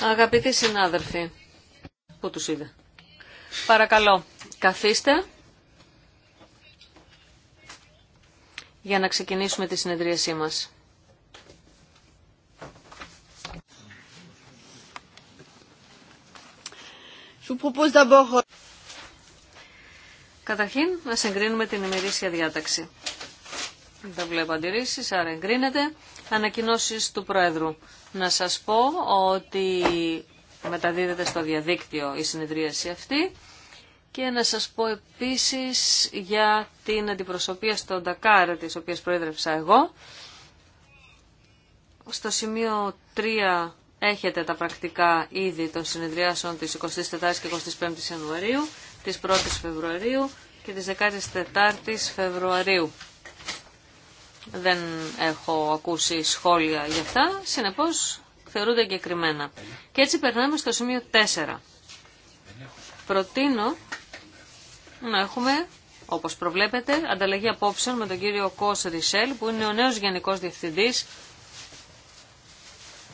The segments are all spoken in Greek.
Αγαπητοί συνάδελφοι, πού τους είδα. Παρακαλώ, καθίστε για να ξεκινήσουμε τη συνεδρίασή μας. Καταρχήν, να συγκρίνουμε την ημερήσια διάταξη. Δεν βλέπω αντιρρήσεις, άρα εγκρίνεται. Ανακοινώσεις του Πρόεδρου. Να σας πω ότι μεταδίδεται στο διαδίκτυο η συνεδρίαση αυτή και να σας πω επίσης για την αντιπροσωπεία στο Ντακάρ, της οποίας προέδρευσα εγώ. Στο σημείο 3 έχετε τα πρακτικά ήδη των συνεδριάσεων της 24ης και 25ης Ιανουαρίου, της 1ης Φεβρουαρίου και της 14ης Φεβρουαρίου. Δεν έχω ακούσει σχόλια για αυτά, συνεπώς θεωρούνται εγκεκριμένα. Και έτσι περνάμε στο σημείο 4. Προτείνω να έχουμε, όπως προβλέπετε, ανταλλαγή απόψεων με τον κύριο Κώσ Ρισελ, που είναι ο νέος Γενικός Διευθυντής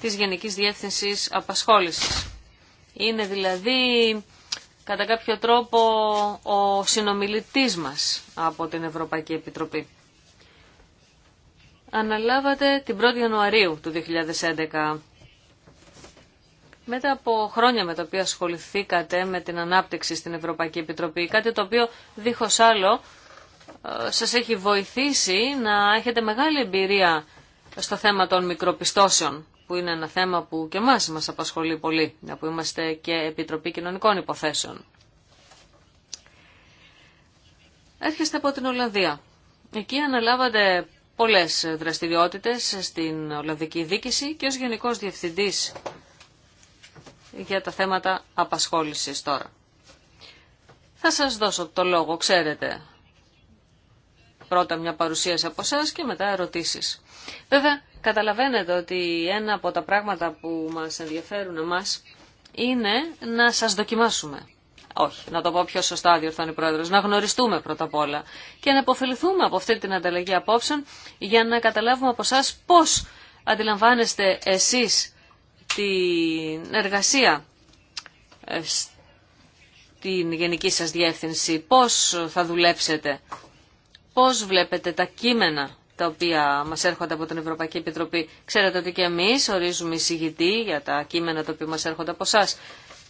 της Γενικής Διεύθυνσης Απασχόλησης. Είναι δηλαδή κατά κάποιο τρόπο ο συνομιλητής μας από την Ευρωπαϊκή Επιτροπή αναλάβατε την 1η Ιανουαρίου του 2011. Μετά από χρόνια με τα οποία ασχοληθήκατε με την ανάπτυξη στην Ευρωπαϊκή Επιτροπή, κάτι το οποίο δίχως άλλο ε, σας έχει βοηθήσει να έχετε μεγάλη εμπειρία στο θέμα των μικροπιστώσεων, που είναι ένα θέμα που και εμάς μας απασχολεί πολύ, που είμαστε και Επιτροπή Κοινωνικών Υποθέσεων. Έρχεστε από την Ολλανδία. Εκεί αναλάβατε πολλές δραστηριότητες στην Ολλανδική Δίκηση και ως Γενικός Διευθυντής για τα θέματα απασχόλησης τώρα. Θα σας δώσω το λόγο, ξέρετε, πρώτα μια παρουσίαση από εσά και μετά ερωτήσεις. Βέβαια, καταλαβαίνετε ότι ένα από τα πράγματα που μας ενδιαφέρουν εμάς είναι να σας δοκιμάσουμε όχι, να το πω πιο σωστά, διορθώνει ο πρόεδρο, να γνωριστούμε πρώτα απ' όλα και να υποφεληθούμε από αυτή την ανταλλαγή απόψεων για να καταλάβουμε από εσά πώ αντιλαμβάνεστε εσεί την εργασία ε, στην γενική σας διεύθυνση, πώς θα δουλέψετε, πώς βλέπετε τα κείμενα τα οποία μας έρχονται από την Ευρωπαϊκή Επιτροπή. Ξέρετε ότι και εμεί ορίζουμε εισηγητή για τα κείμενα τα οποία μα έρχονται από εσά.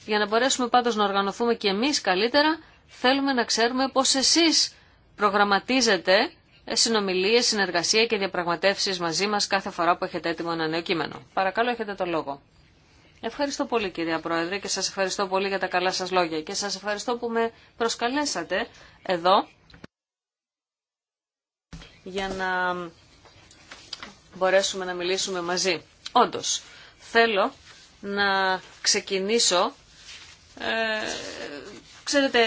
Για να μπορέσουμε πάντως να οργανωθούμε και εμείς καλύτερα, θέλουμε να ξέρουμε πώς εσείς προγραμματίζετε ε, συνομιλίες, συνεργασία και διαπραγματεύσεις μαζί μας κάθε φορά που έχετε έτοιμο ένα νέο κείμενο. Παρακαλώ, έχετε το λόγο. Ευχαριστώ πολύ κυρία Πρόεδρε και σας ευχαριστώ πολύ για τα καλά σας λόγια και σας ευχαριστώ που με προσκαλέσατε εδώ για να μπορέσουμε να μιλήσουμε μαζί. Όντως, θέλω να ξεκινήσω ε, ξέρετε,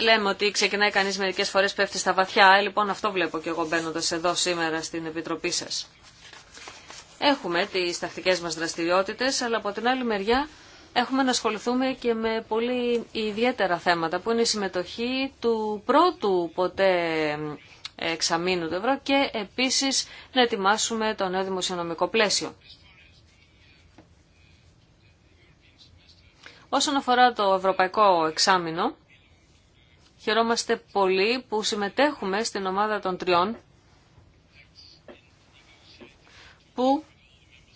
λέμε ότι ξεκινάει κανείς μερικές φορές πέφτει στα βαθιά. Ε, λοιπόν, αυτό βλέπω και εγώ μπαίνοντα εδώ σήμερα στην Επιτροπή σας. Έχουμε τις τακτικές μας δραστηριότητες, αλλά από την άλλη μεριά έχουμε να ασχοληθούμε και με πολύ ιδιαίτερα θέματα, που είναι η συμμετοχή του πρώτου ποτέ εξαμήνου του ευρώ και επίσης να ετοιμάσουμε το νέο δημοσιονομικό πλαίσιο. Όσον αφορά το ευρωπαϊκό εξάμεινο, χαιρόμαστε πολύ που συμμετέχουμε στην ομάδα των τριών που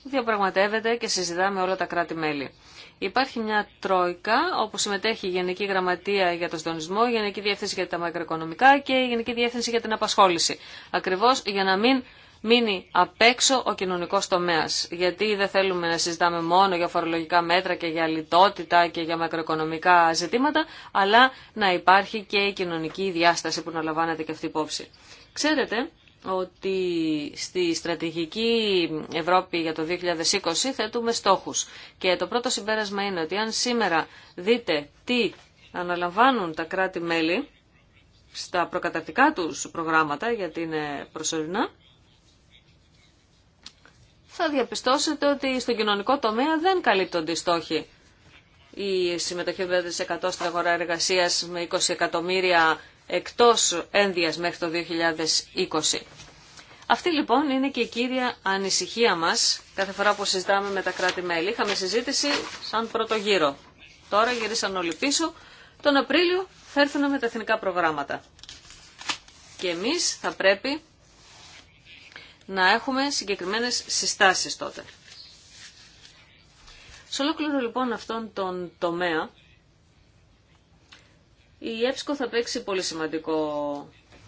διαπραγματεύεται και συζητά με όλα τα κράτη-μέλη. Υπάρχει μια τρόικα όπου συμμετέχει η Γενική Γραμματεία για τον Συντονισμό, η Γενική Διεύθυνση για τα Μακροοικονομικά και η Γενική Διεύθυνση για την Απασχόληση. Ακριβώς για να μην μείνει απ' έξω ο κοινωνικός τομέας. Γιατί δεν θέλουμε να συζητάμε μόνο για φορολογικά μέτρα και για λιτότητα και για μακροοικονομικά ζητήματα, αλλά να υπάρχει και η κοινωνική διάσταση που να λαμβάνεται και αυτή υπόψη. Ξέρετε ότι στη στρατηγική Ευρώπη για το 2020 θέτουμε στόχους. Και το πρώτο συμπέρασμα είναι ότι αν σήμερα δείτε τι αναλαμβάνουν τα κράτη-μέλη στα προκαταρτικά τους προγράμματα, γιατί είναι προσωρινά, θα διαπιστώσετε ότι στο κοινωνικό τομέα δεν καλύπτονται οι στόχοι. Η συμμετοχή 5% στην αγορά εργασία με 20 εκατομμύρια εκτός ένδυα μέχρι το 2020. Αυτή λοιπόν είναι και η κύρια ανησυχία μας κάθε φορά που συζητάμε με τα κράτη-μέλη. Είχαμε συζήτηση σαν πρώτο γύρο. Τώρα γυρίσαν όλοι πίσω. Τον Απρίλιο θα έρθουν με τα εθνικά προγράμματα. Και εμείς θα πρέπει να έχουμε συγκεκριμένες συστάσεις τότε. Σε ολόκληρο λοιπόν αυτόν τον τομέα, η ΕΠΣΚΟ θα παίξει πολύ σημαντικό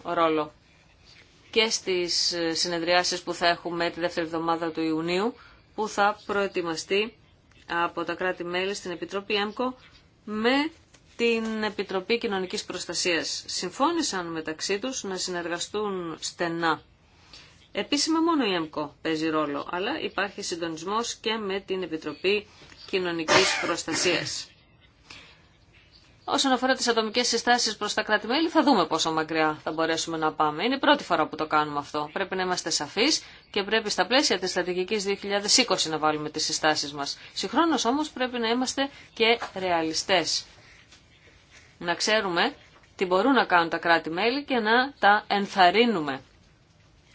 ρόλο και στις συνεδριάσεις που θα έχουμε τη δεύτερη εβδομάδα του Ιουνίου, που θα προετοιμαστεί από τα κράτη-μέλη στην Επιτροπή ΕΜΚΟ με την Επιτροπή Κοινωνικής Προστασίας. Συμφώνησαν μεταξύ τους να συνεργαστούν στενά Επίσημα μόνο η ΕΜΚΟ παίζει ρόλο, αλλά υπάρχει συντονισμός και με την Επιτροπή Κοινωνικής Προστασίας. Όσον αφορά τις ατομικές συστάσεις προς τα κράτη-μέλη, θα δούμε πόσο μακριά θα μπορέσουμε να πάμε. Είναι η πρώτη φορά που το κάνουμε αυτό. Πρέπει να είμαστε σαφείς και πρέπει στα πλαίσια της στρατηγικής 2020 να βάλουμε τις συστάσεις μας. Συγχρόνως όμως πρέπει να είμαστε και ρεαλιστές. Να ξέρουμε τι μπορούν να κάνουν τα κράτη-μέλη και να τα ενθαρρύνουμε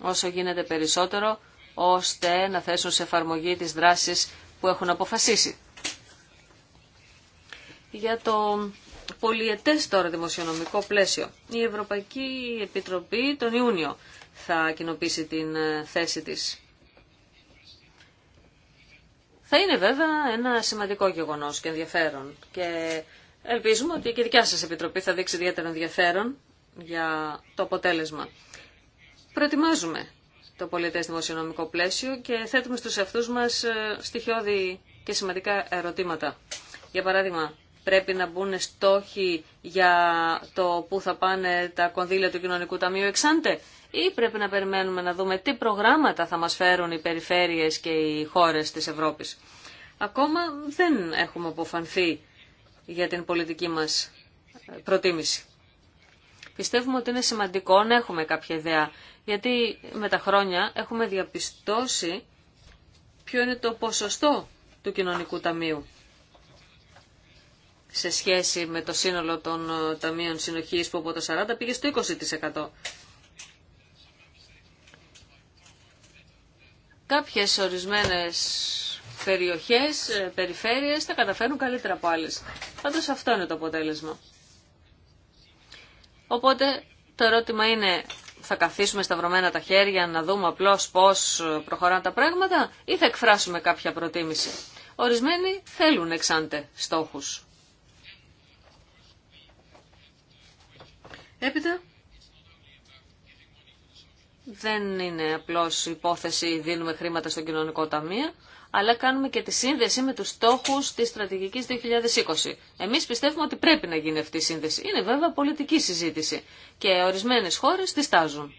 όσο γίνεται περισσότερο, ώστε να θέσουν σε εφαρμογή τις δράσεις που έχουν αποφασίσει. Για το πολιετές τώρα δημοσιονομικό πλαίσιο, η Ευρωπαϊκή Επιτροπή τον Ιούνιο θα κοινοποιήσει την ε, θέση της. Θα είναι βέβαια ένα σημαντικό γεγονός και ενδιαφέρον και ελπίζουμε ότι και η δικιά σας Επιτροπή θα δείξει ιδιαίτερο ενδιαφέρον για το αποτέλεσμα προετοιμάζουμε το πολιτές δημοσιονομικό πλαίσιο και θέτουμε στους αυτούς μας ε, στοιχειώδη και σημαντικά ερωτήματα. Για παράδειγμα, πρέπει να μπουν στόχοι για το πού θα πάνε τα κονδύλια του κοινωνικού ταμείου εξάντε ή πρέπει να περιμένουμε να δούμε τι προγράμματα θα μας φέρουν οι περιφέρειες και οι χώρες της Ευρώπης. Ακόμα δεν έχουμε αποφανθεί για την πολιτική μας ε, προτίμηση. Πιστεύουμε ότι είναι σημαντικό να έχουμε κάποια ιδέα γιατί με τα χρόνια έχουμε διαπιστώσει ποιο είναι το ποσοστό του κοινωνικού ταμείου σε σχέση με το σύνολο των ε, ταμείων συνοχής που από το 40 πήγε στο 20%. Κάποιες ορισμένες περιοχές, ε, περιφέρειες τα καταφέρουν καλύτερα από άλλες. Πάντως αυτό είναι το αποτέλεσμα. Οπότε το ερώτημα είναι θα καθίσουμε σταυρωμένα τα χέρια να δούμε απλώς πώς προχωράνε τα πράγματα ή θα εκφράσουμε κάποια προτίμηση. Ορισμένοι θέλουν εξάντε στόχους. Έπειτα, δεν είναι απλώς υπόθεση δίνουμε χρήματα στον κοινωνικό ταμείο, αλλά κάνουμε και τη σύνδεση με τους στόχους της στρατηγικής 2020. Εμείς πιστεύουμε ότι πρέπει να γίνει αυτή η σύνδεση. Είναι βέβαια πολιτική συζήτηση και ορισμένες χώρες τη στάζουν.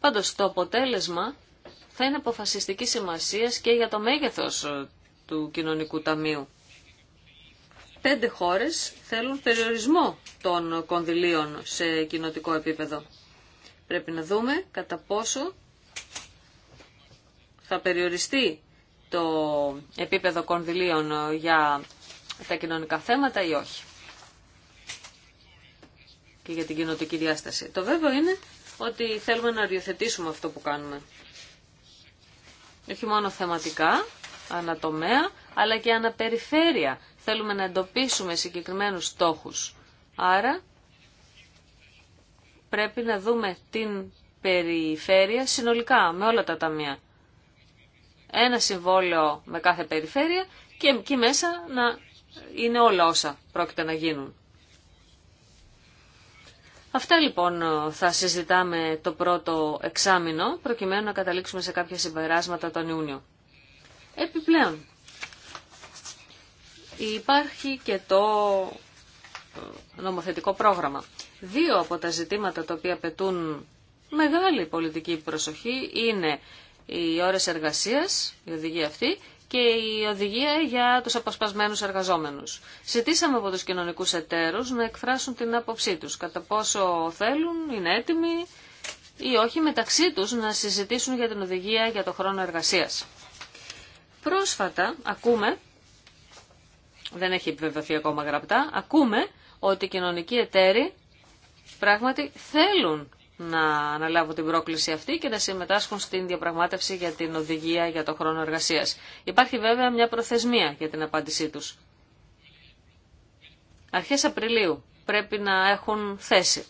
Πάντως το αποτέλεσμα θα είναι αποφασιστική σημασία και για το μέγεθος ε, του κοινωνικού ταμείου. Πέντε χώρες θέλουν περιορισμό των κονδυλίων σε κοινοτικό επίπεδο. Πρέπει να δούμε κατά πόσο θα περιοριστεί το επίπεδο κονδυλίων για τα κοινωνικά θέματα ή όχι. Και για την κοινωτική διάσταση. Το βέβαιο είναι ότι θέλουμε να διοθετήσουμε αυτό που κάνουμε. Όχι μόνο θεματικά, ανατομέα, αλλά και αναπεριφέρεια. Θέλουμε να εντοπίσουμε συγκεκριμένους στόχους. Άρα πρέπει να δούμε την περιφέρεια συνολικά, με όλα τα ταμεία ένα συμβόλαιο με κάθε περιφέρεια και εκεί μέσα να είναι όλα όσα πρόκειται να γίνουν. Αυτά λοιπόν θα συζητάμε το πρώτο εξάμεινο, προκειμένου να καταλήξουμε σε κάποια συμπεράσματα τον Ιούνιο. Επιπλέον, υπάρχει και το ε, νομοθετικό πρόγραμμα. Δύο από τα ζητήματα τα οποία πετούν μεγάλη πολιτική προσοχή είναι οι ώρες εργασίας, η οδηγία αυτή, και η οδηγία για τους αποσπασμένους εργαζόμενους. Ζητήσαμε από τους κοινωνικούς εταίρους να εκφράσουν την άποψή τους, κατά πόσο θέλουν, είναι έτοιμοι ή όχι μεταξύ τους να συζητήσουν για την οδηγία για το χρόνο εργασίας. Πρόσφατα ακούμε, δεν έχει επιβεβαιωθεί ακόμα γραπτά, ακούμε ότι οι κοινωνικοί εταίροι πράγματι θέλουν να αναλάβουν την πρόκληση αυτή και να συμμετάσχουν στην διαπραγμάτευση για την οδηγία για το χρόνο εργασία. Υπάρχει βέβαια μια προθεσμία για την απάντησή τους. Αρχέ Απριλίου πρέπει να έχουν θέση.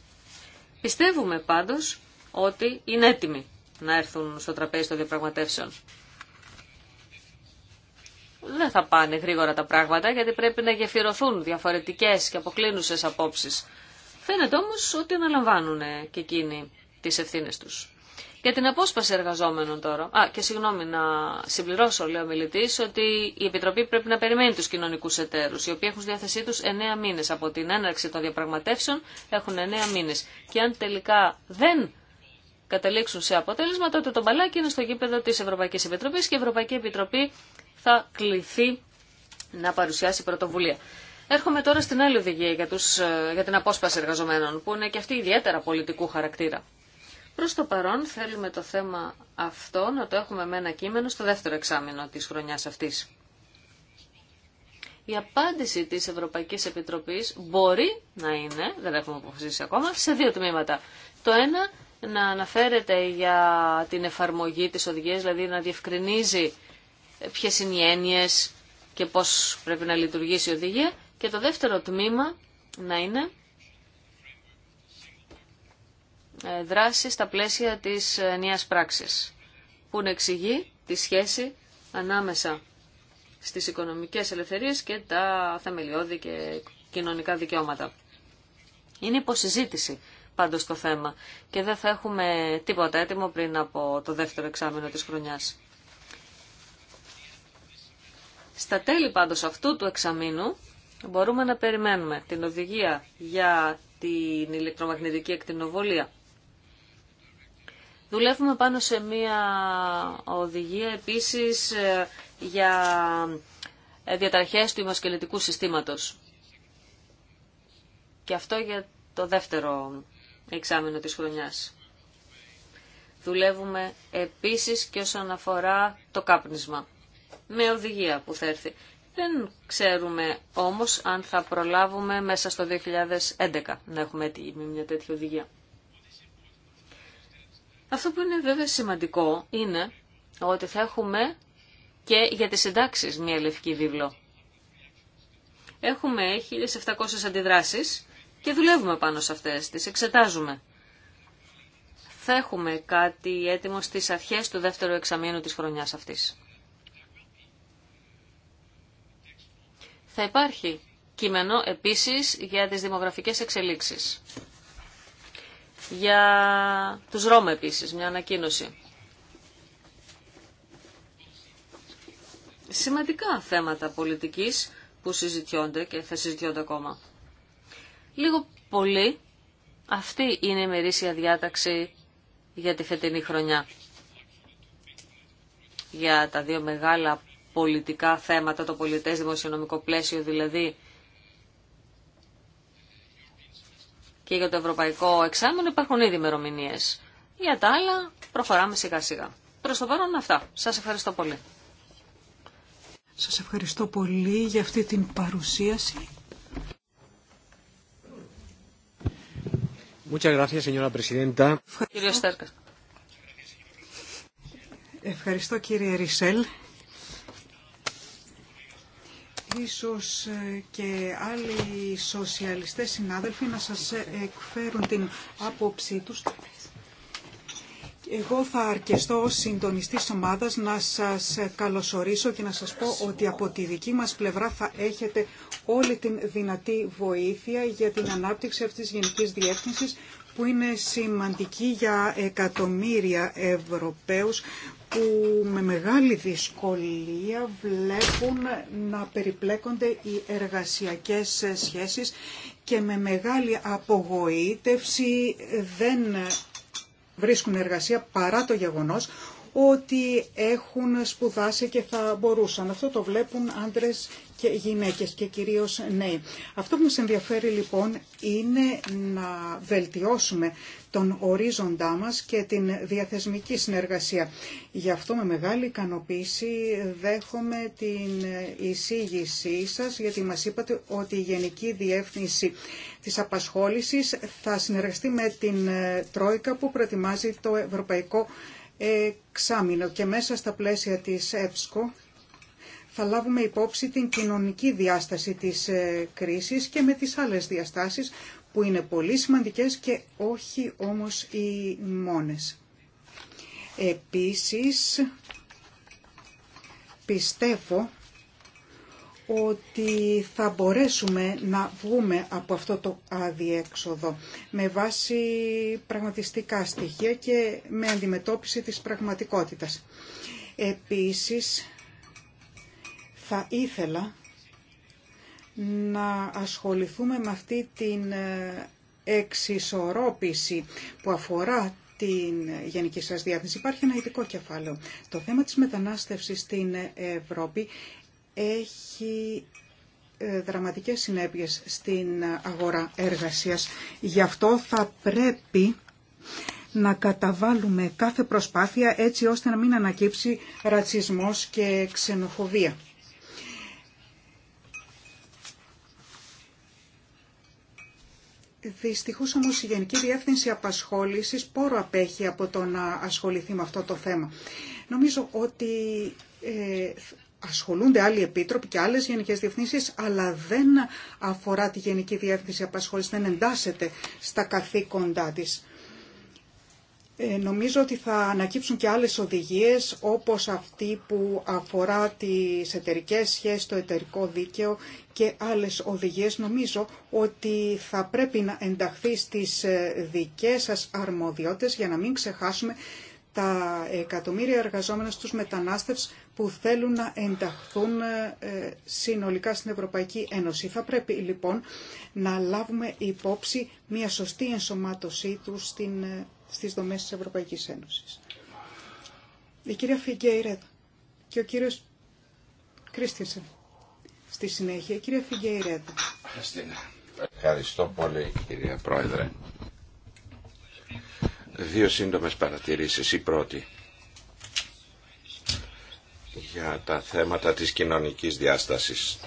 Πιστεύουμε πάντως ότι είναι έτοιμοι να έρθουν στο τραπέζι των διαπραγματεύσεων. Δεν θα πάνε γρήγορα τα πράγματα γιατί πρέπει να γεφυρωθούν διαφορετικές και αποκλίνουσες απόψεις. Φαίνεται όμω ότι αναλαμβάνουν και εκείνοι τι ευθύνε του. Για την απόσπαση εργαζόμενων τώρα. Α, και συγγνώμη να συμπληρώσω, λέει ο μιλητή, ότι η Επιτροπή πρέπει να περιμένει του κοινωνικού εταίρου, οι οποίοι έχουν στη διάθεσή του 9 μήνε. Από την έναρξη των διαπραγματεύσεων έχουν εννέα μήνε. Και αν τελικά δεν καταλήξουν σε αποτέλεσμα, τότε το μπαλάκι είναι στο γήπεδο τη Ευρωπαϊκή Επιτροπή και η Ευρωπαϊκή Επιτροπή θα κληθεί να παρουσιάσει πρωτοβουλία. Έρχομαι τώρα στην άλλη οδηγία ε, για, την απόσπαση εργαζομένων, που είναι και αυτή ιδιαίτερα πολιτικού χαρακτήρα. Προ το παρόν θέλουμε το θέμα αυτό να το έχουμε με ένα κείμενο στο δεύτερο εξάμεινο της χρονιάς αυτής. Η απάντηση της Ευρωπαϊκής Επιτροπής μπορεί να είναι, δεν έχουμε αποφασίσει ακόμα, σε δύο τμήματα. Το ένα να αναφέρεται για την εφαρμογή της οδηγίας, δηλαδή να διευκρινίζει ποιες είναι οι έννοιες και πώς πρέπει να λειτουργήσει η οδηγία και το δεύτερο τμήμα να είναι ε, δράση στα πλαίσια της νέας πράξης, που εξηγεί τη σχέση ανάμεσα στις οικονομικές ελευθερίες και τα θεμελιώδη και κοινωνικά δικαιώματα. Είναι υποσυζήτηση πάντως το θέμα και δεν θα έχουμε τίποτα έτοιμο πριν από το δεύτερο εξάμεινο της χρονιάς. Στα τέλη πάντως αυτού του εξαμήνου Μπορούμε να περιμένουμε την οδηγία για την ηλεκτρομαγνητική εκτινοβολία. Δουλεύουμε πάνω σε μία οδηγία επίσης ε, για ε, διαταρχές του ημασκελετικού συστήματος. Και αυτό για το δεύτερο εξάμεινο της χρονιάς. Δουλεύουμε επίσης και όσον αφορά το κάπνισμα. Με οδηγία που θα έρθει. Δεν ξέρουμε όμως αν θα προλάβουμε μέσα στο 2011 να έχουμε έτοιμη μια τέτοια οδηγία. Αυτό που είναι βέβαια σημαντικό είναι ότι θα έχουμε και για τις συντάξεις μια λευκή βίβλο. Έχουμε 1.700 αντιδράσεις και δουλεύουμε πάνω σε αυτές, τις εξετάζουμε. Θα έχουμε κάτι έτοιμο στις αρχές του δεύτερου εξαμήνου της χρονιάς αυτής. Θα υπάρχει κείμενο επίσης για τις δημογραφικές εξελίξεις. Για τους Ρώμα επίσης, μια ανακοίνωση. Σημαντικά θέματα πολιτικής που συζητιώνται και θα συζητιώνται ακόμα. Λίγο πολύ αυτή είναι η μερίσια διάταξη για τη φετινή χρονιά. Για τα δύο μεγάλα πολιτικά θέματα, το πολιτές δημοσιονομικό πλαίσιο δηλαδή, και για το ευρωπαϊκό εξάμεινο υπάρχουν ήδη ημερομηνίε. Για τα άλλα προχωράμε σιγά σιγά. Προς το παρόν αυτά. Σας ευχαριστώ πολύ. Σας ευχαριστώ πολύ για αυτή την παρουσίαση. Muchas gracias, señora presidenta. Ευχαριστώ. Ευχαριστώ κύριε Ρισελ ίσως ε, και άλλοι σοσιαλιστές συνάδελφοι να σας ε, εκφέρουν την άποψή τους. Εγώ θα αρκεστώ ως συντονιστής ομάδας να σας ε, καλωσορίσω και να σας πω ότι από τη δική μας πλευρά θα έχετε όλη την δυνατή βοήθεια για την ανάπτυξη αυτής της Γενικής Διεύθυνσης που είναι σημαντική για εκατομμύρια Ευρωπαίους που με μεγάλη δυσκολία βλέπουν να περιπλέκονται οι εργασιακές σχέσεις και με μεγάλη απογοήτευση δεν βρίσκουν εργασία παρά το γεγονός ότι έχουν σπουδάσει και θα μπορούσαν. Αυτό το βλέπουν άντρες και γυναίκες και κυρίως νέοι. Αυτό που μας ενδιαφέρει λοιπόν είναι να βελτιώσουμε τον ορίζοντά μας και την διαθεσμική συνεργασία. Γι' αυτό με μεγάλη ικανοποίηση δέχομαι την εισήγησή σας γιατί μας είπατε ότι η Γενική Διεύθυνση της Απασχόλησης θα συνεργαστεί με την ε, Τρόικα που προετοιμάζει το Ευρωπαϊκό εξάμεινο και μέσα στα πλαίσια της ΕΠΣΚΟ θα λάβουμε υπόψη την κοινωνική διάσταση της ε, κρίσης και με τις άλλες διαστάσεις που είναι πολύ σημαντικές και όχι όμως οι μόνες. Επίσης, πιστεύω ότι θα μπορέσουμε να βγούμε από αυτό το αδιέξοδο με βάση πραγματιστικά στοιχεία και με αντιμετώπιση της πραγματικότητας. Επίσης, θα ήθελα να ασχοληθούμε με αυτή την ε, εξισορρόπηση που αφορά την γενική σας διάθεση. Υπάρχει ένα ειδικό κεφάλαιο. Το θέμα της μετανάστευσης στην Ευρώπη έχει ε, δραματικές συνέπειες στην αγορά εργασίας. Γι' αυτό θα πρέπει να καταβάλουμε κάθε προσπάθεια έτσι ώστε να μην ανακύψει ρατσισμός και ξενοφοβία. Δυστυχώς όμως η Γενική Διεύθυνση Απασχόλησης πόρο απέχει από το να ασχοληθεί με αυτό το θέμα. Νομίζω ότι ε, ασχολούνται άλλοι επίτροποι και άλλες γενικές διευθύνσεις, αλλά δεν αφορά τη Γενική Διεύθυνση Απασχόλησης, δεν εντάσσεται στα καθήκοντά της. Ε, νομίζω ότι θα ανακύψουν και άλλες οδηγίες, όπως αυτή που αφορά τις εταιρικές σχέσεις, το εταιρικό δίκαιο και άλλες οδηγίες. Νομίζω ότι θα πρέπει να ενταχθεί στις ε, δικές σας αρμοδιότητες για να μην ξεχάσουμε τα εκατομμύρια εργαζόμενα στους μετανάστευς που θέλουν να ενταχθούν ε, ε, συνολικά στην Ευρωπαϊκή Ένωση. Θα πρέπει λοιπόν να λάβουμε υπόψη μια σωστή ενσωμάτωσή τους στην, ε, στις δομές της Ευρωπαϊκής Ένωσης. Η κυρία Φιγκέιρετ και ο κύριος Κρίστινσεν Στη συνέχεια, η κυρία Φιγκέιρετ. Ευχαριστώ πολύ κυρία Πρόεδρε. Δύο σύντομες παρατηρήσεις. Η πρώτη για τα θέματα της κοινωνικής διάστασης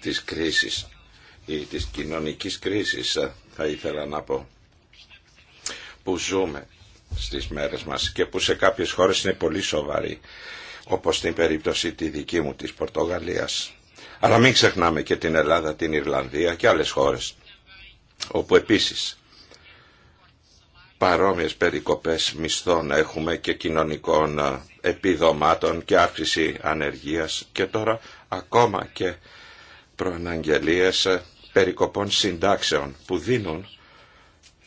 της κρίσης ή της κοινωνικής κρίσης ε, θα ήθελα να πω που ζούμε στις μέρες μας και που σε κάποιες χώρες είναι πολύ σοβαρή όπως στην περίπτωση τη δική μου της Πορτογαλίας αλλά μην ξεχνάμε και την Ελλάδα, την Ιρλανδία και άλλες χώρες όπου επίσης παρόμοιες περικοπές μισθών έχουμε και κοινωνικών ε, επιδομάτων και αύξηση ανεργίας και τώρα ακόμα και προαναγγελίες ε, περικοπών συντάξεων που δίνουν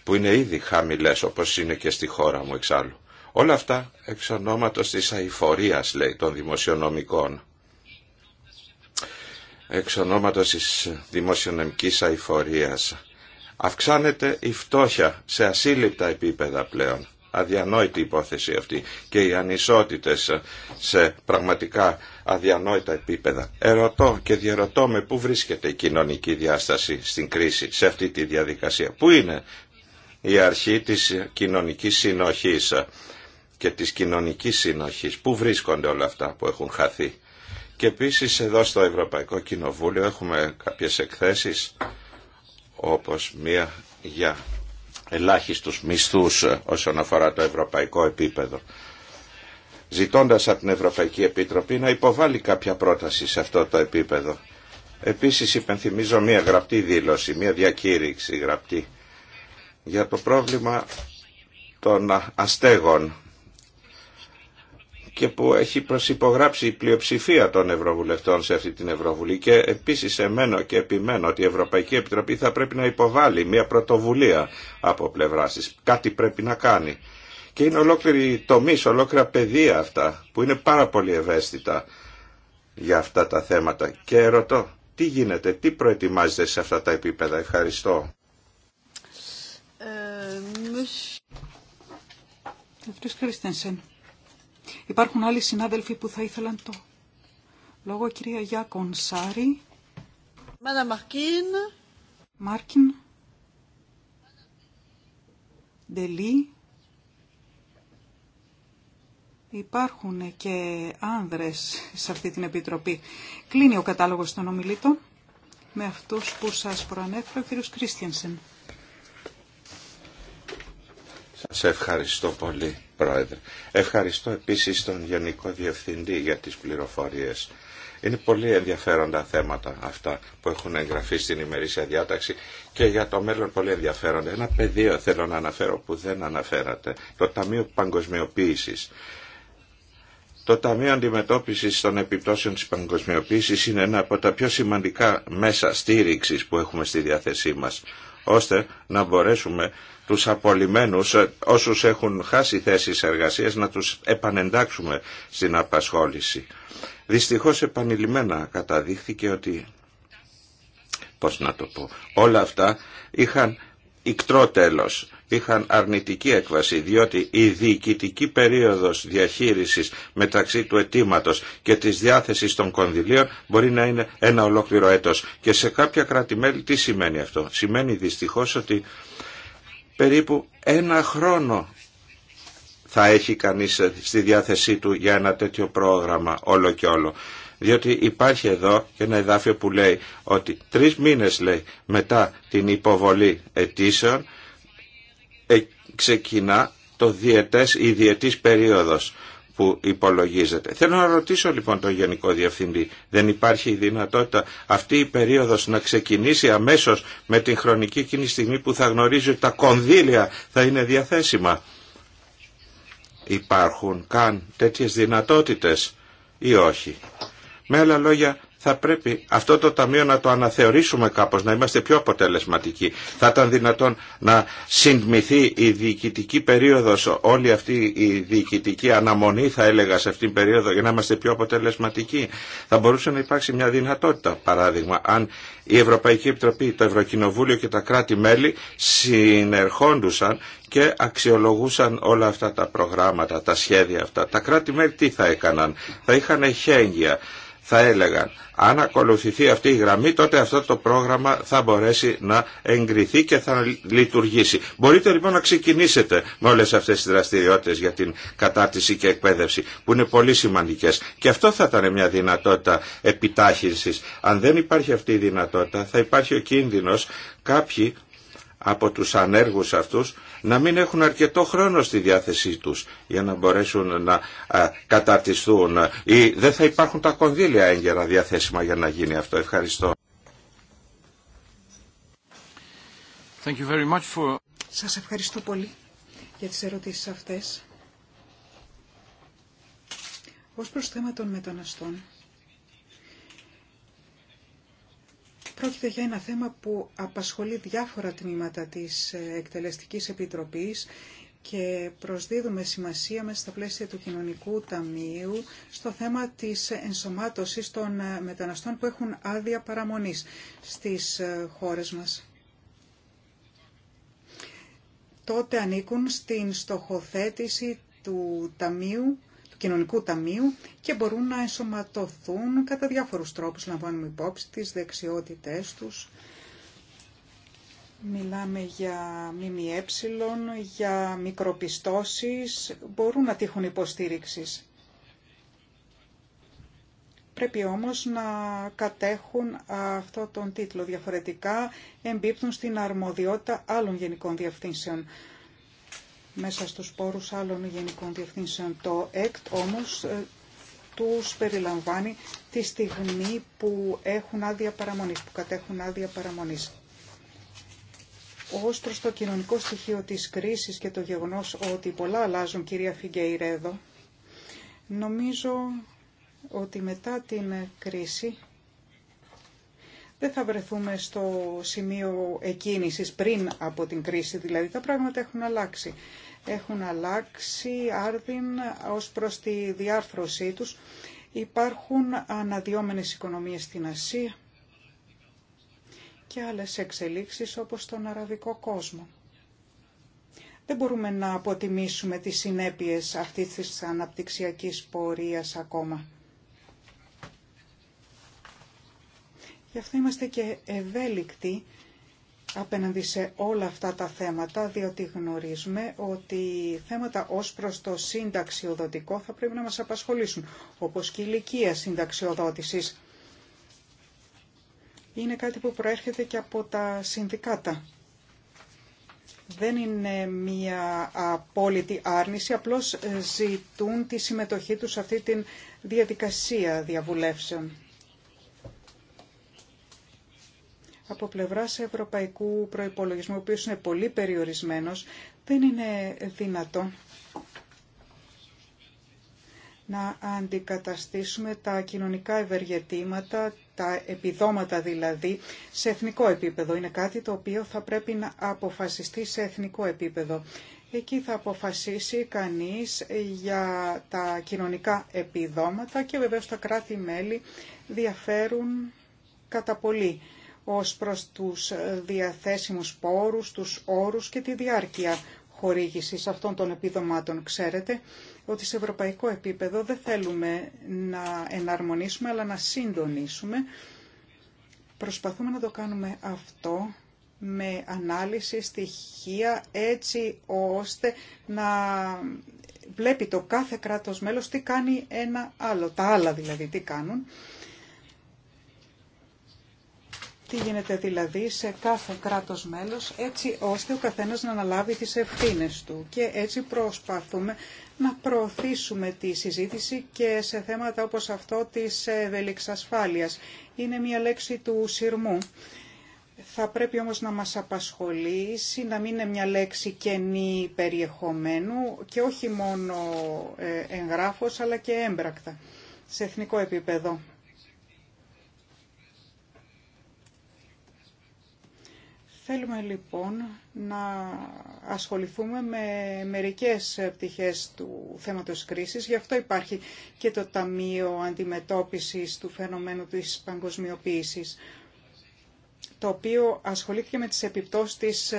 που είναι ήδη χαμηλές όπως είναι και στη χώρα μου εξάλλου. Όλα αυτά εξ ονόματος της αηφορίας λέει των δημοσιονομικών. Εξ ονόματος της δημοσιονομικής αηφορίας. Αυξάνεται η φτώχεια σε ασύλληπτα επίπεδα πλέον αδιανόητη υπόθεση αυτή και οι ανισότητες σε πραγματικά αδιανόητα επίπεδα. Ερωτώ και διαρωτώ με πού βρίσκεται η κοινωνική διάσταση στην κρίση, σε αυτή τη διαδικασία. Πού είναι η αρχή της κοινωνικής συνοχής και της κοινωνικής συνοχής. Πού βρίσκονται όλα αυτά που έχουν χαθεί. Και επίσης εδώ στο Ευρωπαϊκό Κοινοβούλιο έχουμε κάποιες εκθέσεις όπως μία για ελάχιστους μισθούς ε, όσον αφορά το ευρωπαϊκό επίπεδο. Ζητώντας από την Ευρωπαϊκή Επιτροπή να υποβάλει κάποια πρόταση σε αυτό το επίπεδο. Επίσης υπενθυμίζω μια γραπτή δήλωση, μια διακήρυξη γραπτή για το πρόβλημα των αστέγων και που έχει προσυπογράψει η πλειοψηφία των Ευρωβουλευτών σε αυτή την Ευρωβουλή και επίσης εμένω και επιμένω ότι η Ευρωπαϊκή Επιτροπή θα πρέπει να υποβάλει μια πρωτοβουλία από πλευρά της. Κάτι πρέπει να κάνει. Και είναι ολόκληρη τομή, ολόκληρα πεδία αυτά που είναι πάρα πολύ ευαίσθητα για αυτά τα θέματα. Και ρωτώ, τι γίνεται, τι προετοιμάζεται σε αυτά τα επίπεδα. Ευχαριστώ. Ε, Υπάρχουν άλλοι συνάδελφοι που θα ήθελαν το λόγο, κυρία Γιάκον Σάρη. Μάνα Μαρκίν. Μάρκιν. Ντελή. Υπάρχουν και άνδρες σε αυτή την επιτροπή. Κλείνει ο κατάλογος των ομιλήτων με αυτούς που σας προανέφερα ο κύριος Κρίστιανσεν. Σας ευχαριστώ πολύ, Πρόεδρε. Ευχαριστώ επίσης τον Γενικό Διευθυντή για τις πληροφορίες. Είναι πολύ ενδιαφέροντα θέματα αυτά που έχουν εγγραφεί στην ημερήσια διάταξη και για το μέλλον πολύ ενδιαφέροντα. Ένα πεδίο θέλω να αναφέρω που δεν αναφέρατε, το Ταμείο Παγκοσμιοποίησης. Το Ταμείο Αντιμετώπισης των Επιπτώσεων της Παγκοσμιοποίησης είναι ένα από τα πιο σημαντικά μέσα στήριξης που έχουμε στη διάθεσή μας, ώστε να μπορέσουμε τους απολυμμένους, ε, όσους έχουν χάσει θέσεις εργασίας, να τους επανεντάξουμε στην απασχόληση. Δυστυχώς επανειλημμένα καταδείχθηκε ότι, πώς να το πω, όλα αυτά είχαν ικτρό τέλος είχαν αρνητική έκβαση διότι η διοικητική περίοδος διαχείρισης μεταξύ του αιτήματο και της διάθεσης των κονδυλίων μπορεί να είναι ένα ολόκληρο έτος. Και σε κάποια κράτη-μέλη τι σημαίνει αυτό. Σημαίνει δυστυχώς ότι περίπου ένα χρόνο θα έχει κανείς στη διάθεσή του για ένα τέτοιο πρόγραμμα όλο και όλο. Διότι υπάρχει εδώ ένα εδάφιο που λέει ότι τρεις μήνες λέει, μετά την υποβολή αιτήσεων ε, ξεκινά το διετές, η διετής περίοδος που υπολογίζεται. Θέλω να ρωτήσω λοιπόν τον Γενικό Διευθυντή, δεν υπάρχει η δυνατότητα αυτή η περίοδος να ξεκινήσει αμέσως με την χρονική εκείνη στιγμή που θα γνωρίζει ότι τα κονδύλια θα είναι διαθέσιμα. Υπάρχουν καν τέτοιες δυνατότητες ή όχι. Με άλλα λόγια θα πρέπει αυτό το ταμείο να το αναθεωρήσουμε κάπως, να είμαστε πιο αποτελεσματικοί. Θα ήταν δυνατόν να συντμηθεί η διοικητική περίοδος, όλη αυτή η διοικητική αναμονή θα έλεγα σε αυτήν την περίοδο για να είμαστε πιο αποτελεσματικοί. Θα μπορούσε να υπάρξει μια δυνατότητα παράδειγμα αν η Ευρωπαϊκή Επιτροπή, το Ευρωκοινοβούλιο και τα κράτη-μέλη συνερχόντουσαν και αξιολογούσαν όλα αυτά τα προγράμματα, τα σχέδια αυτά. Τα κράτη-μέλη τι θα έκαναν, θα είχαν εχέγγυα θα έλεγαν αν ακολουθηθεί αυτή η γραμμή τότε αυτό το πρόγραμμα θα μπορέσει να εγκριθεί και θα λειτουργήσει. Μπορείτε λοιπόν να ξεκινήσετε με όλες αυτές τις δραστηριότητες για την κατάρτιση και εκπαίδευση που είναι πολύ σημαντικές και αυτό θα ήταν μια δυνατότητα επιτάχυνσης. Αν δεν υπάρχει αυτή η δυνατότητα θα υπάρχει ο κίνδυνος κάποιοι από τους ανέργους αυτούς να μην έχουν αρκετό χρόνο στη διάθεσή τους για να μπορέσουν να καταρτιστούν ή δεν θα υπάρχουν τα κονδύλια έγκαιρα διαθέσιμα για να γίνει αυτό. Ευχαριστώ. Thank you very Σας ευχαριστώ πολύ για τις ερωτήσεις αυτές. Ως προς θέμα των μεταναστών, Πρόκειται για ένα θέμα που απασχολεί διάφορα τμήματα της ε, Εκτελεστικής Επιτροπής και προσδίδουμε σημασία μέσα στα πλαίσια του Κοινωνικού Ταμείου στο θέμα της ενσωμάτωσης των ε, μεταναστών που έχουν άδεια παραμονής στις ε, χώρες μας. Τότε ανήκουν στην στοχοθέτηση του Ταμείου κοινωνικού ταμείου και μπορούν να ενσωματωθούν κατά διάφορους τρόπους, λαμβάνουμε υπόψη τις δεξιότητές τους. Μιλάμε για ΜΜΕ, για μικροπιστώσεις, μπορούν να τύχουν υποστήριξης. Πρέπει όμως να κατέχουν αυτό τον τίτλο. Διαφορετικά εμπίπτουν στην αρμοδιότητα άλλων γενικών διευθύνσεων μέσα στους πόρους άλλων γενικών διευθύνσεων. Το ΕΚΤ όμως ε, τους περιλαμβάνει τη στιγμή που έχουν άδεια παραμονής, που κατέχουν άδεια παραμονής. Ως προς το κοινωνικό στοιχείο της κρίσης και το γεγονός ότι πολλά αλλάζουν, κυρία Φιγκεϊρέδο, νομίζω ότι μετά την κρίση δεν θα βρεθούμε στο σημείο εκκίνησης πριν από την κρίση, δηλαδή τα πράγματα έχουν αλλάξει έχουν αλλάξει άρδιν ως προς τη διάρθρωσή τους. Υπάρχουν αναδυόμενες οικονομίες στην Ασία και άλλες εξελίξεις όπως τον αραβικό κόσμο. Δεν μπορούμε να αποτιμήσουμε τις συνέπειες αυτής της αναπτυξιακής πορείας ακόμα. Γι' αυτό είμαστε και ευέλικτοι απέναντι σε όλα αυτά τα θέματα, διότι γνωρίζουμε ότι θέματα ως προς το συνταξιοδοτικό θα πρέπει να μας απασχολήσουν, όπως και η ηλικία συνταξιοδότησης. Είναι κάτι που προέρχεται και από τα συνδικάτα. Δεν είναι μία απόλυτη άρνηση, απλώς ζητούν τη συμμετοχή τους σε αυτή τη διαδικασία διαβουλεύσεων. από πλευράς ευρωπαϊκού προϋπολογισμού, ο οποίος είναι πολύ περιορισμένος, δεν είναι δυνατόν να αντικαταστήσουμε τα κοινωνικά ευεργετήματα, τα επιδόματα δηλαδή, σε εθνικό επίπεδο. Είναι κάτι το οποίο θα πρέπει να αποφασιστεί σε εθνικό επίπεδο. Εκεί θα αποφασίσει κανείς για τα κοινωνικά επιδόματα και βεβαίως τα κράτη-μέλη διαφέρουν κατά πολύ ως προς τους διαθέσιμους πόρους, τους όρους και τη διάρκεια χορήγησης αυτών των επιδομάτων. Ξέρετε ότι σε ευρωπαϊκό επίπεδο δεν θέλουμε να εναρμονίσουμε αλλά να συντονίσουμε. Προσπαθούμε να το κάνουμε αυτό με ανάλυση στοιχεία έτσι ώστε να βλέπει το κάθε κράτος μέλος τι κάνει ένα άλλο, τα άλλα δηλαδή τι κάνουν τι γίνεται δηλαδή σε κάθε κράτος μέλος έτσι ώστε ο καθένας να αναλάβει τις ευθύνες του και έτσι προσπαθούμε να προωθήσουμε τη συζήτηση και σε θέματα όπως αυτό της ευελιξασφάλειας. Είναι μια λέξη του σειρμού. Θα πρέπει όμως να μας απασχολήσει, να μην είναι μια λέξη κενή περιεχομένου και όχι μόνο ε, εγγράφος αλλά και έμπρακτα σε εθνικό επίπεδο. Θέλουμε λοιπόν να ασχοληθούμε με μερικές πτυχές του θέματος κρίσης. Γι' αυτό υπάρχει και το Ταμείο Αντιμετώπισης του Φαινομένου της Παγκοσμιοποίησης, το οποίο ασχολήθηκε με τις επιπτώσεις της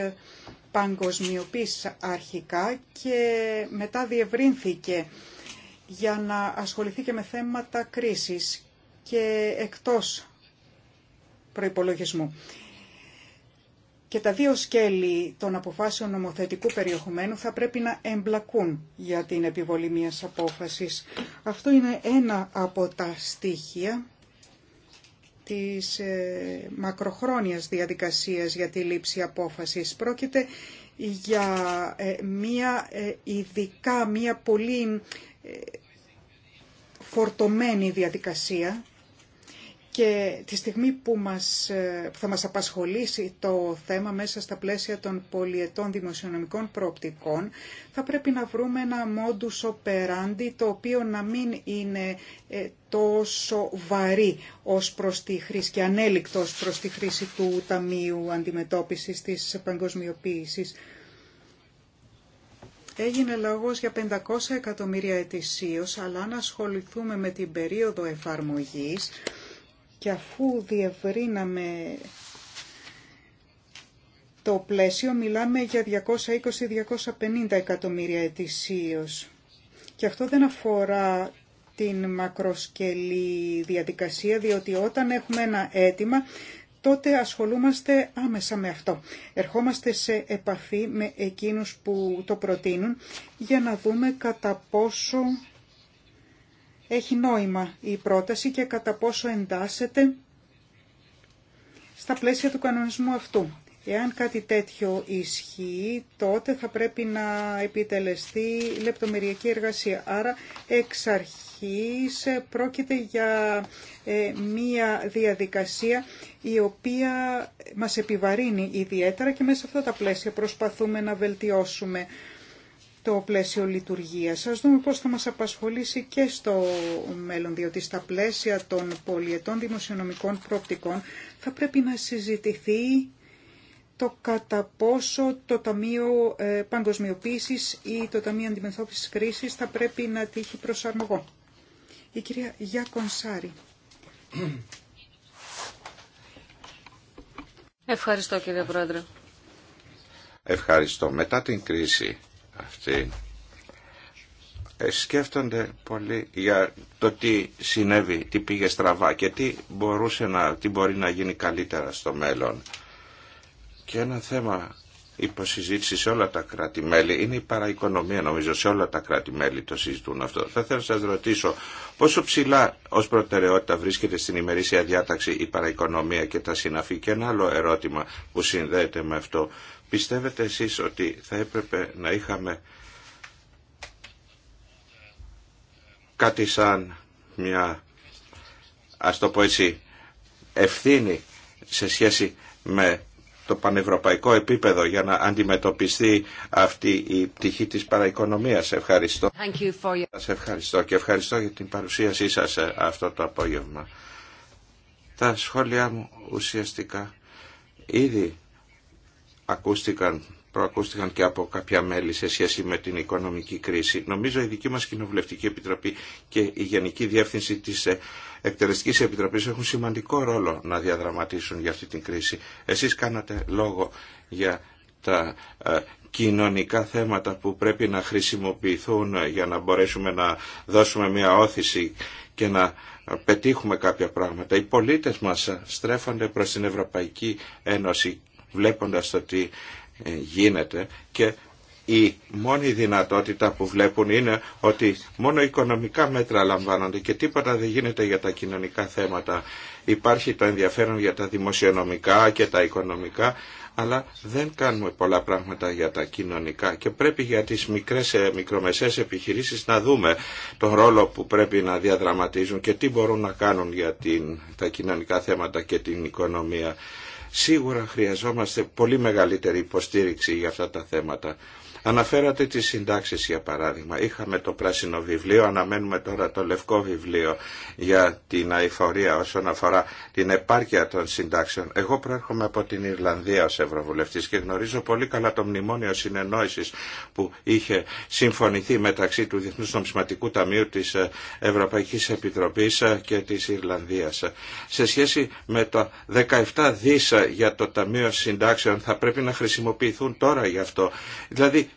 παγκοσμιοποίησης αρχικά και μετά διευρύνθηκε για να ασχοληθεί και με θέματα κρίσης και εκτός προϋπολογισμού και τα δύο σκέλη των αποφάσεων νομοθετικού περιεχομένου θα πρέπει να εμπλακούν για την επιβολή μιας απόφασης. Αυτό είναι ένα από τα στοιχεία της ε, μακροχρόνιας διαδικασίας για τη λήψη απόφασης. Πρόκειται για ε, μία ε, ειδικά, μία πολύ φορτωμένη διαδικασία και τη στιγμή που, μας, ε, θα μας απασχολήσει το θέμα μέσα στα πλαίσια των πολιετών δημοσιονομικών προοπτικών, θα πρέπει να βρούμε ένα modus operandi το οποίο να μην είναι ε, τόσο βαρύ ως προς τη χρήση και ανέλικτο ως προς τη χρήση του Ταμείου Αντιμετώπισης της Παγκοσμιοποίησης. Έγινε λόγος για 500 εκατομμύρια ετησίως, αλλά αν ασχοληθούμε με την περίοδο εφαρμογής, και αφού διευρύναμε το πλαίσιο, μιλάμε για 220-250 εκατομμύρια ετησίως. Και αυτό δεν αφορά την μακροσκελή διαδικασία, διότι όταν έχουμε ένα αίτημα, τότε ασχολούμαστε άμεσα με αυτό. Ερχόμαστε σε επαφή με εκείνους που το προτείνουν για να δούμε κατά πόσο έχει νόημα η πρόταση και κατά πόσο εντάσσεται στα πλαίσια του κανονισμού αυτού. Εάν κάτι τέτοιο ισχύει, τότε θα πρέπει να επιτελεστεί λεπτομεριακή εργασία. Άρα, εξ αρχής πρόκειται για ε, μία διαδικασία η οποία μας επιβαρύνει ιδιαίτερα και μέσα σε αυτά τα πλαίσια προσπαθούμε να βελτιώσουμε το πλαίσιο λειτουργίας. Ας δούμε πώς θα μας απασχολήσει και στο μέλλον, διότι στα πλαίσια των πολιετών δημοσιονομικών προοπτικών θα πρέπει να συζητηθεί το κατά πόσο το Ταμείο ε, Παγκοσμιοποίησης ή το Ταμείο Αντιμετώπισης Κρίσης θα πρέπει να τύχει προσαρμογό. Η κυρία Γιακονσάρη. Ευχαριστώ κύριε Πρόεδρε. Ευχαριστώ. Μετά την κρίση ε, σκέφτονται πολύ για το τι συνέβη, τι πήγε στραβά και τι, μπορούσε να, τι μπορεί να γίνει καλύτερα στο μέλλον. Και ένα θέμα υποσυζήτηση σε όλα τα κράτη-μέλη είναι η παραοικονομία νομίζω σε όλα τα κράτη-μέλη το συζητούν αυτό. Θα θέλω να σας ρωτήσω πόσο ψηλά ως προτεραιότητα βρίσκεται στην ημερήσια διάταξη η παραοικονομία και τα συναφή και ένα άλλο ερώτημα που συνδέεται με αυτό. Πιστεύετε εσείς ότι θα έπρεπε να είχαμε κάτι σαν μια, ας το πω έτσι, ευθύνη σε σχέση με το πανευρωπαϊκό επίπεδο για να αντιμετωπιστεί αυτή η πτυχή της παραοικονομίας. Ευχαριστώ. Thank ευχαριστώ και ευχαριστώ για την παρουσίασή σας αυτό το απόγευμα. Τα σχόλιά μου ουσιαστικά ήδη ακούστηκαν, προακούστηκαν και από κάποια μέλη σε σχέση με την οικονομική κρίση. Νομίζω η δική μας Κοινοβουλευτική Επιτροπή και η Γενική Διεύθυνση της ε, Εκτελεστικής Επιτροπής έχουν σημαντικό ρόλο να διαδραματίσουν για αυτή την κρίση. Εσείς κάνατε λόγο για τα ε, κοινωνικά θέματα που πρέπει να χρησιμοποιηθούν για να μπορέσουμε να δώσουμε μια όθηση και να ε, πετύχουμε κάποια πράγματα. Οι πολίτες μας στρέφονται προς την Ευρωπαϊκή Ένωση βλέποντας το τι ε, γίνεται και η μόνη δυνατότητα που βλέπουν είναι ότι μόνο οικονομικά μέτρα λαμβάνονται και τίποτα δεν γίνεται για τα κοινωνικά θέματα. Υπάρχει το ενδιαφέρον για τα δημοσιονομικά και τα οικονομικά, αλλά δεν κάνουμε πολλά πράγματα για τα κοινωνικά και πρέπει για τις μικρές, ε, μικρομεσαίες επιχειρήσεις να δούμε τον ρόλο που πρέπει να διαδραματίζουν και τι μπορούν να κάνουν για τα κοινωνικά θέματα και την οικονομία. Σίγουρα χρειαζόμαστε πολύ μεγαλύτερη υποστήριξη για αυτά τα θέματα. Αναφέρατε τις συντάξεις για παράδειγμα. Είχαμε το πράσινο βιβλίο, αναμένουμε τώρα το λευκό βιβλίο για την αηφορία όσον αφορά την επάρκεια των συντάξεων. Εγώ προέρχομαι από την Ιρλανδία ως Ευρωβουλευτής και γνωρίζω πολύ καλά το μνημόνιο συνεννόησης που είχε συμφωνηθεί μεταξύ του Διεθνούς Νομισματικού Ταμείου της Ευρωπαϊκής Επιτροπής και της Ιρλανδίας. Σε σχέση με το 17 δίσα για το Ταμείο Συντάξεων θα πρέπει να χρησιμοποιηθούν τώρα γι' αυτό. Δηλαδή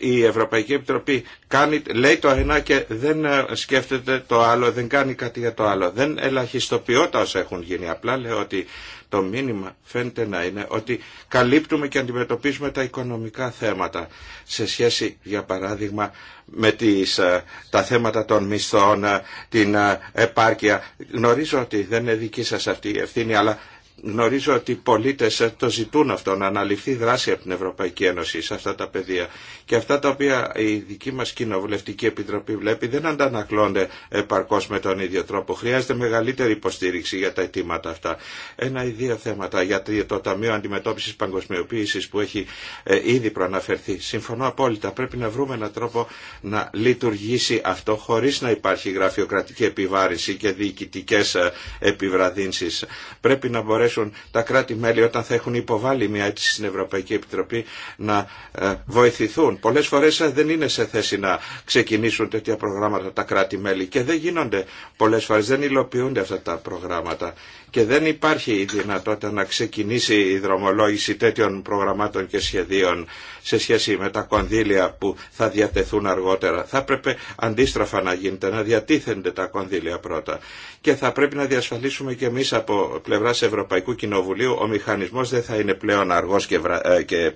η Ευρωπαϊκή Επιτροπή κάνει, λέει το ένα και δεν ε, σκέφτεται το άλλο, δεν κάνει κάτι για το άλλο. Δεν ελαχιστοποιώ τα όσα έχουν γίνει. Απλά λέω ότι το μήνυμα φαίνεται να είναι ότι καλύπτουμε και αντιμετωπίζουμε τα οικονομικά θέματα σε σχέση για παράδειγμα με τις, ε, τα θέματα των μισθών, ε, την επάρκεια. Γνωρίζω ότι δεν είναι δική σας αυτή η ευθύνη αλλά γνωρίζω ότι οι πολίτες το ζητούν αυτό, να αναλυφθεί δράση από την Ευρωπαϊκή Ένωση σε αυτά τα πεδία. Και αυτά τα οποία η δική μας Κοινοβουλευτική Επιτροπή βλέπει δεν αντανακλώνται επαρκώς με τον ίδιο τρόπο. Χρειάζεται μεγαλύτερη υποστήριξη για τα αιτήματα αυτά. Ένα ή δύο θέματα για το Ταμείο Αντιμετώπισης Παγκοσμιοποίησης που έχει ε, ήδη προαναφερθεί. Συμφωνώ απόλυτα. Πρέπει να βρούμε έναν τρόπο να λειτουργήσει αυτό χωρίς να υπάρχει γραφειοκρατική επιβάρηση και διοικητικές ε, επιβραδύνσεις. Πρέπει να μπορέσουν τα κράτη-μέλη όταν θα έχουν υποβάλει μια αίτηση στην Ευρωπαϊκή Επιτροπή να ε, βοηθηθούν. Πολλές φορές ε, δεν είναι σε θέση να ξεκινήσουν τέτοια προγράμματα τα κράτη-μέλη και δεν γίνονται πολλές φορές, δεν υλοποιούνται αυτά τα προγράμματα και δεν υπάρχει η δυνατότητα να ξεκινήσει η δρομολόγηση τέτοιων προγραμμάτων και σχεδίων σε σχέση με τα κονδύλια που θα διατεθούν αργότερα. Θα πρέπει αντίστροφα να γίνεται, να διατίθενται τα κονδύλια πρώτα. Και θα πρέπει να διασφαλίσουμε και εμείς από πλευράς Ευρωπαϊκής Ευρωπαϊκού Κοινοβουλίου ο μηχανισμός δεν θα είναι πλέον αργός και, βρα... Ε, και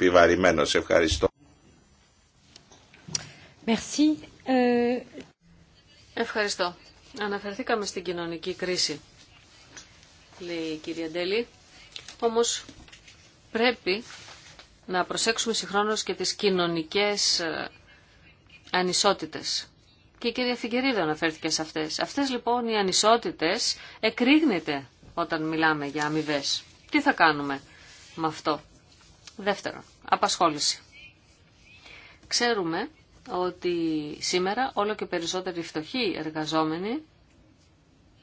Ευχαριστώ. Merci. Ε, Ευχαριστώ. Αναφερθήκαμε στην κοινωνική κρίση, λέει η κυρία Ντέλη. Όμως πρέπει να προσέξουμε συγχρόνως και τις κοινωνικές ε, ανισότητες. Και η κυρία Φιγκερίδα αναφέρθηκε σε αυτές. Αυτές λοιπόν οι ανισότητες εκρήγνεται όταν μιλάμε για αμοιβέ. Τι θα κάνουμε με αυτό. Δεύτερον, απασχόληση. Ξέρουμε ότι σήμερα όλο και περισσότεροι φτωχοί εργαζόμενοι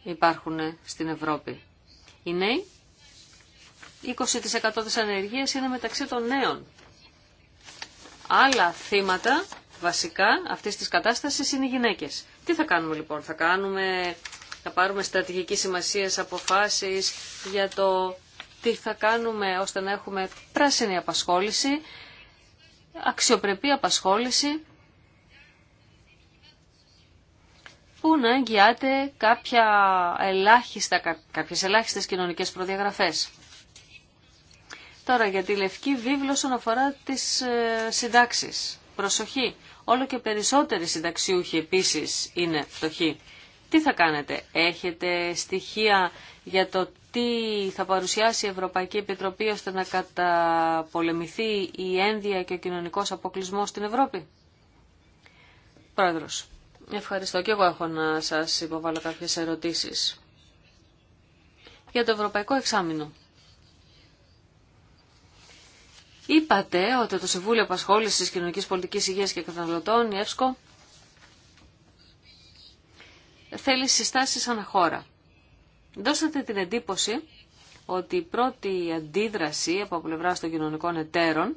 υπάρχουν στην Ευρώπη. Οι νέοι, 20% της ανεργίας είναι μεταξύ των νέων. Άλλα θύματα βασικά αυτής της κατάστασης είναι οι γυναίκες. Τι θα κάνουμε λοιπόν, θα κάνουμε θα πάρουμε στρατηγική σημασία αποφάσεις για το τι θα κάνουμε ώστε να έχουμε πράσινη απασχόληση, αξιοπρεπή απασχόληση, που να εγγυάται κάποια ελάχιστα, κάποιες ελάχιστες κοινωνικές προδιαγραφές. Τώρα για τη λευκή βίβλο όσον αφορά τις ε, συντάξεις. Προσοχή, όλο και περισσότεροι συνταξιούχοι επίσης είναι φτωχοί τι θα κάνετε. Έχετε στοιχεία για το τι θα παρουσιάσει η Ευρωπαϊκή Επιτροπή ώστε να καταπολεμηθεί η ένδια και ο κοινωνικός αποκλεισμός στην Ευρώπη. Πρόεδρος, ευχαριστώ και εγώ έχω να σας υποβάλω κάποιες ερωτήσεις. Για το Ευρωπαϊκό Εξάμεινο. Είπατε ότι το Συμβούλιο Απασχόλησης Κοινωνικής Πολιτικής Υγείας και Καταναλωτών, η ΕΦΣΚΟ, θέλει συστάσεις αναχώρα. Δώσατε την εντύπωση ότι η πρώτη αντίδραση από πλευρά των κοινωνικών εταίρων,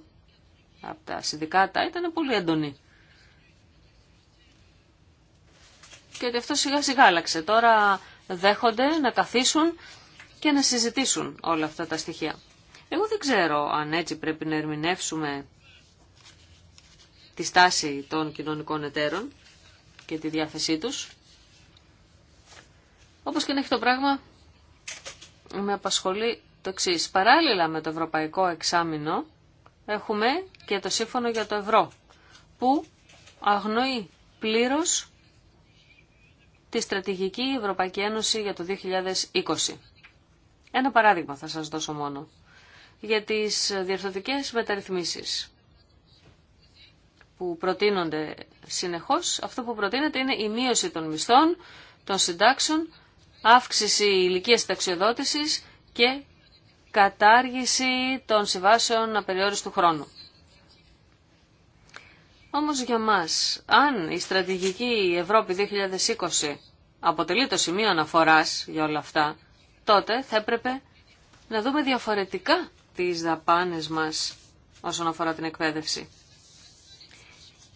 από τα συνδικάτα, ήταν πολύ έντονη. Και ότι αυτό σιγά σιγά άλλαξε. Τώρα δέχονται να καθίσουν και να συζητήσουν όλα αυτά τα στοιχεία. Εγώ δεν ξέρω αν έτσι πρέπει να ερμηνεύσουμε τη στάση των κοινωνικών εταίρων και τη διάθεσή τους. Όπως και να έχει το πράγμα, με απασχολεί το εξή. Παράλληλα με το Ευρωπαϊκό Εξάμεινο έχουμε και το Σύμφωνο για το Ευρώ, που αγνοεί πλήρως τη Στρατηγική Ευρωπαϊκή Ένωση για το 2020. Ένα παράδειγμα θα σας δώσω μόνο για τις διορθωτικές μεταρρυθμίσεις που προτείνονται συνεχώς. Αυτό που προτείνεται είναι η μείωση των μισθών, των συντάξεων αύξηση ηλικία ταξιοδότησης και κατάργηση των συμβάσεων απεριόριστου χρόνου. Όμως για μας, αν η στρατηγική Ευρώπη 2020 αποτελεί το σημείο αναφοράς για όλα αυτά, τότε θα έπρεπε να δούμε διαφορετικά τις δαπάνες μας όσον αφορά την εκπαίδευση.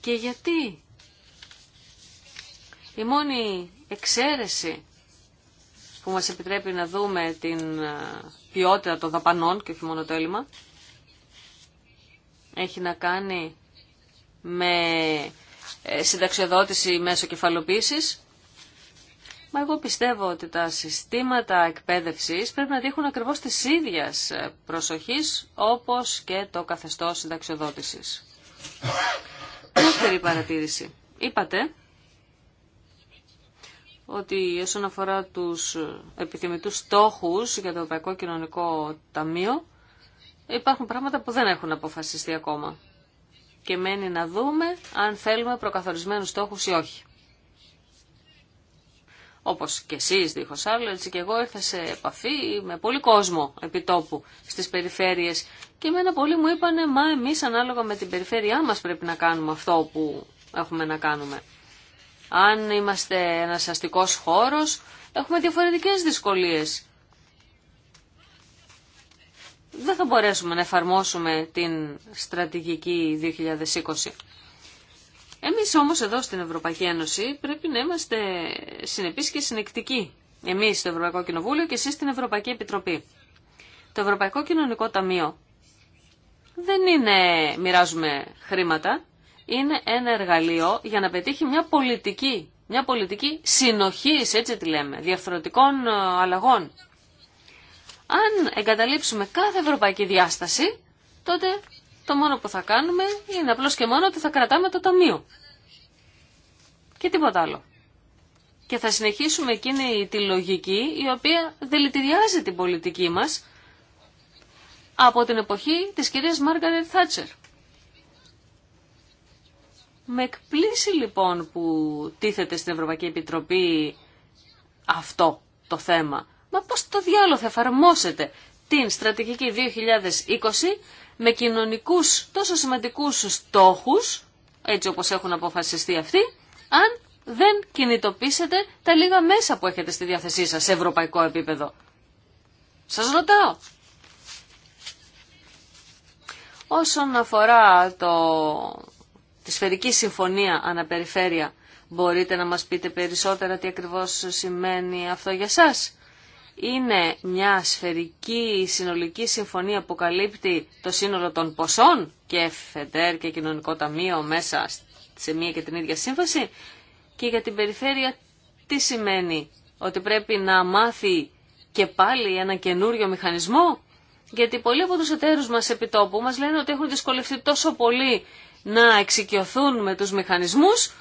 Και γιατί η μόνη εξαίρεση που μας επιτρέπει να δούμε την ε, ποιότητα των δαπανών και όχι μόνο το έλλειμμα. Έχει να κάνει με ε, συνταξιοδότηση μέσω κεφαλοποίησης. Μα εγώ πιστεύω ότι τα συστήματα εκπαίδευσης πρέπει να δείχνουν ακριβώς της ίδιας ε, προσοχής όπως και το καθεστώς συνταξιοδότησης. Δεύτερη παρατήρηση. Είπατε ότι όσον αφορά τους επιθυμητούς στόχους για το Ευρωπαϊκό Κοινωνικό Ταμείο, υπάρχουν πράγματα που δεν έχουν αποφασιστεί ακόμα. Και μένει να δούμε αν θέλουμε προκαθορισμένους στόχους ή όχι. Όπως και εσείς δίχως άλλο, έτσι και εγώ ήρθα σε επαφή με πολύ κόσμο επιτόπου στις περιφέρειες και εμένα πολλοί μου είπανε, μα εμείς ανάλογα με την περιφέρειά μας πρέπει να κάνουμε αυτό που έχουμε να κάνουμε αν είμαστε ένας αστικός χώρος, έχουμε διαφορετικές δυσκολίες. Δεν θα μπορέσουμε να εφαρμόσουμε την στρατηγική 2020. Εμείς όμως εδώ στην Ευρωπαϊκή Ένωση πρέπει να είμαστε συνεπείς και συνεκτικοί. Εμείς στο Ευρωπαϊκό Κοινοβούλιο και εσείς στην Ευρωπαϊκή Επιτροπή. Το Ευρωπαϊκό Κοινωνικό Ταμείο δεν είναι μοιράζουμε χρήματα, είναι ένα εργαλείο για να πετύχει μια πολιτική, μια πολιτική συνοχής, έτσι τη λέμε, διαφθορωτικών ε, αλλαγών. Αν εγκαταλείψουμε κάθε ευρωπαϊκή διάσταση, τότε το μόνο που θα κάνουμε είναι απλώς και μόνο ότι θα κρατάμε το τομείο. Και τίποτα άλλο. Και θα συνεχίσουμε εκείνη τη λογική η οποία δηλητηριάζει την πολιτική μας από την εποχή της κυρίας Μάργαρετ Θάτσερ. Με εκπλήσει λοιπόν που τίθεται στην Ευρωπαϊκή Επιτροπή αυτό το θέμα. Μα πώς το διάλογο θα εφαρμόσετε την στρατηγική 2020 με κοινωνικούς τόσο σημαντικούς στόχους, έτσι όπως έχουν αποφασιστεί αυτοί, αν δεν κινητοποιήσετε τα λίγα μέσα που έχετε στη διάθεσή σας σε ευρωπαϊκό επίπεδο. Σας ρωτάω. Όσον αφορά το τη σφαιρική συμφωνία αναπεριφέρεια. Μπορείτε να μας πείτε περισσότερα τι ακριβώς σημαίνει αυτό για σας. Είναι μια σφαιρική συνολική συμφωνία που καλύπτει το σύνολο των ποσών και ΦΕΝΤΕΡ και Κοινωνικό Ταμείο μέσα σε μία και την ίδια σύμβαση και για την περιφέρεια τι σημαίνει ότι πρέπει να μάθει και πάλι ένα καινούριο μηχανισμό γιατί πολλοί από τους εταίρους μας επιτόπου μας λένε ότι έχουν δυσκολευτεί τόσο πολύ να εξοικειωθούν με τους μηχανισμούς.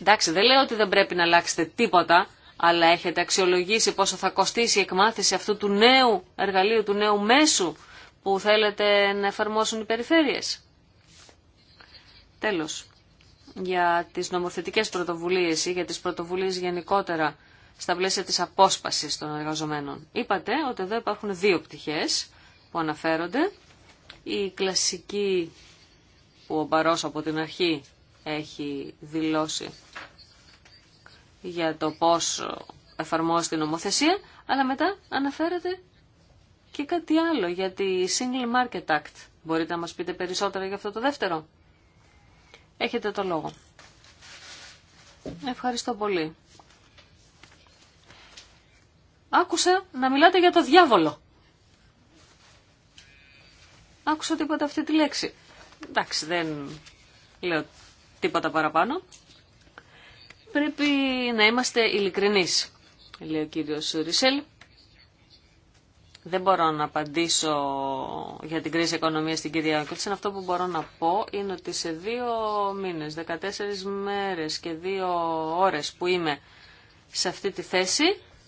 Εντάξει, δεν λέω ότι δεν πρέπει να αλλάξετε τίποτα, αλλά έχετε αξιολογήσει πόσο θα κοστίσει η εκμάθηση αυτού του νέου εργαλείου, του νέου μέσου που θέλετε να εφαρμόσουν οι περιφέρειες. Τέλος, για τις νομοθετικές πρωτοβουλίες ή για τις πρωτοβουλίες γενικότερα στα πλαίσια της απόσπασης των εργαζομένων. Είπατε ότι εδώ υπάρχουν δύο πτυχές που αναφέρονται. Η κλασική που ο Μπαρός από την αρχή έχει δηλώσει για το πώς εφαρμόζει την νομοθεσία, αλλά μετά αναφέρεται και κάτι άλλο για τη Single Market Act. Μπορείτε να μας πείτε περισσότερα για αυτό το δεύτερο. Έχετε το λόγο. Ευχαριστώ πολύ. Άκουσα να μιλάτε για το διάβολο. Άκουσα τίποτα αυτή τη λέξη εντάξει δεν λέω τίποτα παραπάνω. Πρέπει να είμαστε ειλικρινείς, λέει ο κύριος Ρισελ. Δεν μπορώ να απαντήσω για την κρίση οικονομίας στην κυρία Αυτό που μπορώ να πω είναι ότι σε δύο μήνες, 14 μέρες και δύο ώρες που είμαι σε αυτή τη θέση,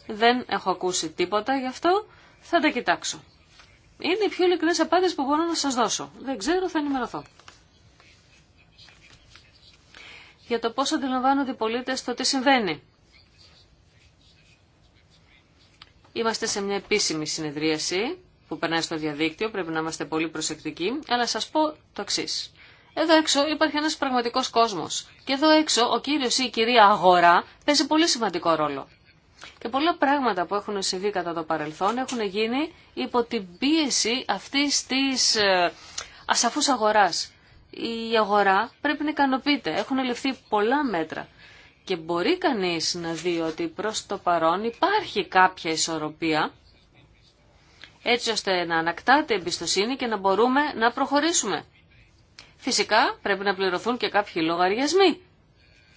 δεν έχω ακούσει τίποτα γι' αυτό. Θα τα κοιτάξω. Είναι οι πιο ειλικρινές απάντηση που μπορώ να σας δώσω. Δεν ξέρω, θα ενημερωθώ. Για το πώς αντιλαμβάνονται οι πολίτες το τι συμβαίνει. Είμαστε σε μια επίσημη συνεδρίαση που περνάει στο διαδίκτυο, πρέπει να είμαστε πολύ προσεκτικοί, αλλά σας πω το εξή. Εδώ έξω υπάρχει ένας πραγματικός κόσμος και εδώ έξω ο κύριος ή η κυρία Αγορά παίζει πολύ σημαντικό ρόλο. Και πολλά πράγματα που έχουν συμβεί κατά το παρελθόν έχουν γίνει υπό την πίεση αυτής της ε, ασαφούς αγοράς. Η αγορά πρέπει να ικανοποιείται. Έχουν ληφθεί πολλά μέτρα. Και μπορεί κανείς να δει ότι προς το παρόν υπάρχει κάποια ισορροπία έτσι ώστε να ανακτάται εμπιστοσύνη και να μπορούμε να προχωρήσουμε. Φυσικά πρέπει να πληρωθούν και κάποιοι λογαριασμοί.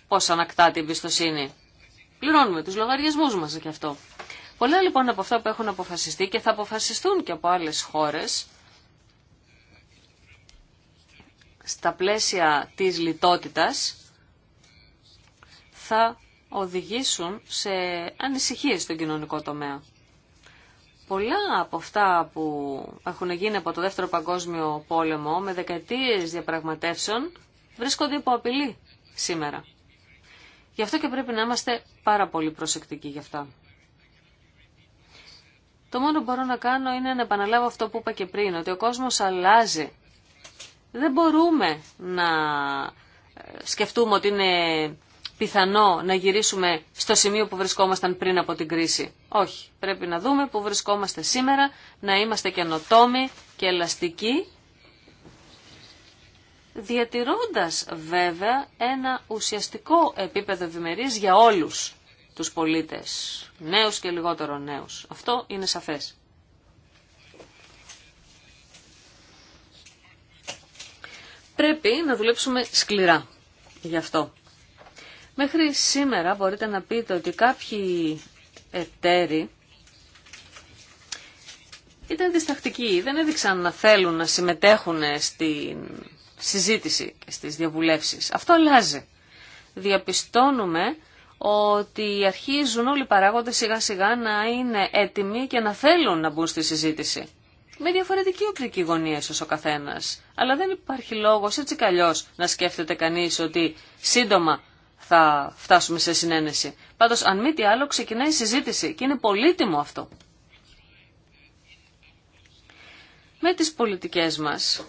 Πώς ανακτάται η εμπιστοσύνη. Πληρώνουμε τους λογαριασμούς μας και αυτό. Πολλά λοιπόν από αυτά που έχουν αποφασιστεί και θα αποφασιστούν και από άλλες χώρες στα πλαίσια της λιτότητας θα οδηγήσουν σε ανησυχίες στον κοινωνικό τομέα. Πολλά από αυτά που έχουν γίνει από το Δεύτερο Παγκόσμιο Πόλεμο με δεκαετίες διαπραγματεύσεων βρίσκονται υπό απειλή σήμερα. Γι' αυτό και πρέπει να είμαστε πάρα πολύ προσεκτικοί γι' αυτά. Το μόνο που μπορώ να κάνω είναι να επαναλάβω αυτό που είπα και πριν, ότι ο κόσμος αλλάζει. Δεν μπορούμε να ε, σκεφτούμε ότι είναι πιθανό να γυρίσουμε στο σημείο που βρισκόμασταν πριν από την κρίση. Όχι. Πρέπει να δούμε που βρισκόμαστε σήμερα, να είμαστε καινοτόμοι και ελαστικοί διατηρώντας βέβαια ένα ουσιαστικό επίπεδο ευημερίας για όλους τους πολίτες, νέους και λιγότερο νέους. Αυτό είναι σαφές. Πρέπει να δουλέψουμε σκληρά γι' αυτό. Μέχρι σήμερα μπορείτε να πείτε ότι κάποιοι εταίροι ήταν διστακτικοί, δεν έδειξαν να θέλουν να συμμετέχουν στην συζήτηση και στις διαβουλεύσεις. Αυτό αλλάζει. Διαπιστώνουμε ότι αρχίζουν όλοι οι παράγοντες σιγά σιγά να είναι έτοιμοι και να θέλουν να μπουν στη συζήτηση. Με διαφορετική οπτική γωνία ίσως ο καθένας. Αλλά δεν υπάρχει λόγος έτσι καλλιώς να σκέφτεται κανείς ότι σύντομα θα φτάσουμε σε συνένεση. Πάντως αν μη τι άλλο ξεκινάει η συζήτηση και είναι πολύτιμο αυτό. Με τις πολιτικές μας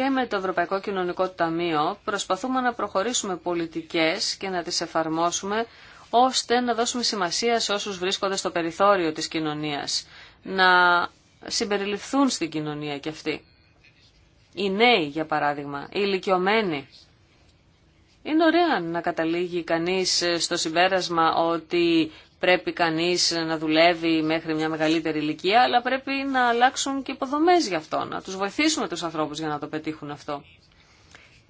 και με το Ευρωπαϊκό Κοινωνικό Ταμείο προσπαθούμε να προχωρήσουμε πολιτικές και να τις εφαρμόσουμε ώστε να δώσουμε σημασία σε όσους βρίσκονται στο περιθώριο της κοινωνίας, να συμπεριληφθούν στην κοινωνία κι αυτοί. Οι νέοι, για παράδειγμα, οι ηλικιωμένοι. Είναι ωραία να καταλήγει κανείς στο συμπέρασμα ότι πρέπει κανείς να δουλεύει μέχρι μια μεγαλύτερη ηλικία, αλλά πρέπει να αλλάξουν και υποδομές γι' αυτό, να τους βοηθήσουμε τους ανθρώπους για να το πετύχουν αυτό.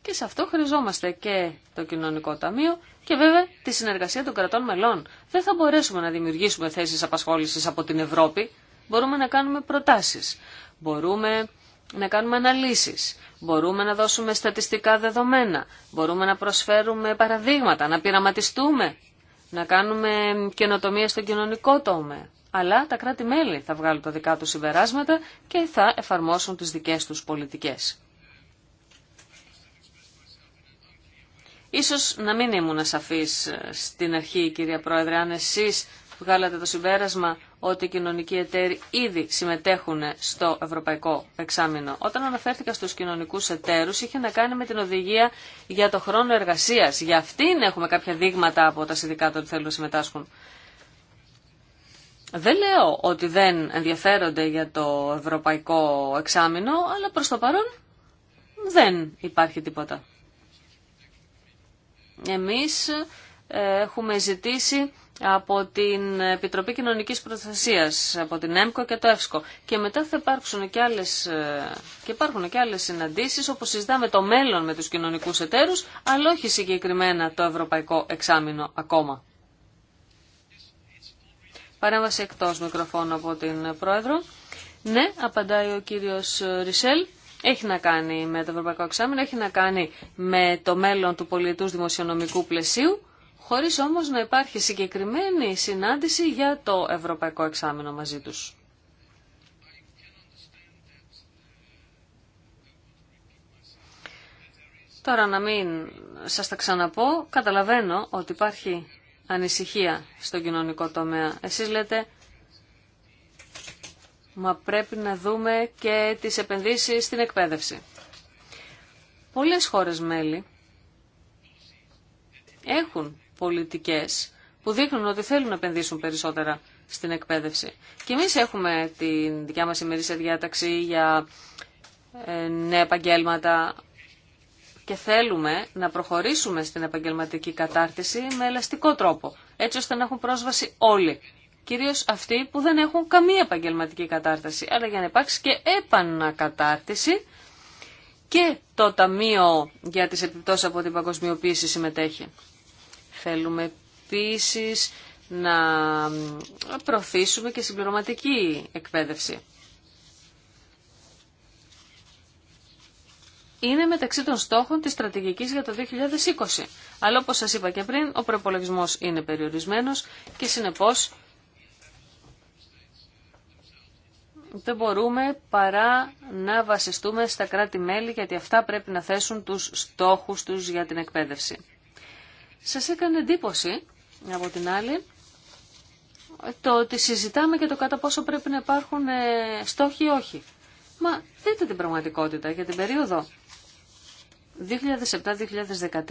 Και σε αυτό χρειαζόμαστε και το κοινωνικό ταμείο και βέβαια τη συνεργασία των κρατών μελών. Δεν θα μπορέσουμε να δημιουργήσουμε θέσεις απασχόλησης από την Ευρώπη. Μπορούμε να κάνουμε προτάσεις. Μπορούμε να κάνουμε αναλύσεις. Μπορούμε να δώσουμε στατιστικά δεδομένα. Μπορούμε να προσφέρουμε παραδείγματα, να πειραματιστούμε να κάνουμε καινοτομία στο κοινωνικό τομέα. Αλλά τα κράτη-μέλη θα βγάλουν τα δικά τους συμπεράσματα και θα εφαρμόσουν τις δικές τους πολιτικές. Ίσως να μην ήμουν σαφής ε, στην αρχή, κυρία Πρόεδρε, αν εσείς βγάλατε το συμπέρασμα ότι οι κοινωνικοί εταίροι ήδη συμμετέχουν στο ευρωπαϊκό εξάμεινο. Όταν αναφέρθηκα στους κοινωνικούς εταίρους είχε να κάνει με την οδηγία για το χρόνο εργασίας. Για αυτήν έχουμε κάποια δείγματα από τα συνδικάτα ότι θέλουν να συμμετάσχουν. Δεν λέω ότι δεν ενδιαφέρονται για το ευρωπαϊκό εξάμεινο, αλλά προς το παρόν δεν υπάρχει τίποτα. Εμείς ε, έχουμε ζητήσει από την Επιτροπή Κοινωνικής Προστασίας, από την ΕΜΚΟ και το ΕΦΣΚΟ. Και μετά θα υπάρξουν και άλλες, ε, και υπάρχουν και άλλες συναντήσεις όπου συζητάμε το μέλλον με τους κοινωνικούς εταίρους, αλλά όχι συγκεκριμένα το ευρωπαϊκό εξάμεινο ακόμα. Παρέμβαση εκτός μικροφώνου από την Πρόεδρο. Ναι, απαντάει ο κύριος Ρισελ. Έχει να κάνει με το Ευρωπαϊκό Εξάμεινο, έχει να κάνει με το μέλλον του πολιτού δημοσιονομικού πλαισίου χωρίς όμως να υπάρχει συγκεκριμένη συνάντηση για το Ευρωπαϊκό Εξάμεινο μαζί τους. Τώρα να μην σας τα ξαναπώ, καταλαβαίνω ότι υπάρχει ανησυχία στο κοινωνικό τομέα. Εσείς λέτε, μα πρέπει να δούμε και τις επενδύσεις στην εκπαίδευση. Πολλές χώρες μέλη έχουν πολιτικές που δείχνουν ότι θέλουν να επενδύσουν περισσότερα στην εκπαίδευση. Και εμείς έχουμε την δικιά μας ημερήσια διάταξη για ε, νέα επαγγέλματα και θέλουμε να προχωρήσουμε στην επαγγελματική κατάρτιση με ελαστικό τρόπο, έτσι ώστε να έχουν πρόσβαση όλοι. κυρίω αυτοί που δεν έχουν καμία επαγγελματική κατάρτιση, αλλά για να υπάρξει και επανακατάρτιση και το Ταμείο για τις επιπτώσεις από την παγκοσμιοποίηση συμμετέχει. Θέλουμε επίσης να προωθήσουμε και συμπληρωματική εκπαίδευση. είναι μεταξύ των στόχων της στρατηγικής για το 2020. Αλλά όπως σας είπα και πριν, ο προπολογισμό είναι περιορισμένος και συνεπώς δεν μπορούμε παρά να βασιστούμε στα κράτη-μέλη γιατί αυτά πρέπει να θέσουν τους στόχους τους για την εκπαίδευση. Σας έκανε εντύπωση, από την άλλη, το ότι συζητάμε και το κατά πόσο πρέπει να υπάρχουν ε, στόχοι ή όχι. Μα δείτε την πραγματικότητα για την περίοδο 2007-2013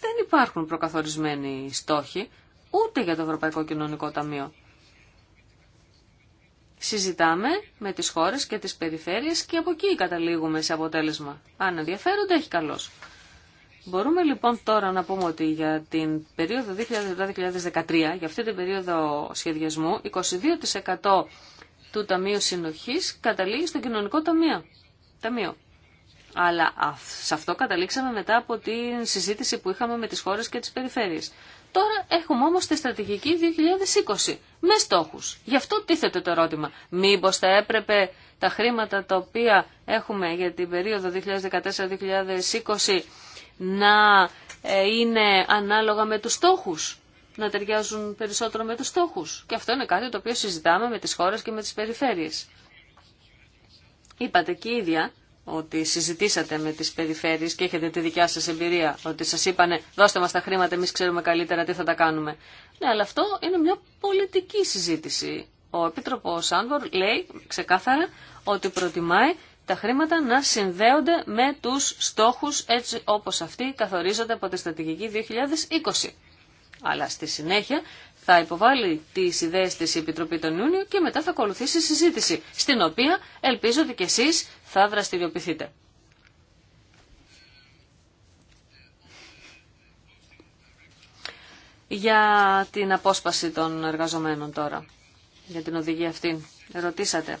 δεν υπάρχουν προκαθορισμένοι στόχοι ούτε για το Ευρωπαϊκό Κοινωνικό Ταμείο. Συζητάμε με τις χώρες και τις περιφέρειες και από εκεί καταλήγουμε σε αποτέλεσμα. Αν ενδιαφέρονται έχει καλώς. Μπορούμε λοιπόν τώρα να πούμε ότι για την περίοδο 2017-2013, για αυτή την περίοδο σχεδιασμού, 22% του Ταμείου Συνοχής καταλήγει στο Κοινωνικό Ταμείο. ταμείο. Αλλά σε αυτό καταλήξαμε μετά από την συζήτηση που είχαμε με τις χώρες και τις περιφέρειες. Τώρα έχουμε όμως τη στρατηγική 2020 με στόχους. Γι' αυτό τίθεται το ερώτημα. Μήπως θα έπρεπε τα χρήματα τα οποία έχουμε για την περίοδο 2014-2020 να ε, είναι ανάλογα με τους στόχους, να ταιριάζουν περισσότερο με τους στόχους. Και αυτό είναι κάτι το οποίο συζητάμε με τις χώρες και με τις περιφέρειες. Είπατε και ίδια ότι συζητήσατε με τις περιφέρειες και έχετε τη δικιά σας εμπειρία, ότι σας είπανε δώστε μας τα χρήματα, εμείς ξέρουμε καλύτερα τι θα τα κάνουμε. Ναι, αλλά αυτό είναι μια πολιτική συζήτηση. Ο Επίτροπος Άνβορ λέει ξεκάθαρα ότι προτιμάει τα χρήματα να συνδέονται με τους στόχους έτσι όπως αυτοί καθορίζονται από τη στρατηγική 2020. Αλλά στη συνέχεια θα υποβάλει τις ιδέες της Επιτροπή τον Ιούνιο και μετά θα ακολουθήσει συζήτηση, στην οποία ελπίζω ότι και εσείς θα δραστηριοποιηθείτε. Για την απόσπαση των εργαζομένων τώρα, για την οδηγία αυτή, ρωτήσατε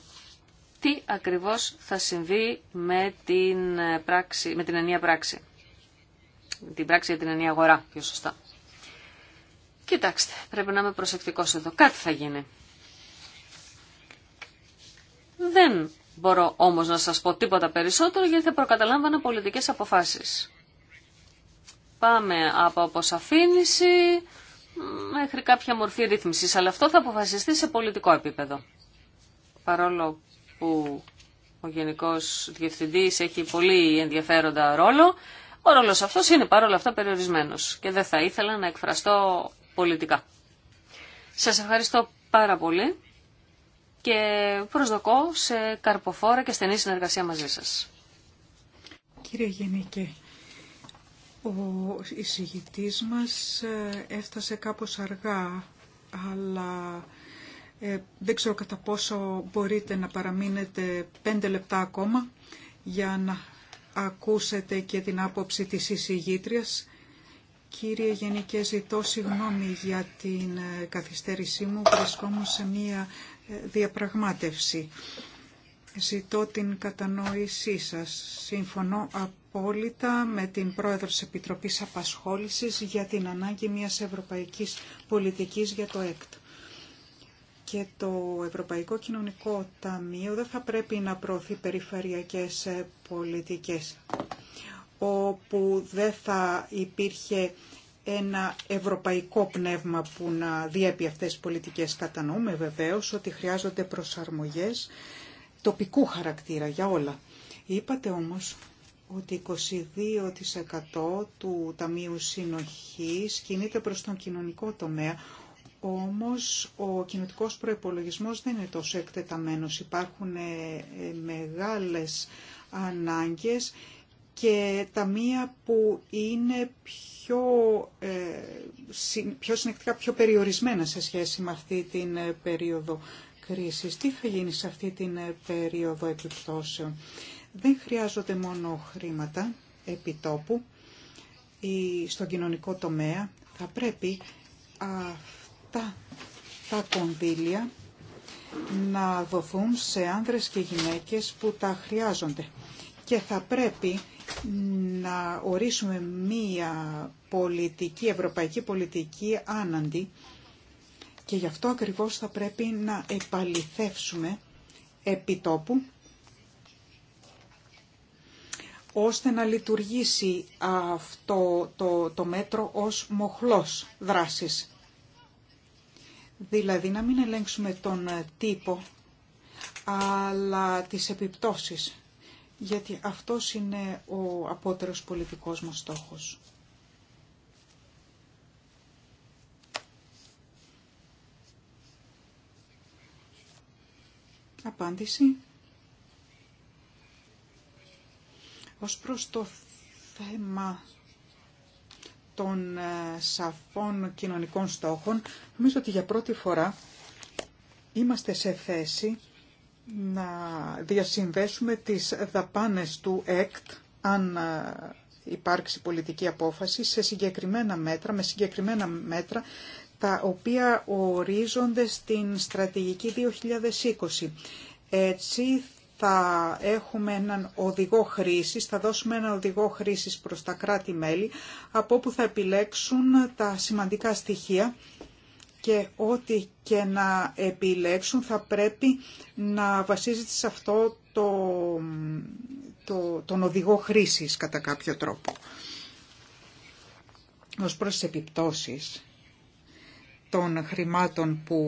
τι ακριβώς θα συμβεί με την, ε, πράξη, με την ενία πράξη. Την πράξη για την ενία αγορά, πιο σωστά. Κοιτάξτε, πρέπει να είμαι προσεκτικός εδώ. Κάτι θα γίνει. Δεν μπορώ όμως να σας πω τίποτα περισσότερο γιατί θα προκαταλάμβανα πολιτικές αποφάσεις. Πάμε από αποσαφήνιση μέχρι κάποια μορφή ρύθμισης, αλλά αυτό θα αποφασιστεί σε πολιτικό επίπεδο. Παρόλο που ο Γενικός Διευθυντής έχει πολύ ενδιαφέροντα ρόλο, ο ρόλος αυτός είναι παρόλα αυτά περιορισμένος και δεν θα ήθελα να εκφραστώ πολιτικά. Σας ευχαριστώ πάρα πολύ και προσδοκώ σε καρποφόρα και στενή συνεργασία μαζί σας. Κύριε Γενίκε, ο εισηγητής μας ε, έφτασε κάπως αργά, αλλά ε, δεν ξέρω κατά πόσο μπορείτε να παραμείνετε πέντε λεπτά ακόμα για να ακούσετε και την άποψη της εισηγήτριας. Κύριε Γενικέ, ζητώ συγγνώμη για την ε, καθυστέρησή μου. Βρισκόμουν σε μία ε, διαπραγμάτευση. Ζητώ την κατανόησή σας. Συμφωνώ απόλυτα με την Πρόεδρο της Επιτροπής Απασχόλησης για την ανάγκη μιας ευρωπαϊκής πολιτικής για το ΕΚΤ και το Ευρωπαϊκό Κοινωνικό Ταμείο δεν θα πρέπει να προωθεί περιφερειακές ε, πολιτικές όπου δεν θα υπήρχε ένα ευρωπαϊκό πνεύμα που να διέπει αυτές τις πολιτικές. Κατανοούμε βεβαίως ότι χρειάζονται προσαρμογές τοπικού χαρακτήρα για όλα. Είπατε όμως ότι 22% του Ταμείου Συνοχής κινείται προς τον κοινωνικό τομέα, όμως ο κοινωτικός προϋπολογισμός δεν είναι τόσο εκτεταμένος. Υπάρχουν ε, ε, μεγάλες ανάγκες και τα μία που είναι πιο, ε, πιο συνεκτικά, πιο περιορισμένα σε σχέση με αυτή την περίοδο κρίσης. Τι θα γίνει σε αυτή την περίοδο επιπτώσεων. Δεν χρειάζονται μόνο χρήματα επιτόπου ή στον κοινωνικό τομέα. Θα πρέπει τα κονδύλια να δοθούν σε άνδρες και γυναίκες που τα χρειάζονται. Και θα πρέπει να ορίσουμε μία πολιτική, ευρωπαϊκή πολιτική άναντι και γι' αυτό ακριβώς θα πρέπει να επαληθεύσουμε επιτόπου ώστε να λειτουργήσει αυτό το, το μέτρο ως μοχλός δράσης. Δηλαδή να μην ελέγξουμε τον ε, τύπο, αλλά τις επιπτώσεις. Γιατί αυτός είναι ο απότερος πολιτικός μας στόχος. Απάντηση. Ως προς το θέμα των ε, σαφών κοινωνικών στόχων, νομίζω ότι για πρώτη φορά είμαστε σε θέση να διασυνδέσουμε τις δαπάνες του ΕΚΤ, αν ε, υπάρξει πολιτική απόφαση, σε συγκεκριμένα μέτρα, με συγκεκριμένα μέτρα, τα οποία ορίζονται στην στρατηγική 2020. Έτσι θα έχουμε έναν οδηγό χρήσης, θα δώσουμε έναν οδηγό χρήσης προς τα κράτη-μέλη, από όπου θα επιλέξουν τα σημαντικά στοιχεία και ό,τι και να επιλέξουν θα πρέπει να βασίζεται σε αυτό το, το, τον οδηγό χρήσης κατά κάποιο τρόπο. Ως προς τις επιπτώσεις, των χρημάτων που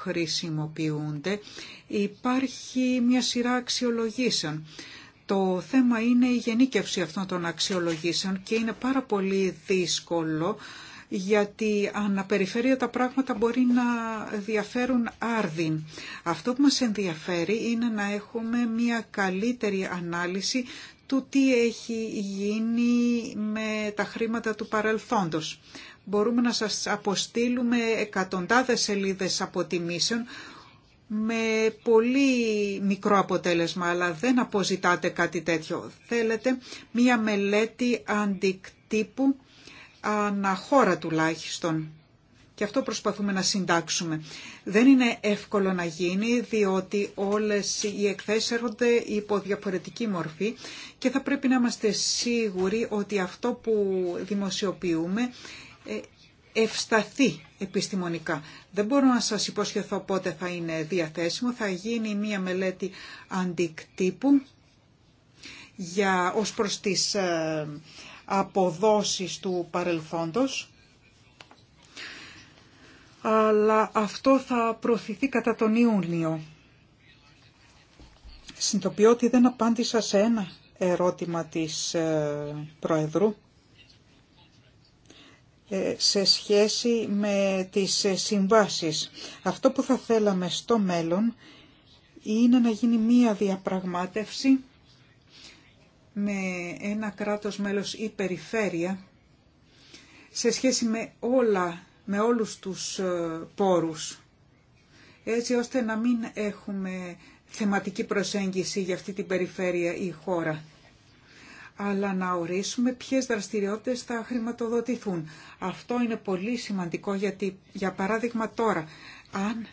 χρησιμοποιούνται υπάρχει μια σειρά αξιολογήσεων. Το θέμα είναι η γενίκευση αυτών των αξιολογήσεων και είναι πάρα πολύ δύσκολο γιατί αναπεριφέρεια τα πράγματα μπορεί να διαφέρουν άρδιν. Αυτό που μας ενδιαφέρει είναι να έχουμε μια καλύτερη ανάλυση του τι έχει γίνει με τα χρήματα του παρελθόντος. Μπορούμε να σας αποστείλουμε εκατοντάδες σελίδες αποτιμήσεων με πολύ μικρό αποτέλεσμα, αλλά δεν αποζητάτε κάτι τέτοιο. Θέλετε μία μελέτη αντικτύπου αναχώρα τουλάχιστον. Και αυτό προσπαθούμε να συντάξουμε. Δεν είναι εύκολο να γίνει, διότι όλες οι εκθέσεις έρχονται υπό διαφορετική μορφή και θα πρέπει να είμαστε σίγουροι ότι αυτό που δημοσιοποιούμε ε, ευσταθεί επιστημονικά. Δεν μπορώ να σας υποσχεθώ πότε θα είναι διαθέσιμο. Θα γίνει μία μελέτη αντικτύπου για, ως προς τις ε, αποδόσεις του παρελθόντος. Αλλά αυτό θα προωθηθεί κατά τον Ιούνιο. Συντοπιώ ότι δεν απάντησα σε ένα ερώτημα της ε, Προεδρού ε, σε σχέση με τις ε, συμβάσεις. Αυτό που θα θέλαμε στο μέλλον είναι να γίνει μία διαπραγμάτευση με ένα κράτος μέλος ή περιφέρεια σε σχέση με, όλα, με όλους τους ε, πόρους έτσι ώστε να μην έχουμε θεματική προσέγγιση για αυτή την περιφέρεια ή χώρα αλλά να ορίσουμε ποιες δραστηριότητες θα χρηματοδοτηθούν. Αυτό είναι πολύ σημαντικό γιατί, για παράδειγμα τώρα, αν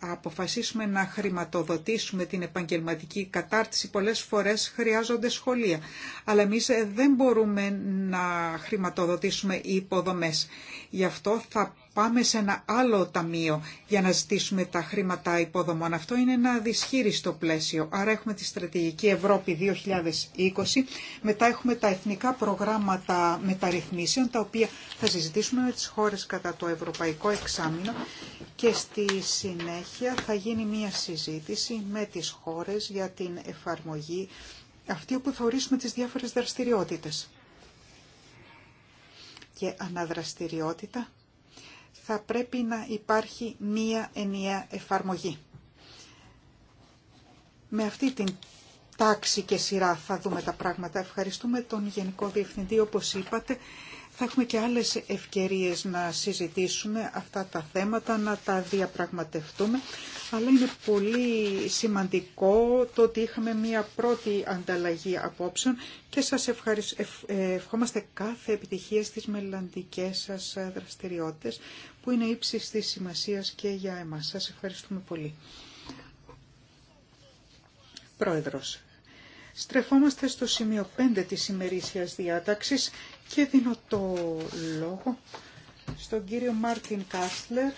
αποφασίσουμε να χρηματοδοτήσουμε την επαγγελματική κατάρτιση, πολλές φορές χρειάζονται σχολεία. Αλλά εμείς ε, δεν μπορούμε να χρηματοδοτήσουμε οι υποδομές. Γι' αυτό θα πάμε σε ένα άλλο ταμείο για να ζητήσουμε τα χρήματα υποδομών. Αυτό είναι ένα δυσχύριστο πλαίσιο. Άρα έχουμε τη Στρατηγική Ευρώπη 2020, μετά έχουμε τα εθνικά προγράμματα μεταρρυθμίσεων, τα οποία θα συζητήσουμε με τις χώρες κατά το Ευρωπαϊκό Εξάμεινο και στη συνέχεια θα γίνει μια συζήτηση με τις χώρες για την εφαρμογή αυτή που θα ορίσουμε τις διάφορες δραστηριότητες. Και αναδραστηριότητα θα πρέπει να υπάρχει μία ενιαία εφαρμογή. Με αυτή την τάξη και σειρά θα δούμε τα πράγματα. Ευχαριστούμε τον Γενικό Διευθυντή, όπως είπατε. Θα έχουμε και άλλες ευκαιρίες να συζητήσουμε αυτά τα θέματα, να τα διαπραγματευτούμε, αλλά είναι πολύ σημαντικό το ότι είχαμε μία πρώτη ανταλλαγή απόψεων και σας ευχόμαστε κάθε επιτυχία στις μελλοντικές σας δραστηριότητες που είναι ύψης της σημασίας και για εμάς. Σας ευχαριστούμε πολύ. Πρόεδρος, στρεφόμαστε στο σημείο 5 της ημερήσιας διάταξης και δίνω το λόγο στον κύριο Μάρτιν Κάστλερ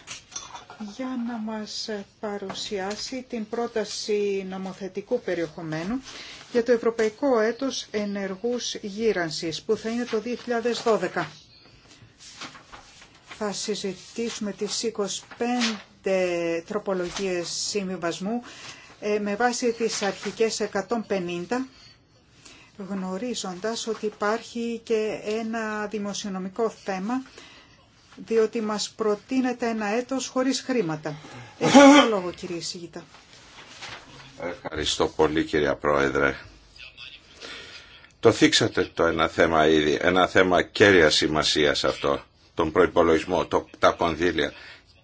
για να μας παρουσιάσει την πρόταση νομοθετικού περιεχομένου για το Ευρωπαϊκό Έτος Ενεργούς Γύρανσης που θα είναι το 2012 θα συζητήσουμε τις 25 τροπολογίες συμβιβασμού ε, με βάση τις αρχικές 150 γνωρίζοντας ότι υπάρχει και ένα δημοσιονομικό θέμα διότι μας προτείνεται ένα έτος χωρίς χρήματα. Έχει λόγο κύριε Σιγητά. Ευχαριστώ πολύ κύριε Πρόεδρε. Το θίξατε το ένα θέμα ήδη, ένα θέμα κέρια σημασίας αυτό τον προϋπολογισμό, τα κονδύλια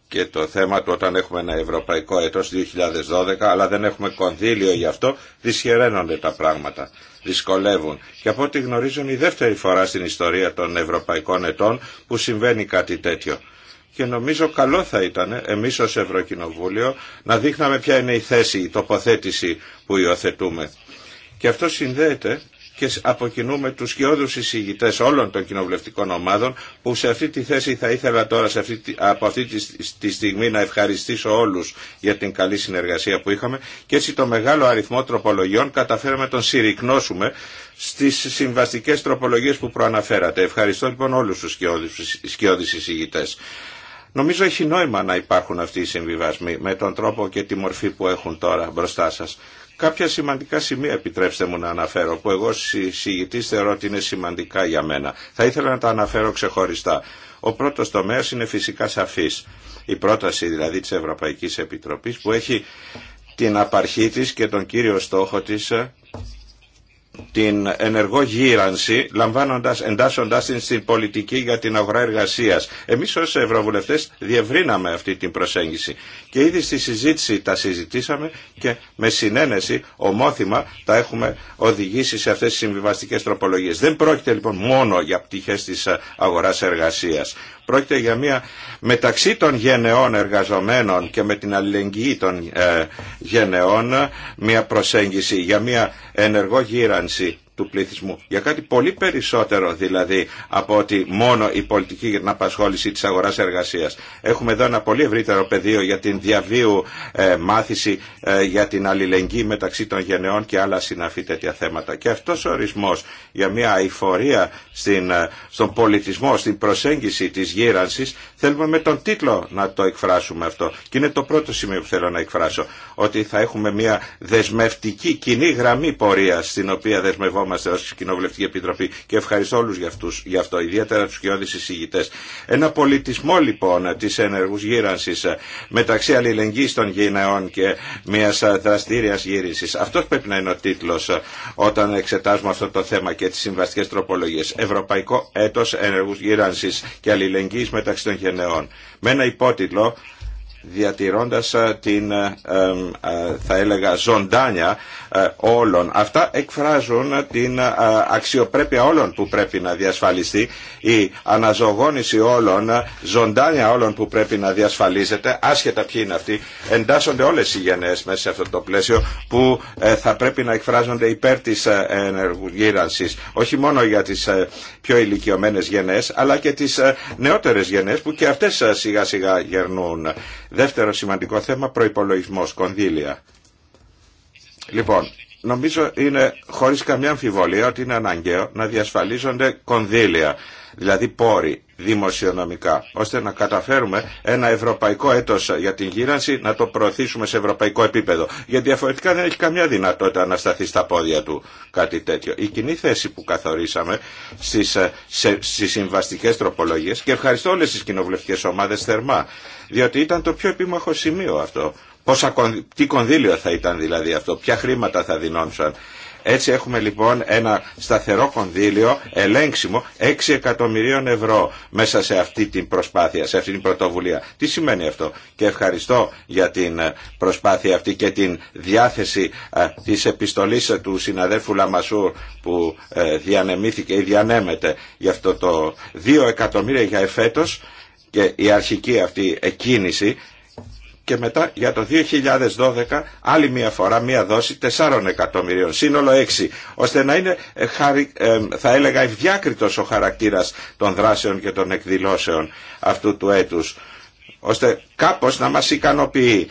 και το θέμα του όταν έχουμε ένα ευρωπαϊκό έτος 2012 αλλά δεν έχουμε κονδύλιο γι' αυτό δυσχεραίνονται τα πράγματα, δυσκολεύουν. Και από ό,τι γνωρίζουν η δεύτερη φορά στην ιστορία των ευρωπαϊκών ετών που συμβαίνει κάτι τέτοιο. Και νομίζω καλό θα ήταν εμείς ως Ευρωκοινοβούλιο να δείχναμε ποια είναι η θέση, η τοποθέτηση που υιοθετούμε. Και αυτό συνδέεται και από κοινού με τους σκιώδους εισηγητές όλων των κοινοβουλευτικών ομάδων που σε αυτή τη θέση θα ήθελα τώρα σε αυτή, από αυτή τη, στιγμή να ευχαριστήσω όλους για την καλή συνεργασία που είχαμε και έτσι το μεγάλο αριθμό τροπολογιών καταφέραμε τον συρρυκνώσουμε στις συμβαστικές τροπολογίες που προαναφέρατε. Ευχαριστώ λοιπόν όλους τους σκιώδους εισηγητές. Νομίζω έχει νόημα να υπάρχουν αυτοί οι συμβιβασμοί με τον τρόπο και τη μορφή που έχουν τώρα μπροστά σας κάποια σημαντικά σημεία επιτρέψτε μου να αναφέρω που εγώ συγητής θεωρώ ότι είναι σημαντικά για μένα. Θα ήθελα να τα αναφέρω ξεχωριστά. Ο πρώτος τομέας είναι φυσικά σαφής. Η πρόταση δηλαδή της Ευρωπαϊκής Επιτροπής που έχει την απαρχή της και τον κύριο στόχο της ε, την ενεργό γύρανση λαμβάνοντας, εντάσσοντας την στην πολιτική για την αγορά εργασίας. Εμείς ως Ευρωβουλευτές διευρύναμε αυτή την προσέγγιση και ήδη στη συζήτηση τα συζητήσαμε και με συνένεση ομόθυμα τα έχουμε οδηγήσει σε αυτές τις συμβιβαστικές τροπολογίες. Δεν πρόκειται λοιπόν μόνο για πτυχές της αγοράς εργασίας. Πρόκειται για μια μεταξύ των γενεών εργαζομένων και με την αλληλεγγύη των ε, γενεών μια προσέγγιση για μια ενεργό γύρανση του πληθυσμού. Για κάτι πολύ περισσότερο δηλαδή από ότι μόνο η πολιτική για την απασχόληση της αγοράς εργασίας. Έχουμε εδώ ένα πολύ ευρύτερο πεδίο για την διαβίου ε, μάθηση ε, για την αλληλεγγύη μεταξύ των γενεών και άλλα συναφή τέτοια θέματα. Και αυτός ο ορισμός για μια αηφορία στην, ε, στον πολιτισμό, στην προσέγγιση της γύρανσης θέλουμε με τον τίτλο να το εκφράσουμε αυτό. Και είναι το πρώτο σημείο που θέλω να εκφράσω. Ότι θα έχουμε μια δεσμευτική κοινή γραμμή πορεία στην οποία δεσμευόμαστε Κοινοβουλευτική Επιτροπή και ευχαριστώ όλου για, για αυτό, ιδιαίτερα του κοιόδης εισηγητέ. Ένα πολιτισμό λοιπόν τη ενεργού γύρανση ε, μεταξύ αλληλεγγύη των γενεών και μια ε, δραστήρια γύριση. Αυτό πρέπει να είναι ο τίτλο ε, όταν εξετάζουμε αυτό το θέμα και τι συμβαστικέ τροπολογίε. Ευρωπαϊκό Έτο ενεργού γύρανση και αλληλεγγύη μεταξύ των γενεών. Με ένα υπότιτλο διατηρώντας ε, την ε, ε, θα έλεγα ζωντάνια όλων. Αυτά εκφράζουν την αξιοπρέπεια όλων που πρέπει να διασφαλιστεί, η αναζωογόνηση όλων, ζωντάνια όλων που πρέπει να διασφαλίζεται, άσχετα ποιοι είναι αυτοί, εντάσσονται όλες οι γενναίες μέσα σε αυτό το πλαίσιο που θα πρέπει να εκφράζονται υπέρ της ενεργογύρανσης, όχι μόνο για τις πιο ηλικιωμένες γενναίες, αλλά και τις νεότερες γενναίες που και αυτές σιγά σιγά γερνούν. Δεύτερο σημαντικό θέμα, προϋπολογισμός, κονδύλια. Λοιπόν, νομίζω είναι χωρίς καμιά αμφιβολία ότι είναι αναγκαίο να διασφαλίζονται κονδύλια δηλαδή πόροι δημοσιονομικά, ώστε να καταφέρουμε ένα ευρωπαϊκό έτος για την γύρανση να το προωθήσουμε σε ευρωπαϊκό επίπεδο. Γιατί διαφορετικά δεν έχει καμιά δυνατότητα να σταθεί στα πόδια του κάτι τέτοιο. Η κοινή θέση που καθορίσαμε στις, ε, σε, στις συμβαστικές τροπολογίες και ευχαριστώ όλες τις κοινοβουλευτικές ομάδες θερμά, διότι ήταν το πιο επίμαχο σημείο αυτό. τι κονδύλιο θα ήταν δηλαδή αυτό, ποια χρήματα θα δινόντουσαν έτσι έχουμε λοιπόν ένα σταθερό κονδύλιο ελέγξιμο 6 εκατομμυρίων ευρώ μέσα σε αυτή την προσπάθεια, σε αυτή την πρωτοβουλία. Τι σημαίνει αυτό και ευχαριστώ για την ε, προσπάθεια αυτή και την διάθεση ε, της επιστολής του συναδέλφου Λαμασούρ που ε, διανεμήθηκε ή διανέμεται για αυτό το 2 εκατομμύρια για εφέτος και η αρχική αυτή εκκίνηση και μετά για το 2012 άλλη μία φορά μία δόση 4 εκατομμυρίων, σύνολο 6, ώστε να είναι ε, ε, θα έλεγα ευδιάκριτος ο χαρακτήρας των δράσεων και των εκδηλώσεων αυτού του έτους ώστε κάπως να μας ικανοποιεί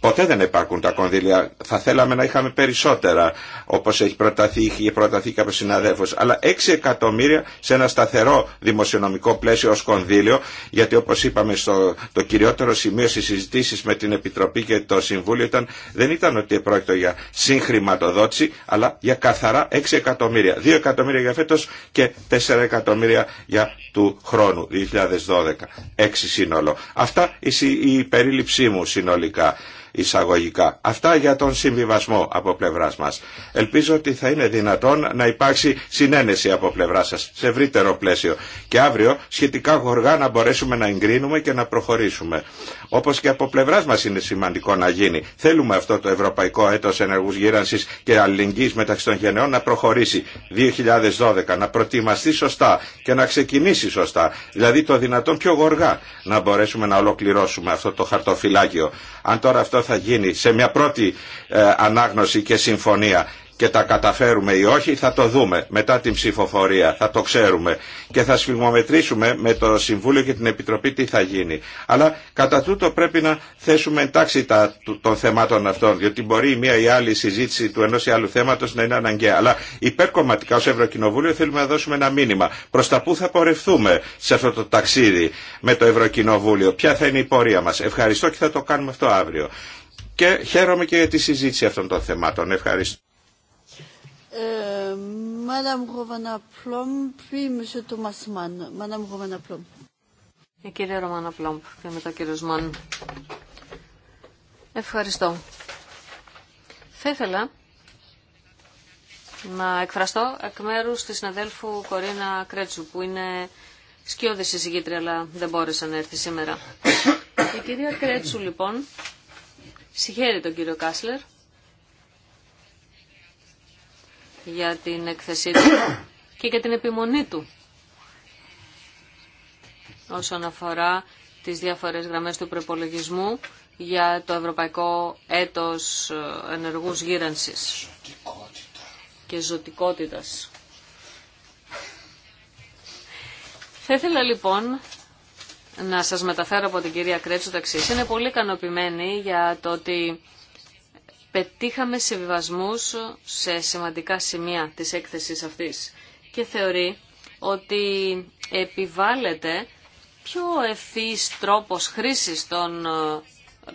ποτέ δεν υπάρχουν τα κονδύλια. Θα θέλαμε να είχαμε περισσότερα, όπω έχει προταθεί, είχε προταθεί και από συναδέλφου. Αλλά 6 εκατομμύρια σε ένα σταθερό δημοσιονομικό πλαίσιο ω κονδύλιο, γιατί όπω είπαμε στο, το κυριότερο σημείο στι συζητήσει με την Επιτροπή και το Συμβούλιο ήταν, δεν ήταν ότι πρόκειτο για συγχρηματοδότηση, αλλά για καθαρά 6 εκατομμύρια. 2 εκατομμύρια για φέτο και 4 εκατομμύρια για του χρόνου 2012. 6 σύνολο. Αυτά η περίληψή μου συνολικά εισαγωγικά. Αυτά για τον συμβιβασμό από πλευρά μα. Ελπίζω ότι θα είναι δυνατόν να υπάρξει συνένεση από πλευρά σα σε ευρύτερο πλαίσιο και αύριο σχετικά γοργά να μπορέσουμε να εγκρίνουμε και να προχωρήσουμε. Όπω και από πλευρά μα είναι σημαντικό να γίνει. Θέλουμε αυτό το Ευρωπαϊκό Έτο Ενεργού Γύρανση και Αλληλεγγύη μεταξύ των γενεών να προχωρήσει 2012, να προετοιμαστεί σωστά και να ξεκινήσει σωστά. Δηλαδή το δυνατόν πιο γοργά να μπορέσουμε να ολοκληρώσουμε αυτό το χαρτοφυλάκιο. Αν τώρα θα γίνει σε μια πρώτη ε, ανάγνωση και συμφωνία και τα καταφέρουμε ή όχι θα το δούμε μετά την ψηφοφορία, θα το ξέρουμε και θα σφιγμομετρήσουμε με το Συμβούλιο και την Επιτροπή τι θα γίνει. Αλλά κατά τούτο πρέπει να θέσουμε εντάξει τα, των θεμάτων αυτών, διότι μπορεί η μία ή άλλη συζήτηση του ενός ή άλλου θέματος να είναι αναγκαία. Αλλά υπερκομματικά ως Ευρωκοινοβούλιο θέλουμε να δώσουμε ένα μήνυμα. Προς τα πού θα πορευθούμε σε αυτό το ταξίδι με το Ευρωκοινοβούλιο, ποια θα είναι η πορεία μας. Ευχαριστώ και θα το κάνουμε αυτό αύριο. Και χαίρομαι και για τη συζήτηση αυτών των θεμάτων. Ευχαριστώ. Euh, Madame Rovana puis Η κυρία Ρωμάνα Πλόμπ και μετά ο κύριος Μαν. Ευχαριστώ. Θα ήθελα να εκφραστώ εκ μέρους της συναδέλφου Κορίνα Κρέτσου που είναι σκιώδης συζυγήτρια, αλλά δεν μπόρεσε να έρθει σήμερα. Η κυρία Κρέτσου λοιπόν συγχαίρει τον κύριο Κάσλερ για την έκθεσή του και για την επιμονή του όσον αφορά τις διάφορες γραμμές του προπολογισμού για το Ευρωπαϊκό Έτος Ενεργούς Γύρανσης και Ζωτικότητας. Θα ήθελα λοιπόν να σας μεταφέρω από την κυρία Κρέτσου ταξί. Είναι πολύ ικανοποιημένη για το ότι πετύχαμε συμβιβασμούς σε σημαντικά σημεία της έκθεσης αυτής και θεωρεί ότι επιβάλλεται πιο ευθύς τρόπος χρήσης των ε,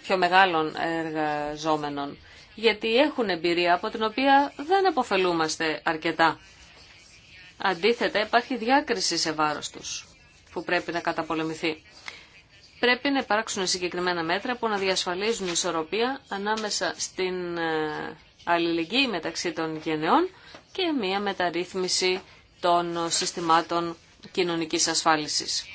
πιο μεγάλων εργαζόμενων, γιατί έχουν εμπειρία από την οποία δεν αποφελούμαστε αρκετά. Αντίθετα, υπάρχει διάκριση σε βάρος τους, που πρέπει να καταπολεμηθεί πρέπει να υπάρξουν συγκεκριμένα μέτρα που να διασφαλίζουν ισορροπία ανάμεσα στην ε, αλληλεγγύη μεταξύ των γενεών και μια μεταρρύθμιση των συστημάτων κοινωνικής ασφάλισης.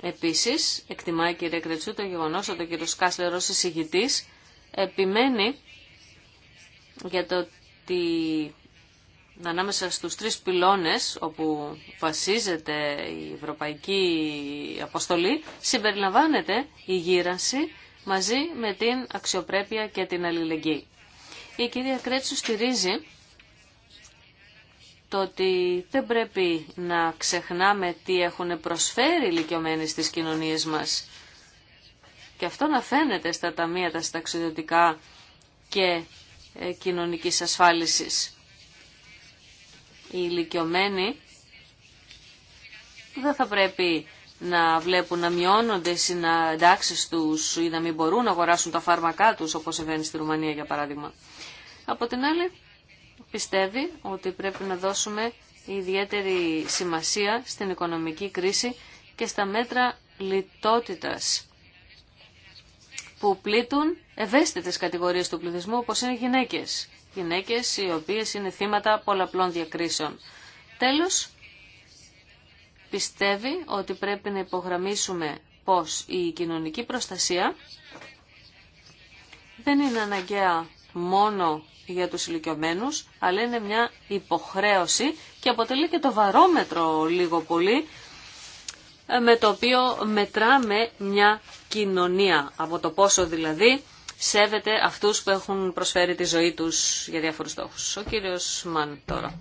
Επίσης, εκτιμάει η κυρία Κρετσού το γεγονός ότι ο κύριο Κάσλερος εισηγητής επιμένει για το ότι ανάμεσα στους τρεις πυλώνες όπου βασίζεται η Ευρωπαϊκή Αποστολή συμπεριλαμβάνεται η γύρανση μαζί με την αξιοπρέπεια και την αλληλεγγύη. Η κυρία Κρέτσου στηρίζει το ότι δεν πρέπει να ξεχνάμε τι έχουν προσφέρει οι ηλικιωμένοι στις κοινωνίες μας. Και αυτό να φαίνεται στα ταμεία τα συνταξιδιωτικά και ε, κοινωνικής ασφάλισης οι ηλικιωμένοι δεν θα πρέπει να βλέπουν να μειώνονται οι συναντάξει του ή να μην μπορούν να αγοράσουν τα φάρμακά τους όπω συμβαίνει στη Ρουμανία για παράδειγμα. Από την άλλη πιστεύει ότι πρέπει να δώσουμε ιδιαίτερη σημασία στην οικονομική κρίση και στα μέτρα λιτότητας που πλήττουν ευαίσθητες κατηγορίες του πληθυσμού όπως είναι οι γυναίκες Γυναίκε οι οποίες είναι θύματα πολλαπλών διακρίσεων. Τέλος, πιστεύει ότι πρέπει να υπογραμμίσουμε πως η κοινωνική προστασία δεν είναι αναγκαία μόνο για τους ηλικιωμένους, αλλά είναι μια υποχρέωση και αποτελεί και το βαρόμετρο λίγο πολύ ε, με το οποίο μετράμε μια κοινωνία, από το πόσο δηλαδή σέβεται αυτούς που έχουν προσφέρει τη ζωή τους για διάφορους στόχους. Ο κύριος Μαν τώρα.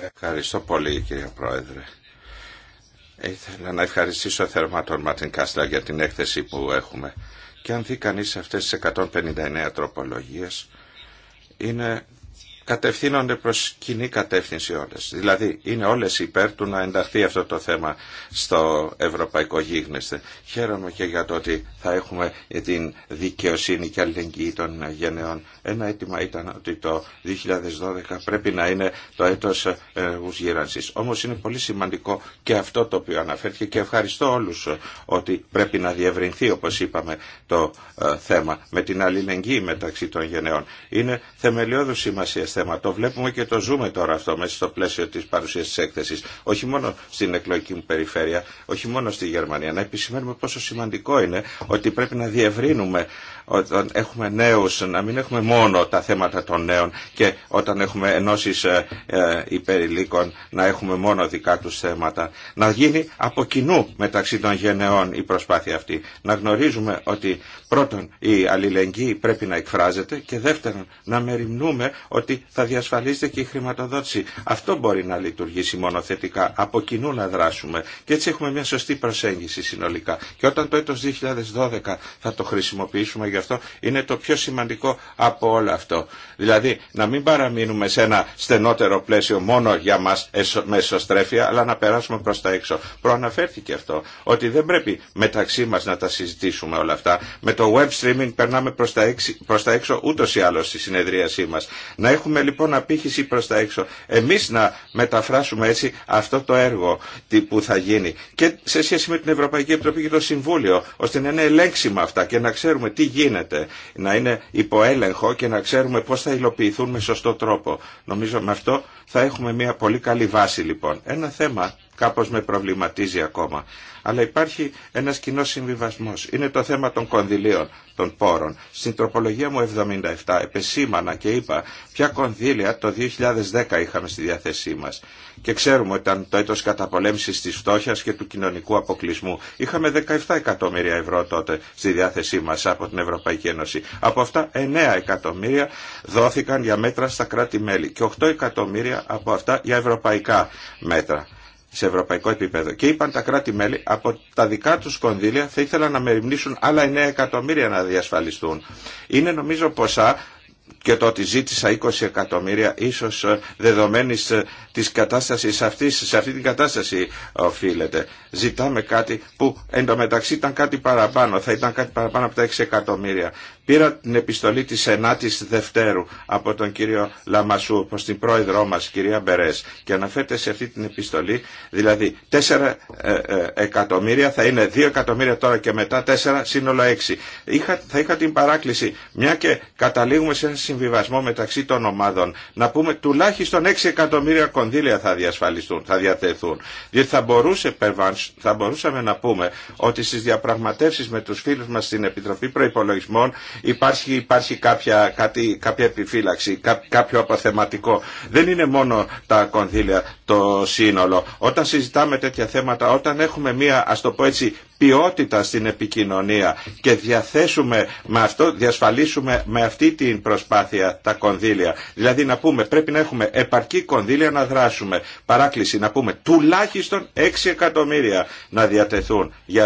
Ευχαριστώ πολύ κύριε Πρόεδρε. Ήθελα να ευχαριστήσω θερμά τον Μαρτιν Κάστλα για την έκθεση που έχουμε. Και αν δει κανείς αυτές τις 159 τροπολογίες, είναι κατευθύνονται προς κοινή κατεύθυνση όλες. Δηλαδή είναι όλες υπέρ του να ενταχθεί αυτό το θέμα στο ευρωπαϊκό γίγνεσθε. Χαίρομαι και για το ότι θα έχουμε την δικαιοσύνη και αλληλεγγύη των γενεών. Ένα αίτημα ήταν ότι το 2012 πρέπει να είναι το έτος ενεργούς γύρανσης. Όμως είναι πολύ σημαντικό και αυτό το οποίο αναφέρθηκε και ευχαριστώ όλους ε, ότι πρέπει να διευρυνθεί όπως είπαμε το ε, θέμα με την αλληλεγγύη μεταξύ των γενεών. Είναι θεμελιώδους σημασία θέμα. Το βλέπουμε και το ζούμε τώρα αυτό μέσα στο πλαίσιο τη παρουσία τη έκθεση. Όχι μόνο στην εκλογική μου περιφέρεια, όχι μόνο στη Γερμανία. Να επισημαίνουμε πόσο σημαντικό είναι ότι πρέπει να διευρύνουμε όταν έχουμε νέους να μην έχουμε μόνο τα θέματα των νέων και όταν έχουμε ενώσεις ε, ε, υπερηλίκων να έχουμε μόνο δικά τους θέματα. Να γίνει από κοινού μεταξύ των γενεών η προσπάθεια αυτή. Να γνωρίζουμε ότι πρώτον η αλληλεγγύη πρέπει να εκφράζεται και δεύτερον να μεριμνούμε ότι θα διασφαλίζεται και η χρηματοδότηση. Αυτό μπορεί να λειτουργήσει μόνο θετικά. Από κοινού να δράσουμε. Και έτσι έχουμε μια σωστή προσέγγιση συνολικά. Και όταν το έτος 2012 θα το χρησιμοποιήσουμε γι' αυτό είναι το πιο σημαντικό από όλο αυτό. Δηλαδή να μην παραμείνουμε σε ένα στενότερο πλαίσιο μόνο για μας με εσωστρέφεια αλλά να περάσουμε προς τα έξω. Προαναφέρθηκε αυτό ότι δεν πρέπει μεταξύ μας να τα συζητήσουμε όλα αυτά. Με το web streaming περνάμε προς τα, τα έξω ούτως ή άλλως στη συνεδρίασή μας. Να έχουμε λοιπόν απήχηση προς τα έξω. Εμείς να μεταφράσουμε έτσι αυτό το έργο που θα γίνει και σε σχέση με την Ευρωπαϊκή Επιτροπή και το Συμβούλιο ώστε να είναι ελέγξιμα αυτά και να ξέρουμε τι γίνεται, να είναι υποέλεγχο και να ξέρουμε πώς θα υλοποιηθούν με σωστό τρόπο. Νομίζω με αυτό θα έχουμε μια πολύ καλή βάση λοιπόν. Ένα θέμα κάπως με προβληματίζει ακόμα. Αλλά υπάρχει ένας κοινός συμβιβασμός. Είναι το θέμα των κονδυλίων, των πόρων. Στην τροπολογία μου 77 επεσήμανα και είπα ποια κονδύλια το 2010 είχαμε στη διάθεσή μας. Και ξέρουμε ότι ήταν το έτος καταπολέμησης της φτώχειας και του κοινωνικού αποκλεισμού. Είχαμε 17 εκατομμύρια ευρώ τότε στη διάθεσή μας από την Ευρωπαϊκή Ένωση. Από αυτά 9 εκατομμύρια δόθηκαν για μέτρα στα κράτη-μέλη και 8 εκατομμύρια από αυτά για ευρωπαϊκά μέτρα σε ευρωπαϊκό επίπεδο. Και είπαν τα κράτη-μέλη από τα δικά τους κονδύλια θα ήθελαν να μεριμνήσουν άλλα 9 εκατομμύρια να διασφαλιστούν. Είναι νομίζω ποσά και το ότι ζήτησα 20 εκατομμύρια ίσως ε, δεδομένης ε, της κατάστασης αυτής, σε αυτή την κατάσταση οφείλεται. Ζητάμε κάτι που εντωμεταξύ ήταν κάτι παραπάνω, θα ήταν κάτι παραπάνω από τα 6 εκατομμύρια. Πήρα την επιστολή της 9ης Δευτέρου από τον κύριο Λαμασού προς την πρόεδρό μας, κυρία Μπερές, και αναφέρεται σε αυτή την επιστολή, δηλαδή 4 ε, ε, εκατομμύρια θα είναι 2 εκατομμύρια τώρα και μετά 4, σύνολο 6. Είχα, θα είχα την παράκληση, μια και καταλήγουμε σε ένα συμβιβασμό μεταξύ των ομάδων, να πούμε τουλάχιστον 6 εκατομμύρια κονδύλια θα διασφαλιστούν, θα διατεθούν. Διότι θα, μπορούσε, θα μπορούσαμε να πούμε ότι στις διαπραγματεύσεις με τους φίλους μας στην Επιτροπή Προϋπολογισμών υπάρχει, υπάρχει κάποια, κάτι, κάποια επιφύλαξη, κάποιο αποθεματικό. Δεν είναι μόνο τα κονδύλια το σύνολο. Όταν συζητάμε τέτοια θέματα, όταν έχουμε μία, ας το πω έτσι, ποιότητα στην επικοινωνία και διαθέσουμε με αυτό, διασφαλίσουμε με αυτή την προσπάθεια τα κονδύλια. Δηλαδή να πούμε πρέπει να έχουμε επαρκή κονδύλια να δράσουμε. Παράκληση να πούμε τουλάχιστον 6 εκατομμύρια να διατεθούν για,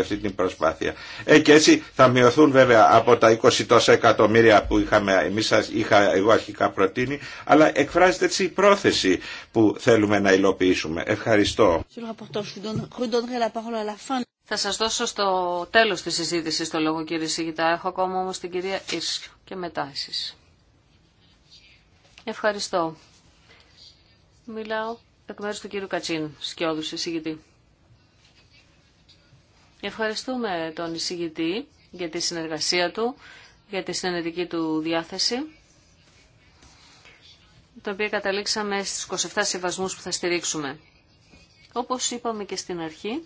αυτή την προσπάθεια. Ε, και έτσι θα μειωθούν βέβαια από τα 20 τόσα εκατομμύρια που είχαμε, εμείς είχα εγώ αρχικά προτείνει, αλλά εκφράζεται έτσι η πρόθεση που θέλουμε να υλοποιήσουμε. Ευχαριστώ. Θα σας δώσω στο τέλος της συζήτησης το λόγο κύριε Σιγητά. Έχω ακόμα όμως την κυρία Ίσιο και μετά εσείς. Ευχαριστώ. Μιλάω εκ μέρους του κύριου Κατσίν, σκιώδους εισηγητή. Ευχαριστούμε τον εισηγητή για τη συνεργασία του, για τη συνενετική του διάθεση, το οποίο καταλήξαμε στις 27 συμβασμούς που θα στηρίξουμε. Όπως είπαμε και στην αρχή,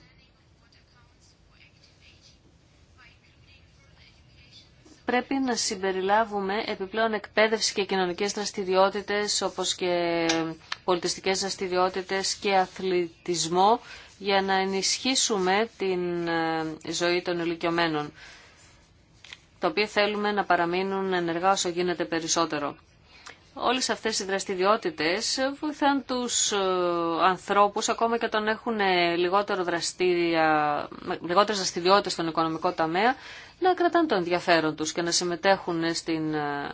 πρέπει να συμπεριλάβουμε επιπλέον εκπαίδευση και κοινωνικές δραστηριότητες όπως και πολιτιστικές δραστηριότητες και αθλητισμό για να ενισχύσουμε την ε, ζωή των ηλικιωμένων, τα οποία θέλουμε να παραμείνουν ενεργά όσο γίνεται περισσότερο. Όλες αυτές οι δραστηριότητες βοηθάν τους ε, ανθρώπους, ακόμα και όταν έχουν λιγότερο δραστήρια, λιγότερες δραστηριότητες στον οικονομικό ταμέα, να κρατάνε το ενδιαφέρον τους και να συμμετέχουν στην ε,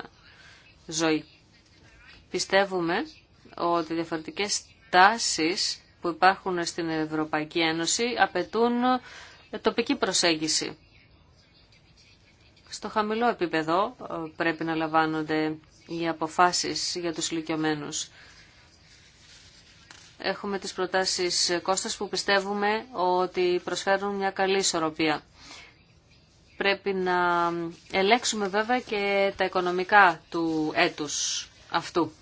ζωή. Πιστεύουμε ότι διαφορετικές τάσεις που υπάρχουν στην Ευρωπαϊκή Ένωση απαιτούν ε, τοπική προσέγγιση. Στο χαμηλό επίπεδο ε, πρέπει να λαμβάνονται οι αποφάσεις για τους ηλικιωμένους. Έχουμε τις προτάσεις Κώστας που πιστεύουμε ότι προσφέρουν μια καλή ισορροπία. Πρέπει να ελέγξουμε βέβαια και τα οικονομικά του έτους αυτού.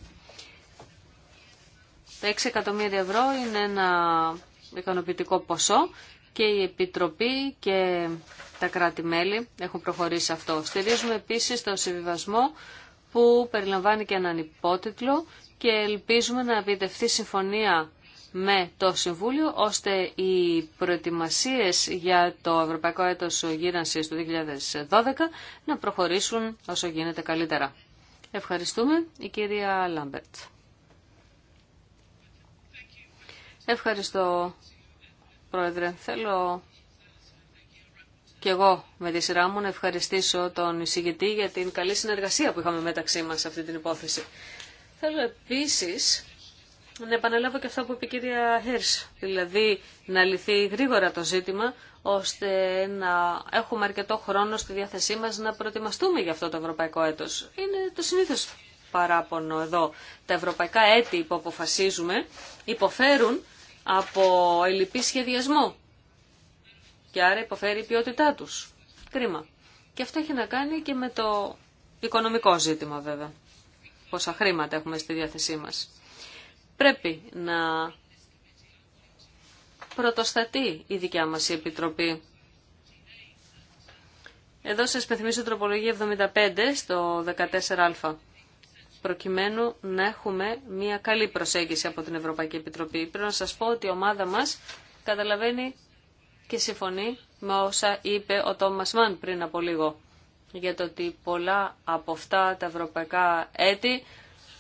Τα 6 εκατομμύρια ευρώ είναι ένα ικανοποιητικό ποσό και η Επιτροπή και τα κράτη-μέλη έχουν προχωρήσει αυτό. Στηρίζουμε επίσης το συμβιβασμό που περιλαμβάνει και έναν υπότιτλο και ελπίζουμε να επιτευχθεί συμφωνία με το Συμβούλιο, ώστε οι προετοιμασίες για το Ευρωπαϊκό Έτος Γύρανσης του 2012 να προχωρήσουν όσο γίνεται καλύτερα. Ευχαριστούμε, η κυρία Λάμπερτ. Ευχαριστώ, Πρόεδρε. Θέλω και εγώ με τη σειρά μου να ευχαριστήσω τον εισηγητή για την καλή συνεργασία που είχαμε μεταξύ μας σε αυτή την υπόθεση. Θέλω επίσης να επαναλάβω και αυτό που είπε η κυρία Χέρς, δηλαδή να λυθεί γρήγορα το ζήτημα, ώστε να έχουμε αρκετό χρόνο στη διάθεσή μας να προετοιμαστούμε για αυτό το ευρωπαϊκό έτος. Είναι το συνήθως παράπονο εδώ. Τα ευρωπαϊκά έτη που αποφασίζουμε υποφέρουν από ελλειπή σχεδιασμό και άρα υποφέρει η ποιότητά τους. Κρίμα. Και αυτό έχει να κάνει και με το οικονομικό ζήτημα βέβαια. Πόσα χρήματα έχουμε στη διάθεσή μας πρέπει να πρωτοστατεί η δικιά μας η Επιτροπή. Εδώ σας πενθυμίσω τροπολογία 75 στο 14α προκειμένου να έχουμε μια καλή προσέγγιση από την Ευρωπαϊκή Επιτροπή. Πρέπει να σας πω ότι η ομάδα μας καταλαβαίνει και συμφωνεί με όσα είπε ο Τόμας Μαν πριν από λίγο γιατί πολλά από αυτά τα ευρωπαϊκά έτη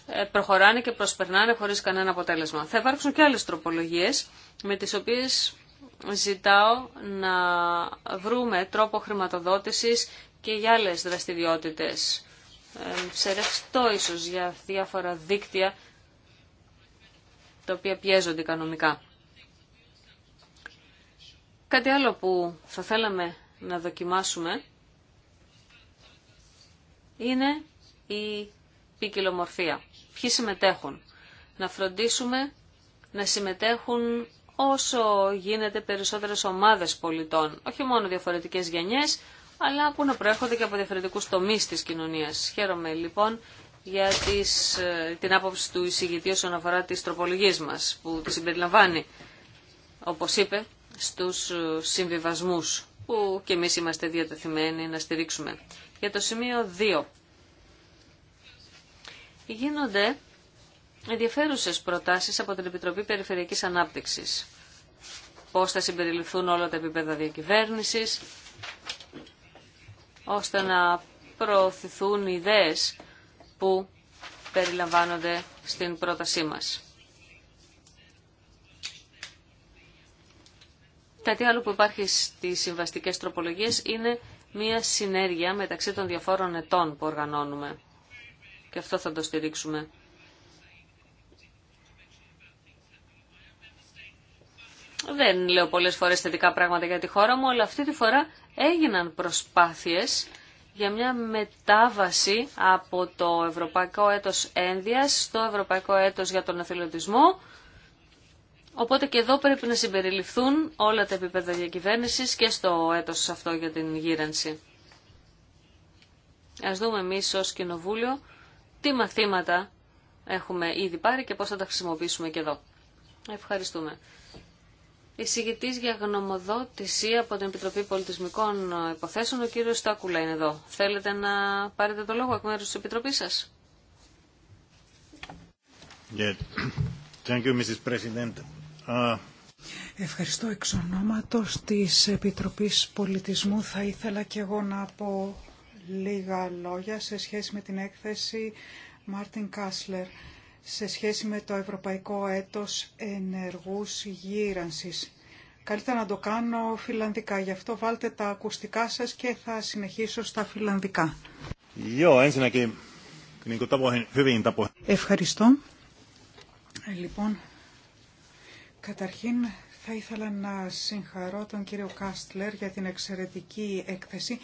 ε, προχωράνε και προσπερνάνε χωρίς κανένα αποτέλεσμα. Θα υπάρξουν και άλλες τροπολογίες με τις οποίες ζητάω να βρούμε τρόπο χρηματοδότησης και για άλλες δραστηριότητες. Ε, σε ρευστό ίσως για διάφορα δίκτυα τα οποία πιέζονται οικονομικά. Κάτι άλλο που θα θέλαμε να δοκιμάσουμε είναι η ποικιλομορφία ποιοι συμμετέχουν. Να φροντίσουμε να συμμετέχουν όσο γίνεται περισσότερες ομάδες πολιτών, όχι μόνο διαφορετικές γενιές, αλλά που να προέρχονται και από διαφορετικούς τομείς της κοινωνίας. Χαίρομαι λοιπόν για ε, την άποψη του εισηγητή όσον αφορά τις τροπολογίες μας, που τη συμπεριλαμβάνει, όπως είπε, στους ε, συμβιβασμούς που και εμείς είμαστε διατεθειμένοι να στηρίξουμε. Για το σημείο 2 γίνονται ενδιαφέρουσε προτάσεις από την Επιτροπή Περιφερειακής Ανάπτυξης. Πώς θα συμπεριληφθούν όλα τα επίπεδα διακυβέρνησης, ώστε να προωθηθούν ιδέες που περιλαμβάνονται στην πρότασή μας. Κάτι άλλο που υπάρχει στις συμβαστικές τροπολογίες είναι μία συνέργεια μεταξύ των διαφόρων ετών που οργανώνουμε και αυτό θα το στηρίξουμε. Δεν λέω πολλές φορές θετικά πράγματα για τη χώρα μου, αλλά αυτή τη φορά έγιναν προσπάθειες για μια μετάβαση από το Ευρωπαϊκό Έτος ένδιας στο Ευρωπαϊκό Έτος για τον Αθλητισμό. Οπότε και εδώ πρέπει να συμπεριληφθούν όλα τα επίπεδα διακυβέρνηση και στο έτος αυτό για την γύρανση. Ας δούμε εμείς ως Κοινοβούλιο τι μαθήματα έχουμε ήδη πάρει και πώς θα τα χρησιμοποιήσουμε και εδώ. Ευχαριστούμε. Εισηγητή για γνωμοδότηση από την Επιτροπή Πολιτισμικών Υποθέσεων, ο κύριο Στάκουλα είναι εδώ. Θέλετε να πάρετε το λόγο εκ μέρου τη Επιτροπή σα. Ευχαριστώ εξ ονόματος της Επιτροπής Πολιτισμού. Θα ήθελα και εγώ να πω λίγα λόγια σε σχέση με την έκθεση Μάρτιν Κάσλερ σε σχέση με το Ευρωπαϊκό Έτος Ενεργούς Γύρανσης. Καλύτερα να το κάνω φιλανδικά, γι' αυτό βάλτε τα ακουστικά σας και θα συνεχίσω στα φιλανδικά. Ευχαριστώ. Λοιπόν, καταρχήν θα ήθελα να συγχαρώ τον κύριο Κάστλερ για την εξαιρετική έκθεση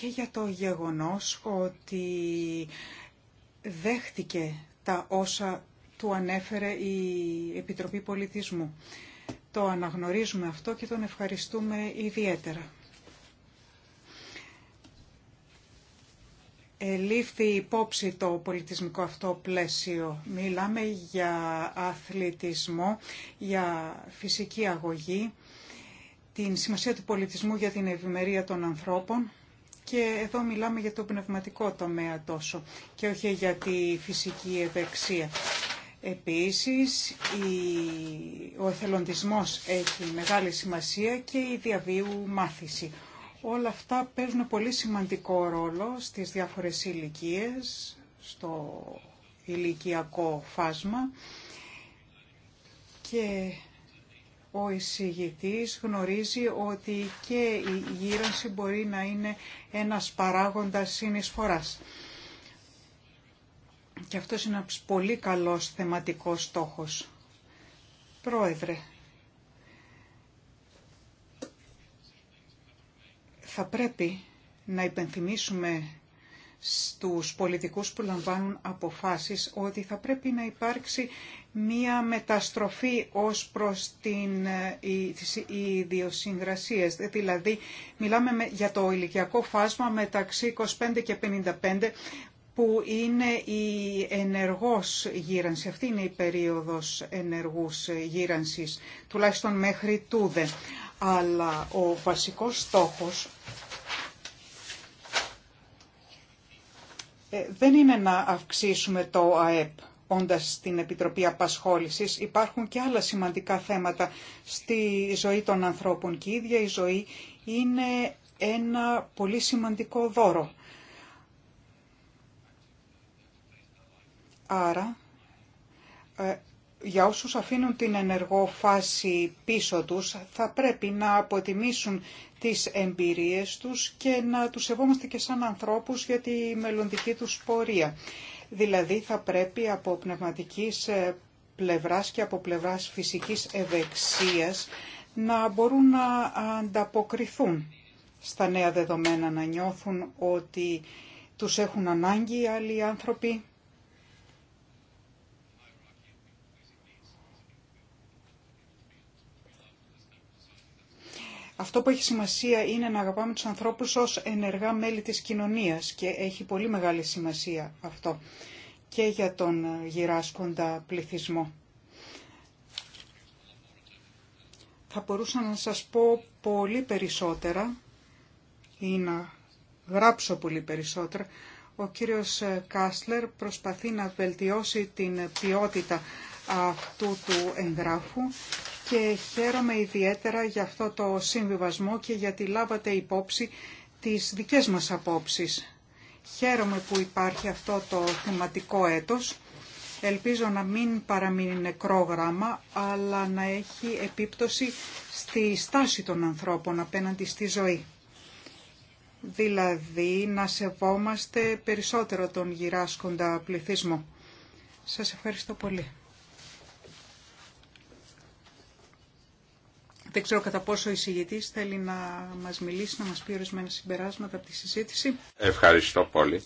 και για το γεγονός ότι δέχτηκε τα όσα του ανέφερε η Επιτροπή Πολιτισμού. Το αναγνωρίζουμε αυτό και τον ευχαριστούμε ιδιαίτερα. Ελήφθη υπόψη το πολιτισμικό αυτό πλαίσιο. Μιλάμε για αθλητισμό, για φυσική αγωγή, την σημασία του πολιτισμού για την ευημερία των ανθρώπων και εδώ μιλάμε για το πνευματικό τομέα τόσο και όχι για τη φυσική ευεξία. Επίσης, η... ο εθελοντισμός έχει μεγάλη σημασία και η διαβίου μάθηση. Όλα αυτά παίζουν πολύ σημαντικό ρόλο στις διάφορες ηλικίε, στο ηλικιακό φάσμα και ο εισηγητής γνωρίζει ότι και η γύρανση μπορεί να είναι ένας παράγοντας συνεισφοράς. Και αυτός είναι ένας πολύ καλός θεματικός στόχος. Πρόεδρε, θα πρέπει να υπενθυμίσουμε στους πολιτικούς που λαμβάνουν αποφάσεις ότι θα πρέπει να υπάρξει μία μεταστροφή ως προς την, ε, τις ιδιοσυγκρασίες. Δηλαδή, μιλάμε για το ηλικιακό φάσμα μεταξύ 25 και 55, που είναι η ενεργός γύρανση. Αυτή είναι η περίοδος ενεργούς γύρανσης, τουλάχιστον μέχρι τούδε. Αλλά ο βασικός στόχος ε, δεν είναι να αυξήσουμε το ΑΕΠ στην Επιτροπή Απασχόλησης. Υπάρχουν και άλλα σημαντικά θέματα στη ζωή των ανθρώπων και η ίδια η ζωή είναι ένα πολύ σημαντικό δώρο. Άρα, ε, για όσους αφήνουν την ενεργό φάση πίσω τους, θα πρέπει να αποτιμήσουν τις εμπειρίες τους και να τους σεβόμαστε και σαν ανθρώπους για τη μελλοντική τους πορεία. Δηλαδή θα πρέπει από πνευματικής ε, πλευράς και από πλευράς φυσικής ευεξίας να μπορούν να ανταποκριθούν στα νέα δεδομένα, να νιώθουν ότι τους έχουν ανάγκη οι άλλοι άνθρωποι Αυτό που έχει σημασία είναι να αγαπάμε τους ανθρώπους ως ενεργά μέλη της κοινωνίας και έχει πολύ μεγάλη σημασία αυτό και για τον γυράσκοντα πληθυσμό. Θα μπορούσα να σας πω πολύ περισσότερα ή να γράψω πολύ περισσότερα. Ο κύριος Κάσλερ προσπαθεί να βελτιώσει την ποιότητα αυτού του εγγράφου και χαίρομαι ιδιαίτερα για αυτό το συμβιβασμό και γιατί λάβατε υπόψη τις δικές μας απόψεις. Χαίρομαι που υπάρχει αυτό το θεματικό έτος. Ελπίζω να μην παραμείνει νεκρό γράμμα, αλλά να έχει επίπτωση στη στάση των ανθρώπων απέναντι στη ζωή. Δηλαδή να σεβόμαστε περισσότερο τον γυράσκοντα πληθυσμό. Σας ευχαριστώ πολύ. Δεν ξέρω κατά πόσο ο εισηγητής θέλει να μας μιλήσει, να μας πει ορισμένα συμπεράσματα από τη συζήτηση. Ευχαριστώ πολύ.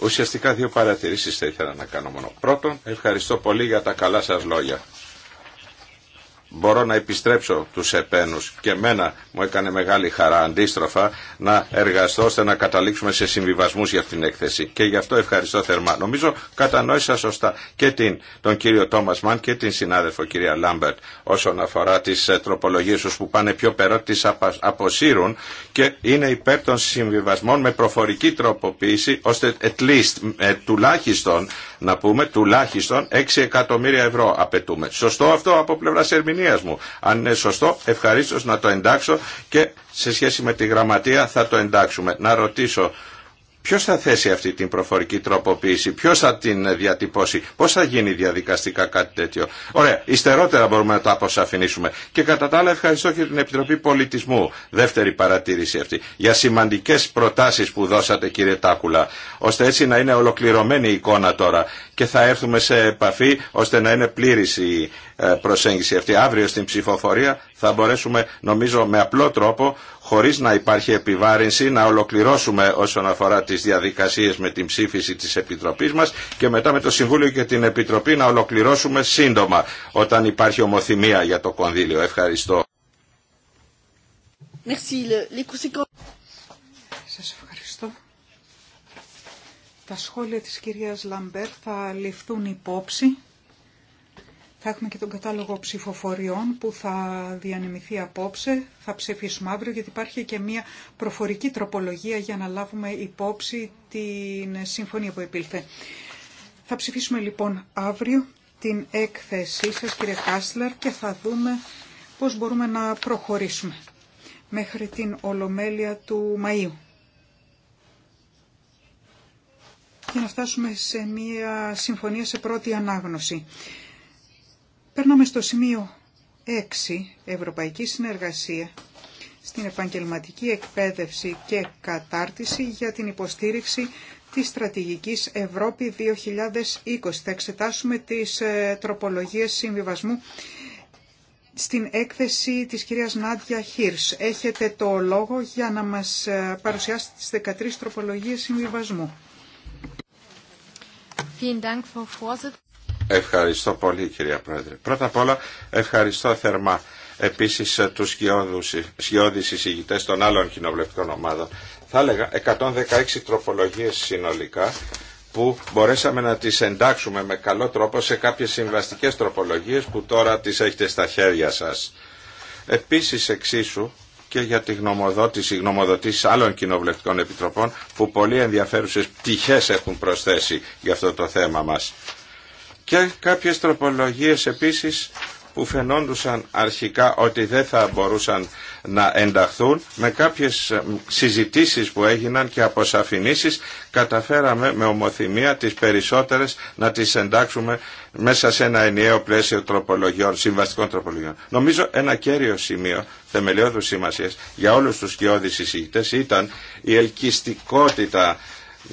Ουσιαστικά δύο παρατηρήσεις θα ήθελα να κάνω μόνο. Πρώτον, ευχαριστώ πολύ για τα καλά σας λόγια μπορώ να επιστρέψω τους επένους και μένα μου έκανε μεγάλη χαρά αντίστροφα να εργαστώ ώστε να καταλήξουμε σε συμβιβασμούς για αυτήν την έκθεση και γι' αυτό ευχαριστώ θερμά. Νομίζω κατανόησα σωστά και την, τον κύριο Τόμασμαν Μαν και την συνάδελφο κυρία Λάμπερτ όσον αφορά τις ε, τροπολογίες τους που πάνε πιο πέρα τις αποσύρουν και είναι υπέρ των συμβιβασμών με προφορική τροποποίηση ώστε at least, ε, τουλάχιστον να πούμε τουλάχιστον 6 εκατομμύρια ευρώ απαιτούμε. Σωστό αυτό από πλευρά ερμηνεία μου. Αν είναι σωστό, ευχαρίστω να το εντάξω και σε σχέση με τη γραμματεία θα το εντάξουμε. Να ρωτήσω Ποιος θα θέσει αυτή την προφορική τροποποίηση, ποιος θα την διατυπώσει, πώς θα γίνει διαδικαστικά κάτι τέτοιο. Ωραία, υστερότερα μπορούμε να το αποσαφηνίσουμε. Και κατά τα άλλα ευχαριστώ και την Επιτροπή Πολιτισμού, δεύτερη παρατήρηση αυτή, για σημαντικές προτάσεις που δώσατε κύριε Τάκουλα, ώστε έτσι να είναι ολοκληρωμένη η εικόνα τώρα και θα έρθουμε σε επαφή ώστε να είναι πλήρηση. Ε, προσέγγιση αυτή. Αύριο στην ψηφοφορία θα μπορέσουμε νομίζω με απλό τρόπο χωρίς να υπάρχει επιβάρυνση να ολοκληρώσουμε όσον αφορά τις διαδικασίες με την ψήφιση της Επιτροπής μας και μετά με το Συμβούλιο και την Επιτροπή να ολοκληρώσουμε σύντομα όταν υπάρχει ομοθυμία για το κονδύλιο. Ευχαριστώ. Σας ευχαριστώ. Τα σχόλια της κυρίας Λαμπέρ θα ληφθούν υπόψη θα έχουμε και τον κατάλογο ψηφοφοριών που θα διανεμηθεί απόψε. Θα ψηφίσουμε αύριο γιατί υπάρχει και μια προφορική τροπολογία για να λάβουμε υπόψη την συμφωνία που επήλθε. Θα ψηφίσουμε λοιπόν αύριο την έκθεσή σας κύριε Κάσλερ και θα δούμε πώς μπορούμε να προχωρήσουμε μέχρι την Ολομέλεια του Μαΐου. Και να φτάσουμε σε μια συμφωνία σε πρώτη ανάγνωση. Περνάμε στο σημείο 6, Ευρωπαϊκή Συνεργασία στην επαγγελματική εκπαίδευση και κατάρτιση για την υποστήριξη της στρατηγικής Ευρώπη 2020. Θα εξετάσουμε τις ε, τροπολογίες συμβιβασμού στην έκθεση της κυρίας Νάντια Χίρς. Έχετε το λόγο για να μας ε, παρουσιάσετε τις 13 τροπολογίες συμβιβασμού. Ευχαριστώ πολύ κυρία Πρόεδρε. Πρώτα απ' όλα ευχαριστώ θερμά επίσης τους σκιώδη εισηγητές των άλλων κοινοβουλευτικών ομάδων. Θα έλεγα 116 τροπολογίες συνολικά που μπορέσαμε να τις εντάξουμε με καλό τρόπο σε κάποιες συμβαστικές τροπολογίες που τώρα τις έχετε στα χέρια σας. Επίσης εξίσου και για τη γνωμοδότηση, γνωμοδοτήσει άλλων κοινοβουλευτικών επιτροπών που πολύ ενδιαφέρουσες πτυχές έχουν προσθέσει για αυτό το θέμα μας και κάποιες τροπολογίες επίσης που φαινόντουσαν αρχικά ότι δεν θα μπορούσαν να ενταχθούν με κάποιες ε, συζητήσεις που έγιναν και αποσαφηνήσεις καταφέραμε με ομοθυμία τις περισσότερες να τις εντάξουμε μέσα σε ένα ενιαίο πλαίσιο τροπολογιών, συμβαστικών τροπολογιών. Νομίζω ένα κέριο σημείο θεμελιώδους σημασίας για όλους τους κοιόδης εισηγητές ήταν η ελκυστικότητα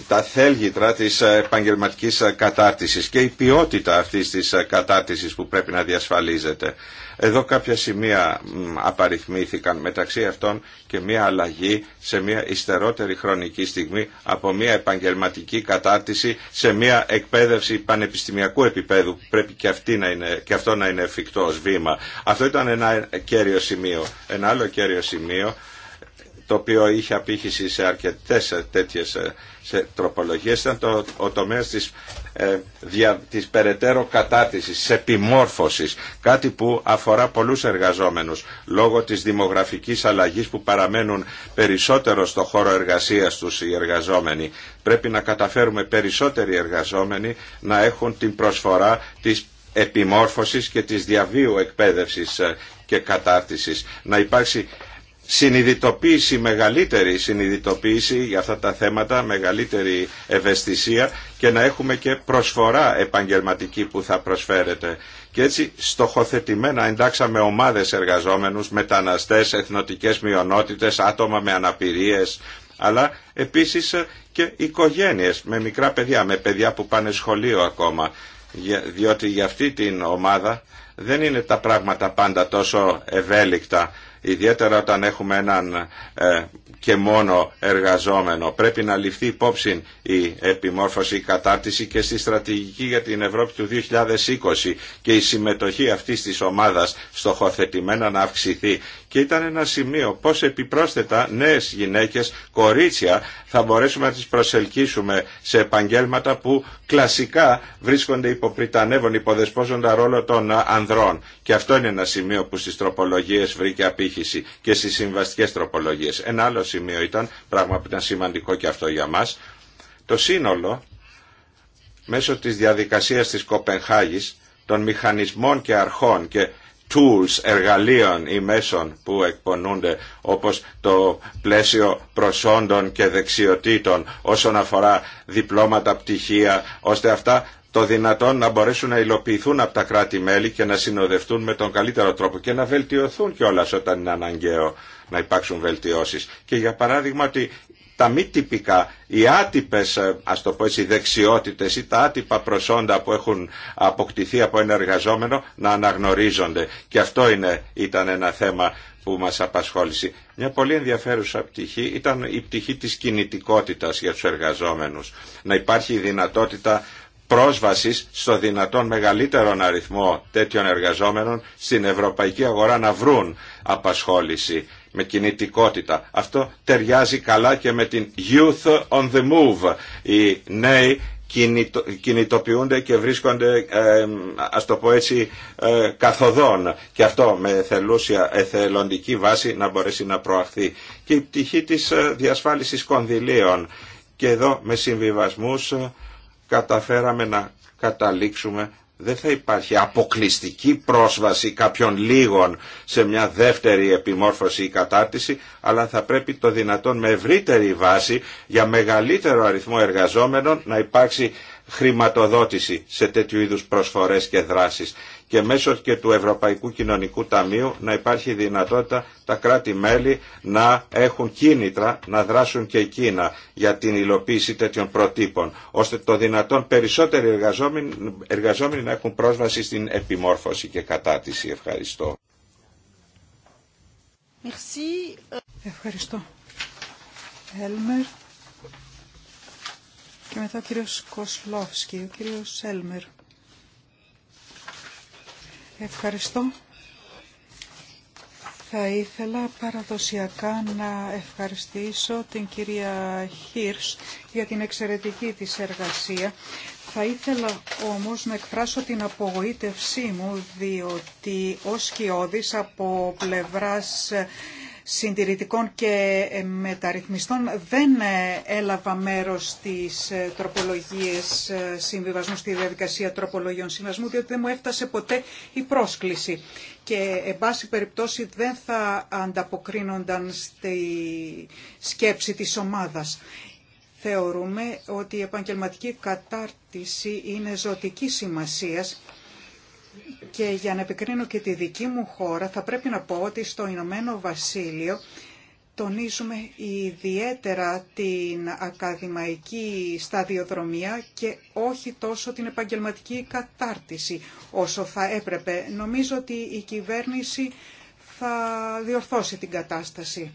τα θέλγητρα της επαγγελματικής κατάρτισης και η ποιότητα αυτής της κατάρτισης που πρέπει να διασφαλίζεται. Εδώ κάποια σημεία απαριθμήθηκαν μεταξύ αυτών και μια αλλαγή σε μια ιστερότερη χρονική στιγμή από μια επαγγελματική κατάρτιση σε μια εκπαίδευση πανεπιστημιακού επίπεδου που πρέπει και, αυτή να είναι, αυτό να είναι εφικτό ως βήμα. Αυτό ήταν ένα κέριο σημείο. Ένα άλλο κέριο σημείο το οποίο είχε απήχηση σε αρκετές ε, τέτοιες ε, σε τροπολογίες ήταν το, ο τομέας της, ε, δια, της περαιτέρω επιμόρφωσης, κάτι που αφορά πολλούς εργαζόμενους λόγω της δημογραφικής αλλαγής που παραμένουν περισσότερο στο χώρο εργασίας τους οι εργαζόμενοι. Πρέπει να καταφέρουμε περισσότεροι εργαζόμενοι να έχουν την προσφορά της επιμόρφωσης και της διαβίου εκπαίδευσης ε, και κατάρτισης. Να υπάρξει συνειδητοποίηση, μεγαλύτερη συνειδητοποίηση για αυτά τα θέματα, μεγαλύτερη ευαισθησία και να έχουμε και προσφορά επαγγελματική που θα προσφέρεται. Και έτσι στοχοθετημένα εντάξαμε ομάδες εργαζόμενους, μεταναστές, εθνοτικές μειονότητες, άτομα με αναπηρίες, αλλά επίσης και οικογένειες με μικρά παιδιά, με παιδιά που πάνε σχολείο ακόμα, διότι για αυτή την ομάδα δεν είναι τα πράγματα πάντα τόσο ευέλικτα ιδιαίτερα όταν έχουμε έναν ε, και μόνο εργαζόμενο. Πρέπει να ληφθεί υπόψη η επιμόρφωση, η κατάρτιση και στη στρατηγική για την Ευρώπη του 2020 και η συμμετοχή αυτής της ομάδας στοχοθετημένα να αυξηθεί. Και ήταν ένα σημείο πώς επιπρόσθετα νέες γυναίκες, κορίτσια, θα μπορέσουμε να τις προσελκύσουμε σε επαγγέλματα που κλασικά βρίσκονται υποπριτανεύων, υποδεσπόζοντα ρόλο των ανδρών. Και αυτό είναι ένα σημείο που στις τροπολογίες βρήκε απήχηση και στις συμβαστικές τροπολογίες. Ένα άλλο σημείο ήταν, πράγμα που ήταν σημαντικό και αυτό για μας, το σύνολο μέσω της διαδικασίας της Κοπενχάγης των μηχανισμών και αρχών και tools, εργαλείων ή μέσων που εκπονούνται όπως το πλαίσιο προσόντων και δεξιοτήτων όσον αφορά διπλώματα, πτυχία, ώστε αυτά το δυνατόν να μπορέσουν να υλοποιηθούν από τα κράτη-μέλη και να συνοδευτούν με τον καλύτερο τρόπο και να βελτιωθούν κιόλας όταν είναι αναγκαίο να υπάρξουν βελτιώσεις. Και για παράδειγμα ότι τα μη τυπικά, οι άτυπες, ε, ας το πω έτσι, δεξιότητες ή τα άτυπα προσόντα που έχουν αποκτηθεί από ένα εργαζόμενο να αναγνωρίζονται. Και αυτό είναι, ήταν ένα θέμα που μας απασχόλησε. Μια πολύ ενδιαφέρουσα πτυχή ήταν η πτυχή της κινητικότητας για τους εργαζόμενους. Να υπάρχει η δυνατότητα πρόσβασης στο δυνατόν μεγαλύτερον αριθμό τέτοιων εργαζόμενων στην ευρωπαϊκή αγορά να βρουν απασχόληση με κινητικότητα. Αυτό ταιριάζει καλά και με την Youth on the Move. Οι νέοι κινητοποιούνται και βρίσκονται ε, ας το πω έτσι ε, καθοδόν και αυτό με θελούσια εθελοντική βάση να μπορέσει να προαχθεί και η πτυχή της ε, διασφάλισης κονδυλίων και εδώ με συμβιβασμούς ε, καταφέραμε να καταλήξουμε δεν θα υπάρχει αποκλειστική πρόσβαση κάποιων λίγων σε μια δεύτερη επιμόρφωση ή κατάρτιση, αλλά θα πρέπει το δυνατόν με ευρύτερη βάση για μεγαλύτερο αριθμό εργαζόμενων να υπάρξει χρηματοδότηση σε τέτοιου είδους προσφορές και δράσεις και μέσω και του Ευρωπαϊκού Κοινωνικού Ταμείου να υπάρχει δυνατότητα τα κράτη-μέλη να έχουν κίνητρα, να δράσουν και εκείνα για την υλοποίηση τέτοιων προτύπων, ώστε το δυνατόν περισσότεροι εργαζόμενοι, να έχουν πρόσβαση στην επιμόρφωση και κατάτηση. Ευχαριστώ. Merci. Ευχαριστώ. Και μετά ο κύριος Κοσλόφσκι, ο κύριος Σέλμερ. Ευχαριστώ. Θα ήθελα παραδοσιακά να ευχαριστήσω την κυρία Χίρς για την εξαιρετική της εργασία. Θα ήθελα όμως να εκφράσω την απογοήτευσή μου, διότι ως κοιόδης από πλευράς συντηρητικών και ε, μεταρρυθμιστών δεν ε, έλαβα μέρος στις ε, τροπολογίες συμβιβασμού, στη διαδικασία τροπολογιών συμβιβασμού, διότι δεν μου έφτασε ποτέ η πρόσκληση. Και, εν πάση περιπτώσει, δεν θα ανταποκρίνονταν στη σκέψη της ομάδας. Θεωρούμε ότι η επαγγελματική κατάρτιση είναι ζωτική σημασίας και για να επικρίνω και τη δική μου χώρα, θα πρέπει να πω ότι στο Ηνωμένο Βασίλειο τονίζουμε ιδιαίτερα την ακαδημαϊκή σταδιοδρομία και όχι τόσο την επαγγελματική κατάρτιση όσο θα έπρεπε. Νομίζω ότι η κυβέρνηση θα διορθώσει την κατάσταση.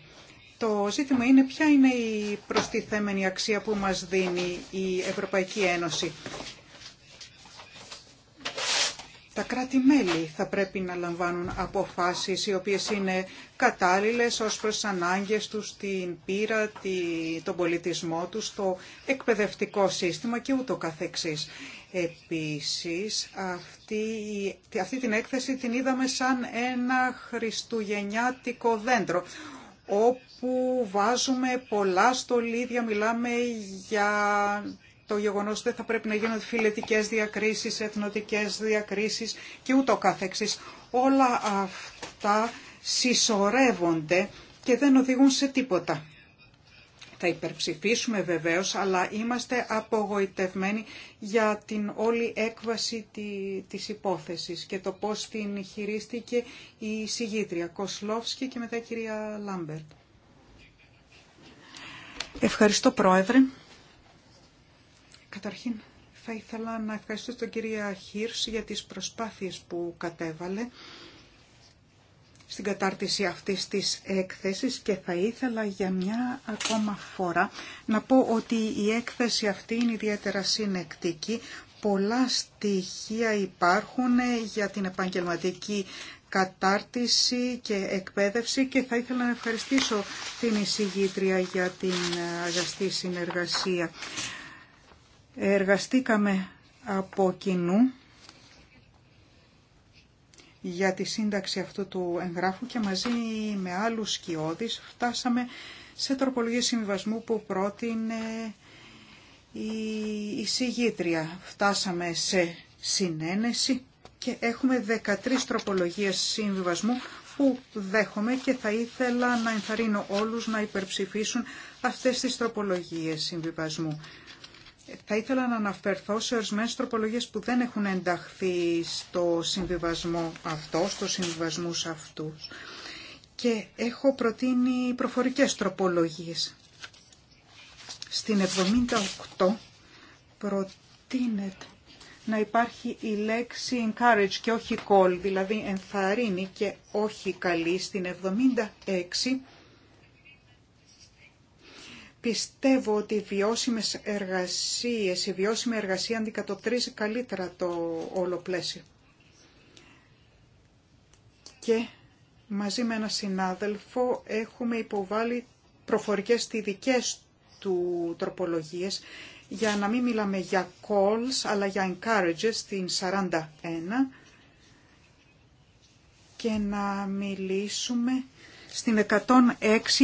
Το ζήτημα είναι ποια είναι η προστιθέμενη αξία που μας δίνει η Ευρωπαϊκή Ένωση τα κράτη-μέλη θα πρέπει να λαμβάνουν αποφάσεις οι οποίες είναι κατάλληλες ως προς ανάγκες τους, την πείρα, τον πολιτισμό τους, το εκπαιδευτικό σύστημα και ούτω καθεξής. Επίσης, αυτή, αυτή την έκθεση την είδαμε σαν ένα χριστουγεννιάτικο δέντρο όπου βάζουμε πολλά στολίδια, μιλάμε για το γεγονό ότι δεν θα πρέπει να γίνονται φιλετικέ διακρίσεις, εθνοτικέ διακρίσεις και ούτω Όλα αυτά συσσωρεύονται και δεν οδηγούν σε τίποτα. Θα υπερψηφίσουμε βεβαίως, αλλά είμαστε απογοητευμένοι για την όλη έκβαση της υπόθεσης και το πώς την χειρίστηκε η συγγήτρια Κοσλόφσκη και μετά η κυρία Λάμπερτ. Ευχαριστώ Πρόεδρε. Καταρχήν θα ήθελα να ευχαριστώ τον κυρία Χίρς για τις προσπάθειες που κατέβαλε στην κατάρτιση αυτής της έκθεσης και θα ήθελα για μια ακόμα φορά να πω ότι η έκθεση αυτή είναι ιδιαίτερα συνεκτική. Πολλά στοιχεία υπάρχουν για την επαγγελματική κατάρτιση και εκπαίδευση και θα ήθελα να ευχαριστήσω την εισηγήτρια για την αγαστή συνεργασία. Εργαστήκαμε από κοινού για τη σύνταξη αυτού του εγγράφου και μαζί με άλλους σκιώδεις φτάσαμε σε τροπολογία συμβιβασμού που πρότεινε η συγγήτρια. Φτάσαμε σε συνένεση και έχουμε 13 τροπολογίες συμβιβασμού που δέχομαι και θα ήθελα να ενθαρρύνω όλους να υπερψηφίσουν αυτές τις τροπολογίες συμβιβασμού. Θα ήθελα να αναφερθώ σε ορισμένες τροπολογίες που δεν έχουν ενταχθεί στο συμβιβασμό αυτό, στο συμβιβασμού αυτούς. Και έχω προτείνει προφορικές τροπολογίες. Στην 78 προτείνεται να υπάρχει η λέξη encourage και όχι call, δηλαδή ενθαρρύνει και όχι καλή. Στην 76 Πιστεύω ότι οι βιώσιμες εργασίες, η βιώσιμη εργασία αντικατοπτρίζει καλύτερα το όλο πλαίσιο. Και μαζί με έναν συνάδελφο έχουμε υποβάλει προφορικές δικέ του τροπολογίες για να μην μιλάμε για calls αλλά για encourages στην 41 και να μιλήσουμε στην 106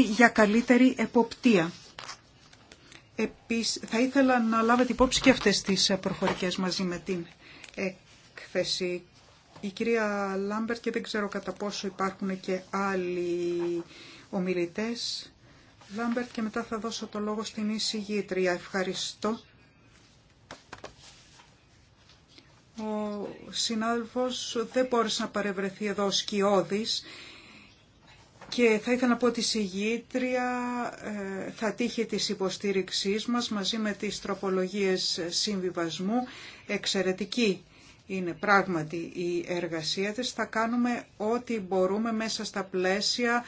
για καλύτερη εποπτεία. Επίσης, θα ήθελα να λάβετε υπόψη και αυτές τις ε, προφορικές μαζί με την έκθεση. Η κυρία Λάμπερτ και δεν ξέρω κατά πόσο υπάρχουν και άλλοι ομιλητές. Λάμπερτ και μετά θα δώσω το λόγο στην εισηγήτρια. Ευχαριστώ. Ο συνάδελφος δεν μπόρεσε να παρευρεθεί εδώ σκιώδης και θα ήθελα να πω ότι η συγγήτρια ε, θα τύχει της υποστήριξής μας μαζί με τις τροπολογίες συμβιβασμού. Εξαιρετική είναι πράγματι η εργασία της. Θα κάνουμε ό,τι μπορούμε μέσα στα πλαίσια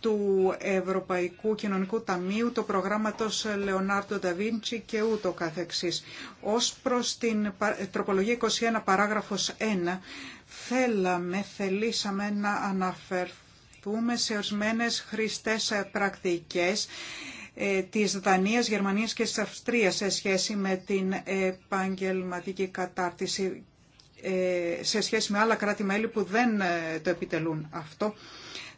του Ευρωπαϊκού Κοινωνικού Ταμείου, το προγράμματος Λεωνάρντο Νταβίντσι και ούτω καθεξής. Ως προς την τροπολογία 21 παράγραφος 1, θέλαμε, θελήσαμε να αναφερθούμε σε ορισμένες χρηστές πρακτικές ε, της Δανίας, Γερμανίας και της Αυστρίας σε σχέση με την επαγγελματική κατάρτιση ε, σε σχέση με άλλα κράτη-μέλη που δεν ε, το επιτελούν αυτό.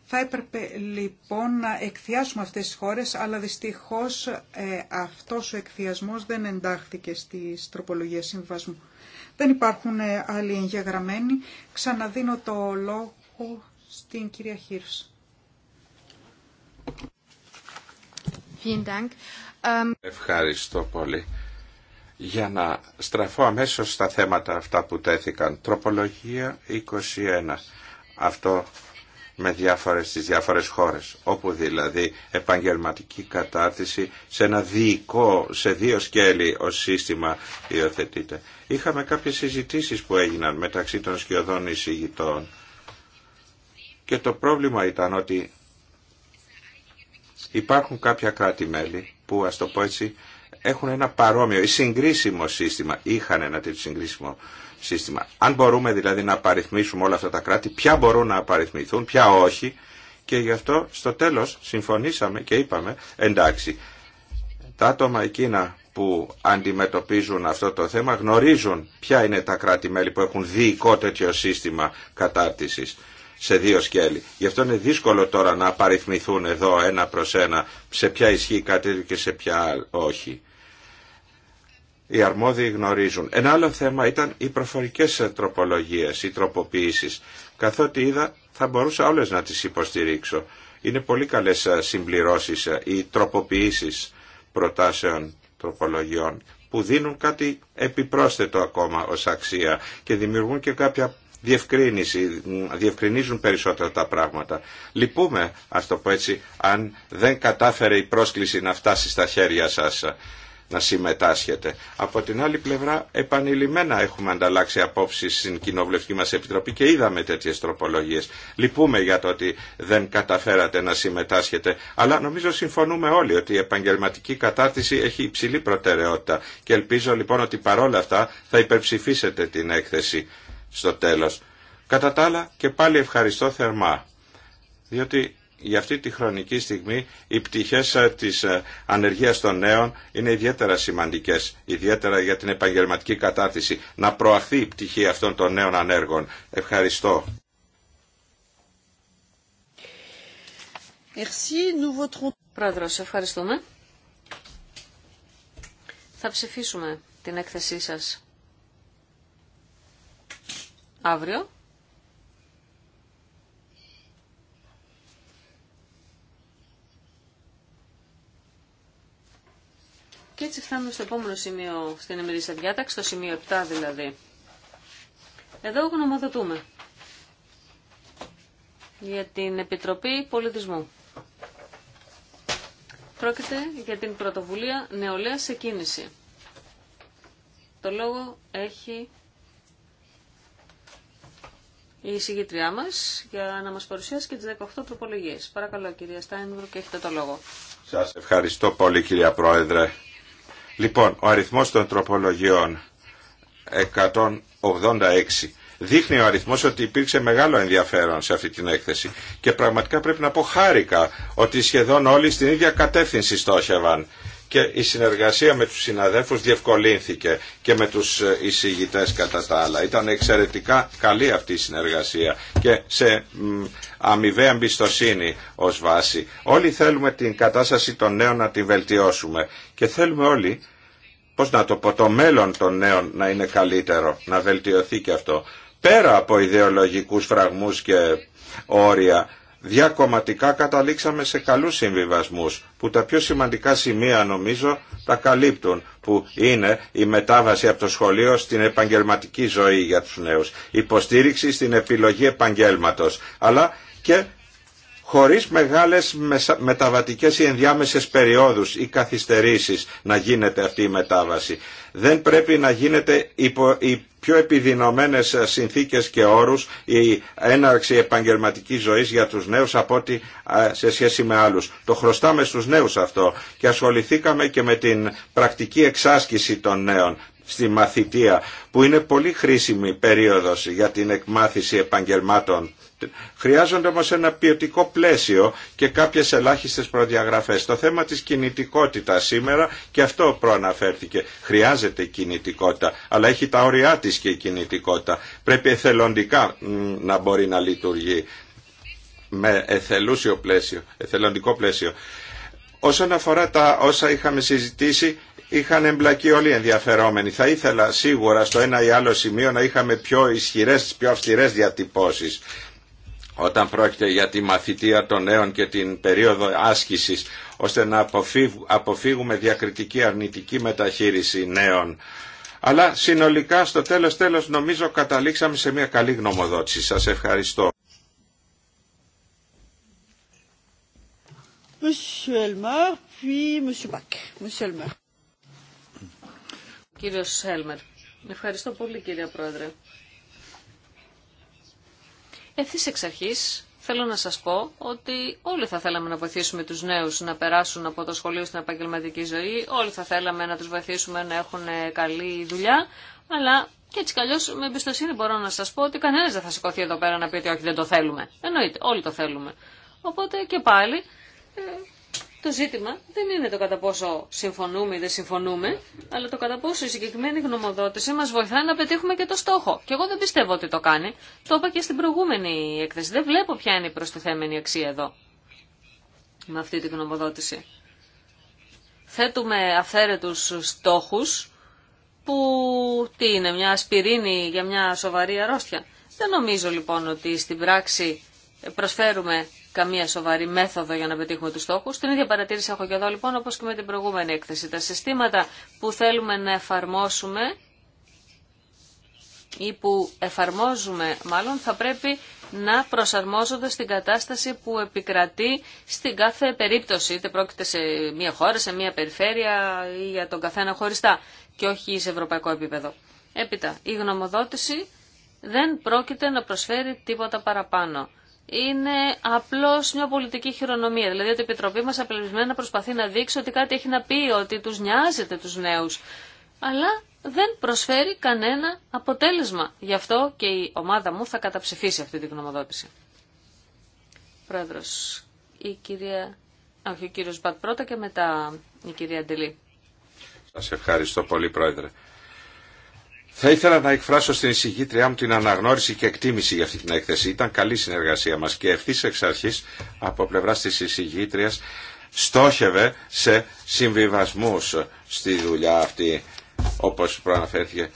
Θα έπρεπε λοιπόν να εκθιάσουμε αυτές τις χώρες, αλλά δυστυχώς αυτός ο εκθιασμός δεν εντάχθηκε στις τροπολογίες συμβασμού. Δεν υπάρχουν άλλοι εγγεγραμμένοι. Ξαναδίνω το λόγο στην κυρία Χίρς. Ähm, Ευχαριστώ πολύ. Για να στραφώ αμέσως στα θέματα αυτά που τέθηκαν. Τροπολογία 21. Αυτό με διάφορες, στις διάφορες χώρες, όπου δηλαδή επαγγελματική κατάρτιση σε ένα διοικό, σε δύο σκέλη ως σύστημα υιοθετείται. Είχαμε κάποιες συζητήσεις που έγιναν μεταξύ των σκιωδών εισηγητών και το πρόβλημα ήταν ότι υπάρχουν κάποια κράτη-μέλη που, ας το πω έτσι, έχουν ένα παρόμοιο ή συγκρίσιμο σύστημα, είχαν ένα τέτοιο συγκρίσιμο σύστημα. Αν μπορούμε δηλαδή να απαριθμίσουμε όλα αυτά τα κράτη, ποια μπορούν να απαριθμηθούν, ποια όχι, και γι' αυτό στο τέλος συμφωνήσαμε και είπαμε, εντάξει, τα άτομα εκείνα που αντιμετωπίζουν αυτό το θέμα γνωρίζουν ποια είναι τα κράτη-μέλη που έχουν διοικό τέτοιο σύστημα κατάρτισης σε δύο σκέλη. Γι' αυτό είναι δύσκολο τώρα να απαριθμηθούν εδώ ένα προς ένα σε ποια ισχύει κάτι και σε ποια όχι. Οι αρμόδιοι γνωρίζουν. Ένα άλλο θέμα ήταν οι προφορικές τροπολογίες, οι τροποποιήσεις. Καθότι είδα θα μπορούσα όλες να τις υποστηρίξω. Είναι πολύ καλές συμπληρώσεις οι τροποποιήσεις προτάσεων τροπολογιών που δίνουν κάτι επιπρόσθετο ακόμα ως αξία και δημιουργούν και κάποια διευκρίνηση, διευκρινίζουν περισσότερο τα πράγματα. Λυπούμε, ας το πω έτσι, αν δεν κατάφερε η πρόσκληση να φτάσει στα χέρια σας να συμμετάσχετε. Από την άλλη πλευρά επανειλημμένα έχουμε ανταλλάξει απόψεις στην Κοινοβουλευτική μα Επιτροπή και είδαμε τέτοιε τροπολογίε. Λυπούμε για το ότι δεν καταφέρατε να συμμετάσχετε, αλλά νομίζω συμφωνούμε όλοι ότι η επαγγελματική κατάρτιση έχει υψηλή προτεραιότητα και ελπίζω λοιπόν ότι παρόλα αυτά θα υπερψηφίσετε την έκθεση στο τέλος. Κατά τα άλλα και πάλι ευχαριστώ θερμά, διότι για αυτή τη χρονική στιγμή οι πτυχές ε, της ε, ανεργίας των νέων είναι ιδιαίτερα σημαντικές, ιδιαίτερα για την επαγγελματική κατάρτιση. Να προαχθεί η πτυχή αυτών των νέων ανέργων. Ευχαριστώ. Πρόεδρος, ευχαριστούμε. Θα ψηφίσουμε την έκθεσή σας Αύριο. Και έτσι φτάνουμε στο επόμενο σημείο στην ημερήσια διάταξη, στο σημείο 7 δηλαδή. Εδώ γνωμοδοτούμε για την Επιτροπή Πολιτισμού. Πρόκειται για την πρωτοβουλία νεολαία σε κίνηση. Το λόγο έχει η συγγήτριά μα για να μας παρουσιάσει και τι 18 τροπολογίες. Παρακαλώ κυρία Στάινβρου και έχετε το λόγο. Σας ευχαριστώ πολύ κυρία Πρόεδρε. Λοιπόν, ο αριθμό των τροπολογιών 186 δείχνει ο αριθμός ότι υπήρξε μεγάλο ενδιαφέρον σε αυτή την έκθεση και πραγματικά πρέπει να πω χάρηκα ότι σχεδόν όλοι στην ίδια κατεύθυνση στόχευαν και η συνεργασία με τους συναδέλφους διευκολύνθηκε και με τους ε, εισηγητές κατά τα άλλα. Ήταν εξαιρετικά καλή αυτή η συνεργασία και σε αμοιβαία εμπιστοσύνη ως βάση. Όλοι θέλουμε την κατάσταση των νέων να την βελτιώσουμε και θέλουμε όλοι πώς να το πω, το μέλλον των νέων να είναι καλύτερο, να βελτιωθεί και αυτό. Πέρα από ιδεολογικούς φραγμούς και όρια, διακομματικά καταλήξαμε σε καλούς συμβιβασμούς που τα πιο σημαντικά σημεία νομίζω τα καλύπτουν που είναι η μετάβαση από το σχολείο στην επαγγελματική ζωή για τους νέους, υποστήριξη στην επιλογή επαγγέλματος αλλά και χωρίς μεγάλες μεταβατικές ή ενδιάμεσες περιόδους ή καθυστερήσεις να γίνεται αυτή η μετάβαση. Δεν πρέπει να γίνεται υπό, πιο επιδεινωμένες συνθήκες και όρους η έναρξη επαγγελματικής ζωής για τους νέους από σε σχέση με άλλους. Το χρωστάμε στους νέους αυτό και ασχοληθήκαμε και με την πρακτική εξάσκηση των νέων στη μαθητεία που είναι πολύ χρήσιμη περίοδος για την εκμάθηση επαγγελμάτων Χρειάζονται όμως ένα ποιοτικό πλαίσιο και κάποιες ελάχιστες προδιαγραφές. Το θέμα της κινητικότητα σήμερα και αυτό προαναφέρθηκε. Χρειάζεται κινητικότητα, αλλά έχει τα όρια της και η κινητικότητα. Πρέπει εθελοντικά να μπορεί να λειτουργεί με εθελούσιο πλαίσιο, εθελοντικό πλαίσιο. Όσον αφορά τα όσα είχαμε συζητήσει, είχαν εμπλακεί όλοι οι ενδιαφερόμενοι. Θα ήθελα σίγουρα στο ένα ή άλλο σημείο να είχαμε πιο ισχυρές, πιο αυστηρέ διατυπώσεις όταν πρόκειται για τη μαθητεία των νέων και την περίοδο άσκησης, ώστε να αποφύγουμε διακριτική αρνητική μεταχείριση νέων. Αλλά συνολικά στο τέλος τέλος νομίζω καταλήξαμε σε μια καλή γνωμοδότηση. Σας ευχαριστώ. Κύριος Σέλμερ, ευχαριστώ πολύ κύριε Πρόεδρε. Ευθύς εξ αρχής θέλω να σας πω ότι όλοι θα θέλαμε να βοηθήσουμε τους νέους να περάσουν από το σχολείο στην επαγγελματική ζωή, όλοι θα θέλαμε να τους βοηθήσουμε να έχουν καλή δουλειά, αλλά και έτσι καλώ με εμπιστοσύνη μπορώ να σας πω ότι κανένας δεν θα σηκωθεί εδώ πέρα να πει ότι όχι δεν το θέλουμε. Εννοείται, όλοι το θέλουμε. Οπότε και πάλι ε, το ζήτημα δεν είναι το κατά πόσο συμφωνούμε ή δεν συμφωνούμε, αλλά το κατά πόσο η συγκεκριμένη γνωμοδότηση μα βοηθάει να πετύχουμε και το στόχο. Και εγώ δεν πιστεύω ότι το κάνει. Το είπα και στην προηγούμενη έκθεση. Δεν βλέπω ποια είναι η προστιθέμενη αξία εδώ με αυτή τη γνωμοδότηση. Θέτουμε αυθαίρετους στόχους που τι είναι, μια ασπιρίνη για μια σοβαρή αρρώστια. Δεν νομίζω λοιπόν ότι στην πράξη προσφέρουμε καμία σοβαρή μέθοδο για να πετύχουμε τους στόχους. Την ίδια παρατήρηση έχω και εδώ λοιπόν όπως και με την προηγούμενη έκθεση. Τα συστήματα που θέλουμε να εφαρμόσουμε ή που εφαρμόζουμε μάλλον θα πρέπει να προσαρμόζονται στην κατάσταση που επικρατεί στην κάθε περίπτωση, είτε πρόκειται σε μια χώρα, σε μια περιφέρεια ή για τον καθένα χωριστά και όχι σε ευρωπαϊκό επίπεδο. Έπειτα, η γνωμοδότηση δεν πρόκειται να προσφέρει τίποτα παραπάνω είναι απλώς μια πολιτική χειρονομία. Δηλαδή ότι η Επιτροπή μας να προσπαθεί να δείξει ότι κάτι έχει να πει, ότι τους νοιάζεται τους νέους. Αλλά δεν προσφέρει κανένα αποτέλεσμα. Γι' αυτό και η ομάδα μου θα καταψηφίσει αυτή την γνωμοδότηση. Πρόεδρο, η κυρία... Όχι, ο κύριο Μπατ πρώτα και μετά η κυρία Ντελή. Σα ευχαριστώ πολύ, Πρόεδρε. Θα ήθελα να εκφράσω στην εισηγήτριά μου την αναγνώριση και εκτίμηση για αυτή την έκθεση. Ήταν καλή συνεργασία μας και ευθύ εξ αρχής από πλευράς της εισηγήτριας στόχευε σε συμβιβασμούς στη δουλειά αυτή όπως προαναφέρθηκε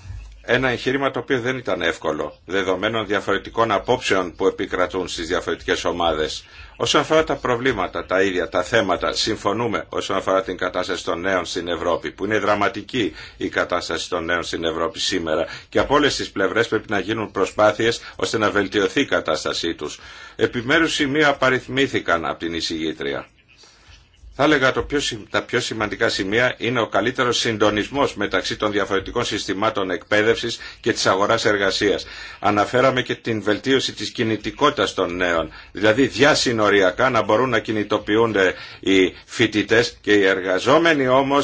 ένα εγχείρημα το οποίο δεν ήταν εύκολο, δεδομένων διαφορετικών απόψεων που επικρατούν στις διαφορετικές ομάδες. Όσον αφορά τα προβλήματα, τα ίδια, τα θέματα, συμφωνούμε όσον αφορά την κατάσταση των νέων στην Ευρώπη, που είναι δραματική η κατάσταση των νέων στην Ευρώπη σήμερα και από όλε τι πλευρέ πρέπει να γίνουν προσπάθειε ώστε να βελτιωθεί η κατάστασή του. Επιμέρου σημεία παριθμήθηκαν από την εισηγήτρια. Θα έλεγα πιο, τα πιο σημαντικά σημεία είναι ο καλύτερο συντονισμό μεταξύ των διαφορετικών συστημάτων εκπαίδευση και τη αγορά εργασία. Αναφέραμε και την βελτίωση τη κινητικότητα των νέων. Δηλαδή διασυνοριακά να μπορούν να κινητοποιούνται οι φοιτητέ και οι εργαζόμενοι όμω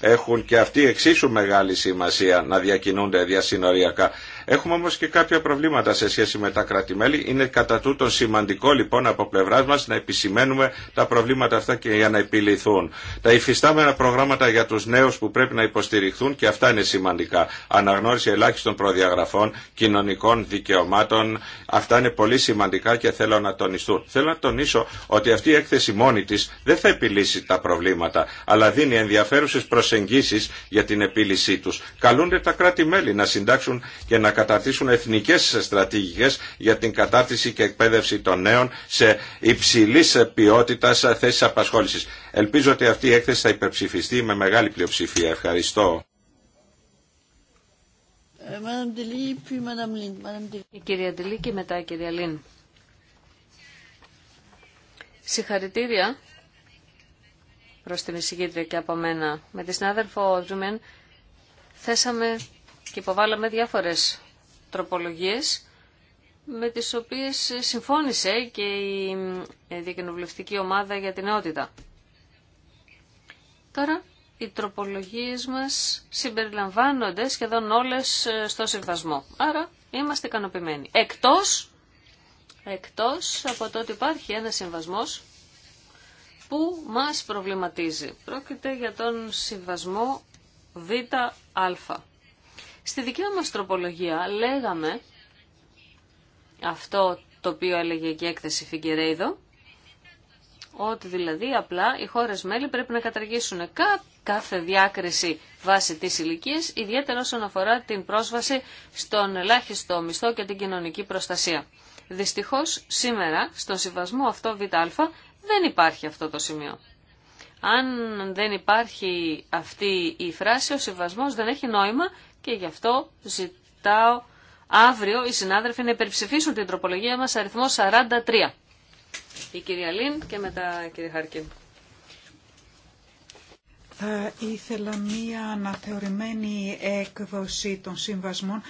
έχουν και αυτοί εξίσου μεγάλη σημασία να διακινούνται διασυνοριακά. Έχουμε όμως και κάποια προβλήματα σε σχέση με τα κράτη-μέλη. Είναι κατά τούτο σημαντικό λοιπόν από πλευράς μας να επισημαίνουμε τα προβλήματα αυτά και για να επιληθούν. Τα υφιστάμενα προγράμματα για τους νέους που πρέπει να υποστηριχθούν και αυτά είναι σημαντικά. Αναγνώριση ελάχιστων προδιαγραφών, κοινωνικών δικαιωμάτων. Αυτά είναι πολύ σημαντικά και θέλω να τονιστούν. Θέλω να τονίσω ότι αυτή η έκθεση μόνη της δεν θα επιλύσει τα προβλήματα, αλλά δίνει ενδιαφέρουσε προσεγγίσεις για την επίλυσή τους. Καλούνται τα κράτη-μέλη να συντάξουν και να καταρτήσουν εθνικές στρατηγικές για την κατάρτιση και εκπαίδευση των νέων σε υψηλής ποιότητα θέσεις απασχόλησης. Ελπίζω ότι αυτή η έκθεση θα υπερψηφιστεί με μεγάλη πλειοψηφία. Ευχαριστώ. Ε, η κυρία Ντελή και μετά η κυρία Λίν. Συγχαρητήρια προς την εισηγήτρια και από μένα. Με τη συνάδελφο Ζουμέν θέσαμε και υποβάλαμε διάφορες τροπολογίες με τις οποίες συμφώνησε και η ε, διακοινοβουλευτική ομάδα για την νεότητα. Τώρα οι τροπολογίες μας συμπεριλαμβάνονται σχεδόν όλες ε, στο συμβασμό. Άρα είμαστε ικανοποιημένοι. Εκτός, εκτός από το ότι υπάρχει ένα συμβασμός που μας προβληματίζει. Πρόκειται για τον συμβασμό ΒΑ. Στη δική μας τροπολογία λέγαμε αυτό το οποίο έλεγε και η έκθεση Φιγκερέιδο, ότι δηλαδή απλά οι χώρες μέλη πρέπει να καταργήσουν κάθε διάκριση βάσει της ηλικία, ιδιαίτερα όσον αφορά την πρόσβαση στον ελάχιστο μισθό και την κοινωνική προστασία. Δυστυχώς σήμερα στον συμβασμό αυτό ΒΑ δεν υπάρχει αυτό το σημείο. Αν δεν υπάρχει αυτή η φράση, ο συμβασμός δεν έχει νόημα και γι' αυτό ζητάω αύριο οι συνάδελφοι να υπερψηφίσουν την τροπολογία μας αριθμό 43. Η κυρία Λίν και μετά η κυρία Χαρκίν. Θα ήθελα μία αναθεωρημένη έκδοση των συμβασμών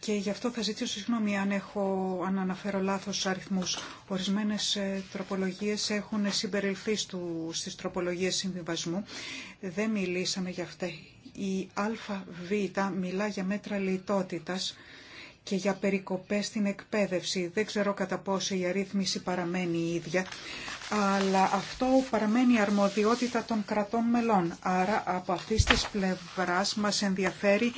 και γι' αυτό θα ζητήσω συγγνώμη αν, έχω, αν αναφέρω λάθος αριθμούς. Ορισμένες ε, τροπολογίες έχουν συμπεριληφθεί στις τροπολογίες συμβιβασμού. Δεν μιλήσαμε για αυτές η ΑΒ μιλά για μέτρα λιτότητας και για περικοπές στην εκπαίδευση. Δεν ξέρω κατά πόσο η αρρύθμιση παραμένει η ίδια, αλλά αυτό παραμένει αρμοδιότητα των κρατών μελών. Άρα από αυτή της πλευράς μας ενδιαφέρει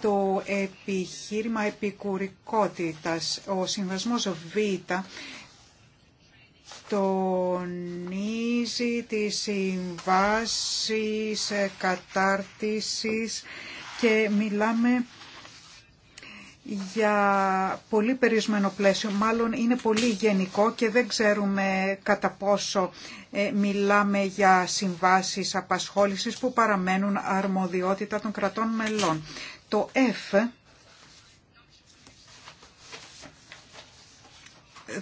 το επιχείρημα επικουρικότητας. Ο Συνδεσμός Β τονίζει τις συμβάσεις κατάρτισης και μιλάμε για πολύ περισμένο πλαίσιο, μάλλον είναι πολύ γενικό και δεν ξέρουμε κατά πόσο ε, μιλάμε για συμβάσεις απασχόλησης που παραμένουν αρμοδιότητα των κρατών μελών. Το F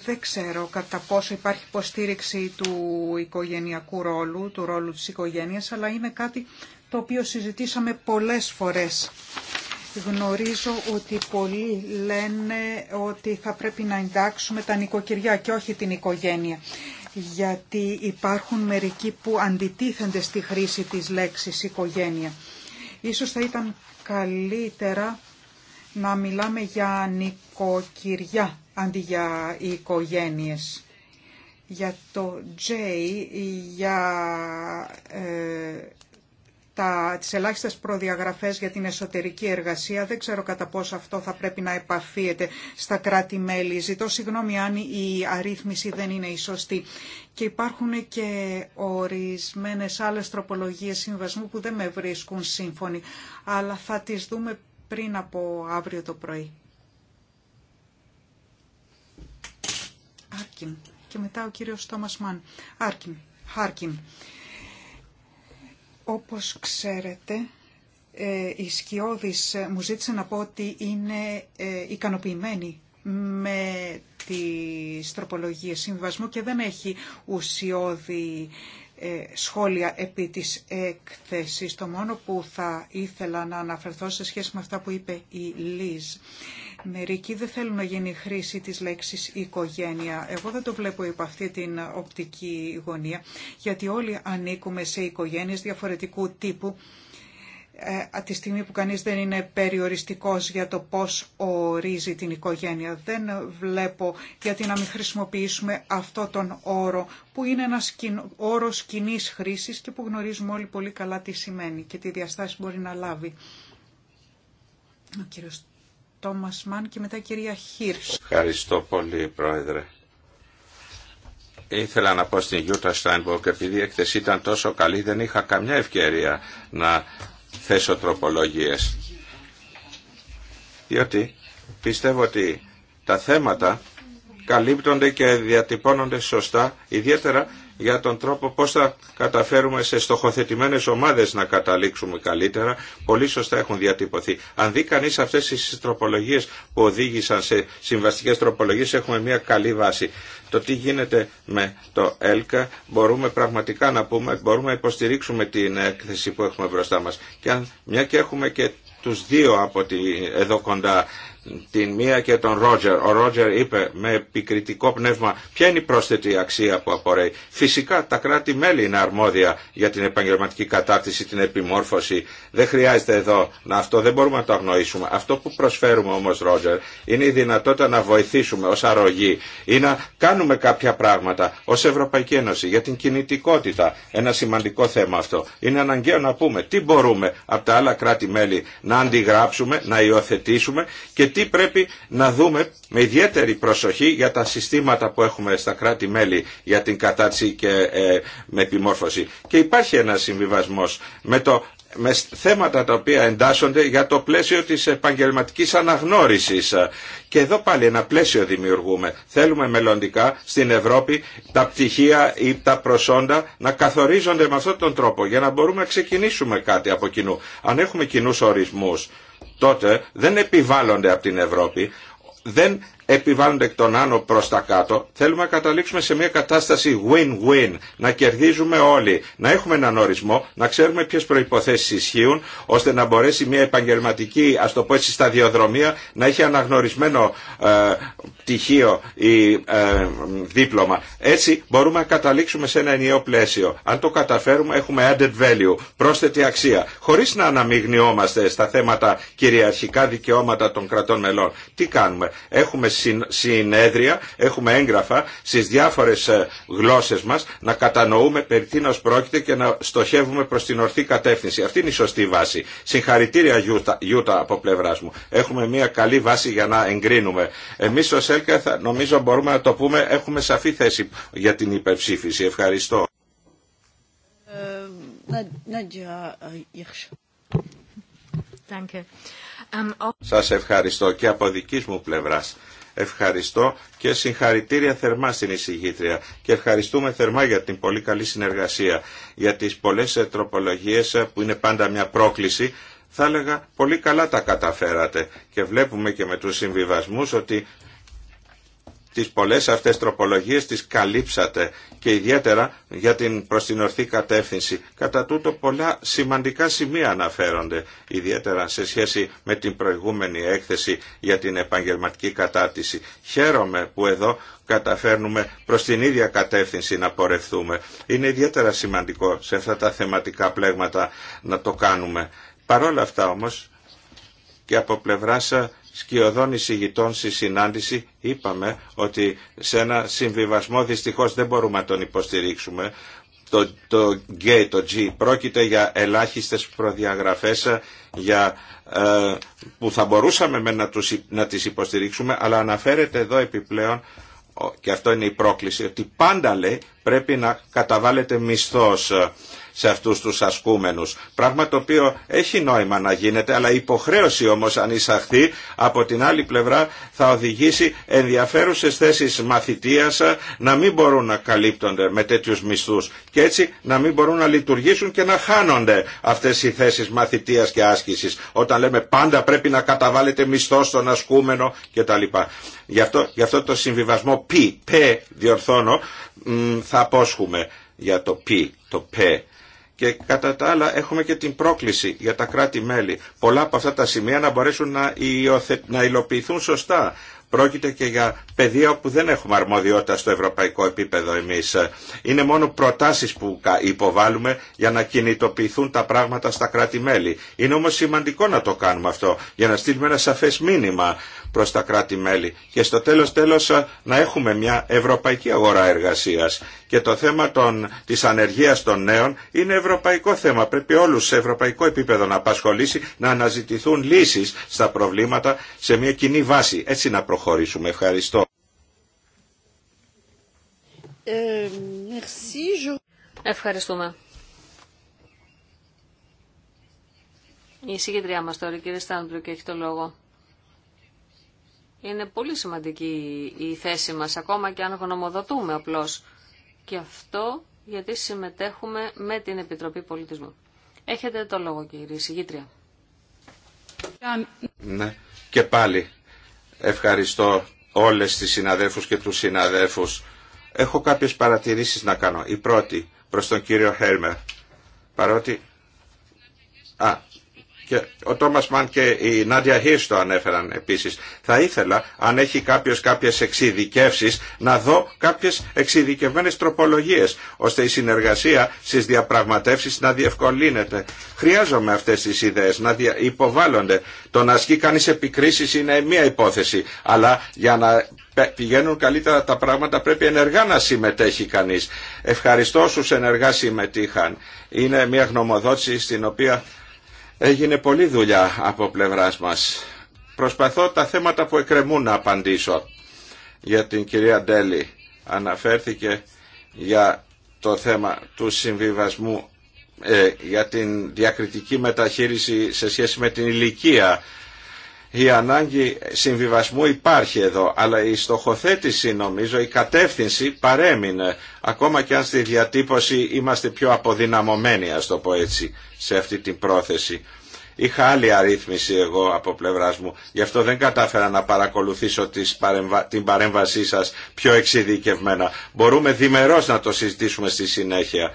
δεν ξέρω κατά πόσο υπάρχει υποστήριξη του οικογενειακού ρόλου, του ρόλου της οικογένειας, αλλά είναι κάτι το οποίο συζητήσαμε πολλές φορές. Γνωρίζω ότι πολλοί λένε ότι θα πρέπει να εντάξουμε τα νοικοκυριά και όχι την οικογένεια, γιατί υπάρχουν μερικοί που αντιτίθενται στη χρήση της λέξης οικογένεια. Ίσως θα ήταν καλύτερα να μιλάμε για νοικοκυριά αντί για οι οικογένειες. Για το J, για ε, τα, τις ελάχιστες προδιαγραφές για την εσωτερική εργασία, δεν ξέρω κατά πόσο αυτό θα πρέπει να επαφίεται στα κράτη-μέλη. Ζητώ συγγνώμη αν η αρρύθμιση δεν είναι η σωστή. Και υπάρχουν και ορισμένες άλλες τροπολογίες συμβασμού που δεν με βρίσκουν σύμφωνοι, αλλά θα τις δούμε πριν από αύριο το πρωί. και μετά ο κύριος Τόμας Μαν. Άρκιν, Χάρκιν. Όπως ξέρετε, ε, η Σκιώδης ε, μου ζήτησε να πω ότι είναι ε, ικανοποιημένη με τις τροπολογίες συμβασμού και δεν έχει ουσιώδη σχόλια επί της έκθεσης. Το μόνο που θα ήθελα να αναφερθώ σε σχέση με αυτά που είπε η Λίζ Μερικοί δεν θέλουν να γίνει χρήση της λέξης οικογένεια. Εγώ δεν το βλέπω υπό αυτή την οπτική γωνία, γιατί όλοι ανήκουμε σε οικογένειες διαφορετικού τύπου ε, από τη στιγμή που κανείς δεν είναι περιοριστικός για το πώς ορίζει την οικογένεια. Δεν βλέπω γιατί να μην χρησιμοποιήσουμε αυτό τον όρο που είναι ένας όρος κοινή χρήση και που γνωρίζουμε όλοι πολύ καλά τι σημαίνει και τι διαστάσεις μπορεί να λάβει. Ο κύριος Τόμας Μαν και μετά κυρία Χίρς. Ευχαριστώ πολύ Πρόεδρε. Ήθελα να πω στην Γιούτα Στάινμπορκ επειδή η έκθεση ήταν τόσο καλή δεν είχα καμιά ευκαιρία να θέσω τροπολογίες. Διότι πιστεύω ότι τα θέματα καλύπτονται και διατυπώνονται σωστά ιδιαίτερα για τον τρόπο πώς θα καταφέρουμε σε στοχοθετημένες ομάδες να καταλήξουμε καλύτερα. Πολύ σωστά έχουν διατυπωθεί. Αν δει κανείς αυτές τις τροπολογίες που οδήγησαν σε συμβαστικές τροπολογίες έχουμε μια καλή βάση. Το τι γίνεται με το ΕΛΚΑ μπορούμε πραγματικά να πούμε, μπορούμε να υποστηρίξουμε την έκθεση που έχουμε μπροστά μας. Και αν, μια και έχουμε και τους δύο από τη, εδώ κοντά την Μία και τον Ρότζερ. Ο Ρότζερ είπε με επικριτικό πνεύμα ποια είναι η πρόσθετη αξία που απορρέει. Φυσικά τα κράτη-μέλη είναι αρμόδια για την επαγγελματική κατάρτιση, την επιμόρφωση. Δεν χρειάζεται εδώ να αυτό, δεν μπορούμε να το αγνοήσουμε. Αυτό που προσφέρουμε όμω, Ρότζερ είναι η δυνατότητα να βοηθήσουμε ω αρρωγή ή να κάνουμε κάποια πράγματα ω Ευρωπαϊκή Ένωση για την κινητικότητα. Ένα σημαντικό θέμα αυτό. Είναι αναγκαίο να πούμε τι μπορούμε από τα άλλα κράτη-μέλη να αντιγράψουμε, να υιοθετήσουμε και τι πρέπει να δούμε με ιδιαίτερη προσοχή για τα συστήματα που έχουμε στα κράτη-μέλη για την κατάρτιση και ε, με επιμόρφωση. Και υπάρχει ένας συμβιβασμός με το με θέματα τα οποία εντάσσονται για το πλαίσιο της επαγγελματικής αναγνώρισης. Και εδώ πάλι ένα πλαίσιο δημιουργούμε. Θέλουμε μελλοντικά στην Ευρώπη τα πτυχία ή τα προσόντα να καθορίζονται με αυτόν τον τρόπο για να μπορούμε να ξεκινήσουμε κάτι από κοινού. Αν έχουμε κοινού ορισμούς τότε δεν επιβάλλονται από την Ευρώπη, δεν επιβάλλονται εκ των άνω προς τα κάτω, θέλουμε να καταλήξουμε σε μια κατάσταση win-win, να κερδίζουμε όλοι, να έχουμε έναν ορισμό, να ξέρουμε ποιες προϋποθέσεις ισχύουν, ώστε να μπορέσει μια επαγγελματική, ας το πω έτσι, σταδιοδρομία να έχει αναγνωρισμένο ε, πτυχίο ή ε, δίπλωμα. Έτσι μπορούμε να καταλήξουμε σε ένα ενιαίο πλαίσιο. Αν το καταφέρουμε έχουμε added value, πρόσθετη αξία, χωρίς να αναμειγνιόμαστε στα θέματα κυριαρχικά δικαιώματα των κρατών μελών. Τι κάνουμε. Έχουμε συνέδρια, έχουμε έγγραφα στις διάφορες ε, γλώσσες μας, να κατανοούμε περί τίνος πρόκειται και να στοχεύουμε προς την ορθή κατεύθυνση. Αυτή είναι η σωστή βάση. Συγχαρητήρια Γιούτα, από πλευρά μου. Έχουμε μια καλή βάση για να εγκρίνουμε. Εμείς ως ΕΛΚΑ θα, νομίζω μπορούμε να το πούμε, έχουμε σαφή θέση για την υπερψήφιση. Ευχαριστώ. Ε, ε, um, Σας ευχαριστώ και από δικής μου πλευράς. Ευχαριστώ και συγχαρητήρια θερμά στην εισηγήτρια και ευχαριστούμε θερμά για την πολύ καλή συνεργασία, για τις πολλές ε, τροπολογίες ε, που είναι πάντα μια πρόκληση θα έλεγα πολύ καλά τα καταφέρατε και βλέπουμε και με τους συμβιβασμούς ότι τις πολλές αυτές τροπολογίες τις καλύψατε και ιδιαίτερα για την προς την ορθή κατεύθυνση. Κατά τούτο πολλά σημαντικά σημεία αναφέρονται, ιδιαίτερα σε σχέση με την προηγούμενη έκθεση για την επαγγελματική κατάρτιση. Χαίρομαι που εδώ καταφέρνουμε προς την ίδια κατεύθυνση να πορευθούμε. Είναι ιδιαίτερα σημαντικό σε αυτά τα θεματικά πλέγματα να το κάνουμε. Παρόλα αυτά όμως και από σκιωδών εισηγητών στη συνάντηση είπαμε ότι σε ένα συμβιβασμό δυστυχώς δεν μπορούμε να τον υποστηρίξουμε. Το, το G, το G πρόκειται για ελάχιστες προδιαγραφές ε, για, ε, που θα μπορούσαμε να, τους, να τις υποστηρίξουμε αλλά αναφέρεται εδώ επιπλέον και αυτό είναι η πρόκληση ότι πάντα λέει πρέπει να καταβάλλεται μισθός σε αυτούς τους ασκούμενους. Πράγμα το οποίο έχει νόημα να γίνεται, αλλά υποχρέωση όμως αν εισαχθεί από την άλλη πλευρά θα οδηγήσει ενδιαφέρουσες θέσεις μαθητείας να μην μπορούν να καλύπτονται με τέτοιους μισθούς και έτσι να μην μπορούν να λειτουργήσουν και να χάνονται αυτές οι θέσεις μαθητείας και άσκησης. Όταν λέμε πάντα πρέπει να καταβάλλεται μισθό στον ασκούμενο κτλ. Γι' αυτό, γι αυτό το συμβιβασμό π, π διορθώνω, θα απόσχουμε για το π, το π. Και κατά τα άλλα έχουμε και την πρόκληση για τα κράτη-μέλη. Πολλά από αυτά τα σημεία να μπορέσουν να, να υλοποιηθούν σωστά. Πρόκειται και για πεδία που δεν έχουμε αρμοδιότητα στο ευρωπαϊκό επίπεδο εμείς. Είναι μόνο προτάσεις που υποβάλλουμε για να κινητοποιηθούν τα πράγματα στα κράτη-μέλη. Είναι όμως σημαντικό να το κάνουμε αυτό για να στείλουμε ένα σαφές μήνυμα προς τα κράτη-μέλη και στο τέλος τέλος να έχουμε μια ευρωπαϊκή αγορά εργασίας και το θέμα των, της ανεργίας των νέων είναι ευρωπαϊκό θέμα. Πρέπει όλους σε ευρωπαϊκό επίπεδο να απασχολήσει, να αναζητηθούν λύσεις στα προβλήματα σε μια κοινή βάση. Έτσι να προχωρήσουμε. Ευχαριστώ. Ε, Ευχαριστούμε. Η συγκεντριά μας τώρα, κύριε Στάνμπρου, και έχει το λόγο. Είναι πολύ σημαντική η θέση μας, ακόμα και αν γνωμοδοτούμε απλώς. Και αυτό γιατί συμμετέχουμε με την Επιτροπή Πολιτισμού. Έχετε το λόγο κύριε Συγήτρια. Ναι. Και πάλι ευχαριστώ όλες τις συναδέλφους και τους συναδέλφους. Έχω κάποιες παρατηρήσεις να κάνω. Η πρώτη προς τον κύριο Χέρμερ. Παρότι... Και ο Τόμας Μαν και η Νάντια Χίρς το ανέφεραν επίσης. Θα ήθελα, αν έχει κάποιος κάποιες εξειδικεύσεις, να δω κάποιες εξειδικευμένες τροπολογίες, ώστε η συνεργασία στις διαπραγματεύσεις να διευκολύνεται. Χρειάζομαι αυτές τις ιδέες να υποβάλλονται. Το να ασκεί κανείς επικρίσεις είναι μία υπόθεση, αλλά για να πηγαίνουν καλύτερα τα πράγματα πρέπει ενεργά να συμμετέχει κανείς. Ευχαριστώ όσους ενεργά συμμετείχαν. Είναι μια γνωμοδότηση στην οποία Έγινε πολλή δουλειά από πλευράς μας. Προσπαθώ τα θέματα που εκκρεμούν να απαντήσω. Για την κυρία Ντέλη αναφέρθηκε για το θέμα του συμβιβασμού ε, για την διακριτική μεταχείριση σε σχέση με την ηλικία η ανάγκη συμβιβασμού υπάρχει εδώ, αλλά η στοχοθέτηση νομίζω, η κατεύθυνση παρέμεινε, ακόμα και αν στη διατύπωση είμαστε πιο αποδυναμωμένοι, ας το πω έτσι, σε αυτή την πρόθεση. Είχα άλλη αρρύθμιση εγώ από πλευράς μου, γι' αυτό δεν κατάφερα να παρακολουθήσω την παρέμβασή σας πιο εξειδικευμένα. Μπορούμε διμερώς να το συζητήσουμε στη συνέχεια.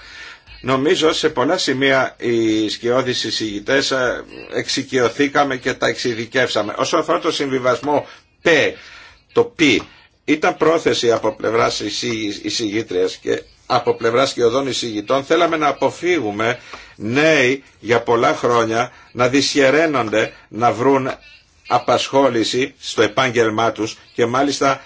Νομίζω σε πολλά σημεία οι σκιώδεις εισηγητές ε, εξοικειωθήκαμε και τα εξειδικεύσαμε. Όσον αφορά το συμβιβασμό Π, το Π, ήταν πρόθεση από πλευράς εισηγήτριας και από πλευράς και οδών εισηγητών θέλαμε να αποφύγουμε νέοι για πολλά χρόνια να δυσχεραίνονται να βρουν απασχόληση στο επάγγελμά τους και μάλιστα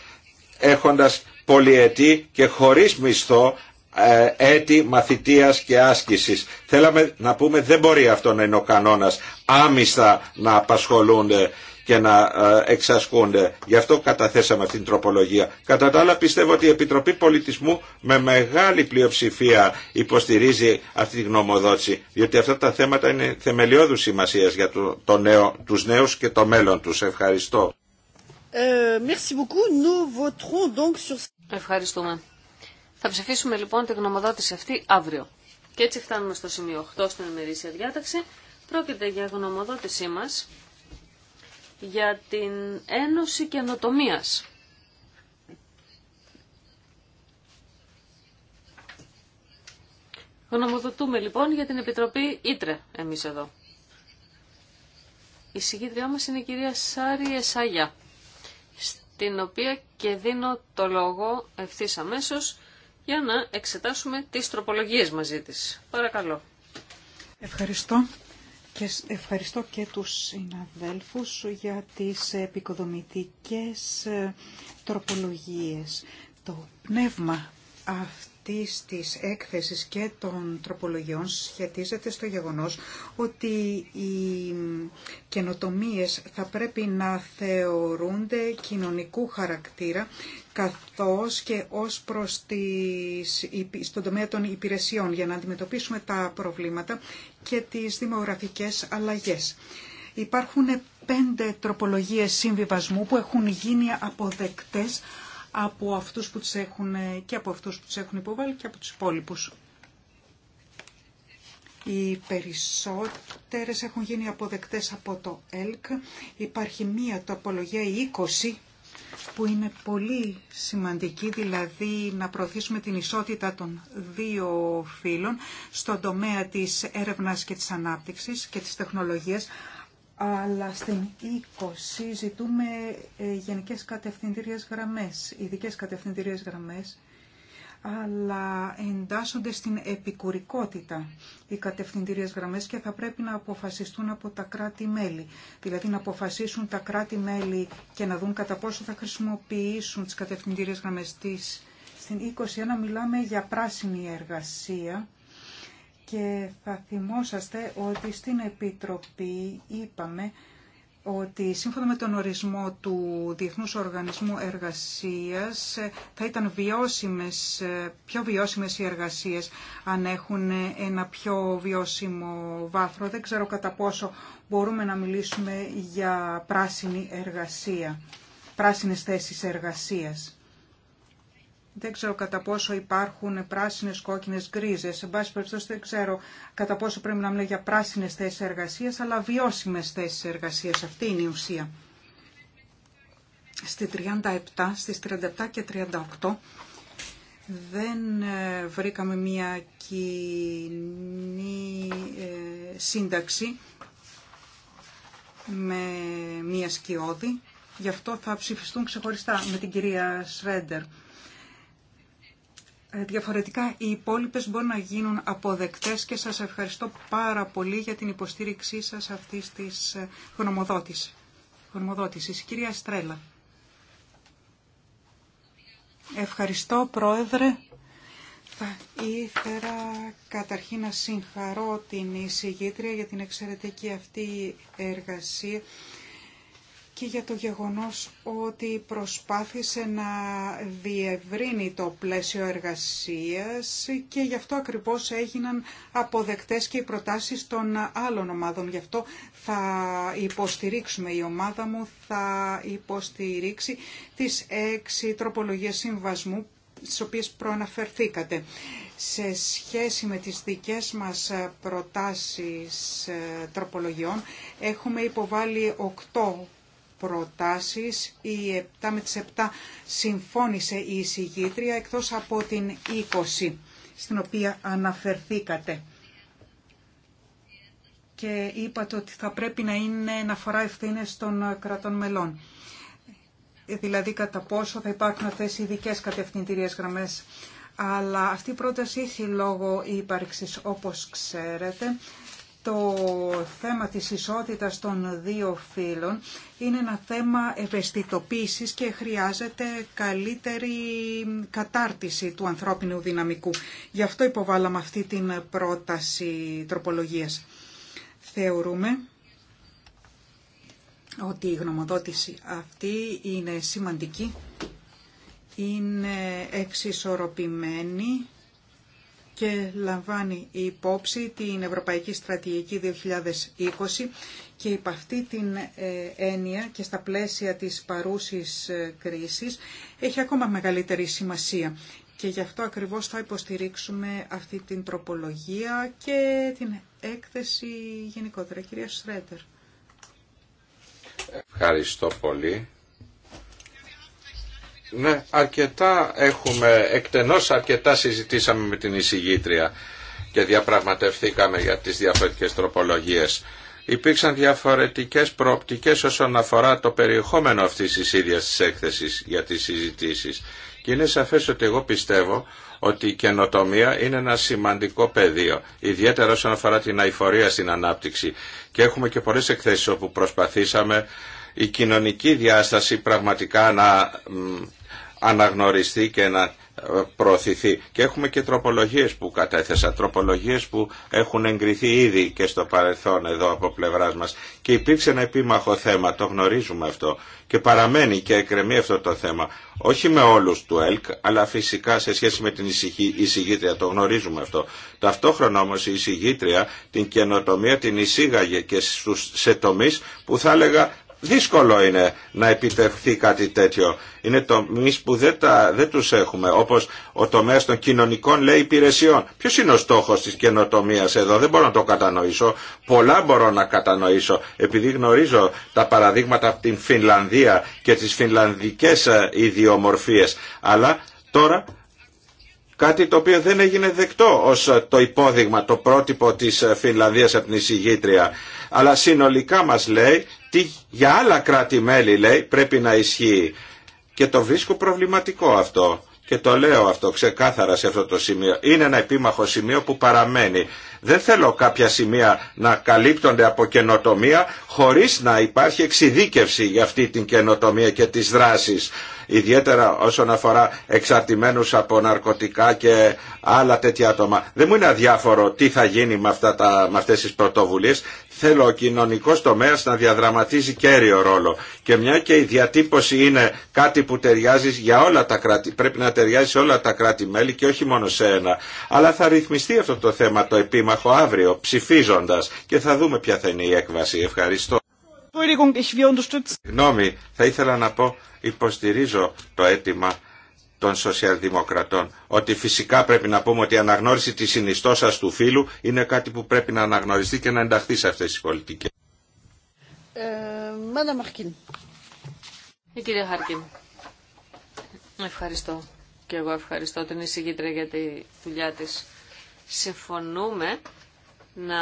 έχοντας πολυετή και χωρίς μισθό ε, έτη μαθητείας και άσκησης. Θέλαμε να πούμε δεν μπορεί αυτό να είναι ο κανόνας άμυστα να απασχολούνται και να ε, εξασκούνται. Γι' αυτό καταθέσαμε αυτήν την τροπολογία. Κατά τα άλλα πιστεύω ότι η Επιτροπή Πολιτισμού με μεγάλη πλειοψηφία υποστηρίζει αυτή τη γνωμοδότηση, διότι αυτά τα θέματα είναι θεμελιώδους σημασίας για το, το νέο, τους νέους και το μέλλον τους. Ευχαριστώ. Ε, Ευχαριστούμε. Θα ψηφίσουμε λοιπόν τη γνωμοδότηση αυτή αύριο. Και έτσι φτάνουμε στο σημείο 8 στην ημερήσια διάταξη. Πρόκειται για γνωμοδότησή μας για την Ένωση Καινοτομίας. Γνωμοδοτούμε λοιπόν για την Επιτροπή Ήτρε εμείς εδώ. Η συγκίτριά μας είναι η κυρία Σάρι Εσάγια, στην οποία και δίνω το λόγο ευθύς αμέσως για να εξετάσουμε τις τροπολογίες μαζί της. Παρακαλώ. Ευχαριστώ και ευχαριστώ και τους συναδέλφους για τις επικοδομητικές ε, τροπολογίες. Το πνεύμα αυτό αυτής της έκθεσης και των τροπολογιών σχετίζεται στο γεγονός ότι οι καινοτομίες θα πρέπει να θεωρούνται κοινωνικού χαρακτήρα καθώς και ως προς τις, στον τομέα των υπηρεσιών για να αντιμετωπίσουμε τα προβλήματα και τις δημογραφικές αλλαγές. Υπάρχουν πέντε τροπολογίες συμβιβασμού που έχουν γίνει αποδεκτές από αυτούς που τις έχουν, και από αυτούς που τις έχουν υποβάλει και από τους υπόλοιπους. Οι περισσότερες έχουν γίνει αποδεκτές από το ΕΛΚ. Υπάρχει μία τοπολογία, η 20, που είναι πολύ σημαντική, δηλαδή να προωθήσουμε την ισότητα των δύο φύλων στον τομέα της έρευνας και της ανάπτυξης και της τεχνολογίας, αλλά στην 20 ζητούμε ε, γενικές κατευθυντήριες γραμμές, ειδικές κατευθυντήριες γραμμές, αλλά εντάσσονται στην επικουρικότητα οι κατευθυντήριες γραμμές και θα πρέπει να αποφασιστούν από τα κράτη-μέλη. Δηλαδή να αποφασίσουν τα κράτη-μέλη και να δουν κατά πόσο θα χρησιμοποιήσουν τις κατευθυντήριες γραμμές της. Στην 21 μιλάμε για πράσινη εργασία και θα θυμόσαστε ότι στην Επιτροπή είπαμε ότι σύμφωνα με τον ορισμό του Διεθνούς Οργανισμού Εργασίας ε, θα ήταν βιώσιμες, ε, πιο βιώσιμες οι εργασίες αν έχουν ε, ένα πιο βιώσιμο βάθρο. Δεν ξέρω κατά πόσο μπορούμε να μιλήσουμε για πράσινη εργασία, πράσινες θέσεις εργασίας. Δεν ξέρω κατά πόσο υπάρχουν πράσινες, κόκκινες, γκρίζες. Σε πάση περιπτώσει δεν ξέρω κατά πόσο πρέπει να μιλάμε για πράσινες θέσει εργασία, αλλά βιώσιμες θέσει εργασία. Αυτή είναι η ουσία. Στι 37, στις 37 και 38 δεν ε, βρήκαμε μια κοινή ε, σύνταξη με μια σκιώδη. Γι' αυτό θα ψηφιστούν ξεχωριστά με την κυρία Σρέντερ. Ε, διαφορετικά οι υπόλοιπε μπορούν να γίνουν αποδεκτές και σας ευχαριστώ πάρα πολύ για την υποστήριξή σας αυτή της ε, γνωμοδότησης. Κυρία Στρέλα. Ευχαριστώ Πρόεδρε. Θα ήθελα καταρχήν να συγχαρώ την εισηγήτρια για την εξαιρετική αυτή εργασία και για το γεγονός ότι προσπάθησε να διευρύνει το πλαίσιο εργασίας και γι' αυτό ακριβώς έγιναν αποδεκτές και οι προτάσεις των άλλων ομάδων. Γι' αυτό θα υποστηρίξουμε, η ομάδα μου θα υποστηρίξει τις έξι τροπολογίες συμβασμού στις οποίες προαναφερθήκατε. Σε σχέση με τις δικές μας προτάσεις ε, τροπολογιών, έχουμε υποβάλει οκτώ προτάσεις, η 7 με τις 7 συμφώνησε η εισηγήτρια εκτός από την 20 στην οποία αναφερθήκατε. Και είπατε ότι θα πρέπει να, είναι, να φορά ευθύνε των κρατών μελών. Ε, δηλαδή κατά πόσο θα υπάρχουν αυτές οι ειδικέ κατευθυντηρίες γραμμές. Αλλά αυτή η πρόταση έχει λόγο ύπαρξης όπως ξέρετε το θέμα της ισότητας των δύο φύλων είναι ένα θέμα ευαισθητοποίησης και χρειάζεται καλύτερη κατάρτιση του ανθρώπινου δυναμικού. Γι' αυτό υποβάλαμε αυτή την πρόταση τροπολογίας. Θεωρούμε ότι η γνωμοδότηση αυτή είναι σημαντική, είναι εξισορροπημένη και λαμβάνει υπόψη την Ευρωπαϊκή Στρατηγική 2020 και υπ' αυτή την ε, έννοια και στα πλαίσια της παρούσης ε, κρίσης έχει ακόμα μεγαλύτερη σημασία. Και γι' αυτό ακριβώς θα υποστηρίξουμε αυτή την τροπολογία και την έκθεση γενικότερα. Κυρία Στρέτερ. Ευχαριστώ πολύ. Ναι, αρκετά έχουμε, εκτενώς αρκετά συζητήσαμε με την εισηγήτρια και διαπραγματευθήκαμε για τις διαφορετικές τροπολογίες. Υπήρξαν διαφορετικές προοπτικές όσον αφορά το περιεχόμενο αυτής της ίδιας της έκθεσης για τις συζητήσεις. Και είναι σαφές ότι εγώ πιστεύω ότι η καινοτομία είναι ένα σημαντικό πεδίο, ιδιαίτερα όσον αφορά την αηφορία στην ανάπτυξη. Και έχουμε και πολλές εκθέσεις όπου προσπαθήσαμε η κοινωνική διάσταση πραγματικά να αναγνωριστεί και να ε, προωθηθεί. Και έχουμε και τροπολογίες που κατέθεσα, τροπολογίες που έχουν εγκριθεί ήδη και στο παρελθόν εδώ από πλευράς μας. Και υπήρξε ένα επίμαχο θέμα, το γνωρίζουμε αυτό. Και παραμένει και εκκρεμεί αυτό το θέμα. Όχι με όλους του ΕΛΚ, αλλά φυσικά σε σχέση με την εισηγήτρια, το γνωρίζουμε αυτό. Ταυτόχρονα όμως η εισηγήτρια την καινοτομία την εισήγαγε και σε που θα έλεγα δύσκολο είναι να επιτευχθεί κάτι τέτοιο. Είναι τομεί που δεν, τα, δεν τους έχουμε, όπως ο τομέας των κοινωνικών λέει υπηρεσιών. Ποιος είναι ο στόχος της καινοτομία εδώ, δεν μπορώ να το κατανοήσω. Πολλά μπορώ να κατανοήσω, επειδή γνωρίζω τα παραδείγματα από την Φινλανδία και τις φινλανδικές ε, ιδιομορφίες. Αλλά τώρα Κάτι το οποίο δεν έγινε δεκτό ως ε, το υπόδειγμα, το πρότυπο της ε, Φινλανδίας από την εισηγήτρια. Αλλά συνολικά μας λέει, τι για άλλα κράτη-μέλη λέει πρέπει να ισχύει. Και το βρίσκω προβληματικό αυτό και το λέω αυτό ξεκάθαρα σε αυτό το σημείο, είναι ένα επίμαχο σημείο που παραμένει. Δεν θέλω κάποια σημεία να καλύπτονται από καινοτομία χωρίς να υπάρχει εξειδίκευση για αυτή την καινοτομία και τις δράσεις. Ιδιαίτερα όσον αφορά εξαρτημένους από ναρκωτικά και άλλα τέτοια άτομα. Δεν μου είναι αδιάφορο τι θα γίνει με, αυτά τα, με αυτές τις πρωτοβουλίες θέλω ο κοινωνικός τομέας να διαδραματίζει κέριο ρόλο. Και μια και η διατύπωση είναι κάτι που ταιριάζει για όλα τα κράτη, πρέπει να ταιριάζει σε όλα τα κράτη-μέλη και όχι μόνο σε ένα. Αλλά θα ρυθμιστεί αυτό το θέμα το επίμαχο αύριο ψηφίζοντας και θα δούμε ποια θα είναι η έκβαση. Ευχαριστώ. Συγγνώμη, θα ήθελα να πω υποστηρίζω το αίτημα των σοσιαλδημοκρατών ότι φυσικά πρέπει να πούμε ότι η αναγνώριση της συνιστώσας του φίλου είναι κάτι που πρέπει να αναγνωριστεί και να ενταχθεί σε αυτές τις πολιτικές. Ε, Μάνα Μαρκίν. Η κυρία Χάρκιν. Ευχαριστώ. Και εγώ ευχαριστώ την εισηγήτρια για τη δουλειά της. Συμφωνούμε να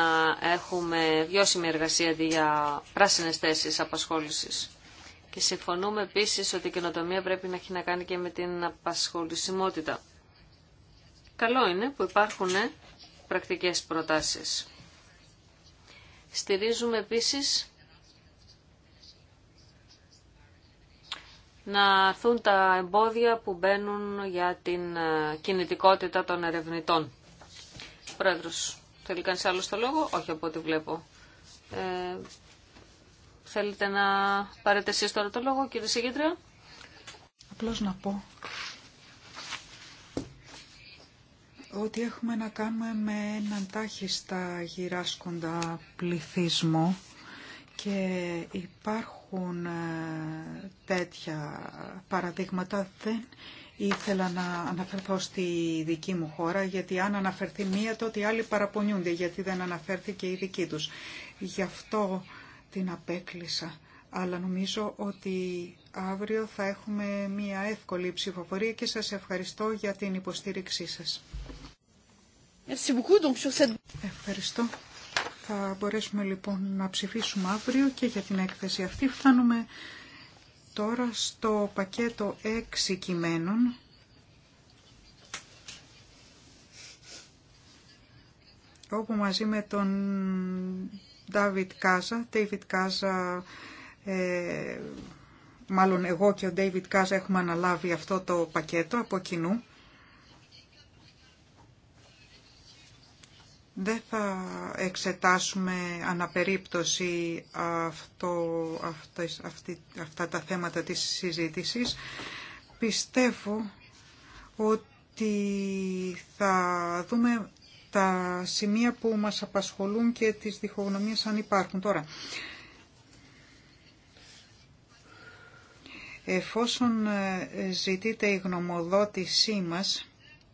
έχουμε βιώσιμη εργασία για πράσινες θέσεις απασχόλησης. Και συμφωνούμε επίση ότι η καινοτομία πρέπει να έχει να κάνει και με την απασχολησιμότητα. Καλό είναι που υπάρχουν πρακτικές προτάσεις. Στηρίζουμε επίσης να αρθούν τα εμπόδια που μπαίνουν για την ε, κινητικότητα των ερευνητών. Πρόεδρος, θέλει κανείς άλλο το λόγο? Όχι από ό,τι βλέπω. Ε, Θέλετε να πάρετε εσείς τώρα το λόγο, κύριε Σιγήτρια. Απλώς να πω ότι έχουμε να κάνουμε με έναν τάχιστα γυράσκοντα πληθυσμό και υπάρχουν ε, τέτοια παραδείγματα. Δεν ήθελα να αναφερθώ στη δική μου χώρα, γιατί αν αναφερθεί μία τότε οι άλλοι παραπονιούνται, γιατί δεν αναφέρθηκε η δική τους. Γι' αυτό την απέκλεισα. Αλλά νομίζω ότι αύριο θα έχουμε μία εύκολη ψηφοφορία και σας ευχαριστώ για την υποστήριξή σας. Ευχαριστώ. Θα μπορέσουμε λοιπόν να ψηφίσουμε αύριο και για την έκθεση αυτή. Φτάνουμε τώρα στο πακέτο 6 κειμένων. όπου μαζί με τον David Κάζα. David Κάζα, ε, μάλλον εγώ και ο David Κάζα έχουμε αναλάβει αυτό το πακέτο από κοινού. Δεν θα εξετάσουμε αναπερίπτωση αυτό, αυτά τα θέματα της συζήτησης. Πιστεύω ότι θα δούμε τα σημεία που μας απασχολούν και τις διχογνωμίες αν υπάρχουν τώρα. Εφόσον ε, ζητείται η γνωμοδότησή μας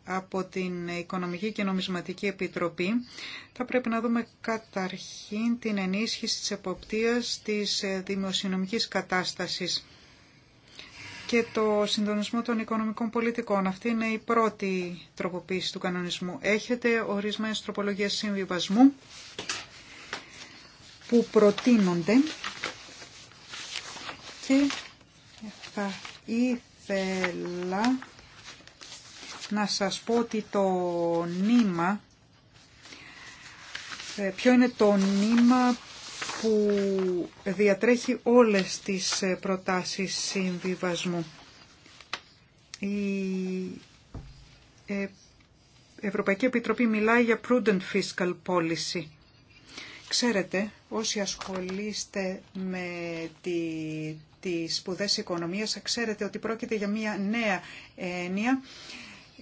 από την Οικονομική και Νομισματική Επιτροπή, θα πρέπει να δούμε καταρχήν την ενίσχυση της εποπτείας της ε, δημοσιονομικής κατάστασης και το συντονισμό των οικονομικών πολιτικών. Αυτή είναι η πρώτη τροποποίηση του κανονισμού. Έχετε ορισμένες τροπολογίες συμβιβασμού που προτείνονται και θα ήθελα να σας πω ότι το νήμα, ε, ποιο είναι το νήμα που διατρέχει όλες τις ε, προτάσεις συμβιβασμού. Η ε, Ευρωπαϊκή Επιτροπή μιλάει για prudent fiscal policy. Ξέρετε, όσοι ασχολείστε με τη, τις σπουδές οικονομίας, ξέρετε ότι πρόκειται για μια νέα έννοια.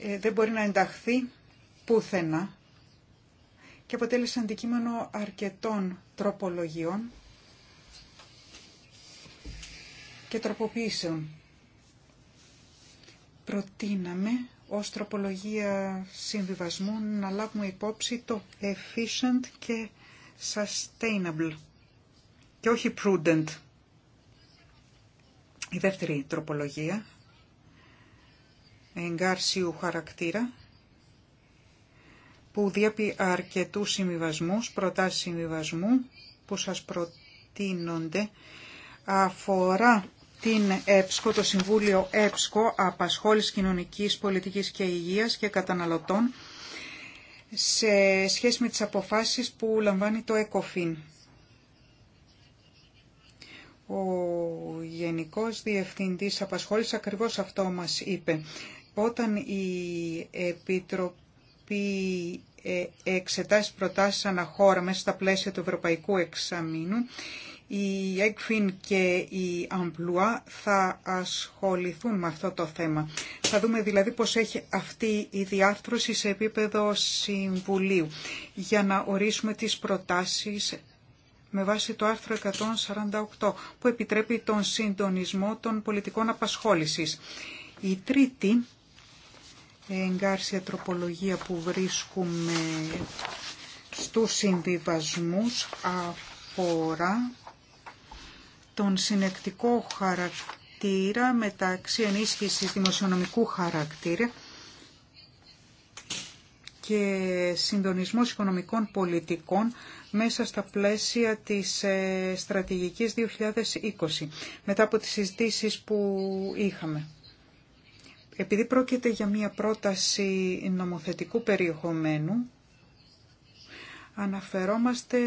Ε, δεν μπορεί να ενταχθεί πουθενά και αποτέλεσε αντικείμενο αρκετών τροπολογιών και τροποποιήσεων. Προτείναμε ως τροπολογία συμβιβασμού να λάβουμε υπόψη το efficient και sustainable και όχι prudent. Η δεύτερη τροπολογία εγκάρσιου χαρακτήρα που διέπει αρκετού συμβιβασμού προτάσει συμβιβασμού που σας προτείνονται αφορά την ΕΠΣΚΟ, το Συμβούλιο ΕΠΣΚΟ, Απασχόληση Κοινωνικής Πολιτικής και Υγείας και Καταναλωτών, σε σχέση με τις αποφάσεις που λαμβάνει το ΕΚΟΦΗΝ. Ο Γενικός Διευθυντής Απασχόλησης ακριβώς αυτό μας είπε. Όταν η Επιτροπή ε, εξετάσεις προτάσεις αναχώρα μέσα στα πλαίσια του Ευρωπαϊκού Εξαμήνου, η ΕΚΦΙΝ και η ΑΜΠΛΟΑ θα ασχοληθούν με αυτό το θέμα. Θα δούμε δηλαδή πώς έχει αυτή η διάρθρωση σε επίπεδο Συμβουλίου για να ορίσουμε τις προτάσεις με βάση το άρθρο 148 που επιτρέπει τον συντονισμό των πολιτικών απασχόλησης. Η τρίτη εγκάρσια τροπολογία που βρίσκουμε στους συμβιβασμούς αφορά τον συνεκτικό χαρακτήρα μεταξύ ενίσχυσης δημοσιονομικού χαρακτήρα και συντονισμός οικονομικών πολιτικών μέσα στα πλαίσια της ε, στρατηγικής 2020, μετά από τις συζητήσεις που είχαμε. Επειδή πρόκειται για μια πρόταση νομοθετικού περιεχομένου, αναφερόμαστε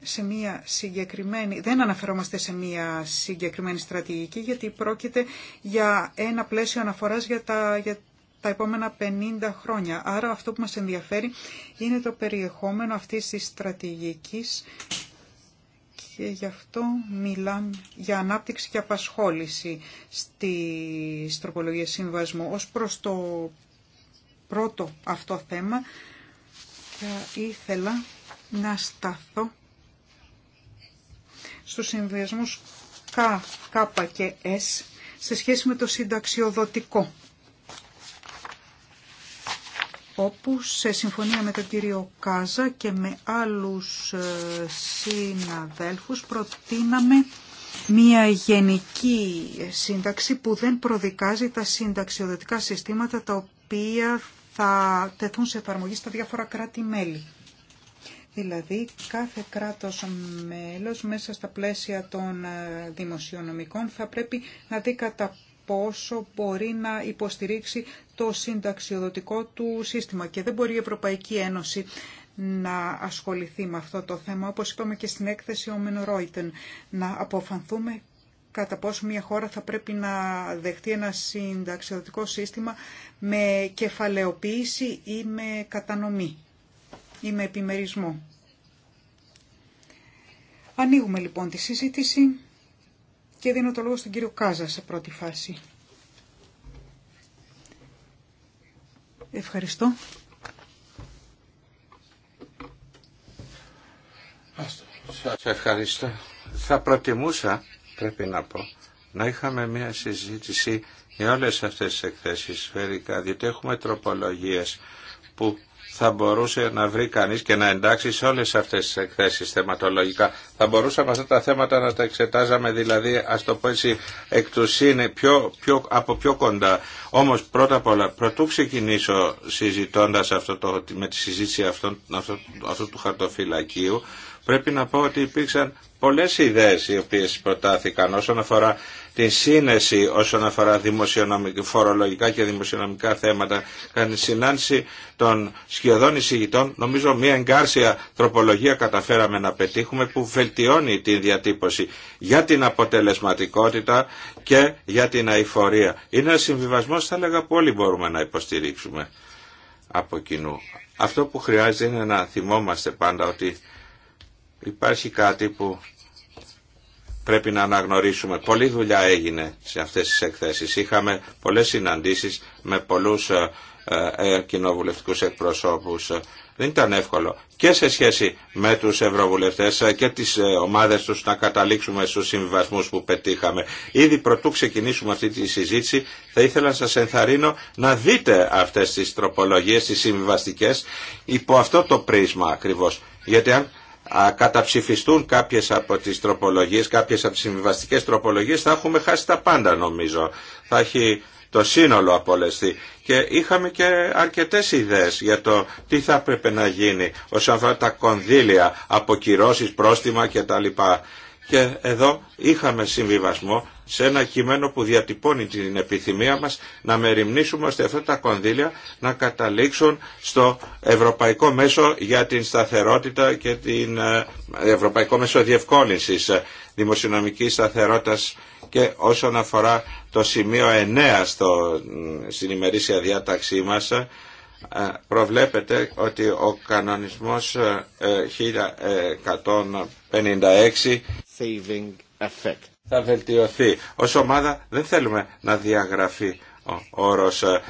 σε μια συγκεκριμένη, δεν αναφερόμαστε σε μια συγκεκριμένη στρατηγική, γιατί πρόκειται για ένα πλαίσιο αναφοράς για τα, για τα επόμενα 50 χρόνια. Άρα αυτό που μας ενδιαφέρει είναι το περιεχόμενο αυτής της στρατηγικής και γι' αυτό μιλάμε για ανάπτυξη και απασχόληση στη τροπολογίες συμβασμού. Ως προς το πρώτο αυτό θέμα θα ήθελα να σταθώ στους συνδυασμούς K, K και S σε σχέση με το συνταξιοδοτικό όπου σε συμφωνία με τον κύριο Κάζα και με άλλους ε, συναδέλφους προτείναμε μια γενική σύνταξη που δεν προδικάζει τα συνταξιοδοτικά συστήματα τα οποία θα τεθούν σε εφαρμογή στα διάφορα κράτη-μέλη. Δηλαδή κάθε κράτος μέλος μέσα στα πλαίσια των ε, δημοσιονομικών θα πρέπει να δει κατά πόσο μπορεί να υποστηρίξει το συνταξιοδοτικό του σύστημα και δεν μπορεί η Ευρωπαϊκή Ένωση να ασχοληθεί με αυτό το θέμα, όπως είπαμε και στην έκθεση ο Μενορόιτεν, να αποφανθούμε κατά πόσο μια χώρα θα πρέπει να δεχτεί ένα συνταξιοδοτικό σύστημα με κεφαλαιοποίηση ή με κατανομή ή με επιμερισμό. Ανοίγουμε λοιπόν τη συζήτηση και δίνω το λόγο στον κύριο Κάζα σε πρώτη φάση. Ευχαριστώ. Σας ευχαριστώ. Θα προτιμούσα, πρέπει να πω, να είχαμε μια συζήτηση για όλες αυτές τις εκθέσεις Φέρικα, διότι έχουμε τροπολογίες που θα μπορούσε να βρει κανείς και να εντάξει σε όλες αυτές τις εκθέσεις θεματολογικά. Θα μπορούσαμε αυτά τα θέματα να τα εξετάζαμε δηλαδή, ας το πω έτσι, εκ του είναι πιο, πιο, από πιο κοντά. Όμως πρώτα απ' όλα, πρωτού ξεκινήσω συζητώντας αυτό το, με τη συζήτηση αυτού, αυτού, αυτού του χαρτοφυλακίου, πρέπει να πω ότι υπήρξαν πολλές ιδέες οι οποίες προτάθηκαν όσον αφορά την σύνεση όσον αφορά φορολογικά και δημοσιονομικά θέματα. κάνει τη συνάντηση των σκιωδών εισηγητών, νομίζω μια εγκάρσια τροπολογία καταφέραμε να πετύχουμε που βελτιώνει την διατύπωση για την αποτελεσματικότητα και για την αηφορία. Είναι ένα συμβιβασμό, θα έλεγα, που όλοι μπορούμε να υποστηρίξουμε από κοινού. Αυτό που χρειάζεται είναι να θυμόμαστε πάντα ότι υπάρχει κάτι που πρέπει να αναγνωρίσουμε. Πολλή δουλειά έγινε σε αυτές τις εκθέσεις. Είχαμε πολλές συναντήσεις με πολλούς ε, ε, ε, κοινοβουλευτικούς εκπροσώπους. Δεν ήταν εύκολο και σε σχέση με τους ευρωβουλευτές και τις ομάδες τους να καταλήξουμε στους συμβιβασμούς που πετύχαμε. Ήδη πρωτού ξεκινήσουμε αυτή τη συζήτηση θα ήθελα να σας ενθαρρύνω να δείτε αυτές τις τροπολογίες, τις συμβιβαστικές υπό αυτό το πρίσμα ακριβώς. Γιατί αν καταψηφιστούν κάποιες από τις τροπολογίες, κάποιες από τις συμβιβαστικές τροπολογίες, θα έχουμε χάσει τα πάντα νομίζω. Θα έχει το σύνολο απολεστεί. Και είχαμε και αρκετές ιδέες για το τι θα έπρεπε να γίνει όσον αφορά τα κονδύλια, αποκυρώσεις, πρόστιμα κτλ. Και εδώ είχαμε συμβιβασμό σε ένα κείμενο που διατυπώνει την επιθυμία μας να μεριμνήσουμε ώστε αυτά τα κονδύλια να καταλήξουν στο Ευρωπαϊκό Μέσο για την Σταθερότητα και την ε, Ευρωπαϊκό Μέσο Διευκόλυνσης ε, Δημοσιονομικής Σταθερότητας και όσον αφορά το σημείο 9 στο, στην ημερήσια διάταξή μας ε, προβλέπεται ότι ο κανονισμός 1156 saving effect θα βελτιωθεί. Ως ομάδα δεν θέλουμε να διαγραφεί ο όρος ε,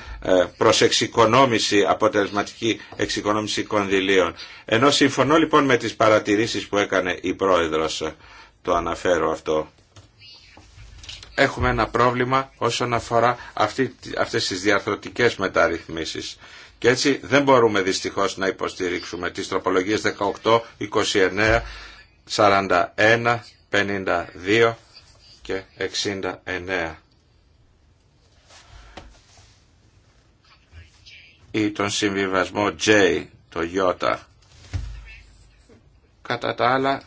προς εξοικονόμηση, αποτελεσματική εξοικονόμηση κονδυλίων. Ενώ συμφωνώ λοιπόν με τις παρατηρήσεις που έκανε η Πρόεδρος, ε, το αναφέρω αυτό. Έχουμε ένα πρόβλημα όσον αφορά αυτή, αυτές τις διαρθρωτικές μεταρρυθμίσεις. Και έτσι δεν μπορούμε δυστυχώς να υποστηρίξουμε τις τροπολογίες 18, 29, 41, 52, και 69. ή τον συμβιβασμό J, το Ι. Κατά τα άλλα,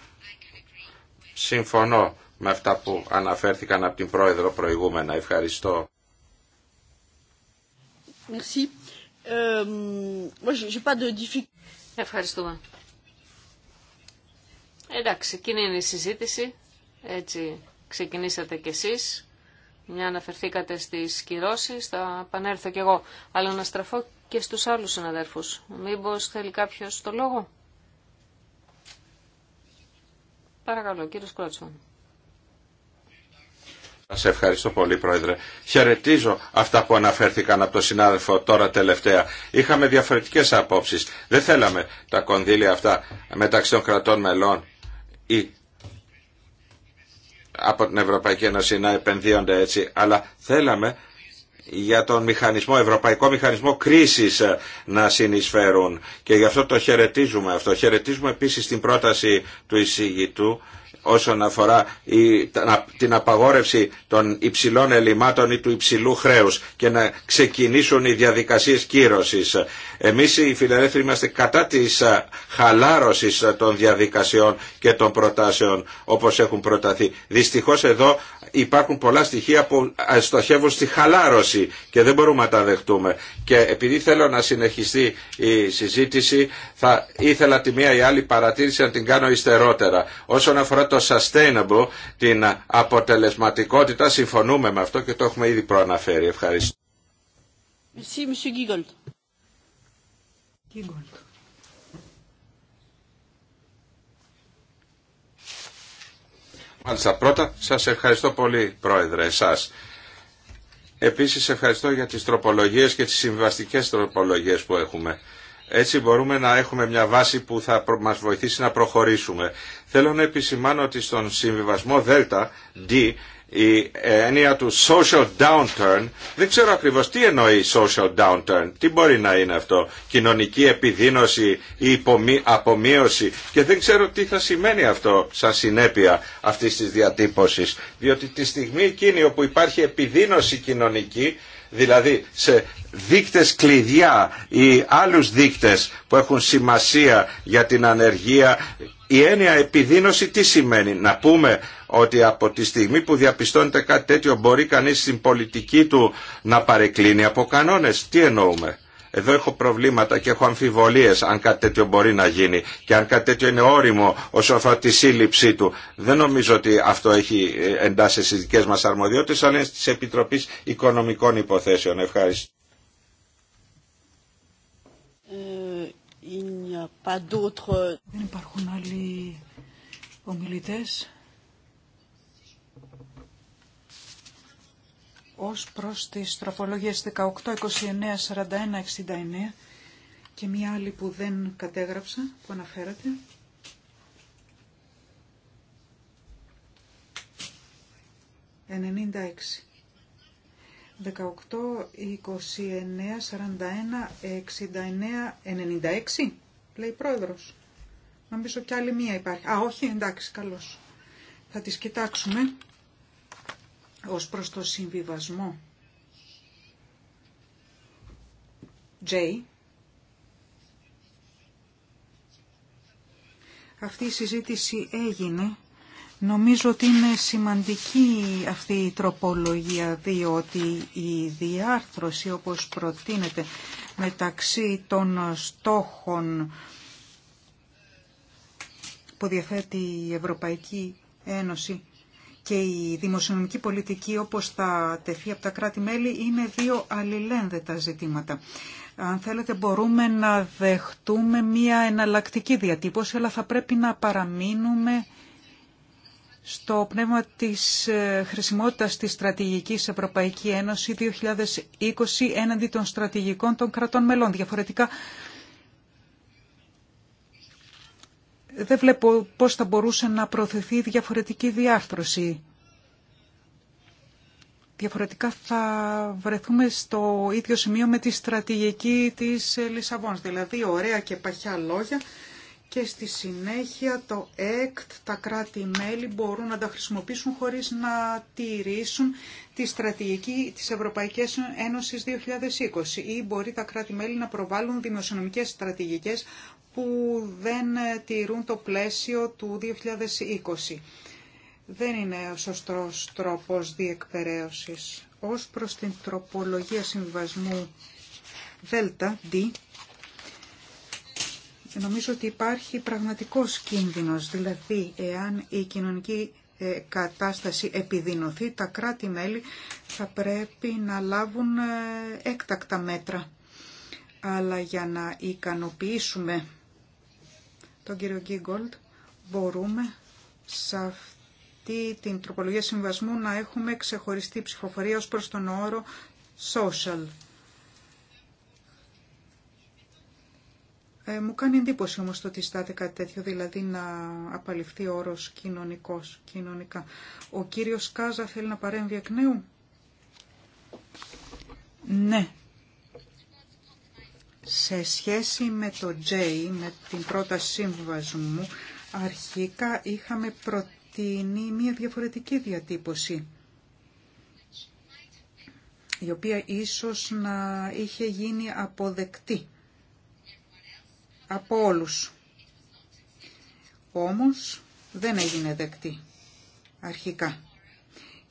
συμφωνώ με αυτά που αναφέρθηκαν από την Πρόεδρο προηγούμενα. Ευχαριστώ. Euh, Ευχαριστούμε. Εντάξει, εκείνη είναι η συζήτηση. Έτσι ξεκινήσατε κι εσείς. Μια αναφερθήκατε στις κυρώσεις, θα επανέλθω κι εγώ. Αλλά να στραφώ και στους άλλους συναδέρφους. Μήπως θέλει κάποιος το λόγο. Παρακαλώ, κύριος Κρότσμαν. Σας ευχαριστώ πολύ Πρόεδρε. Χαιρετίζω αυτά που αναφέρθηκαν από τον συνάδελφο τώρα τελευταία. Είχαμε διαφορετικές απόψεις. Δεν θέλαμε τα κονδύλια αυτά μεταξύ των κρατών μελών ή από την Ευρωπαϊκή Ένωση να επενδύονται έτσι, αλλά θέλαμε για τον μηχανισμό, ευρωπαϊκό μηχανισμό κρίσης ε, να συνεισφέρουν και γι' αυτό το χαιρετίζουμε αυτό. Χαιρετίζουμε επίσης την πρόταση του εισηγητού όσον αφορά την απαγόρευση των υψηλών ελλημάτων ή του υψηλού χρέους και να ξεκινήσουν οι διαδικασίες κύρωσης. Εμείς οι φιλελεύθεροι είμαστε κατά της χαλάρωσης των διαδικασιών και των προτάσεων όπως έχουν προταθεί. Δυστυχώς εδώ υπάρχουν πολλά στοιχεία που ε, στοχεύουν στη χαλάρωση και δεν μπορούμε να τα δεχτούμε. Και επειδή θέλω να συνεχιστεί η συζήτηση, θα ήθελα τη μία ή άλλη παρατήρηση να την κάνω υστερότερα. Όσον αφορά το sustainable, την αποτελεσματικότητα, συμφωνούμε με αυτό και το έχουμε ήδη προαναφέρει. Ευχαριστώ. Merci, Μάλιστα, πρώτα σας ευχαριστώ πολύ πρόεδρε εσάς. Επίσης ευχαριστώ για τις τροπολογίες και τις συμβαστικές τροπολογίες που έχουμε. Έτσι μπορούμε να έχουμε μια βάση που θα μας βοηθήσει να προχωρήσουμε. Θέλω να επισημάνω ότι στον συμβιβασμό ΔΕΛΤΑ, D, η ε, έννοια του social downturn, δεν ξέρω ακριβώς τι εννοεί social downturn, τι μπορεί να είναι αυτό, κοινωνική επιδείνωση ή απομείωση και δεν ξέρω τι θα σημαίνει αυτό σαν συνέπεια αυτής της διατύπωσης, διότι τη στιγμή εκείνη όπου υπάρχει επιδείνωση κοινωνική, δηλαδή σε δείκτες κλειδιά ή άλλους δείκτες που έχουν σημασία για την ανεργία η έννοια επιδείνωση τι σημαίνει. Να πούμε ότι από τη στιγμή που διαπιστώνεται κάτι τέτοιο μπορεί κανείς στην πολιτική του να παρεκκλίνει από κανόνες. Τι εννοούμε. Εδώ έχω προβλήματα και έχω αμφιβολίες αν κάτι τέτοιο μπορεί να γίνει και αν κάτι τέτοιο είναι όριμο όσο αφορά τη σύλληψή του. Δεν νομίζω ότι αυτό έχει ε, εντάσει στις δικές μας αρμοδιότητες, αλλά είναι στις Επιτροπής Οικονομικών Υποθέσεων. Ευχαριστώ. Ε, δεν υπάρχουν άλλοι ομιλητές. Ως προς τις τροπολογίες 18, 29, 41, 69 και μία άλλη που δεν κατέγραψα, που αναφέρατε. «96». 18, 29, 41, 69, 96 λέει πρόεδρο. Να Νομίζω κι άλλη μία υπάρχει. Α, όχι, εντάξει, καλώς. Θα τις κοιτάξουμε ως προς το συμβιβασμό. J. Αυτή η συζήτηση έγινε. Νομίζω ότι είναι σημαντική αυτή η τροπολογία, διότι η διάρθρωση όπως προτείνεται μεταξύ των στόχων που διαθέτει η Ευρωπαϊκή Ένωση και η δημοσιονομική πολιτική όπως θα τεθεί από τα κράτη-μέλη είναι δύο αλληλένδετα ζητήματα. Αν θέλετε μπορούμε να δεχτούμε μία εναλλακτική διατύπωση αλλά θα πρέπει να παραμείνουμε στο πνεύμα της ε, χρησιμότητας της στρατηγικής Ευρωπαϊκή Ένωση 2020 έναντι των στρατηγικών των κρατών μελών. Διαφορετικά δεν βλέπω πώς θα μπορούσε να προωθηθεί διαφορετική διάρθρωση. Διαφορετικά θα βρεθούμε στο ίδιο σημείο με τη στρατηγική της ε, Λισαβόνας. Δηλαδή ωραία και παχιά λόγια και στη συνέχεια το ΕΚΤ, τα κράτη-μέλη μπορούν να τα χρησιμοποιήσουν χωρίς να τηρήσουν τη στρατηγική της Ευρωπαϊκής Ένωσης 2020 ή μπορεί τα κράτη-μέλη να προβάλλουν δημοσιονομικές στρατηγικές που δεν τηρούν το πλαίσιο του 2020. Δεν είναι ο σωστός τρόπος διεκπαιρέωσης. Ως προς την τροπολογία συμβιβασμού ΔΕΛΤΑ, νομίζω ότι υπάρχει πραγματικός κίνδυνος, δηλαδή εάν η κοινωνική ε, κατάσταση επιδεινωθεί, τα κράτη-μέλη θα πρέπει να λάβουν ε, έκτακτα μέτρα. Αλλά για να ικανοποιήσουμε τον κύριο Γκίγκολτ, μπορούμε σε αυτή την τροπολογία συμβασμού να έχουμε ξεχωριστή ψηφοφορία ως προς τον όρο social Ε, μου κάνει εντύπωση όμως το ότι στάτε κάτι τέτοιο, δηλαδή να απαλληφθεί ο όρος κοινωνικός, κοινωνικά. Ο κύριος Κάζα θέλει να παρέμβει εκ νέου. Ναι. Σε σχέση με το J, με την πρώτα σύμβαση μου, αρχικά είχαμε προτείνει μια διαφορετική διατύπωση η οποία ίσως να είχε γίνει αποδεκτή από όλους. Όμως δεν έγινε δεκτή αρχικά.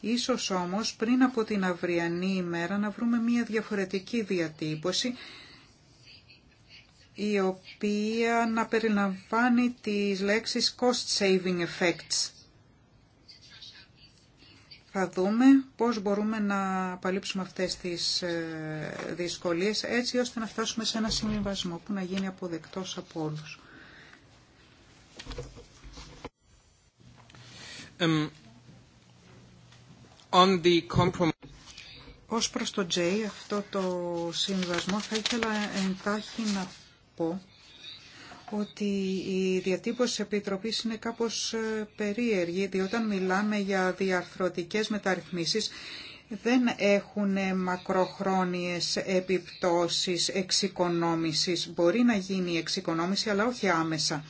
Ίσως όμως πριν από την αυριανή ημέρα να βρούμε μια διαφορετική διατύπωση η οποία να περιλαμβάνει τις λέξεις cost saving effects θα δούμε πώς μπορούμε να παλύψουμε αυτές τις ε, δυσκολίες έτσι ώστε να φτάσουμε σε ένα συμβιβασμό που να γίνει αποδεκτός από όλους. Um, on the Ως προς το J, αυτό το συμβιβασμό, θα ήθελα εντάχει να πω ότι η διατύπωση της Επιτροπής είναι κάπως ε, περίεργη, διότι όταν μιλάμε για διαρθρωτικές μεταρρυθμίσεις δεν έχουν μακροχρόνιες επιπτώσεις εξοικονόμησης. Μπορεί να γίνει η εξοικονόμηση, αλλά όχι άμεσα.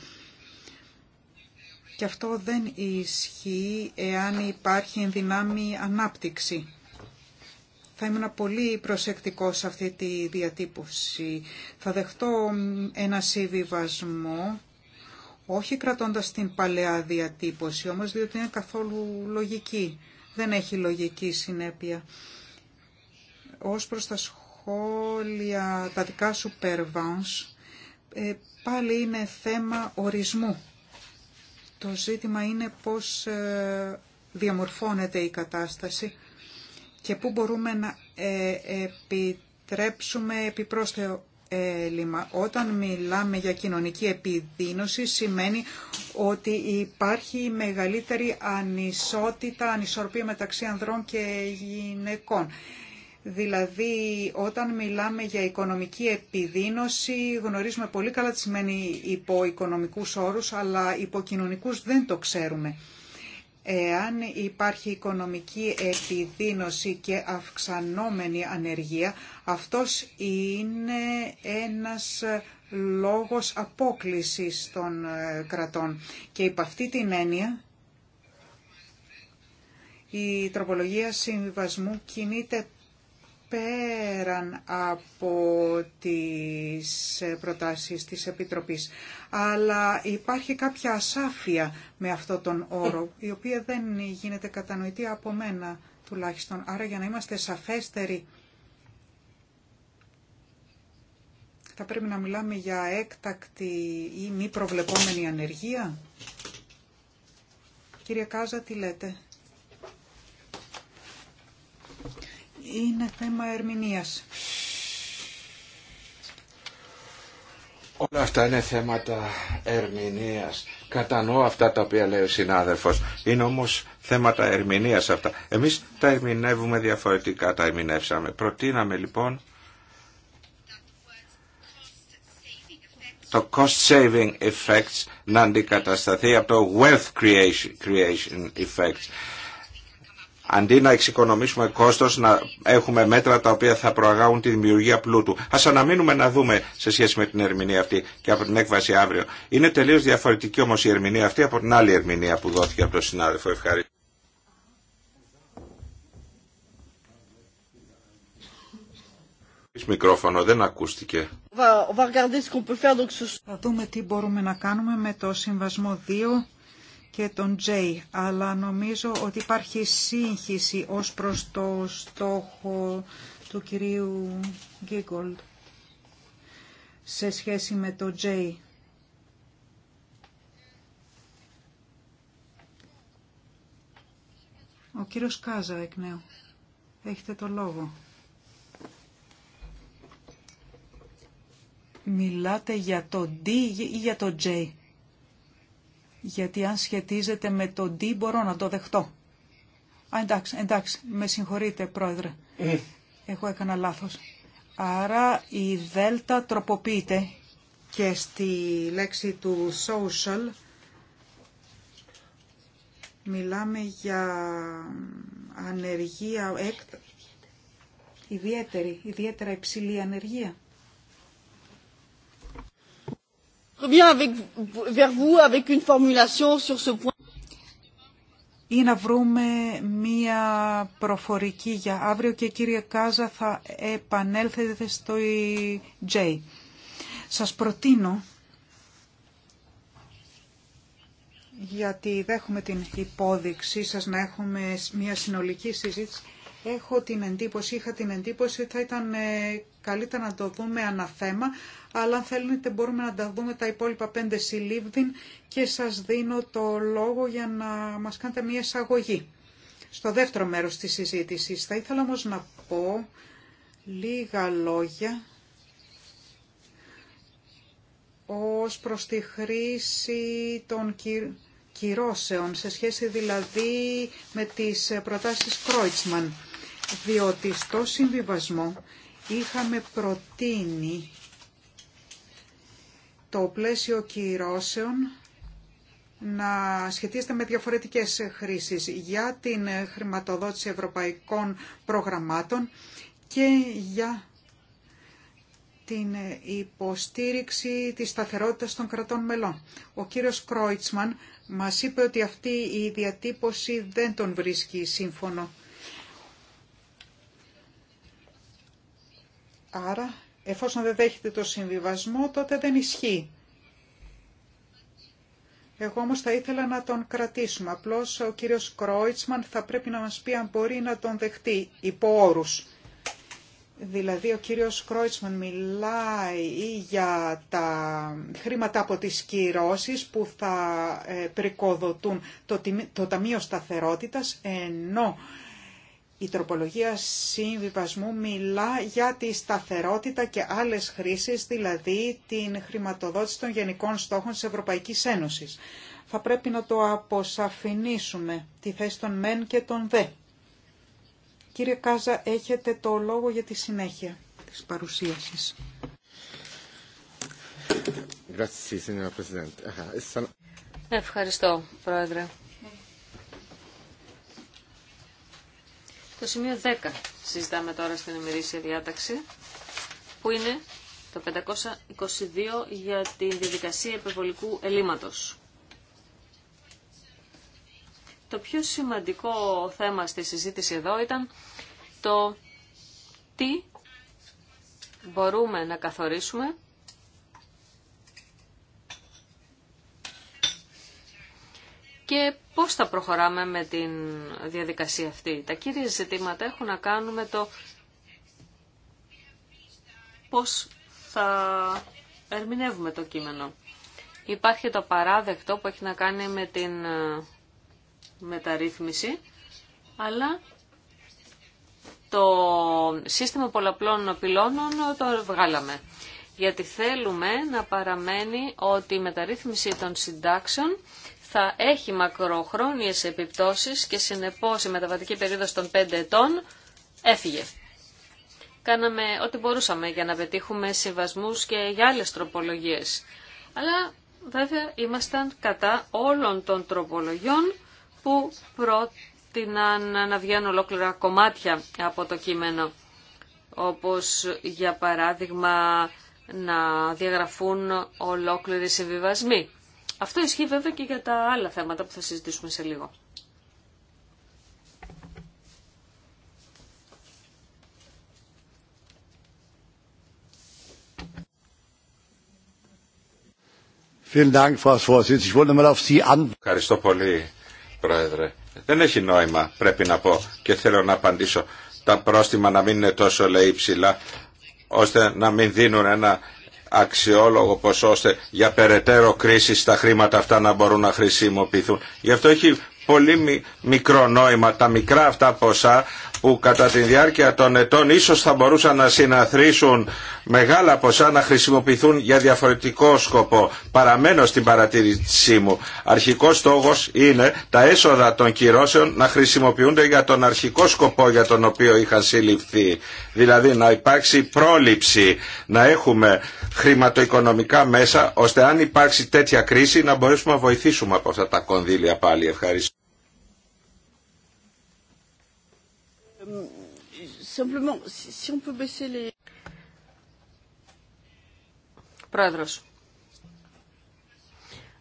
Και αυτό δεν ισχύει εάν υπάρχει ενδυνάμει ανάπτυξη. Θα ήμουν πολύ προσεκτικός σε αυτή τη διατύπωση. Θα δεχτώ ένα συμβιβασμό, όχι κρατώντας την παλαιά διατύπωση, όμως διότι είναι καθόλου λογική. Δεν έχει λογική συνέπεια. Ως προς τα σχόλια, τα δικά σου περβάνς, πάλι είναι θέμα ορισμού. Το ζήτημα είναι πώς ε, διαμορφώνεται η κατάσταση και πού μπορούμε να ε, επιτρέψουμε επιπρόσθεο έλλειμμα. Ε, όταν μιλάμε για κοινωνική επιδείνωση σημαίνει ότι υπάρχει μεγαλύτερη ανισότητα, ανισορροπία μεταξύ ανδρών και γυναικών. Δηλαδή, όταν μιλάμε για οικονομική επιδείνωση, γνωρίζουμε πολύ καλά τι σημαίνει υπό οικονομικούς όρους, αλλά υπό δεν το ξέρουμε. Εάν υπάρχει οικονομική επιδείνωση και αυξανόμενη ανεργία, αυτός είναι ένας λόγος απόκλησης των ε, κρατών. Και υπ' αυτή την έννοια η τροπολογία συμβιβασμού κινείται πέραν από τις ε, προτάσεις της Επιτροπής. Αλλά υπάρχει κάποια ασάφεια με αυτό τον όρο, η οποία δεν γίνεται κατανοητή από μένα τουλάχιστον. Άρα για να είμαστε σαφέστεροι, θα πρέπει να μιλάμε για έκτακτη ή μη προβλεπόμενη ανεργία. Κύριε Κάζα, τι λέτε. είναι θέμα ερμηνείας. Όλα αυτά είναι θέματα ερμηνείας. Κατανοώ αυτά τα οποία λέει ο συνάδελφος. Είναι όμως θέματα ερμηνείας αυτά. Εμείς τα ερμηνεύουμε διαφορετικά, τα ερμηνεύσαμε. Προτείναμε λοιπόν το cost saving effects να αντικατασταθεί από το wealth creation, creation effects Αντί να εξοικονομήσουμε κόστος, να έχουμε μέτρα τα οποία θα προαγάγουν τη δημιουργία πλούτου. Ας αναμείνουμε να δούμε σε σχέση με την ερμηνεία αυτή και από την έκβαση αύριο. Είναι τελείως διαφορετική όμως η ερμηνεία αυτή από την άλλη ερμηνεία που δόθηκε από τον συνάδελφο. Ευχαριστώ. Μικρόφωνο, δεν ακούστηκε. Θα δούμε τι μπορούμε να κάνουμε με το Συμβασμό 2 και τον Τζέι, αλλά νομίζω ότι υπάρχει σύγχυση ως προς το στόχο του κυρίου Γκίγκολτ σε σχέση με το Τζέι. Ο κύριος Κάζα εκ νέου. Έχετε το λόγο. Μιλάτε για το D ή για το J γιατί αν σχετίζεται με το τι μπορώ να το δεχτώ. Α, εντάξει, εντάξει, με συγχωρείτε πρόεδρε. Ε. Έχω Εγώ έκανα λάθος. Άρα η δέλτα τροποποιείται και στη λέξη του social μιλάμε για ανεργία, εκ, ιδιαίτερη, ιδιαίτερα υψηλή ανεργία. reviens Ή να βρούμε μία προφορική για αύριο και κύριε Κάζα θα επανέλθετε στο EJ. Σας προτείνω, γιατί δέχομαι την υπόδειξή σας να έχουμε μία συνολική συζήτηση, έχω την εντύπωση, είχα την εντύπωση ότι θα ήταν ε, καλύτερα να το δούμε αναθέμα, αλλά αν θέλετε μπορούμε να τα δούμε τα υπόλοιπα πέντε συλλήβδιν και σας δίνω το λόγο για να μας κάνετε μια εισαγωγή. Στο δεύτερο μέρος της συζήτησης θα ήθελα όμως να πω λίγα λόγια ως προς τη χρήση των κυρώσεων, σε σχέση δηλαδή με τις προτάσεις Κρόιτσμαν, διότι στο συμβιβασμό είχαμε προτείνει το πλαίσιο κυρώσεων να σχετίζεται με διαφορετικές χρήσεις για την χρηματοδότηση ευρωπαϊκών προγραμμάτων και για την υποστήριξη της σταθερότητας των κρατών μελών. Ο κύριος Κρόιτσμαν μας είπε ότι αυτή η διατύπωση δεν τον βρίσκει σύμφωνο. Άρα εφόσον δεν δέχεται το συμβιβασμό, τότε δεν ισχύει. Εγώ όμως θα ήθελα να τον κρατήσουμε. Απλώς ο κύριος Κρόιτσμαν θα πρέπει να μας πει αν μπορεί να τον δεχτεί υπό όρους. Δηλαδή ο κύριος Κρόιτσμαν μιλάει για τα χρήματα από τις κυρώσεις που θα ε, πρικοδοτούν το Ταμείο Σταθερότητας, ενώ η τροπολογία συμβιβασμού μιλά για τη σταθερότητα και άλλες χρήσεις, δηλαδή την χρηματοδότηση των γενικών στόχων της Ευρωπαϊκής Ένωσης. Θα πρέπει να το αποσαφηνίσουμε, τη θέση των μεν και των δε. Κύριε Κάζα, έχετε το λόγο για τη συνέχεια της παρουσίασης. Ευχαριστώ, Πρόεδρε. Το σημείο 10 συζητάμε τώρα στην ημερήσια διάταξη, που είναι το 522 για τη διαδικασία υπερβολικού ελλείμματος. Το πιο σημαντικό θέμα στη συζήτηση εδώ ήταν το τι μπορούμε να καθορίσουμε και πώς θα προχωράμε με την διαδικασία αυτή. Τα κύρια ζητήματα έχουν να κάνουν με το πώς θα ερμηνεύουμε το κείμενο. Υπάρχει το παράδεκτο που έχει να κάνει με την ε, μεταρρύθμιση, αλλά το σύστημα πολλαπλών πυλώνων το βγάλαμε. Γιατί θέλουμε να παραμένει ότι η μεταρρύθμιση των συντάξεων θα έχει μακροχρόνιες επιπτώσεις και συνεπώς η μεταβατική περίοδος των 5 ετών έφυγε. Κάναμε ό,τι μπορούσαμε για να πετύχουμε συμβασμούς και για άλλες τροπολογίες. Αλλά βέβαια ήμασταν κατά όλων των τροπολογιών που πρότειναν να βγαίνουν ολόκληρα κομμάτια από το κείμενο. Όπως για παράδειγμα να διαγραφούν ολόκληροι συμβιβασμοί αυτό ισχύει βέβαια και για τα άλλα θέματα που θα συζητήσουμε σε λίγο. Ευχαριστώ πολύ, Πρόεδρε. Δεν έχει νόημα, πρέπει να πω, και θέλω να απαντήσω. Τα πρόστιμα να μην είναι τόσο λέει ψηλά, ώστε να μην δίνουν ένα αξιόλογο ποσό ώστε για περαιτέρω κρίση τα χρήματα αυτά να μπορούν να χρησιμοποιηθούν. Γι' αυτό έχει πολύ μικρό νόημα τα μικρά αυτά ποσά που κατά τη διάρκεια των ετών ίσως θα μπορούσαν να συναθρήσουν μεγάλα ποσά να χρησιμοποιηθούν για διαφορετικό σκοπό. Παραμένω στην παρατήρησή μου. Αρχικός στόχος είναι τα έσοδα των κυρώσεων να χρησιμοποιούνται για τον αρχικό σκοπό για τον οποίο είχαν συλληφθεί. Δηλαδή να υπάρξει πρόληψη, να έχουμε χρηματοοικονομικά μέσα ώστε αν υπάρξει τέτοια κρίση να μπορέσουμε να βοηθήσουμε από αυτά τα κονδύλια πάλι. Ευχαριστώ. Simplement, Πρόεδρος,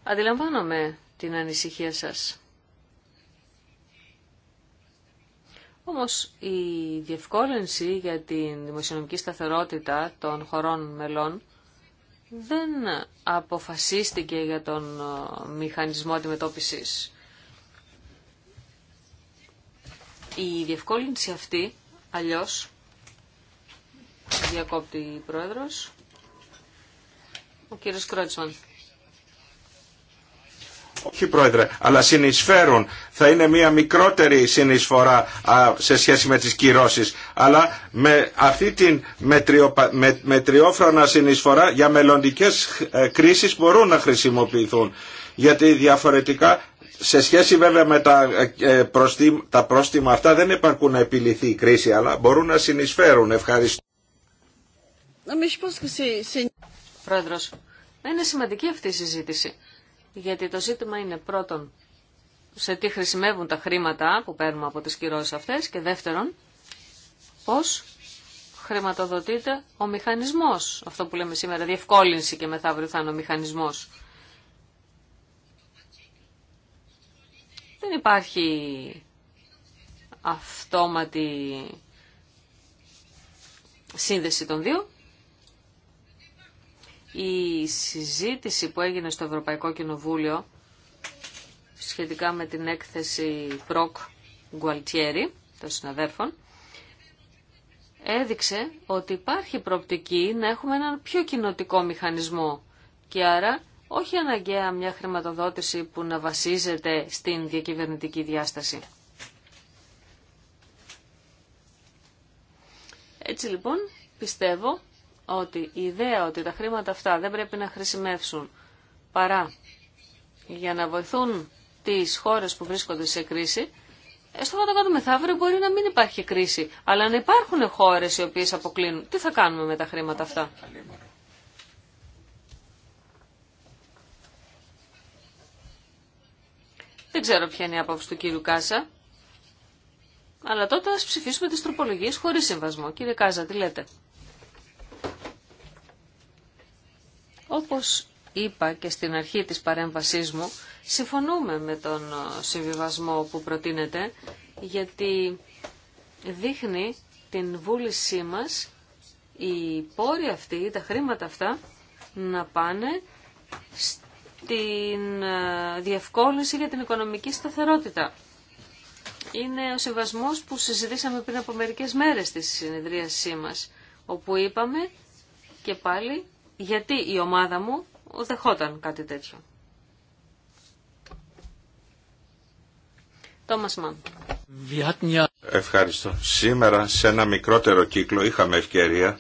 αντιλαμβάνομαι την ανησυχία σας. Όμως η διευκόλυνση για την δημοσιονομική σταθερότητα των χωρών μελών δεν αποφασίστηκε για τον ε, μηχανισμό αντιμετώπισης. Η διευκόλυνση αυτή Αλλιώς, διακόπτη η Πρόεδρος, ο κύριος Κρότσον. Όχι πρόεδρε, αλλά συνεισφέρουν. Θα είναι μια μικρότερη συνεισφορά σε σχέση με τις κυρώσεις. Αλλά με αυτή την μετριόφρονα συνεισφορά για μελλοντικές ε, κρίσεις μπορούν να χρησιμοποιηθούν. Γιατί διαφορετικά σε σχέση βέβαια με τα, ε, ε, τα πρόστιμα αυτά δεν επαρκούν να επιληθεί η κρίση αλλά μπορούν να συνεισφέρουν. Ευχαριστώ. Πρόεδρος, είναι σημαντική αυτή η συζήτηση γιατί το ζήτημα είναι πρώτον σε τι χρησιμεύουν τα χρήματα που παίρνουμε από τις κυρώσεις αυτές και δεύτερον πώς χρηματοδοτείται ο μηχανισμός, αυτό που λέμε σήμερα διευκόλυνση και μεθαύριο θα είναι ο μηχανισμός. Δεν υπάρχει αυτόματη σύνδεση των δύο. Η συζήτηση που έγινε στο Ευρωπαϊκό Κοινοβούλιο σχετικά με την έκθεση Προκ Γκουαλτιέρη των συναδέρφων έδειξε ότι υπάρχει προοπτική να έχουμε έναν πιο κοινοτικό μηχανισμό και άρα όχι αναγκαία μια χρηματοδότηση που να βασίζεται στην διακυβερνητική διάσταση. Έτσι λοιπόν πιστεύω ότι η ιδέα ότι τα χρήματα αυτά δεν πρέπει να χρησιμεύσουν παρά για να βοηθούν τις χώρες που βρίσκονται σε κρίση, στο το κάνουμε μεθαύριο μπορεί να μην υπάρχει κρίση, αλλά να υπάρχουν χώρες οι οποίες αποκλίνουν. Τι θα κάνουμε με τα χρήματα αυτά. Δεν ξέρω ποια είναι η άποψη του κύριου Κάσα. Αλλά τότε ας ψηφίσουμε τις τροπολογίες χωρίς συμβασμό. Κύριε Κάζα, τι λέτε. Όπως είπα και στην αρχή της παρέμβασής μου, συμφωνούμε με τον ε, συμβιβασμό που προτείνεται, γιατί δείχνει την βούλησή μας οι πόροι αυτοί, τα χρήματα αυτά, να πάνε την ε, διευκόλυνση για την οικονομική σταθερότητα. Είναι ο συμβασμός που συζητήσαμε πριν από μερικές μέρες στη συνεδρίασή μας, όπου είπαμε και πάλι γιατί η ομάδα μου δεχόταν κάτι τέτοιο. Τόμας Μαν. Ευχαριστώ. Σήμερα σε ένα μικρότερο κύκλο είχαμε ευκαιρία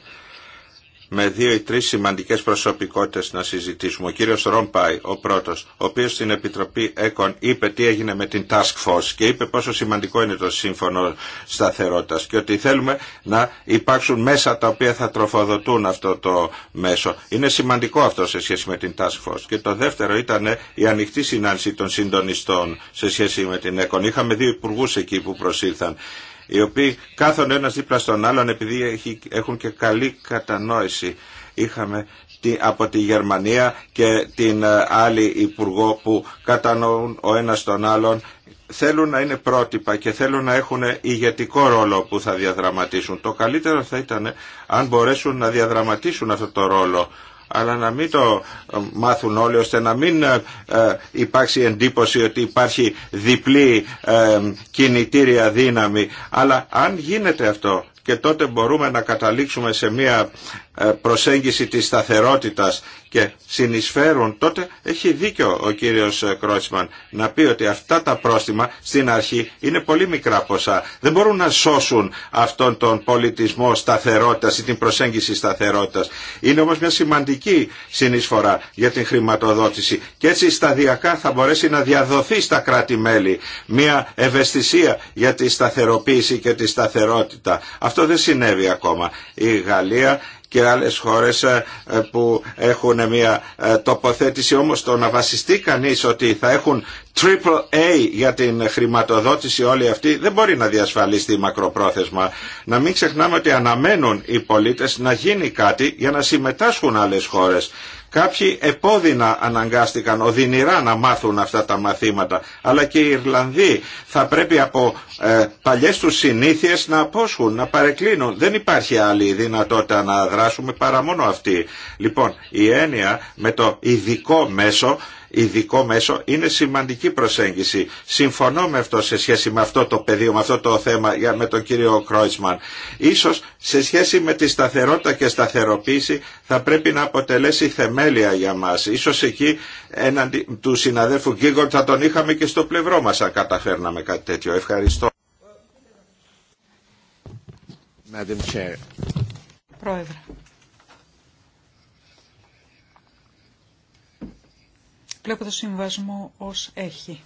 με δύο ή τρεις σημαντικές προσωπικότητες να συζητήσουμε. Ο κύριος Ρόμπαϊ, ο πρώτος, ο οποίος στην Επιτροπή ΕΚΟΝ είπε τι έγινε με την Task Force και είπε πόσο σημαντικό είναι το σύμφωνο σταθερότητας και ότι θέλουμε να υπάρξουν μέσα τα οποία θα τροφοδοτούν αυτό το μέσο. Είναι σημαντικό αυτό σε σχέση με την Task Force. Και το δεύτερο ήταν η ανοιχτή συνάντηση των συντονιστών σε σχέση με την ΕΚΟΝ. Είχαμε δύο υπουργού εκεί που προσήλθαν οι οποίοι κάθονται ένας δίπλα στον άλλον επειδή έχουν και καλή κατανόηση. Είχαμε από τη Γερμανία και την ε, άλλη υπουργό που κατανοούν ο ένας τον άλλον θέλουν να είναι πρότυπα και θέλουν να έχουν ηγετικό ρόλο που θα διαδραματίσουν. Το καλύτερο θα ήταν αν μπορέσουν να διαδραματίσουν αυτό το ρόλο αλλά να μην το ε, μάθουν όλοι ώστε να μην ε, ε, υπάρξει εντύπωση ότι υπάρχει διπλή κινητήρια δύναμη. Αλλά αν γίνεται αυτό και τότε μπορούμε να καταλήξουμε σε μια ε, προσέγγιση της σταθερότητας και συνεισφέρουν, τότε έχει δίκιο ο κύριος Κρότσμαν να πει ότι αυτά τα πρόστιμα στην αρχή είναι πολύ μικρά ποσά. Δεν μπορούν να σώσουν αυτόν τον πολιτισμό σταθερότητας ή την προσέγγιση σταθερότητας. Είναι όμως μια σημαντική συνεισφορά για την χρηματοδότηση και έτσι σταδιακά θα μπορέσει να διαδοθεί στα κράτη-μέλη μια ευαισθησία για τη σταθεροποίηση και τη σταθερότητα. Αυτό δεν συνέβη ακόμα. Η Γαλλία και άλλες χώρες ε, ε, που έχουν μια ε, τοποθέτηση όμως το να βασιστεί κανείς ότι θα έχουν triple A για την χρηματοδότηση όλοι αυτοί δεν μπορεί να διασφαλίσει μακροπρόθεσμα. Να μην ξεχνάμε ότι αναμένουν οι πολίτες να γίνει κάτι για να συμμετάσχουν άλλες χώρες Κάποιοι επώδυνα αναγκάστηκαν οδυνηρά να μάθουν αυτά τα μαθήματα, αλλά και οι Ιρλανδοί θα πρέπει από ε, παλιές τους συνήθειες να απόσχουν, να παρεκκλίνουν. Δεν υπάρχει άλλη δυνατότητα να δράσουμε παρά μόνο αυτή. Λοιπόν, η έννοια με το ειδικό μέσο ειδικό μέσο είναι σημαντική προσέγγιση. Συμφωνώ με αυτό σε σχέση με αυτό το πεδίο, με αυτό το θέμα για, με τον κύριο Κρόισμαν. Ίσως σε σχέση με τη σταθερότητα και σταθεροποίηση θα πρέπει να αποτελέσει θεμέλια για μας. Ίσως εκεί του συναδέλφου Γκίγκορ θα τον είχαμε και στο πλευρό μας αν καταφέρναμε κάτι τέτοιο. Ευχαριστώ. Πρόεδρε. Βλέπω το συμβασμό ως έχει.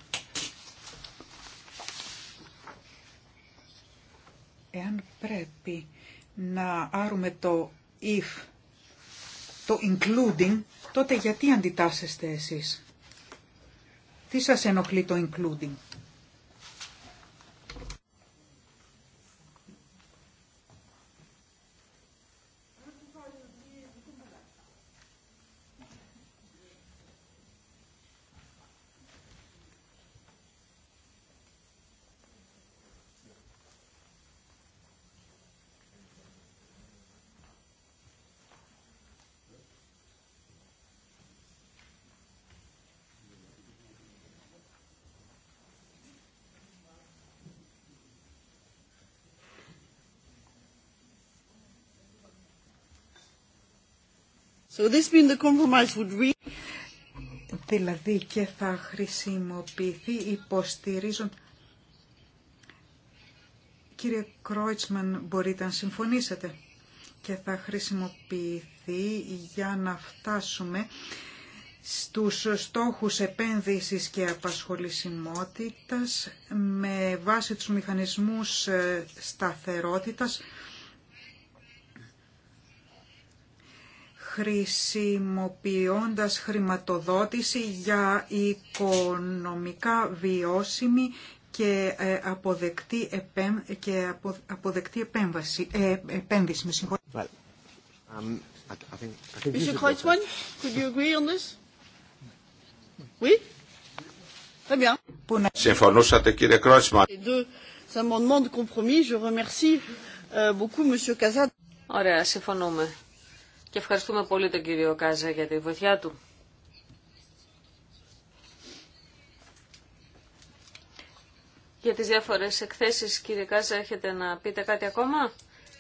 Εάν πρέπει να άρουμε το if, το including, τότε γιατί αντιτάσσεστε εσείς. Τι σας ενοχλεί το including. So this the compromise would Δηλαδή και θα χρησιμοποιηθεί υποστηρίζον... Κύριε Κρόιτσμαν, μπορείτε να συμφωνήσετε και θα χρησιμοποιηθεί για να φτάσουμε στους στόχους επένδυσης και απασχολησιμότητας με βάση τους μηχανισμούς ε, σταθερότητας χρησιμοποιώντας χρηματοδότηση για οικονομικά βιώσιμη και ε, αποδεκτή, επέμβαση, ε, επένδυση. Με συγχωρείτε. Um, Συμφωνούσατε κύριε Κρότσμαν. Euh, Ωραία, συμφωνούμε. Και ευχαριστούμε πολύ τον κύριο Κάζα για τη βοηθειά του. Για τις διάφορες εκθέσεις, κύριε Κάζα, έχετε να πείτε κάτι ακόμα.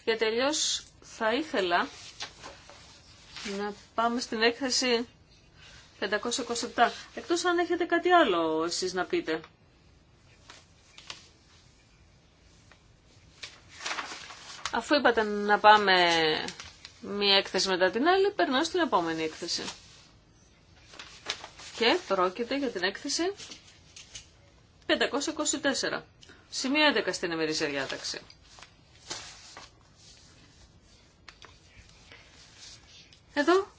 Για τελειώς θα ήθελα να πάμε στην έκθεση 527. Εκτός αν έχετε κάτι άλλο εσείς να πείτε. Αφού είπατε να πάμε μία έκθεση μετά την άλλη, περνάω στην επόμενη έκθεση. Και πρόκειται για την έκθεση 524. σημεία 11 στην ημερήσια διάταξη. Εδώ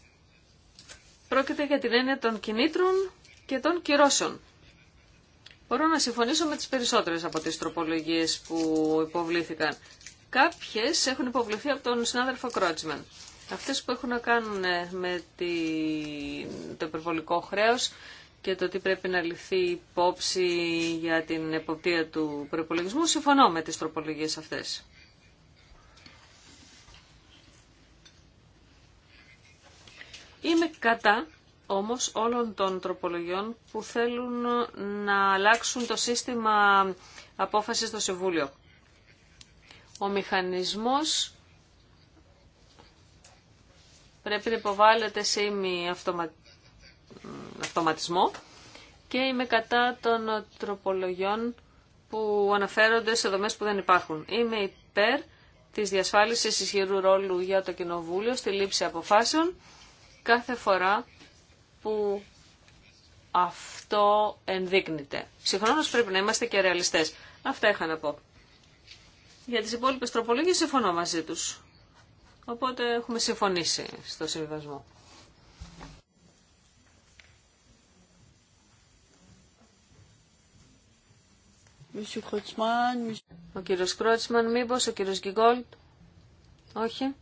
πρόκειται για την έννοια των κινήτρων και των κυρώσεων. Μπορώ να συμφωνήσω με τις περισσότερες από τις τροπολογίες που υποβλήθηκαν. Κάποιε έχουν υποβληθεί από τον συνάδελφο Κρότσμαν. Αυτές που έχουν να κάνουν ε, με το υπερβολικό χρέο και το τι πρέπει να ληφθεί υπόψη για την εποπτεία του προπολογισμού, συμφωνώ με τι τροπολογίε αυτές. Είμαι κατά όμως όλων των τροπολογιών που θέλουν να αλλάξουν το σύστημα απόφασης στο Συμβούλιο. Ο μηχανισμός πρέπει να υποβάλλεται σε ημι-αυτοματισμό και είμαι κατά των τροπολογιών που αναφέρονται σε δομές που δεν υπάρχουν. Είμαι υπέρ της διασφάλισης ισχυρού ρόλου για το Κοινοβούλιο στη λήψη αποφάσεων κάθε φορά που αυτό ενδείκνυται. Συγχρόνως πρέπει να είμαστε και ρεαλιστές. Αυτά είχα να πω. Για τις υπόλοιπες τροπολογίες συμφωνώ μαζί τους. Οπότε έχουμε συμφωνήσει στο συμβιβασμό. Ο κύριος Κρότσμαν, μήπως ο κύριος Γκίγκολτ. Όχι.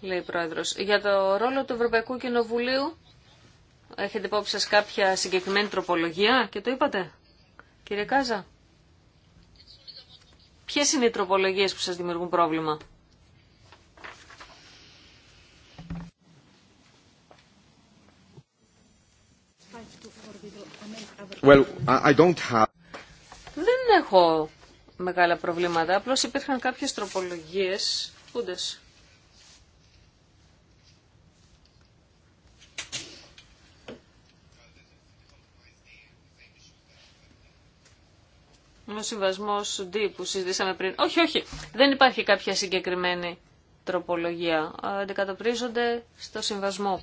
Λέει η Πρόεδρος. Για το ρόλο του Ευρωπαϊκού Κοινοβουλίου έχετε υπόψη σας κάποια συγκεκριμένη τροπολογία και το είπατε. Κύριε Κάζα. Ποιες είναι οι τροπολογίες που σας δημιουργούν πρόβλημα. Well, I don't have... Δεν έχω μεγάλα προβλήματα, απλώς υπήρχαν κάποιες τροπολογίες. ούτες. Ο συμβασμό D που συζητήσαμε πριν. Όχι, όχι. Δεν υπάρχει κάποια συγκεκριμένη τροπολογία. Αντικατοπρίζονται στο συμβασμό.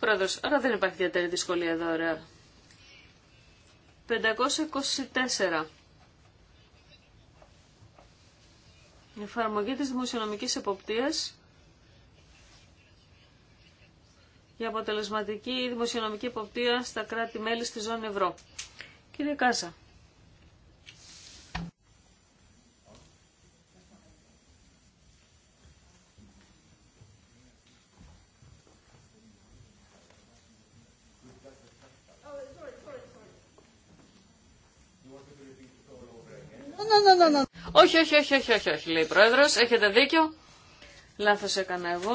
Πρόεδρος, άρα δεν υπάρχει ιδιαίτερη δυσκολία εδώ, ωραία. 524. εφαρμογή της δημοσιονομικής εποπτείας για αποτελεσματική δημοσιονομική εποπτεία στα κράτη-μέλη στη ζώνη ευρώ. Κύριε Κάσα. Όχι, όχι, όχι, όχι, όχι, όχι λέει η πρόεδρο. Έχετε δίκιο. Λάθο έκανα εγώ.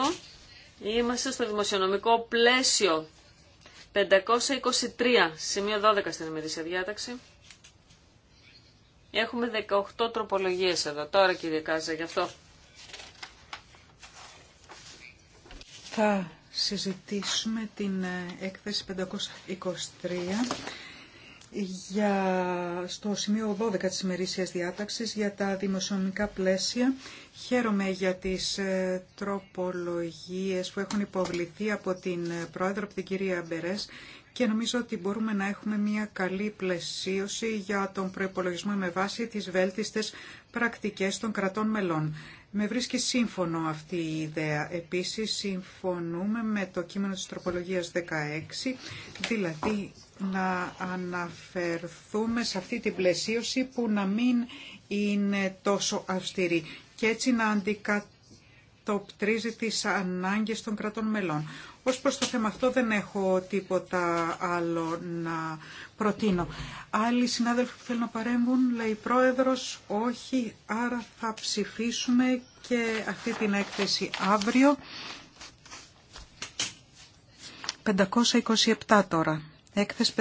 Είμαστε στο δημοσιονομικό πλαίσιο 523, σημείο 12 στην ημερήσια διάταξη. Έχουμε 18 τροπολογίες εδώ. Τώρα κύριε Κάζα, γι' αυτό. Θα συζητήσουμε την ε, έκθεση 523 για, στο σημείο 12 της ημερήσιας διάταξης για τα δημοσιονομικά πλαίσια. Χαίρομαι για τις ε, τροπολογίες που έχουν υποβληθεί από την ε, Πρόεδρο, από την κυρία Μπερές και νομίζω ότι μπορούμε να έχουμε μια καλή πλαισίωση για τον προϋπολογισμό με βάση τις βέλτιστες πρακτικές των κρατών μελών. Με βρίσκει σύμφωνο αυτή η ιδέα. Επίσης συμφωνούμε με το κείμενο της τροπολογίας 16, δηλαδή να αναφερθούμε σε αυτή την πλαισίωση που να μην είναι τόσο αυστηρή και έτσι να αντικατοπτρίζει τις ανάγκες των κρατών μελών. Ως προς το θέμα αυτό δεν έχω τίποτα άλλο να προτείνω. Άλλοι συνάδελφοι που θέλουν να παρέμβουν, λέει πρόεδρος, όχι, άρα θα ψηφίσουμε και αυτή την έκθεση αύριο. 527 τώρα. Έκθεση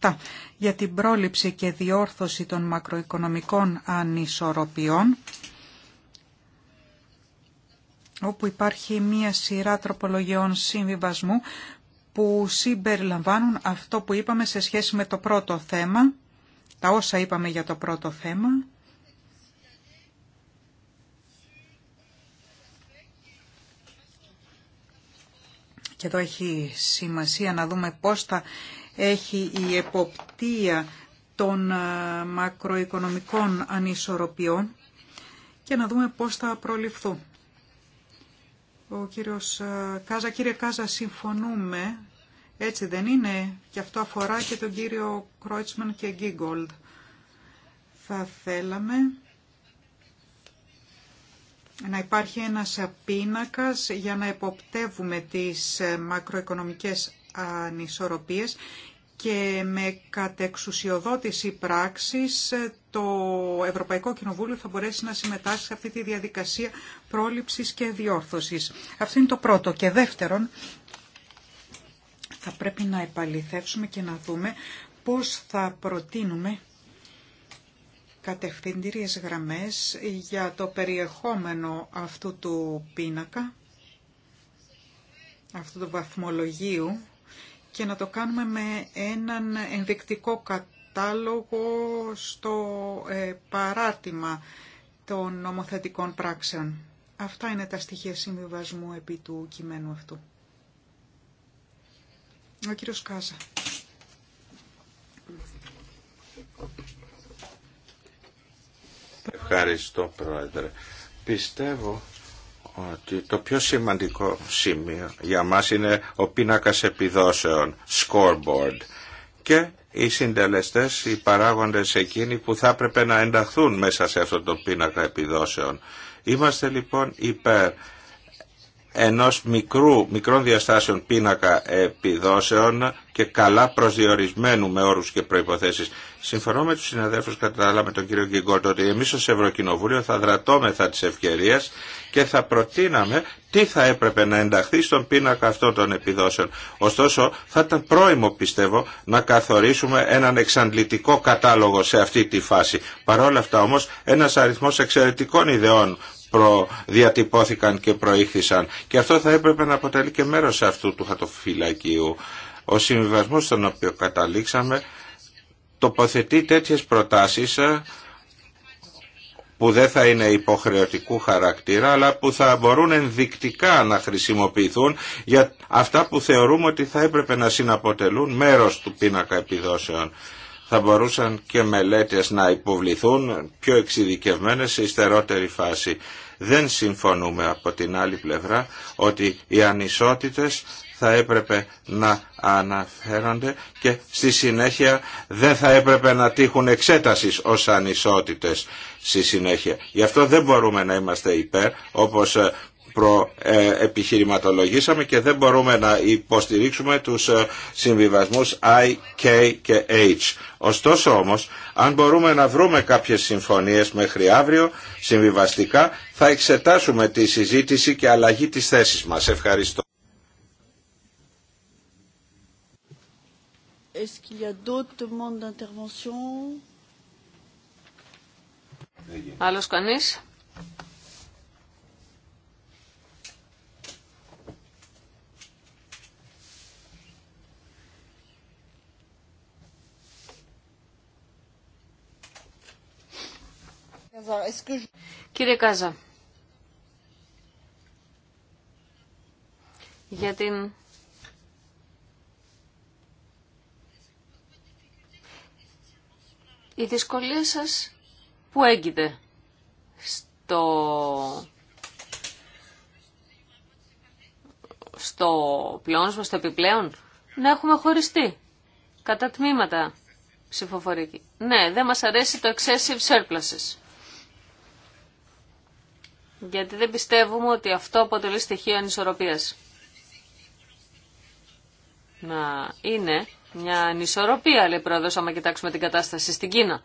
527 για την πρόληψη και διόρθωση των μακροοικονομικών ανισορροπιών όπου υπάρχει μία σειρά τροπολογιών συμβιβασμού που συμπεριλαμβάνουν αυτό που είπαμε σε σχέση με το πρώτο θέμα, τα όσα είπαμε για το πρώτο θέμα Και εδώ έχει σημασία να δούμε πώς θα έχει η εποπτεία των ε, μακροοικονομικών ανισορροπιών και να δούμε πώς θα προληφθούν. Ο κύριος ε, Κάζα, κύριε Κάζα, συμφωνούμε, έτσι δεν είναι, και αυτό αφορά και τον κύριο Κρόιτσμαν και Γκίγκολντ. Θα θέλαμε να υπάρχει ένας πίνακας για να εποπτεύουμε τις ε, μακροοικονομικές ανισορροπίες και με κατεξουσιοδότηση πράξης ε, το Ευρωπαϊκό Κοινοβούλιο θα μπορέσει να συμμετάσχει σε αυτή τη διαδικασία πρόληψης και διόρθωσης. Αυτό είναι το πρώτο. Και δεύτερον, θα πρέπει να επαληθεύσουμε και να δούμε πώς θα προτείνουμε κατευθυντήριες γραμμές για το περιεχόμενο αυτού του πίνακα, αυτού του βαθμολογίου και να το κάνουμε με έναν ενδεικτικό κατάλογο στο ε, παράτημα των νομοθετικών πράξεων. Αυτά είναι τα στοιχεία συμβιβασμού επί του κειμένου αυτού. Ο κύριος Κάζα. Ευχαριστώ Πρόεδρε. Πιστεύω ότι το πιο σημαντικό σημείο για μας είναι ο πίνακας επιδόσεων, scoreboard και οι συντελεστές, οι παράγοντες εκείνοι που θα έπρεπε να ενταχθούν μέσα σε αυτό το πίνακα επιδόσεων. Είμαστε λοιπόν υπέρ ενός μικρού, μικρών διαστάσεων πίνακα επιδόσεων και καλά προσδιορισμένου με όρους και προϋποθέσεις. Συμφωνώ με του συναδέλφους άλλα με τον κύριο Γκίγκορντ ότι εμεί ω Ευρωκοινοβούλιο θα δρατώμεθα τη ευκαιρία και θα προτείναμε τι θα έπρεπε να ενταχθεί στον πίνακα αυτών των επιδόσεων. Ωστόσο θα ήταν πρόημο πιστεύω να καθορίσουμε έναν εξαντλητικό κατάλογο σε αυτή τη φάση. Παρ' όλα αυτά όμω, ένα αριθμό εξαιρετικών ιδεών προδιατυπώθηκαν και προήχθησαν και αυτό θα έπρεπε να αποτελεί και μέρος αυτού του χατοφυλακίου. Ο συμβιβασμό στον οποίο καταλήξαμε τοποθετεί τέτοιες προτάσεις ε, που δεν θα είναι υποχρεωτικού χαρακτήρα, αλλά που θα μπορούν ενδεικτικά να χρησιμοποιηθούν για αυτά που θεωρούμε ότι θα έπρεπε να συναποτελούν μέρος του πίνακα επιδόσεων. Θα μπορούσαν και μελέτες να υποβληθούν πιο εξειδικευμένες σε υστερότερη φάση. Δεν συμφωνούμε από την άλλη πλευρά ότι οι ανισότητες θα έπρεπε να αναφέρονται και στη συνέχεια δεν θα έπρεπε να τύχουν εξέτασης ως ανισότητες στη συνέχεια. Γι' αυτό δεν μπορούμε να είμαστε υπέρ όπως ε, προεπιχειρηματολογήσαμε ε, και δεν μπορούμε να υποστηρίξουμε τους ε, συμβιβασμούς I, K και H. Ωστόσο όμως, αν μπορούμε να βρούμε κάποιες συμφωνίες μέχρι αύριο, συμβιβαστικά, θα εξετάσουμε τη συζήτηση και αλλαγή της θέσης μας. Ευχαριστώ. Est-ce qu'il y a d'autres demandes d'intervention Άλλος κανείς Κύριε Κάζα, για την Η δυσκολία σας που έγινε στο, στο πλεόνασμα, στο επιπλέον, να έχουμε χωριστεί κατά τμήματα ψηφοφορική. Ναι, δεν μας αρέσει το excessive surpluses. Γιατί δεν πιστεύουμε ότι αυτό αποτελεί στοιχείο ανισορροπίας. Να είναι μια ανισορροπία, λέει πρόεδρος, άμα κοιτάξουμε την κατάσταση στην Κίνα.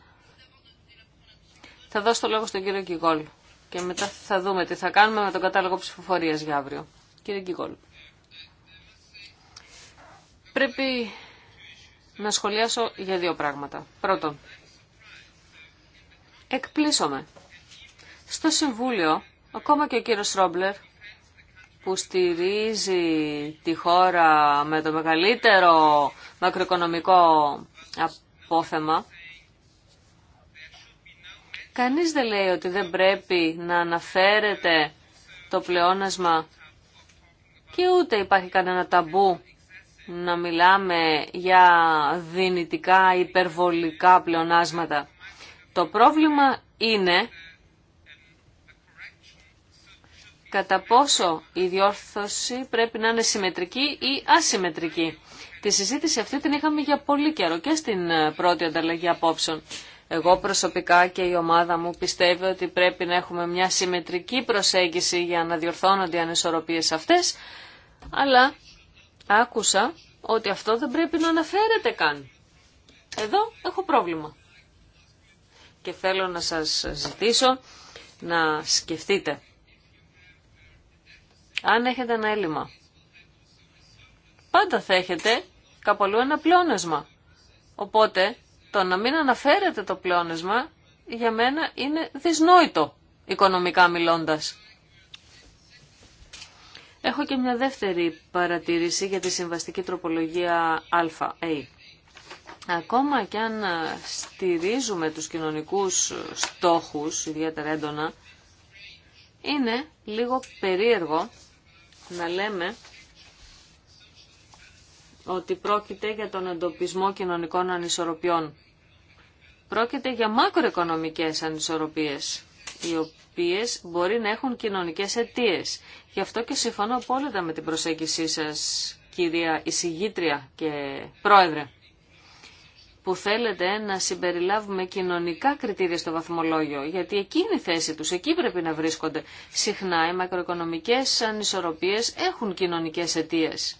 Θα δώσω το λόγο στον κύριο Κιγόλ και μετά θα δούμε τι θα κάνουμε με τον κατάλογο ψηφοφορίας για αύριο. Κύριε Κιγόλ. Πρέπει να σχολιάσω για δύο πράγματα. Πρώτον, εκπλήσωμε. Στο Συμβούλιο, ακόμα και ο κύριος Ρόμπλερ που στηρίζει τη χώρα με το μεγαλύτερο μακροοικονομικό απόθεμα, κανείς δεν λέει ότι δεν πρέπει να αναφέρεται το πλεόνασμα και ούτε υπάρχει κανένα ταμπού να μιλάμε για δυνητικά υπερβολικά πλεονάσματα. Το πρόβλημα είναι κατά πόσο η διόρθωση πρέπει να είναι συμμετρική ή ασυμμετρική. Τη συζήτηση αυτή την είχαμε για πολύ καιρό και στην ε, πρώτη ανταλλαγή απόψεων. Εγώ προσωπικά και η ομάδα μου πιστεύει ότι πρέπει να έχουμε μια συμμετρική προσέγγιση για να διορθώνονται οι ανισορροπίες αυτές, αλλά άκουσα ότι αυτό δεν πρέπει να αναφέρεται καν. Εδώ έχω πρόβλημα. Και θέλω να σας ζητήσω να σκεφτείτε αν έχετε ένα έλλειμμα, πάντα θα έχετε κάπου αλλού ένα πλεόνασμα. Οπότε, το να μην αναφέρετε το πλεόνασμα, για μένα είναι δυσνόητο, οικονομικά μιλώντας. Έχω και μια δεύτερη παρατήρηση για τη συμβαστική τροπολογία Α. Ε. Ακόμα και αν ε, στηρίζουμε τους κοινωνικούς στόχους, ιδιαίτερα έντονα, είναι λίγο περίεργο να λέμε ότι πρόκειται για τον εντοπισμό κοινωνικών ανισορροπιών. Πρόκειται για μακροοικονομικές ανισορροπίες, οι οποίες μπορεί να έχουν κοινωνικές αιτίες. Γι' αυτό και συμφωνώ απόλυτα με την προσέγγισή σας, κυρία εισηγήτρια και πρόεδρε που θέλετε να συμπεριλάβουμε κοινωνικά κριτήρια στο βαθμολόγιο, γιατί εκεί είναι η θέση τους, εκεί πρέπει να βρίσκονται. Συχνά οι μακροοικονομικές ανισορροπίες έχουν κοινωνικές αιτίες.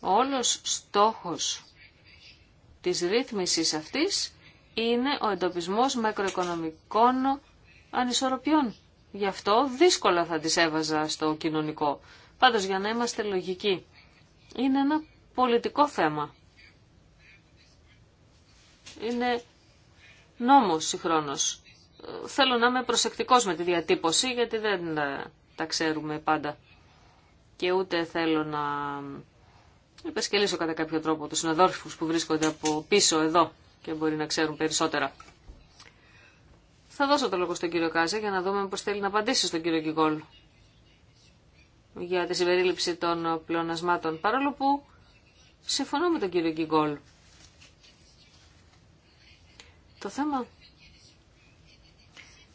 Όλος στόχος της ρύθμισης αυτής είναι ο εντοπισμός μακροοικονομικών ανισορροπιών. Γι' αυτό δύσκολα θα τις έβαζα στο κοινωνικό. Πάντως για να είμαστε λογικοί. Είναι ένα πολιτικό θέμα είναι νόμος συγχρόνως. Θέλω να είμαι προσεκτικός με τη διατύπωση γιατί δεν ε, τα ξέρουμε πάντα. Και ούτε θέλω να υπεσκελίσω κατά κάποιο τρόπο τους συναδόρφους που βρίσκονται από πίσω εδώ και μπορεί να ξέρουν περισσότερα. Θα δώσω το λόγο στον κύριο Κάζα για να δούμε πώς θέλει να απαντήσει στον κύριο Κιγόλ για τη συμπερίληψη των πλεονασμάτων, παρόλο που συμφωνώ με τον κύριο Κιγόλ το θέμα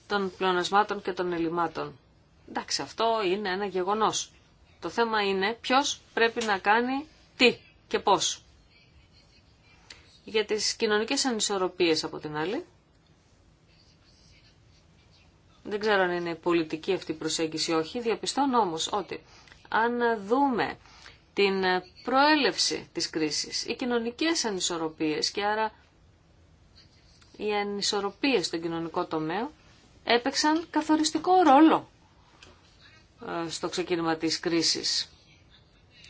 των πλεονασμάτων και των ελλημάτων. Εντάξει, αυτό είναι ένα γεγονός. Το θέμα είναι ποιος πρέπει να κάνει τι και πώς. Για τις κοινωνικές ανισορροπίες από την άλλη, δεν ξέρω αν είναι πολιτική αυτή η προσέγγιση ή όχι, διαπιστώνω όμως ότι αν δούμε την προέλευση της κρίσης, οι κοινωνικές ανισορροπίες και άρα οι ανισορροπίες στον κοινωνικό τομέα έπαιξαν καθοριστικό ρόλο ε, στο ξεκίνημα της κρίσης.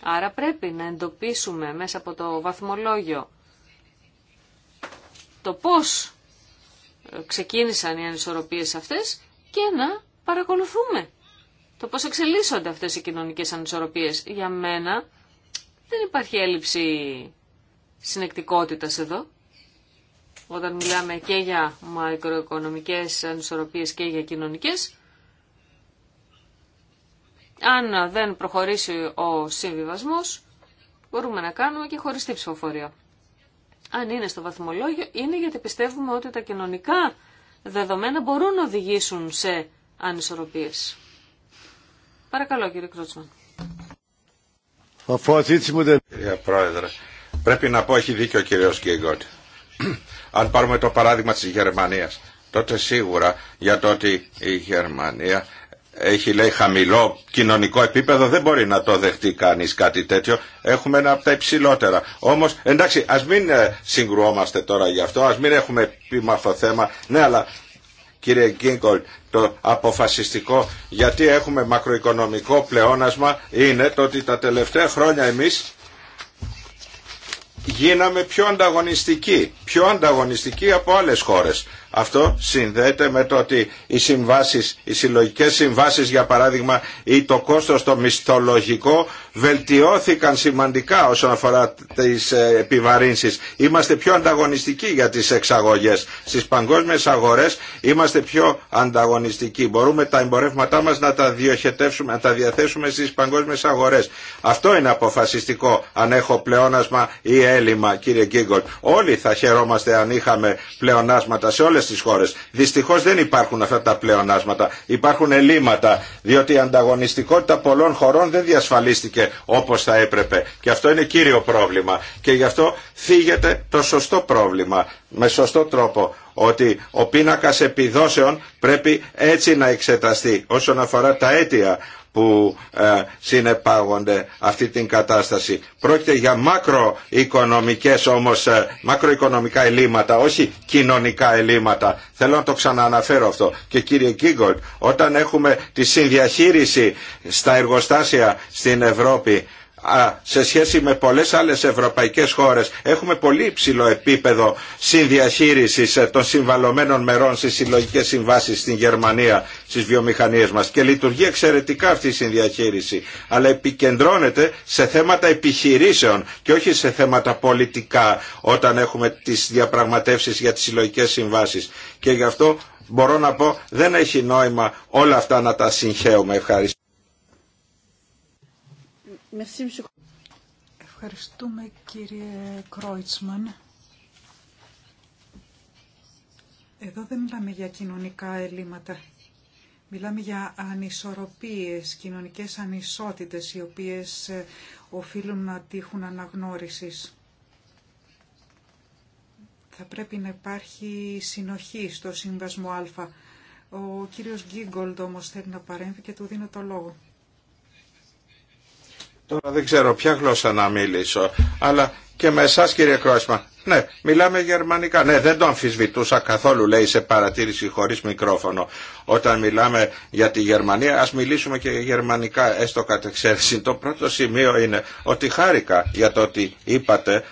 Άρα πρέπει να εντοπίσουμε μέσα από το βαθμολόγιο το πώς ε, ξεκίνησαν οι ανισορροπίες αυτές και να παρακολουθούμε το πώς εξελίσσονται αυτές οι κοινωνικές ανισορροπίες. Για μένα δεν υπάρχει έλλειψη συνεκτικότητας εδώ όταν μιλάμε και για μακροοικονομικές ανισορροπίες και για κοινωνικές, αν δεν προχωρήσει ο συμβιβασμός, μπορούμε να κάνουμε και χωριστή ψηφοφορία. Αν είναι στο βαθμολόγιο, είναι γιατί πιστεύουμε ότι τα κοινωνικά δεδομένα μπορούν να οδηγήσουν σε ανισορροπίες. Παρακαλώ κύριε Κρότσμαν. Κύριε Πρόεδρε, πρέπει να πω έχει δίκιο ο κύριος Γκίγκοτ. Αν πάρουμε το παράδειγμα της Γερμανίας, τότε σίγουρα για το ότι η Γερμανία έχει λέει χαμηλό κοινωνικό επίπεδο δεν μπορεί να το δεχτεί κανείς κάτι τέτοιο έχουμε ένα από τα υψηλότερα όμως εντάξει ας μην ε, συγκρουόμαστε τώρα γι' αυτό ας μην έχουμε πει με αυτό θέμα ναι αλλά κύριε Γκίνκολ το αποφασιστικό γιατί έχουμε μακροοικονομικό πλεόνασμα είναι το ότι τα τελευταία χρόνια εμείς γίναμε πιο ανταγωνιστικοί, πιο ανταγωνιστικοί από άλλες χώρες. Αυτό συνδέεται με το ότι οι συμβάσεις, οι συλλογικές συμβάσεις για παράδειγμα ή το κόστος το μισθολογικό βελτιώθηκαν σημαντικά όσον αφορά τις ε, επιβαρύνσεις. Είμαστε πιο ανταγωνιστικοί για τις εξαγωγές. Στις παγκόσμιες αγορές είμαστε πιο ανταγωνιστικοί. Μπορούμε τα εμπορεύματά μας να τα διοχετεύσουμε, να τα διαθέσουμε στις παγκόσμιες αγορές. Αυτό είναι αποφασιστικό αν έχω πλεόνασμα ή έλλειμμα κύριε Γκίγκολ. Όλοι θα χαιρόμαστε αν είχαμε πλεονάσματα όλες τις χώρες. Δυστυχώς δεν υπάρχουν αυτά τα πλεονάσματα. Υπάρχουν ελλείμματα, διότι η ανταγωνιστικότητα πολλών χωρών δεν διασφαλίστηκε όπως θα έπρεπε. Και αυτό είναι κύριο πρόβλημα. Και γι' αυτό θίγεται το σωστό πρόβλημα, με σωστό τρόπο ότι ο πίνακας επιδόσεων πρέπει έτσι να εξεταστεί όσον αφορά τα αίτια, που ε, συνεπάγονται αυτή την κατάσταση. Πρόκειται για μακροοικονομικές όμως, ε, μακροοικονομικά ελλείμματα, όχι κοινωνικά ελλείμματα. Θέλω να το ξανααναφέρω αυτό. Και κύριε Κίγκολτ, όταν έχουμε τη συνδιαχείριση στα εργοστάσια στην Ευρώπη, σε σχέση με πολλές άλλες ευρωπαϊκές χώρες έχουμε πολύ υψηλό επίπεδο συνδιαχείρισης ε, των συμβαλωμένων μερών στις συλλογικές συμβάσεις στην Γερμανία, στις βιομηχανίες μας και λειτουργεί εξαιρετικά αυτή η συνδιαχείριση αλλά επικεντρώνεται σε θέματα επιχειρήσεων και όχι σε θέματα πολιτικά όταν έχουμε τις διαπραγματεύσεις για τις συλλογικές συμβάσεις και γι' αυτό μπορώ να πω δεν έχει νόημα όλα αυτά να τα συγχαίουμε. Ευχαριστώ. Ευχαριστούμε κύριε Κρόιτσμαν. Εδώ δεν μιλάμε για κοινωνικά ελλείμματα. Μιλάμε για ανισορροπίες, κοινωνικές ανισότητες, οι οποίες ε, οφείλουν να τύχουν αναγνώρισης. Θα πρέπει να υπάρχει συνοχή στο Σύμβασμο Α. Ο κύριος Γκίγκολντ όμως θέλει να παρέμβει και του δίνω το λόγο. Τώρα δεν ξέρω ποια γλώσσα να μιλήσω, αλλά και με εσά κύριε Κρόσμα. Ναι, μιλάμε γερμανικά. Ναι, δεν το αμφισβητούσα καθόλου, λέει σε παρατήρηση χωρί μικρόφωνο. Όταν μιλάμε για τη Γερμανία, α μιλήσουμε και γερμανικά, έστω κατ' εξαίρεση. Το πρώτο σημείο είναι ότι χάρηκα για το ότι είπατε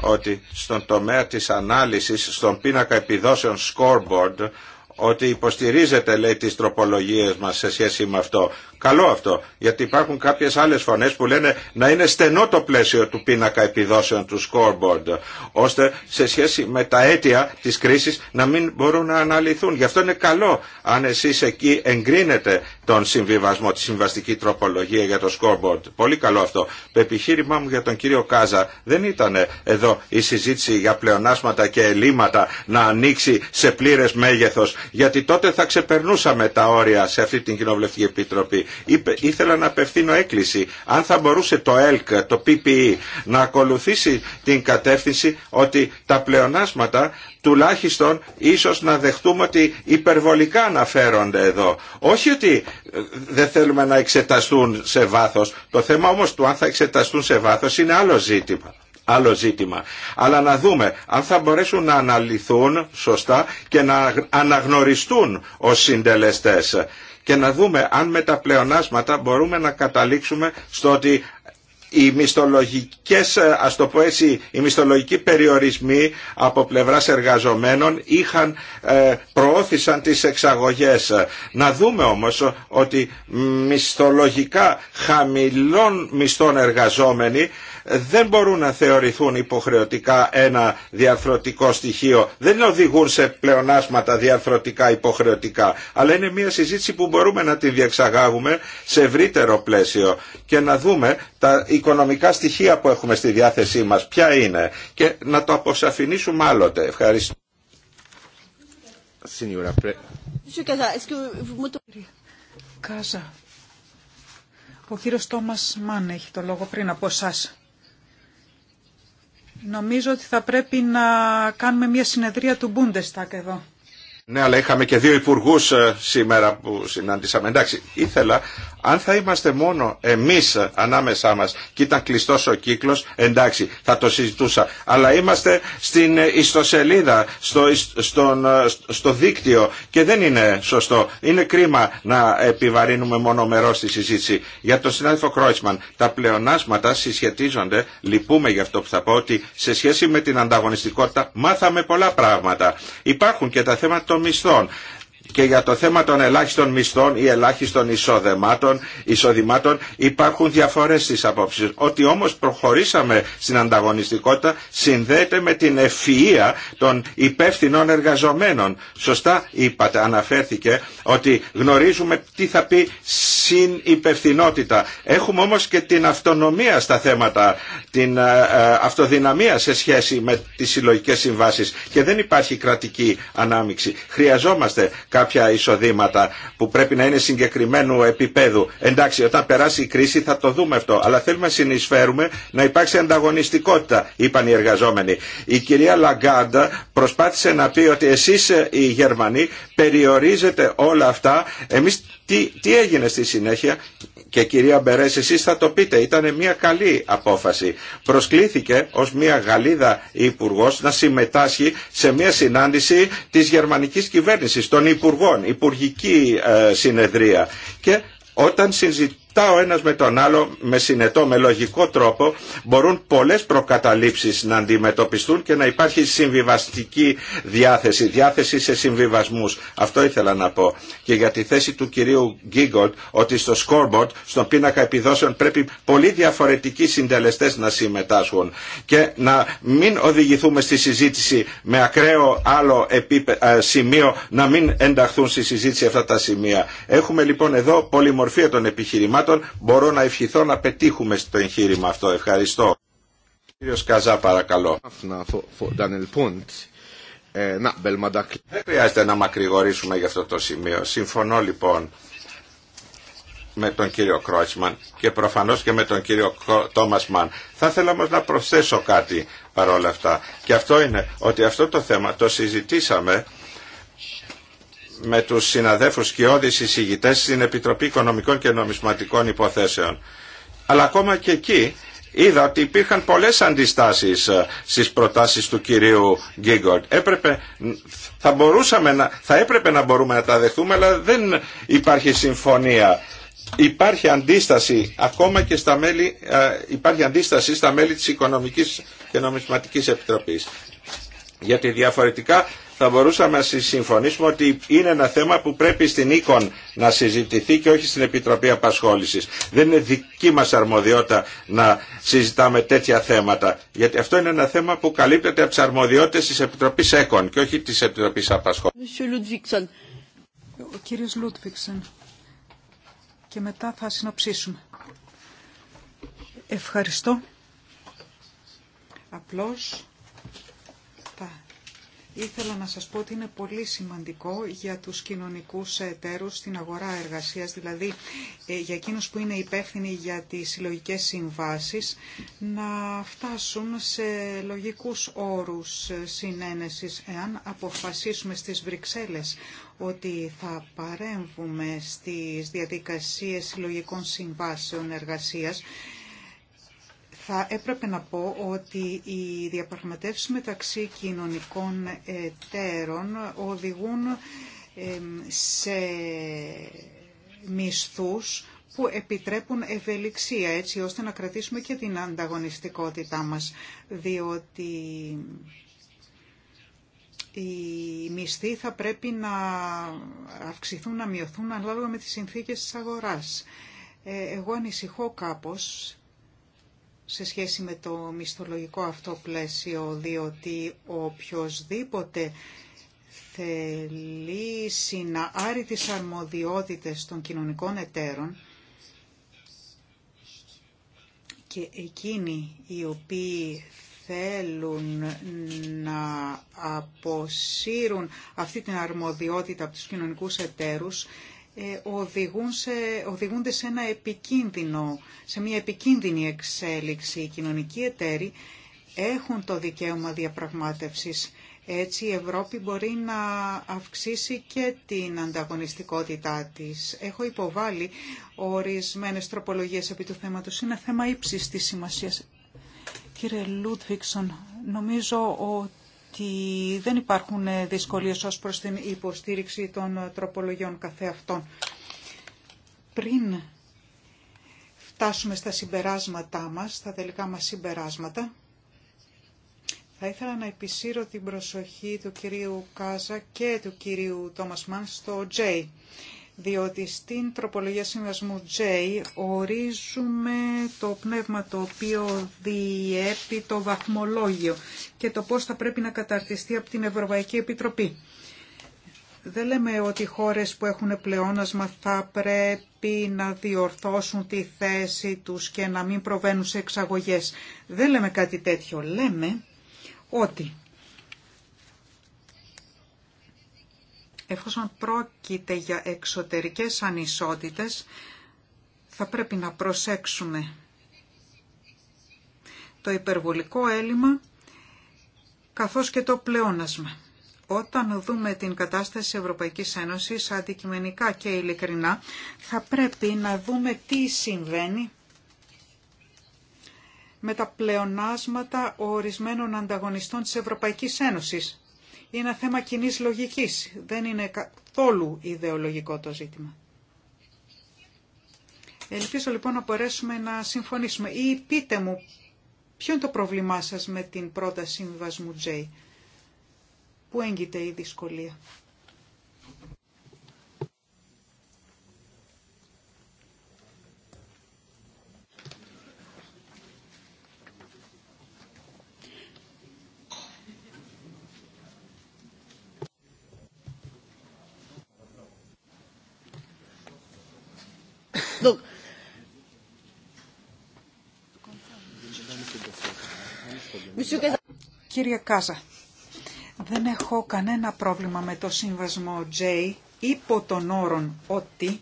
ότι στον τομέα της ανάλυσης, στον πίνακα επιδόσεων scoreboard, ότι υποστηρίζεται λέει τις τροπολογίες μας σε σχέση με αυτό. Καλό αυτό, γιατί υπάρχουν κάποιες άλλες φωνές που λένε να είναι στενό το πλαίσιο του πίνακα επιδόσεων του scoreboard, ώστε σε σχέση με τα αίτια της κρίσης να μην μπορούν να αναλυθούν. Γι' αυτό είναι καλό αν εσείς εκεί εγκρίνετε τον συμβιβασμό, τη συμβαστική τροπολογία για το scoreboard. Πολύ καλό αυτό. Το επιχείρημά μου για τον κύριο Κάζα δεν ήταν εδώ η συζήτηση για πλεονάσματα και ελλείμματα να ανοίξει σε πλήρες μέγεθος γιατί τότε θα ξεπερνούσαμε τα όρια σε αυτή την Κοινοβουλευτική Επιτροπή. Ήθελα να απευθύνω έκκληση. Αν θα μπορούσε το ΕΛΚ, το PPE, να ακολουθήσει την κατεύθυνση ότι τα πλεονάσματα τουλάχιστον ίσως να δεχτούμε ότι υπερβολικά αναφέρονται εδώ. Όχι ότι ε, δεν θέλουμε να εξεταστούν σε βάθος. Το θέμα όμως του αν θα εξεταστούν σε βάθος είναι άλλο ζήτημα άλλο ζήτημα. Αλλά να δούμε αν θα μπορέσουν να αναλυθούν σωστά και να αναγνωριστούν ως συντελεστές και να δούμε αν με τα πλεονάσματα μπορούμε να καταλήξουμε στο ότι οι μισθολογικές, ας το πω έτσι, οι μισθολογικοί περιορισμοί από πλευράς εργαζομένων είχαν, ε, προώθησαν τις εξαγωγές. Να δούμε όμως ότι μισθολογικά χαμηλών μισθών εργαζόμενοι δεν μπορούν να θεωρηθούν υποχρεωτικά ένα διαρθρωτικό στοιχείο. Δεν οδηγούν σε πλεονάσματα διαρθρωτικά υποχρεωτικά. Αλλά είναι μια συζήτηση που μπορούμε να τη διεξαγάγουμε σε ευρύτερο πλαίσιο και να δούμε τα οικονομικά στοιχεία που έχουμε στη διάθεσή μας, ποια είναι και να το αποσαφηνίσουμε άλλοτε. Ευχαριστώ. Ο κύριος Τόμας Μάν έχει το λόγο πριν από εσάς. Νομίζω ότι θα πρέπει να κάνουμε μια συνεδρία του Bundestag εδώ. Ναι, αλλά είχαμε και δύο υπουργού ε, σήμερα που συνάντησαμε. Εντάξει, ήθελα αν θα είμαστε μόνο εμείς ανάμεσά μας και ήταν κλειστός ο κύκλος, εντάξει, θα το συζητούσα. Αλλά είμαστε στην ιστοσελίδα, στο, στον, στο δίκτυο και δεν είναι σωστό. Είναι κρίμα να επιβαρύνουμε μόνο μερό στη συζήτηση. Για τον συνάδελφο Κρόισμαν, τα πλεονάσματα συσχετίζονται, λυπούμε για αυτό που θα πω, ότι σε σχέση με την ανταγωνιστικότητα μάθαμε πολλά πράγματα. Υπάρχουν και τα θέματα των μισθών και για το θέμα των ελάχιστων μισθών ή ελάχιστων εισοδημάτων, εισοδημάτων υπάρχουν διαφορές στις απόψεις. Ότι όμως προχωρήσαμε στην ανταγωνιστικότητα συνδέεται με την ευφυΐα των υπεύθυνων εργαζομένων. Σωστά είπατε, αναφέρθηκε ότι γνωρίζουμε τι θα πει συνυπευθυνότητα. Έχουμε όμως και την αυτονομία στα θέματα, την ε, ε, αυτοδυναμία σε σχέση με τις συλλογικές συμβάσεις και δεν υπάρχει κρατική ανάμειξη. Χρειαζόμαστε κάποια εισοδήματα που πρέπει να είναι συγκεκριμένου επίπεδου. Εντάξει, όταν περάσει η κρίση θα το δούμε αυτό. Αλλά θέλουμε να συνεισφέρουμε να υπάρξει ανταγωνιστικότητα, είπαν οι εργαζόμενοι. Η κυρία Λαγκάντα προσπάθησε να πει ότι εσεί ε, οι Γερμανοί περιορίζετε όλα αυτά. Εμεί τι, τι έγινε στη συνέχεια και κυρία Μπερές εσείς θα το πείτε ήταν μια καλή απόφαση προσκλήθηκε ως μια Γαλλίδα υπουργό να συμμετάσχει σε μια συνάντηση της γερμανικής κυβέρνησης των υπουργών, υπουργική ε, συνεδρία και όταν συζητήσαμε αυτά ο ένας με τον άλλο με συνετό, με λογικό τρόπο μπορούν πολλές προκαταλήψεις να αντιμετωπιστούν και να υπάρχει συμβιβαστική διάθεση, διάθεση σε συμβιβασμούς. Αυτό ήθελα να πω. Και για τη θέση του κυρίου Γκίγκολτ ότι στο scoreboard, στον πίνακα επιδόσεων πρέπει πολύ διαφορετικοί συντελεστές να συμμετάσχουν και να μην οδηγηθούμε στη συζήτηση με ακραίο άλλο ε, σημείο να μην ενταχθούν στη συζήτηση αυτά τα σημεία. Έχουμε λοιπόν εδώ πολυμορφία των επιχειρημάτων μπορώ να ευχηθώ να πετύχουμε στο εγχείρημα αυτό. Ευχαριστώ. Κύριος Καζά παρακαλώ. Ε, Δεν χρειάζεται να μακρηγορήσουμε για αυτό το σημείο. Συμφωνώ λοιπόν με τον κύριο Κρότσμαν και προφανώς και με τον κύριο Τόμας Μαν. Θα ήθελα να προσθέσω κάτι παρόλα αυτά. Και αυτό είναι ότι αυτό το θέμα το συζητήσαμε με τους συναδέφους και όδης εισηγητές στην Επιτροπή Οικονομικών και Νομισματικών Υποθέσεων. Αλλά ακόμα και εκεί είδα ότι υπήρχαν πολλές αντιστάσεις ε, στις προτάσεις του κυρίου Γκίγκορντ. Έπρεπε, θα, μπορούσαμε να, θα έπρεπε να μπορούμε να τα δεχθούμε, αλλά δεν υπάρχει συμφωνία. Υπάρχει αντίσταση, ακόμα και στα μέλη, ε, υπάρχει αντίσταση στα μέλη της Οικονομικής και Νομισματικής Επιτροπής. Γιατί διαφορετικά θα μπορούσαμε να συμφωνήσουμε ότι είναι ένα θέμα που πρέπει στην οίκον να συζητηθεί και όχι στην Επιτροπή Απασχόλησης. Δεν είναι δική μας αρμοδιότητα να συζητάμε τέτοια θέματα, γιατί αυτό είναι ένα θέμα που καλύπτεται από τις αρμοδιότητες της Επιτροπής ΕΚΟΝ και όχι της Επιτροπής Απασχόλησης. Ο κύριος Λούτβιξεν και μετά θα συνοψίσουμε. Ευχαριστώ. Απλώς Ήθελα να σας πω ότι είναι πολύ σημαντικό για τους κοινωνικούς εταίρους στην αγορά εργασίας, δηλαδή ε, για εκείνους που είναι υπεύθυνοι για τις συλλογικές συμβάσεις, να φτάσουν σε λογικούς όρους συνένεσης. Εάν αποφασίσουμε στις Βρυξέλλες ότι θα παρέμβουμε στις διαδικασίες συλλογικών συμβάσεων εργασίας, θα έπρεπε να πω ότι οι διαπραγματεύσεις μεταξύ κοινωνικών εταίρων οδηγούν σε μισθούς που επιτρέπουν ευελιξία έτσι ώστε να κρατήσουμε και την ανταγωνιστικότητά μας διότι οι μισθοί θα πρέπει να αυξηθούν, να μειωθούν ανάλογα με τις συνθήκες της αγοράς. Ε, εγώ ανησυχώ κάπως σε σχέση με το μισθολογικό αυτό πλαίσιο, διότι οποιοδήποτε θελήσει να άρει τις αρμοδιότητες των κοινωνικών εταίρων και εκείνοι οι οποίοι θέλουν να αποσύρουν αυτή την αρμοδιότητα από τους κοινωνικούς εταίρους ε, οδηγούνται σε, ένα επικίνδυνο, σε μια επικίνδυνη εξέλιξη. Οι κοινωνικοί εταίροι έχουν το δικαίωμα διαπραγμάτευσης. Έτσι η Ευρώπη μπορεί να αυξήσει και την ανταγωνιστικότητά της. Έχω υποβάλει ορισμένες τροπολογίες επί του θέματος. Είναι θέμα ύψης της σημασίας. Κύριε Λούτβικσον, νομίζω ότι ότι δεν υπάρχουν ε, δυσκολίες ως προς την υποστήριξη των ε, τροπολογιών καθεαυτών. Πριν φτάσουμε στα συμπεράσματά μας, στα τελικά μας συμπεράσματα, θα ήθελα να επισύρω την προσοχή του κυρίου Κάζα και του κυρίου Τόμας Μαν στο J, διότι στην τροπολογία συμβασμού J ορίζουμε το πνεύμα το οποίο διέπει το βαθμολόγιο και το πώς θα πρέπει να καταρτιστεί από την Ευρωπαϊκή Επιτροπή. Δεν λέμε ότι οι χώρες που έχουν πλεόνασμα θα πρέπει να διορθώσουν τη θέση τους και να μην προβαίνουν σε εξαγωγές. Δεν λέμε κάτι τέτοιο. Λέμε ότι Εφόσον πρόκειται για εξωτερικές ανισότητες, θα πρέπει να προσέξουμε το υπερβολικό έλλειμμα καθώς και το πλεόνασμα. Όταν δούμε την κατάσταση Ευρωπαϊκής Ένωσης αντικειμενικά και ειλικρινά, θα πρέπει να δούμε τι συμβαίνει με τα πλεονάσματα ορισμένων ανταγωνιστών της Ευρωπαϊκής Ένωσης. Είναι ένα θέμα κοινή λογική. Δεν είναι καθόλου ιδεολογικό το ζήτημα. Ελπίζω λοιπόν να μπορέσουμε να συμφωνήσουμε. Ή πείτε μου, ποιο είναι το πρόβλημά σας με την πρόταση σύμβασμου J. Πού έγκυται η δυσκολία. Donc, Κύριε Κάζα, δεν έχω κανένα πρόβλημα με το σύμβασμο J υπό τον όρον ότι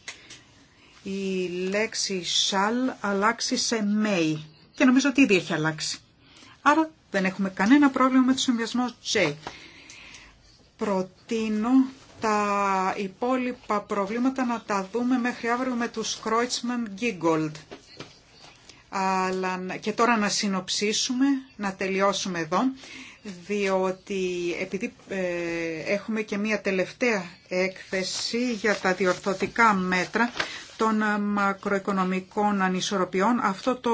η λέξη shall αλλάξει σε may και νομίζω ότι ήδη έχει αλλάξει. Άρα δεν έχουμε κανένα πρόβλημα με το σύμβασμο J. Προτείνω τα υπόλοιπα προβλήματα να τα δούμε μέχρι αύριο με τους Κρόιτσμαν Γκίγκολτ. Αλλά και τώρα να συνοψίσουμε, να τελειώσουμε εδώ, διότι επειδή ε, έχουμε και μία τελευταία έκθεση για τα διορθωτικά μέτρα των μακροοικονομικών ανισορροπιών, αυτό το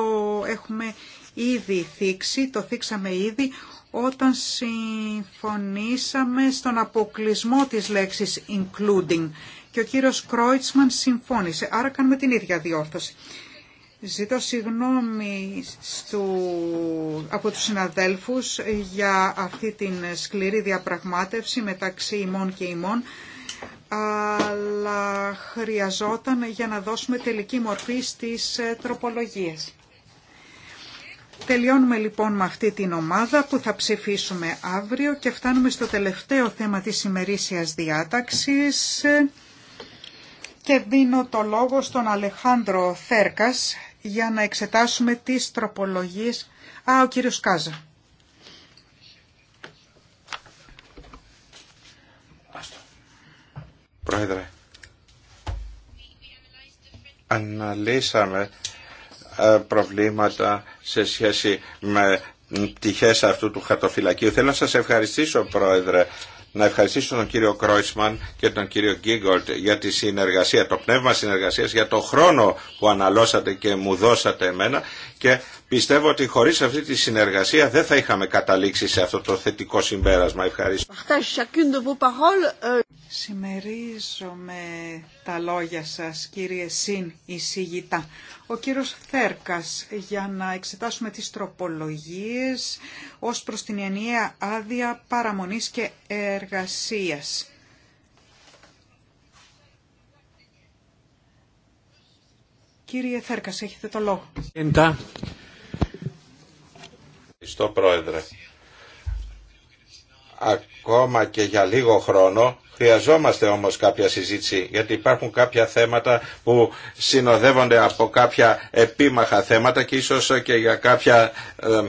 έχουμε ήδη θίξει, το θίξαμε ήδη όταν συμφωνήσαμε στον αποκλεισμό της λέξης including και ο κύριος Κρόιτσμαν συμφώνησε, άρα κάνουμε την ίδια διόρθωση. Ζητώ συγγνώμη από τους συναδέλφους για αυτή την σκληρή διαπραγμάτευση μεταξύ ημών και ημών, αλλά χρειαζόταν για να δώσουμε τελική μορφή στις ε, τροπολογίες. Τελειώνουμε λοιπόν με αυτή την ομάδα που θα ψηφίσουμε αύριο και φτάνουμε στο τελευταίο θέμα της ημερήσιας διάταξης και δίνω το λόγο στον Αλεχάνδρο Θέρκας για να εξετάσουμε τις τροπολογίες. Α, ο κύριος Κάζα. Πρόεδρε, αναλύσαμε ε, προβλήματα σε σχέση με πτυχές αυτού του χαρτοφυλακίου. Θέλω να σας ευχαριστήσω Πρόεδρε να ευχαριστήσω τον κύριο Κρόισμαν και τον κύριο Γκίγκολτ για τη συνεργασία, το πνεύμα συνεργασίας, για το χρόνο που αναλώσατε και μου δώσατε εμένα και πιστεύω ότι χωρίς αυτή τη συνεργασία δεν θα είχαμε καταλήξει σε αυτό το θετικό συμπέρασμα. Ευχαριστώ. Euh. Συμμερίζομαι τα λόγια σας κύριε Συν εισηγητά. Ο κύριος Θέρκας για να εξετάσουμε τις τροπολογίες ως προς την ενιαία άδεια παραμονής και εργασίας. Κύριε Θέρκας, έχετε το λόγο. Ευχαριστώ, Πρόεδρε. Ακόμα και για λίγο χρόνο Χρειαζόμαστε όμως κάποια συζήτηση γιατί υπάρχουν κάποια θέματα που συνοδεύονται από κάποια επίμαχα θέματα και ίσως και για κάποια ε,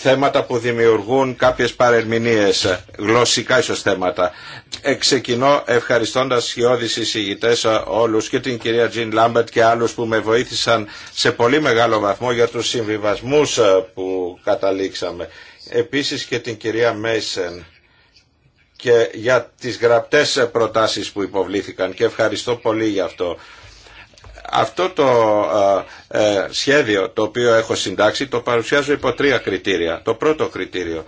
θέματα που δημιουργούν κάποιες παρερμηνίες, γλωσσικά ίσως θέματα. Ε, ξεκινώ ευχαριστώντας σχιώδεις εισηγητές ε, όλους και την κυρία Τζιν Λάμπετ και άλλους που με βοήθησαν σε πολύ μεγάλο βαθμό για τους συμβιβασμούς ε, που καταλήξαμε. Επίσης και την κυρία Μέισεν και για τις γραπτές προτάσεις που υποβλήθηκαν και ευχαριστώ πολύ για αυτό αυτό το ε, ε, σχέδιο το οποίο έχω συντάξει το παρουσιάζω υπό τρία κριτήρια. Το πρώτο κριτήριο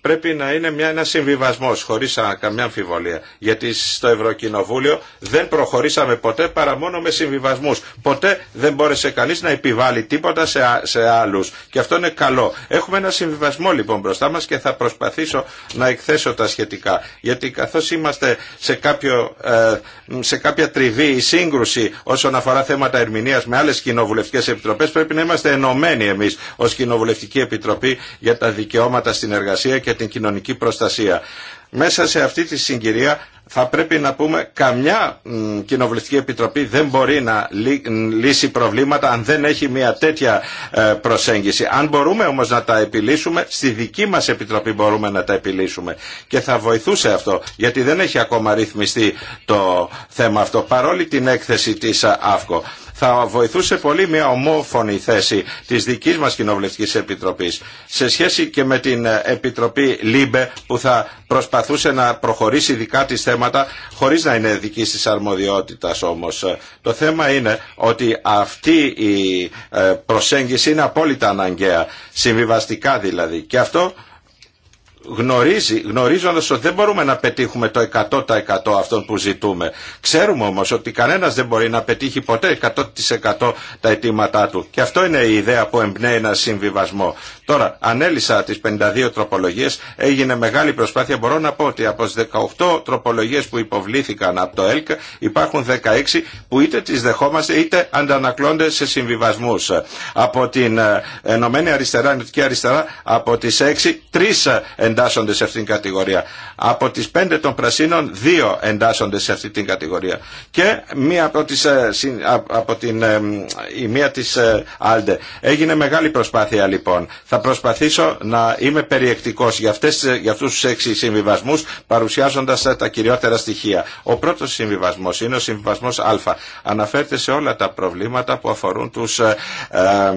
πρέπει να είναι μια, ένα συμβιβασμό χωρί καμιά αμφιβολία. Γιατί στο Ευρωκοινοβούλιο δεν προχωρήσαμε ποτέ παρά μόνο με συμβιβασμού. Ποτέ δεν μπόρεσε κανεί να επιβάλλει τίποτα σε, σε άλλου. Και αυτό είναι καλό. Έχουμε ένα συμβιβασμό λοιπόν μπροστά μα και θα προσπαθήσω να εκθέσω τα σχετικά. Γιατί καθώ είμαστε σε, κάποιο, ε, σε κάποια τριβή ή σύγκρουση όσον αφορά θέματα ερμηνεία με άλλε κοινοβουλευτικέ επιτροπέ, πρέπει να είμαστε ενωμένοι εμεί ω Κοινοβουλευτική Επιτροπή για τα δικαιώματα στην εργασία και την κοινωνική προστασία. Μέσα σε αυτή τη συγκυρία θα πρέπει να πούμε καμιά κοινοβουλευτική επιτροπή δεν μπορεί να λύσει προβλήματα αν δεν έχει μια τέτοια ε, προσέγγιση. Αν μπορούμε όμως να τα επιλύσουμε, στη δική μας επιτροπή μπορούμε να τα επιλύσουμε. Και θα βοηθούσε αυτό, γιατί δεν έχει ακόμα ρυθμιστεί το θέμα αυτό, παρόλη την έκθεση της ε, ΑΦΚΟ θα βοηθούσε πολύ μια ομόφωνη θέση της δικής μας Κοινοβουλευτικής Επιτροπής σε σχέση και με την ε, Επιτροπή ΛΥΜΠΕ που θα προσπαθούσε να προχωρήσει δικά τη θέματα θέματα χωρίς να είναι δική της αρμοδιότητας όμως. Το θέμα είναι ότι αυτή η ε, προσέγγιση είναι απόλυτα αναγκαία, συμβιβαστικά δηλαδή. Και αυτό γνωρίζει, γνωρίζοντας ότι δεν μπορούμε να πετύχουμε το 100% αυτών που ζητούμε. Ξέρουμε όμως ότι κανένας δεν μπορεί να πετύχει ποτέ 100% τα αιτήματά του. Και αυτό είναι η ιδέα που εμπνέει ένα συμβιβασμό. Τώρα, ανέλησα τις 52 τροπολογίες, έγινε μεγάλη προσπάθεια. Μπορώ να πω ότι από τις 18 τροπολογίες που υποβλήθηκαν από το ΕΛΚ υπάρχουν 16 που είτε τις δεχόμαστε είτε αντανακλώνται σε συμβιβασμούς. Από την ε, Ενωμένη Αριστερά, Νοτική Αριστερά, από τις 6, τρεις εντάσσονται σε αυτήν την κατηγορία. Από τις 5 των Πρασίνων, δύο εντάσσονται σε αυτή την κατηγορία. Και μία από, ε, από την, ε, η μία της Άλντε. Έγινε μεγάλη προσπάθεια λοιπόν. Θα θα προσπαθήσω να είμαι περιεκτικός για, αυτές, για αυτούς τους έξι συμβιβασμούς παρουσιάζοντας τα κυριότερα στοιχεία. Ο πρώτος συμβιβασμός είναι ο συμβιβασμός Α. Αναφέρεται σε όλα τα προβλήματα που αφορούν τους... Ε, ε,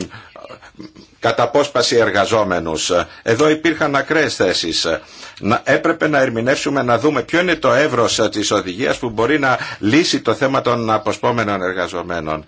κατά εργαζόμενους. Εδώ υπήρχαν ακραίες θέσεις. έπρεπε να ερμηνεύσουμε, να δούμε ποιο είναι το εύρος ε, της οδηγίας που μπορεί να λύσει το θέμα των αποσπόμενων εργαζομένων.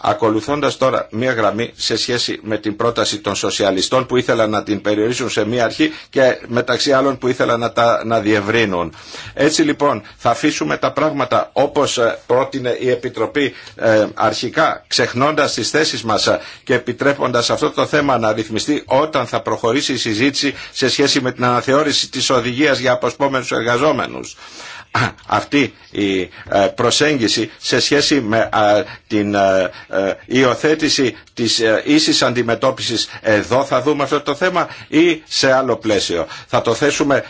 Ακολουθώντας τώρα μία γραμμή σε σχέση με την πρόταση των σοσιαλιστών που ήθελαν να την περιορίσουν σε μία αρχή και μεταξύ άλλων που ήθελαν να τα να διευρύνουν. Έτσι λοιπόν θα αφήσουμε τα πράγματα όπως ε, πρότεινε η Επιτροπή ε, αρχικά ξεχνώντας τις θέσεις μας ε, και επιτρέποντας αυτό το θέμα να ρυθμιστεί όταν θα προχωρήσει η συζήτηση σε σχέση με την αναθεώρηση της οδηγίας για αποσπόμενους εργαζόμενους αυτή η ε, προσέγγιση σε σχέση με την ε, ε, υιοθέτηση της ίσης αντιμετώπισης εδώ θα δούμε αυτό το θέμα ή σε άλλο πλαίσιο. Θα το θέσουμε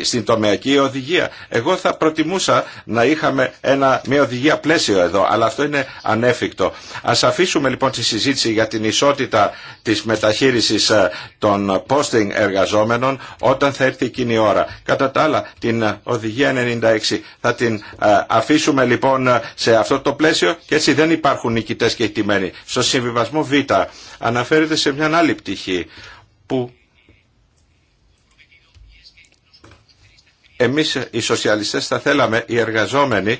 στην τομεακή οδηγία. Εγώ θα προτιμούσα να είχαμε ένα, μια οδηγία πλαίσιο εδώ, αλλά αυτό είναι ανέφικτο. Ας αφήσουμε λοιπόν τη συζήτηση για την ισότητα της μεταχείρισης των posting εργαζόμενων όταν θα έρθει εκείνη η ώρα. Κατά τα άλλα, την οδηγία θα την ε, αφήσουμε λοιπόν ε, σε αυτό το πλαίσιο και έτσι δεν υπάρχουν νικητές και εκτιμένοι. Στο συμβιβασμό Β αναφέρεται σε μια άλλη πτυχή που εμείς οι σοσιαλιστές θα θέλαμε οι εργαζόμενοι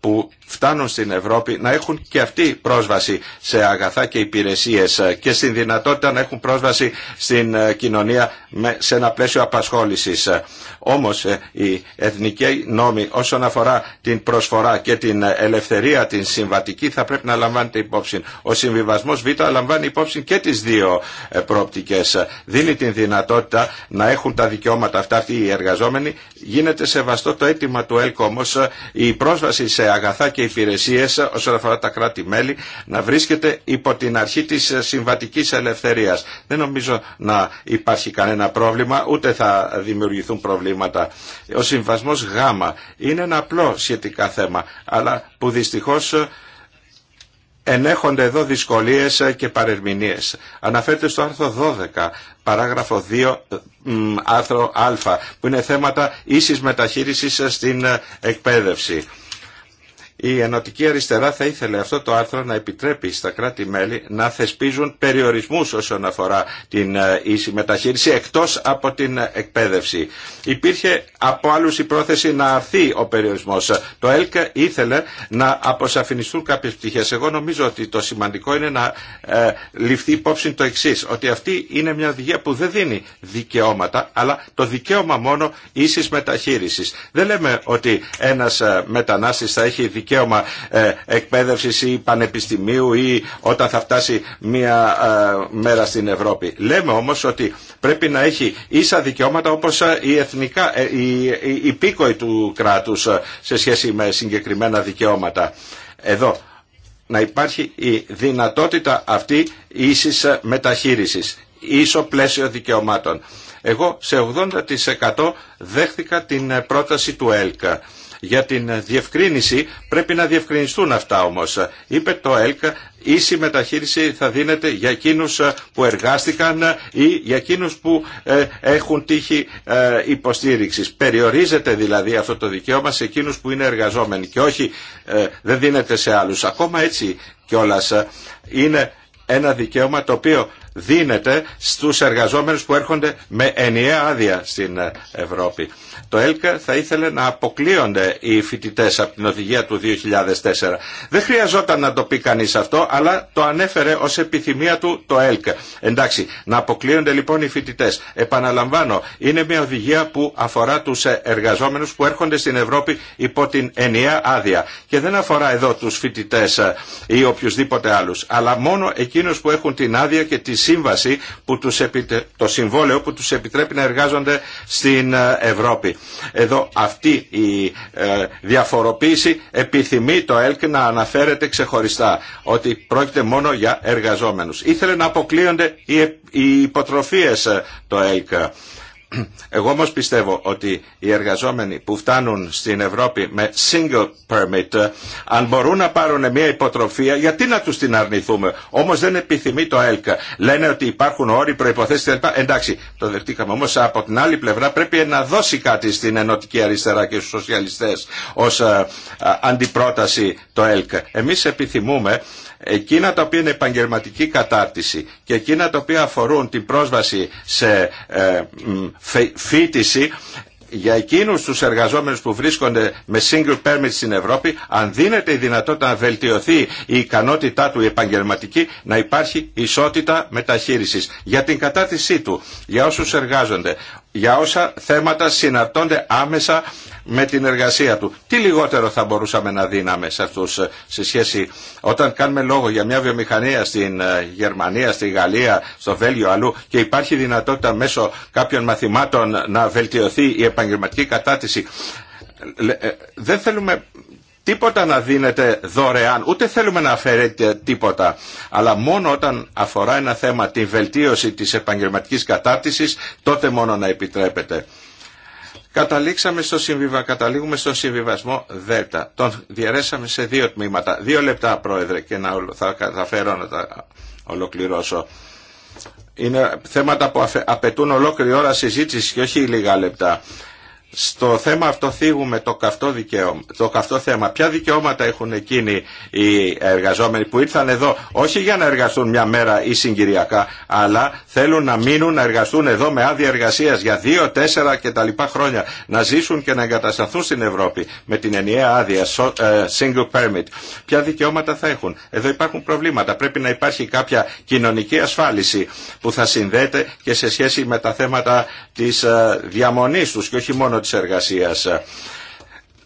που φτάνουν στην Ευρώπη να έχουν και αυτή πρόσβαση σε αγαθά και υπηρεσίες ε, και στην δυνατότητα να έχουν πρόσβαση στην ε, κοινωνία σε ένα πλαίσιο απασχόλησης. Ε, όμως οι εθνικοί νόμοι όσον αφορά την προσφορά και την ελευθερία, την συμβατική θα πρέπει να λαμβάνεται υπόψη. Ο συμβιβασμός Β λαμβάνει υπόψη και τις δύο πρόπτικες. Δίνει την δυνατότητα να έχουν τα δικαιώματα αυτά αυτοί οι εργαζόμενοι. Γίνεται σεβαστό το αίτημα του ΕΛΚ όμως η πρόσβαση σε αγαθά και υπηρεσίε όσον αφορά τα κράτη-μέλη να βρίσκεται υπό την αρχή της συμβατικής ελευθερίας. Δεν νομίζω να υπάρχει κανένα πρόβλημα, ούτε θα δημιουργηθούν προβλήματα. Ο συμβασμός Γ είναι ένα απλό σχετικά θέμα, αλλά που δυστυχώς ενέχονται εδώ δυσκολίες και παρερμηνίες. Αναφέρεται στο άρθρο 12, παράγραφο 2, άρθρο α, που είναι θέματα ίσης μεταχείρισης στην εκπαίδευση. Η Ενωτική Αριστερά θα ήθελε αυτό το άρθρο να επιτρέπει στα κράτη-μέλη να θεσπίζουν περιορισμούς όσον αφορά την ίση ε, μεταχείριση εκτός από την εκπαίδευση. Υπήρχε από άλλους η πρόθεση να αρθεί ο περιορισμός. Το ΕΛΚΑ ήθελε να αποσαφινιστούν κάποιες πτυχές. Εγώ νομίζω ότι το σημαντικό είναι να ε, ληφθεί υπόψη το εξή, ότι αυτή είναι μια οδηγία που δεν δίνει δικαιώματα, αλλά το δικαίωμα μόνο ίσης μεταχείρισης. Δεν λέμε ότι ένας ε, μετανάστης θα έχει δικαίωμα ε, εκπαίδευσης ή πανεπιστημίου ή όταν θα φτάσει μία ε, μέρα στην Ευρώπη. Λέμε όμως ότι πρέπει να έχει ίσα δικαιώματα όπως οι, ε, εθνικά, οι υπήκοοι του κράτους σε σχέση με συγκεκριμένα δικαιώματα. Εδώ να υπάρχει η δυνατότητα αυτή ίσης δικαιωματα οπως η εθνικα η ίσο πλαίσιο δικαιωμάτων. Εγώ σε 80% δέχτηκα την πρόταση του ΕΛΚΑ για την διευκρίνηση πρέπει να διευκρινιστούν αυτά όμως. Είπε το ΕΛΚΑ ίση μεταχείριση θα δίνεται για εκείνους ε, που εργάστηκαν ή για εκείνους που ε, έχουν τύχη ε, υποστήριξης. Περιορίζεται δηλαδή αυτό το δικαίωμα σε εκείνους που είναι εργαζόμενοι και όχι δεν δίνεται σε άλλους. Ακόμα έτσι κιόλας είναι ένα δικαίωμα το οποίο δίνεται στους εργαζόμενους που έρχονται με ενιαία άδεια στην Ευρώπη. Το ΕΛΚΑ θα ήθελε να αποκλείονται οι φοιτητέ από την οδηγία του 2004. Δεν χρειαζόταν να το πει κανεί αυτό, αλλά το ανέφερε ω επιθυμία του το ΕΛΚ. Εντάξει, να αποκλείονται λοιπόν οι φοιτητέ. Επαναλαμβάνω, είναι μια οδηγία που αφορά του εργαζόμενου που έρχονται στην Ευρώπη υπό την ενιαία άδεια. Και δεν αφορά εδώ του φοιτητέ ή οποιουσδήποτε άλλου, αλλά μόνο εκείνου που έχουν την άδεια και τι σύμβαση, που τους το συμβόλαιο που τους επιτρέπει να εργάζονται στην ε, Ευρώπη. Εδώ αυτή η ε, διαφοροποίηση επιθυμεί το ΕΛΚ να αναφέρεται ξεχωριστά, ότι πρόκειται μόνο για εργαζόμενους. Ήθελε να αποκλείονται οι υποτροφίες ε, το ΕΛΚ. Εγώ όμως πιστεύω ότι οι εργαζόμενοι που φτάνουν στην Ευρώπη με single permit, ε, αν μπορούν να πάρουν μια υποτροφία, γιατί να τους την αρνηθούμε. Όμως δεν επιθυμεί το ΕΛΚ. Λένε ότι υπάρχουν όροι, προϋποθέσεις κλπ. Εντάξει, το δεχτήκαμε. Όμως από την άλλη πλευρά πρέπει να δώσει κάτι στην ενωτική αριστερά και στους σοσιαλιστές ως ε, ε, αντιπρόταση το ΕΛΚ. Εμείς επιθυμούμε εκείνα τα οποία είναι επαγγελματική κατάρτιση και εκείνα τα οποία αφορούν την πρόσβαση σε ε, φίτηση για εκείνους τους εργαζόμενους που βρίσκονται με single permit στην Ευρώπη, αν δίνεται η δυνατότητα να βελτιωθεί η ικανότητά του η επαγγελματική, να υπάρχει ισότητα μεταχείρισης για την κατάρτισή του, για όσους εργάζονται, για όσα θέματα συναρτώνται άμεσα με την εργασία του. Τι λιγότερο θα μπορούσαμε να δίναμε σε αυτούς ε, σε σχέση όταν κάνουμε λόγο για μια βιομηχανία στην ε, Γερμανία, στη Γαλλία, στο Βέλγιο αλλού και υπάρχει δυνατότητα μέσω κάποιων μαθημάτων να βελτιωθεί η επαγγελματική κατάτηση. Ε, δεν θέλουμε τίποτα να δίνεται δωρεάν, ούτε θέλουμε να αφαιρέται τίποτα, αλλά μόνο όταν αφορά ένα θέμα την βελτίωση της επαγγελματικής κατάρτισης, τότε μόνο να επιτρέπεται. Καταλήξαμε στο Καταλήγουμε στον συμβιβασμό ΔΕΛΤΑ. Τον διαρέσαμε σε δύο τμήματα. Δύο λεπτά, Πρόεδρε, και να... θα καταφέρω να τα ολοκληρώσω. Είναι θέματα που απαιτούν ολόκληρη ώρα συζήτηση και όχι λίγα λεπτά στο θέμα αυτό θίγουμε το καυτό, δικαίωμα, το καυτό θέμα. Ποια δικαιώματα έχουν εκείνοι οι εργαζόμενοι που ήρθαν εδώ όχι για να εργαστούν μια μέρα ή συγκυριακά, αλλά θέλουν να μείνουν να εργαστούν εδώ με άδεια εργασία για δύο, τέσσερα και τα λοιπά χρόνια. Να ζήσουν και να εγκατασταθούν στην Ευρώπη με την ενιαία άδεια, ε, single permit. Ποια δικαιώματα θα έχουν. Εδώ υπάρχουν προβλήματα. Πρέπει να υπάρχει κάποια κοινωνική ασφάλιση που θα συνδέεται και σε σχέση με τα θέματα τη ε, διαμονή του και όχι μόνο της εργασίας.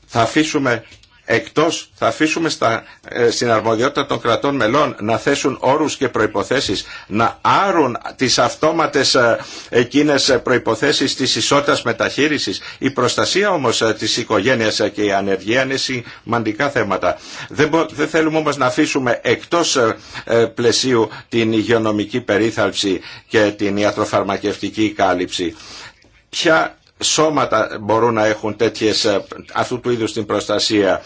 Θα αφήσουμε εκτός, θα αφήσουμε στα, ε, στην αρμοδιότητα των κρατών μελών να θέσουν όρους και προϋποθέσεις, να άρουν τις αυτόματες ε, εκείνες προϋποθέσεις της ισότητας μεταχείρισης. Η προστασία όμως ε, της οικογένειας και η ανεργία είναι σημαντικά θέματα. Δεν, δεν θέλουμε όμως να αφήσουμε εκτός πλαισίου την υγειονομική περίθαλψη και την ιατροφαρμακευτική κάλυψη. Ποια σώματα μπορούν να έχουν τέτοιες, ε, αυτού του είδους την προστασία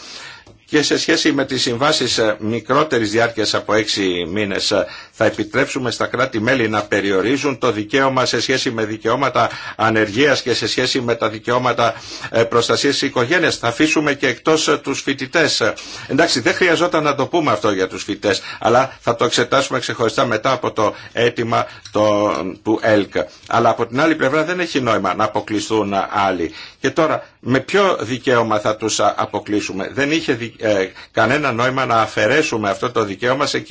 και σε σχέση με τις συμβάσεις ε, μικρότερης διάρκειας από έξι μήνες ε, θα επιτρέψουμε στα κράτη-μέλη να περιορίζουν το δικαίωμα σε σχέση με δικαιώματα ανεργίας και σε σχέση με τα δικαιώματα ε, προστασίας της οικογένειας. Θα αφήσουμε και εκτός ε, τους φοιτητές. Εντάξει, δεν χρειαζόταν να το πούμε αυτό για τους φοιτητές, αλλά θα το εξετάσουμε ξεχωριστά μετά από το αίτημα το, του ΕΛΚ. Αλλά από την άλλη πλευρά δεν έχει νόημα να αποκλειστούν άλλοι. Και τώρα με ποιο δικαίωμα θα τους αποκλείσουμε. Δεν είχε ε, κανένα νόημα να αφαιρέσουμε αυτό το δικαίωμα σε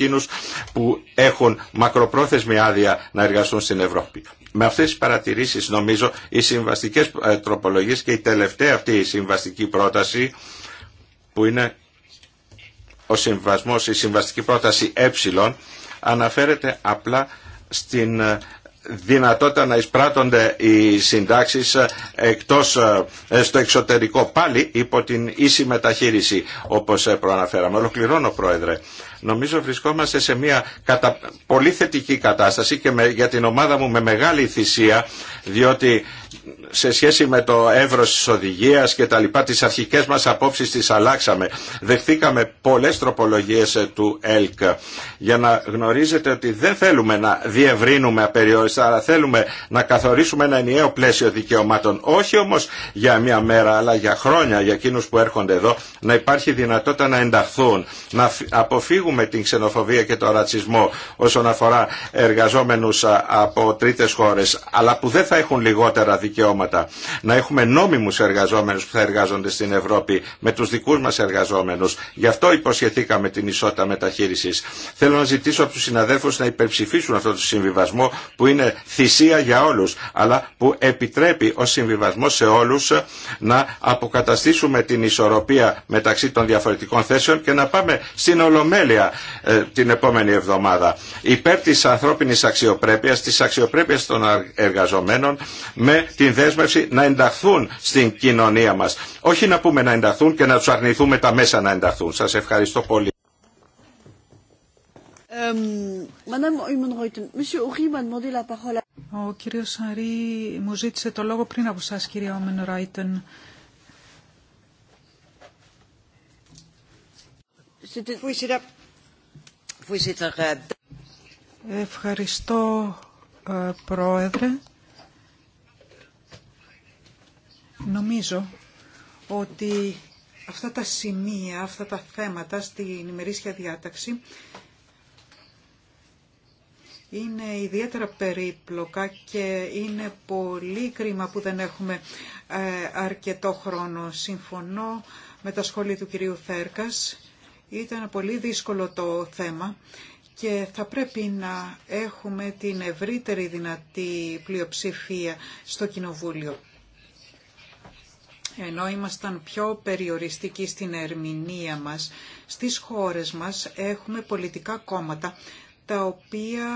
που έχουν έχουν μακροπρόθεσμη άδεια να εργαστούν στην Ευρώπη. Με αυτές τις παρατηρήσεις νομίζω οι συμβαστικές ε, τροπολογίες και η τελευταία αυτή η συμβαστική πρόταση που είναι ο συμβασμός, η συμβαστική πρόταση ε αναφέρεται απλά στην ε, δυνατότητα να εισπράττονται οι συντάξεις ε, εκτός στο εξωτερικό πάλι υπό την ίση μεταχείριση όπως προαναφέραμε. Ολοκληρώνω Πρόεδρε. Νομίζω βρισκόμαστε σε μια πολύ θετική κατάσταση και με... για την ομάδα μου με μεγάλη θυσία, διότι σε σχέση με το εύρος τη οδηγίας και τα λοιπά, τις αρχικές μας απόψεις τις αλλάξαμε. Δεχθήκαμε πολλές τροπολογίες ε, του ΕΛΚ για να γνωρίζετε ότι δεν θέλουμε να διευρύνουμε απεριόριστα, αλλά θέλουμε να καθορίσουμε ένα ενιαίο πλαίσιο δικαιωμάτων. Όχι όμως για μια μέρα, αλλά για χρόνια, για εκείνους που έρχονται εδώ, να υπάρχει δυνατότητα να ενταχθούν, να αποφύγουμε με την ξενοφοβία και τον ρατσισμό όσον αφορά εργαζόμενους από τρίτες χώρες, αλλά που δεν θα έχουν λιγότερα δικαιώματα. Να έχουμε νόμιμους εργαζόμενους που θα εργάζονται στην Ευρώπη με τους δικούς μας εργαζόμενους. Γι' αυτό υποσχεθήκαμε την ισότητα μεταχείρισης. Θέλω να ζητήσω από τους συναδέλφους να υπερψηφίσουν αυτό το συμβιβασμό που είναι θυσία για όλους, αλλά που επιτρέπει ο συμβιβασμό σε όλους να αποκαταστήσουμε την ισορροπία μεταξύ των διαφορετικών θέσεων και να πάμε στην Ολομέλεια ε, την επόμενη εβδομάδα. Υπέρ τη ανθρώπινη αξιοπρέπειας, της αξιοπρέπειας των εργαζομένων με την δέσμευση να ενταχθούν στην κοινωνία μα. Όχι να πούμε να ενταχθούν και να του αρνηθούμε τα μέσα να ενταχθούν. Σα ευχαριστώ πολύ. Ο κύριος Σαρή μου ζήτησε το λόγο πριν από Όμεν Ράιτεν. Ευχαριστώ, ε, Πρόεδρε. Νομίζω ότι αυτά τα σημεία, αυτά τα θέματα στην ημερήσια διάταξη είναι ιδιαίτερα περίπλοκα και είναι πολύ κρίμα που δεν έχουμε ε, αρκετό χρόνο. Συμφωνώ με τα σχόλια του κυρίου Θέρκας ήταν πολύ δύσκολο το θέμα και θα πρέπει να έχουμε την ευρύτερη δυνατή πλειοψηφία στο Κοινοβούλιο. Ενώ ήμασταν πιο περιοριστικοί στην ερμηνεία μας, στις χώρες μας έχουμε πολιτικά κόμματα τα οποία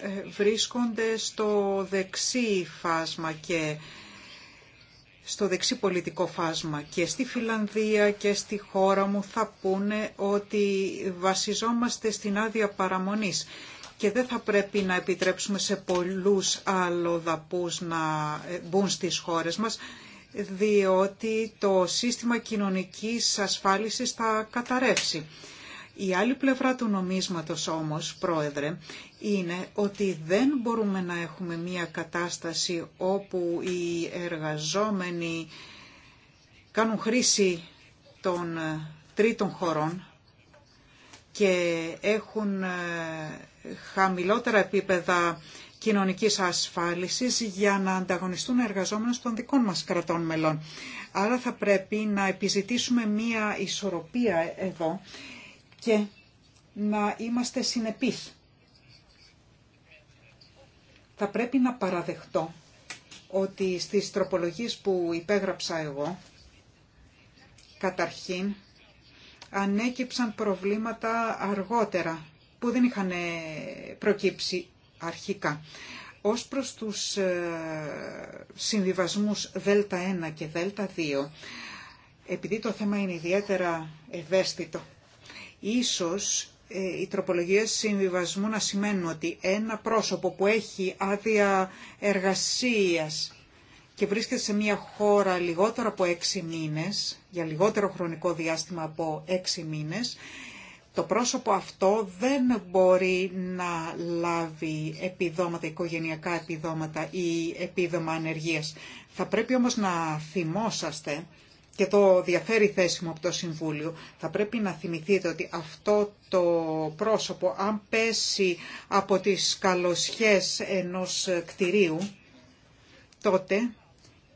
ε, βρίσκονται στο δεξί φάσμα και στο δεξί πολιτικό φάσμα και στη Φιλανδία και στη χώρα μου θα πούνε ότι βασιζόμαστε στην άδεια παραμονής και δεν θα πρέπει να επιτρέψουμε σε πολλούς αλλοδαπούς να ε, μπουν στις χώρες μας διότι το σύστημα κοινωνικής ασφάλισης θα καταρρεύσει. Η άλλη πλευρά του νομίσματος όμως, πρόεδρε, είναι ότι δεν μπορούμε να έχουμε μία κατάσταση όπου οι εργαζόμενοι κάνουν χρήση των ε, τρίτων χωρών και έχουν ε, χαμηλότερα επίπεδα κοινωνικής ασφάλισης για να ανταγωνιστούν εργαζόμενους των δικών μας κρατών μελών. Άρα θα πρέπει να επιζητήσουμε μία ισορροπία εδώ και να είμαστε συνεπείς θα πρέπει να παραδεχτώ ότι στις τροπολογίες που υπέγραψα εγώ, καταρχήν, ανέκυψαν προβλήματα αργότερα που δεν είχαν ε, προκύψει αρχικά. Ως προς τους ε, συνδυασμούς Δέλτα 1 και Δέλτα 2, επειδή το θέμα είναι ιδιαίτερα ευαίσθητο, ίσως ε, οι τροπολογίες συμβιβασμού να σημαίνουν ότι ένα πρόσωπο που έχει άδεια εργασίας και βρίσκεται σε μια χώρα λιγότερο από έξι μήνες, για λιγότερο χρονικό διάστημα από έξι μήνες, το πρόσωπο αυτό δεν μπορεί να λάβει επιδόματα, οικογενειακά επιδόματα ή επίδομα ανεργίας. Θα πρέπει όμως να θυμόσαστε και εδώ διαφέρει θέσιμο θέση από το Συμβούλιο, θα πρέπει να θυμηθείτε ότι αυτό το πρόσωπο, αν πέσει από τις καλοσχές ενός κτηρίου, τότε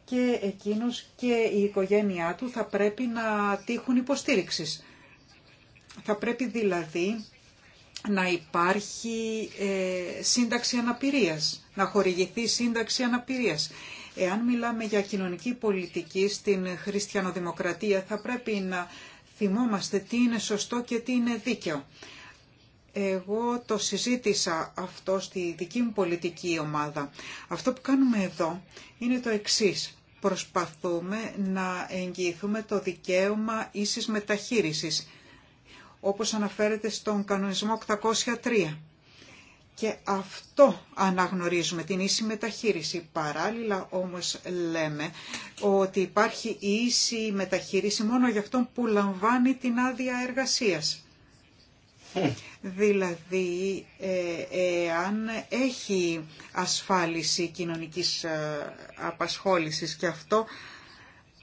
και εκείνος και η οικογένειά του θα πρέπει να τύχουν υποστήριξης. Θα πρέπει δηλαδή να υπάρχει ε, σύνταξη αναπηρίας, να χορηγηθεί σύνταξη αναπηρίας. Εάν μιλάμε για κοινωνική πολιτική στην χριστιανοδημοκρατία θα πρέπει να θυμόμαστε τι είναι σωστό και τι είναι δίκαιο. Εγώ το συζήτησα αυτό στη δική μου πολιτική ομάδα. Αυτό που κάνουμε εδώ είναι το εξής. Προσπαθούμε να εγγυηθούμε το δικαίωμα ίσης μεταχείρισης, όπως αναφέρεται στον κανονισμό 803. Και αυτό αναγνωρίζουμε, την ίση μεταχείριση. Παράλληλα όμως λέμε ότι υπάρχει ίση μεταχείριση μόνο για αυτόν που λαμβάνει την άδεια εργασίας. Hm. Δηλαδή, ε, εάν έχει ασφάλιση κοινωνικής ε, απασχόλησης και αυτό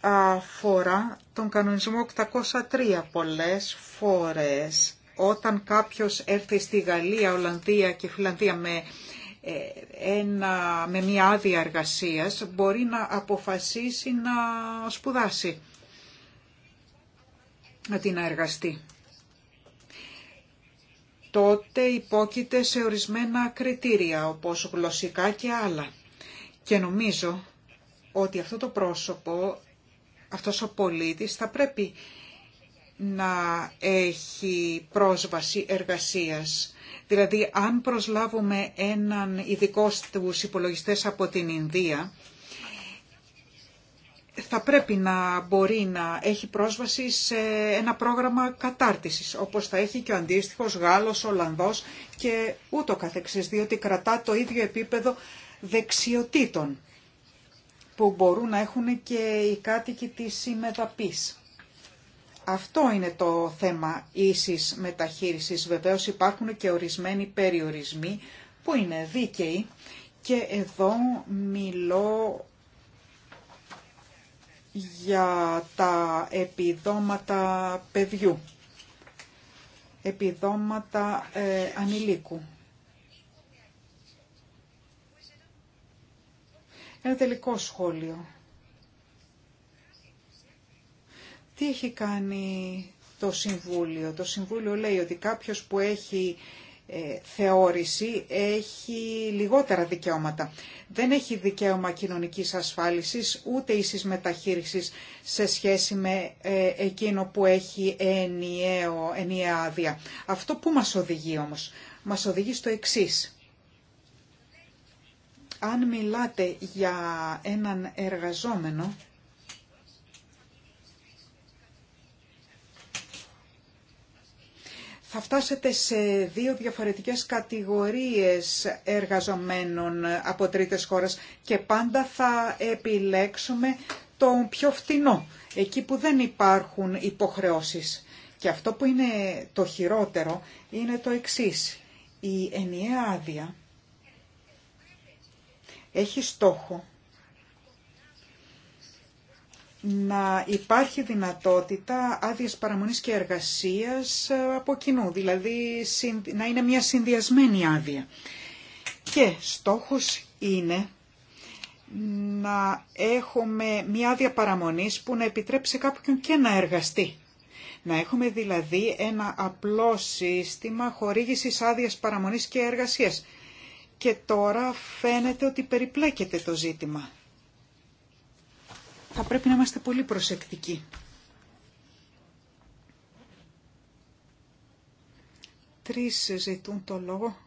αφορά τον κανονισμό 803 πολλές φορές όταν κάποιος έρθει στη Γαλλία, Ολλανδία και Φιλανδία με, ε, ένα, με μια άδεια εργασίας, μπορεί να αποφασίσει να σπουδάσει, να την εργαστεί. Τότε υπόκειται σε ορισμένα κριτήρια, όπως γλωσσικά και άλλα. Και νομίζω ότι αυτό το πρόσωπο, αυτός ο πολίτης θα πρέπει να έχει πρόσβαση εργασίας. Δηλαδή, αν προσλάβουμε έναν ειδικό στους υπολογιστές από την Ινδία, θα πρέπει να μπορεί να έχει πρόσβαση σε ένα πρόγραμμα κατάρτισης, όπως θα έχει και ο αντίστοιχος Γάλλος, Ολλανδός και ούτω καθεξής, διότι κρατά το ίδιο επίπεδο δεξιοτήτων που μπορούν να έχουν και οι κάτοικοι της συμμεταπής. Αυτό είναι το θέμα ίσης μεταχείρισης. Βεβαίως υπάρχουν και ορισμένοι περιορισμοί που είναι δίκαιοι και εδώ μιλώ για τα επιδόματα παιδιού, επιδόματα ε, ανηλίκου. Ένα τελικό σχόλιο. Τι έχει κάνει το Συμβούλιο. Το Συμβούλιο λέει ότι κάποιος που έχει ε, θεώρηση έχει λιγότερα δικαιώματα. Δεν έχει δικαίωμα κοινωνικής ασφάλισης ούτε ίσης μεταχείρισης σε σχέση με ε, εκείνο που έχει ενιαίο, ενιαία άδεια. Αυτό που μας οδηγεί όμως. Μας οδηγεί στο εξής. Αν μιλάτε για έναν εργαζόμενο θα φτάσετε σε δύο διαφορετικές κατηγορίες εργαζομένων από τρίτες χώρες και πάντα θα επιλέξουμε το πιο φτηνό, εκεί που δεν υπάρχουν υποχρεώσεις. Και αυτό που είναι το χειρότερο είναι το εξής. Η ενιαία άδεια έχει στόχο να υπάρχει δυνατότητα άδειας παραμονής και εργασίας ε, από κοινού, δηλαδή να είναι μια συνδυασμένη άδεια. Και στόχος είναι να έχουμε μια άδεια παραμονής που να επιτρέψει κάποιον και να εργαστεί. Να έχουμε δηλαδή ένα απλό σύστημα χορήγησης άδειας παραμονής και εργασίας. Και τώρα φαίνεται ότι περιπλέκεται το ζήτημα θα πρέπει να είμαστε πολύ προσεκτικοί. Τρεις ζητούν το λόγο.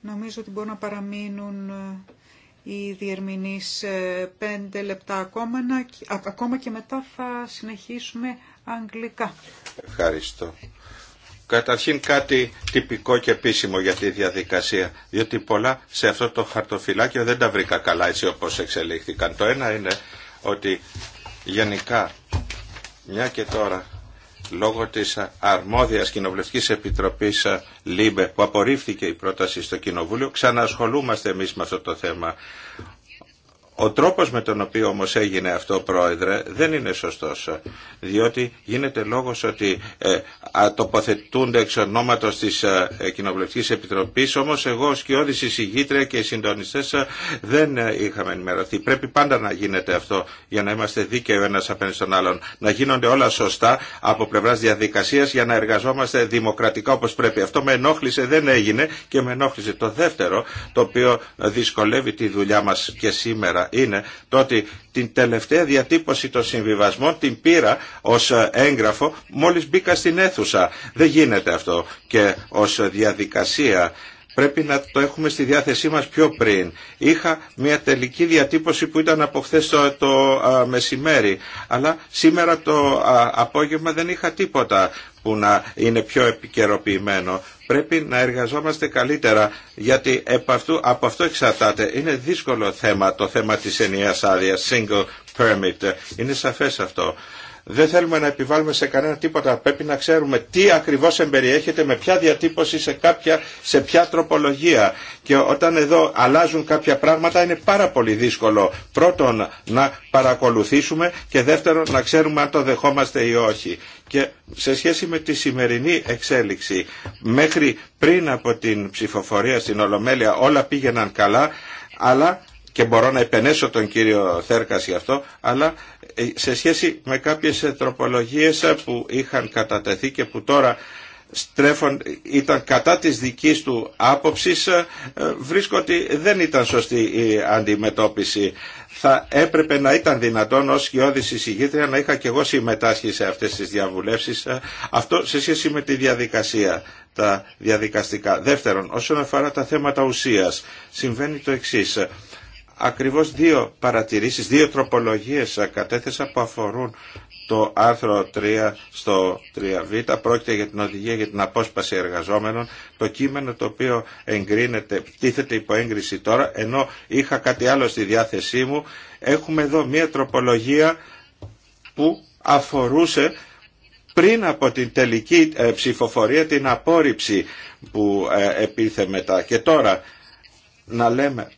Νομίζω ότι μπορούν να παραμείνουν ε, οι διερμηνείς ε, πέντε λεπτά ακόμα, ακόμα και μετά θα συνεχίσουμε αγγλικά. Ευχαριστώ. Καταρχήν κάτι τυπικό και επίσημο για τη διαδικασία, διότι πολλά σε αυτό το χαρτοφυλάκιο δεν τα βρήκα καλά έτσι όπως εξελίχθηκαν. Το ένα είναι ότι γενικά, μια και τώρα, λόγω της αρμόδιας κοινοβουλευτικής επιτροπής ε, ΛΥΜΠΕ που απορρίφθηκε η πρόταση στο Κοινοβούλιο, ξανασχολούμαστε εμείς με αυτό το θέμα ο τρόπος με τον οποίο όμως έγινε αυτό πρόεδρε δεν είναι σωστός διότι γίνεται λόγος ότι ε, α, τοποθετούνται εξ ονόματος της ε, Κοινοβουλευτικής Επιτροπής όμως εγώ ως κοιόδηση συγγήτρια και οι συντονιστές ε, δεν ε, είχαμε ενημερωθεί. Πρέπει πάντα να γίνεται αυτό για να είμαστε δίκαιοι ο ένας απέναντι στον άλλον. Να γίνονται όλα σωστά από πλευράς διαδικασίας για να εργαζόμαστε δημοκρατικά όπως πρέπει. Αυτό με ενόχλησε δεν έγινε και με ενόχλησε το δεύτερο το οποίο δυσκολεύει τη δουλειά μας και σήμερα είναι το ότι την τελευταία διατύπωση των συμβιβασμών την πήρα ως ε, έγγραφο μόλις μπήκα στην αίθουσα. Δεν γίνεται αυτό και ως διαδικασία πρέπει να το έχουμε στη διάθεσή μας πιο πριν. Είχα μια τελική διατύπωση που ήταν από χθε το, μεσημέρι, αλλά σήμερα το απόγευμα δεν είχα τίποτα που να είναι πιο επικαιροποιημένο πρέπει να εργαζόμαστε καλύτερα γιατί από αυτό εξαρτάται. Είναι δύσκολο θέμα το θέμα της ενιαίας άδεια, single permit. Είναι σαφές αυτό. Δεν θέλουμε να επιβάλλουμε σε κανένα τίποτα. Πρέπει να ξέρουμε τι ακριβώς εμπεριέχεται, με ποια διατύπωση, σε, κάποια, σε ποια τροπολογία. Και όταν εδώ αλλάζουν κάποια πράγματα είναι πάρα πολύ δύσκολο. Πρώτον να παρακολουθήσουμε και δεύτερον να ξέρουμε αν το δεχόμαστε ή όχι. Και σε σχέση με τη σημερινή εξέλιξη, μέχρι πριν από την ψηφοφορία στην Ολομέλεια όλα πήγαιναν καλά, αλλά και μπορώ να επενέσω τον κύριο Θέρκας γι' αυτό, αλλά ε, σε σχέση με κάποιες ε, τροπολογίες ε, που είχαν κατατεθεί και που τώρα στρέφον, ήταν κατά της δικής του άποψης ε, βρίσκω ότι δεν ήταν σωστή η αντιμετώπιση θα έπρεπε να ήταν δυνατόν ως σκιώδης εισηγήτρια να είχα και εγώ συμμετάσχει σε αυτές τις διαβουλεύσεις ε, αυτό σε σχέση με τη διαδικασία τα διαδικαστικά δεύτερον όσον αφορά τα θέματα ουσίας συμβαίνει το εξής ακριβώς δύο παρατηρήσεις δύο τροπολογίες κατέθεσα που αφορούν το άρθρο 3 στο 3β πρόκειται για την οδηγία για την απόσπαση εργαζόμενων το κείμενο το οποίο εγκρίνεται, τίθεται υπό έγκριση τώρα ενώ είχα κάτι άλλο στη διάθεσή μου έχουμε εδώ μια τροπολογία που αφορούσε πριν από την τελική ε, ψηφοφορία την απόρριψη που ε, επίθε μετά και τώρα να λέμε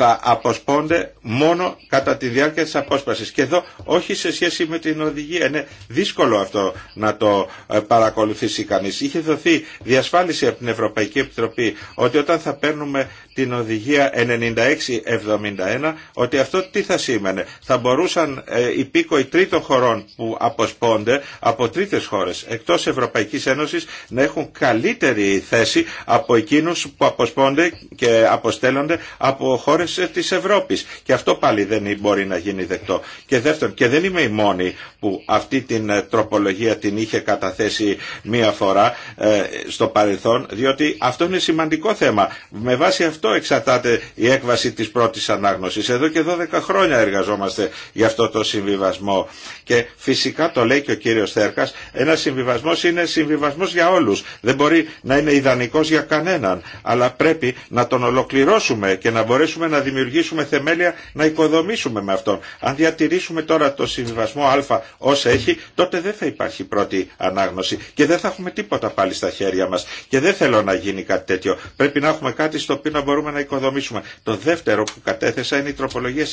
θα αποσπώνται μόνο κατά τη διάρκεια της απόσπασης. Και εδώ όχι σε σχέση με την οδηγία. Είναι δύσκολο αυτό να το ε, παρακολουθήσει κανείς. Είχε δοθεί διασφάλιση από την Ευρωπαϊκή Επιτροπή ότι όταν θα παίρνουμε την οδηγία 96-71 ότι αυτό τι θα σήμαινε. Θα μπορούσαν ε, οι πίκοοι τρίτων χωρών που αποσπώνται από τρίτες χώρες εκτός Ευρωπαϊκής Ένωσης να έχουν καλύτερη θέση από εκείνους που αποσπώνται και αποστέλλονται από χώρες Τη ε, της Ευρώπης. Και αυτό πάλι δεν μπορεί να γίνει δεκτό. Και δεύτερον, και δεν είμαι η μόνη που αυτή την ε, τροπολογία την είχε καταθέσει μία φορά ε, στο παρελθόν, διότι αυτό είναι σημαντικό θέμα. Με βάση αυτό εξαρτάται η έκβαση της πρώτης ανάγνωσης. Εδώ και 12 χρόνια εργαζόμαστε για αυτό το συμβιβασμό. Και φυσικά το λέει και ο κύριος Θέρκας, ένα συμβιβασμός είναι συμβιβασμός για όλους. Δεν μπορεί να είναι ιδανικός για κανέναν, αλλά πρέπει να τον ολοκληρώσουμε και να μπορέσουμε να να δημιουργήσουμε θεμέλια να οικοδομήσουμε με αυτόν. Αν διατηρήσουμε τώρα το συμβιβασμό Α ως έχει, τότε δεν θα υπάρχει πρώτη ανάγνωση και δεν θα έχουμε τίποτα πάλι στα χέρια μα. Και δεν θέλω να γίνει κάτι τέτοιο. Πρέπει να έχουμε κάτι στο οποίο να μπορούμε να οικοδομήσουμε. Το δεύτερο που κατέθεσα είναι η τροπολογία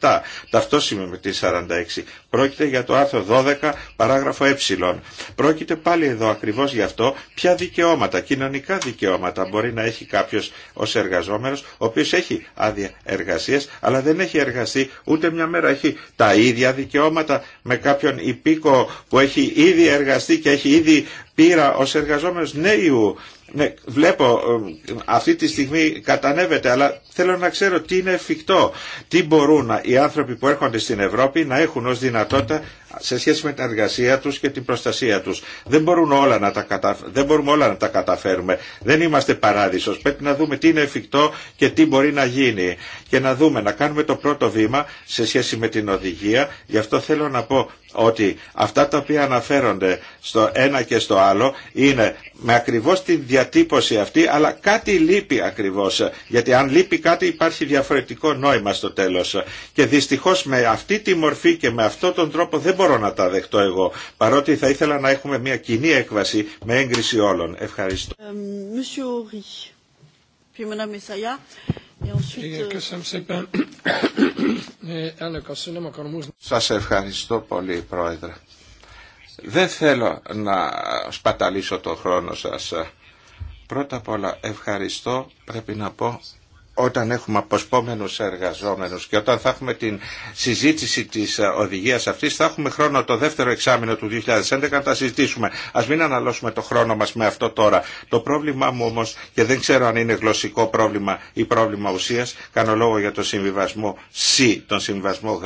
47, ταυτόσημη με τη 46. Πρόκειται για το άρθρο 12, παράγραφο ε. Πρόκειται πάλι εδώ ακριβώς γι' αυτό ποια δικαιώματα, κοινωνικά δικαιώματα μπορεί να έχει κάποιο ως εργαζόμενος, ο οποίο έχει άδεια εργασίες αλλά δεν έχει εργαστεί ούτε μια μέρα. Έχει τα ίδια δικαιώματα με κάποιον υπήκο που έχει ήδη εργαστεί και έχει ήδη πείρα ω εργαζόμενο. νέου. Ναι, βλέπω ε, αυτή τη στιγμή κατανέβεται, αλλά θέλω να ξέρω τι είναι εφικτό. Τι μπορούν οι άνθρωποι που έρχονται στην Ευρώπη να έχουν ω δυνατότητα σε σχέση με την εργασία τους και την προστασία τους. Δεν, μπορούν όλα να τα κατα... δεν μπορούμε όλα να τα καταφέρουμε. Δεν είμαστε παράδεισος. Πρέπει να δούμε τι είναι εφικτό και τι μπορεί να γίνει. Και να δούμε, να κάνουμε το πρώτο βήμα σε σχέση με την οδηγία. Γι' αυτό θέλω να πω ότι αυτά τα οποία αναφέρονται στο ένα και στο άλλο είναι με ακριβώς την διατύπωση αυτή, αλλά κάτι λείπει ακριβώς. Γιατί αν λείπει κάτι υπάρχει διαφορετικό νόημα στο τέλος. Και δυστυχώς με αυτή τη μορφή και με αυτόν τον τρόπο δεν μπορώ να τα δεχτώ εγώ, παρότι θα ήθελα να έχουμε μια κοινή έκβαση με έγκριση όλων. Ευχαριστώ. Σας ευχαριστώ πολύ, Πρόεδρε. Δεν θέλω να σπαταλήσω το χρόνο σας. Πρώτα απ' όλα ευχαριστώ, πρέπει να πω, όταν έχουμε αποσπόμενους εργαζόμενους και όταν θα έχουμε την συζήτηση της οδηγίας αυτής θα έχουμε χρόνο το δεύτερο εξάμεινο του 2011 να τα συζητήσουμε. Ας μην αναλώσουμε το χρόνο μας με αυτό τώρα. Το πρόβλημά μου όμως και δεν ξέρω αν είναι γλωσσικό πρόβλημα ή πρόβλημα ουσίας κάνω λόγο για το συμβιβασμό C, τον συμβιβασμό Γ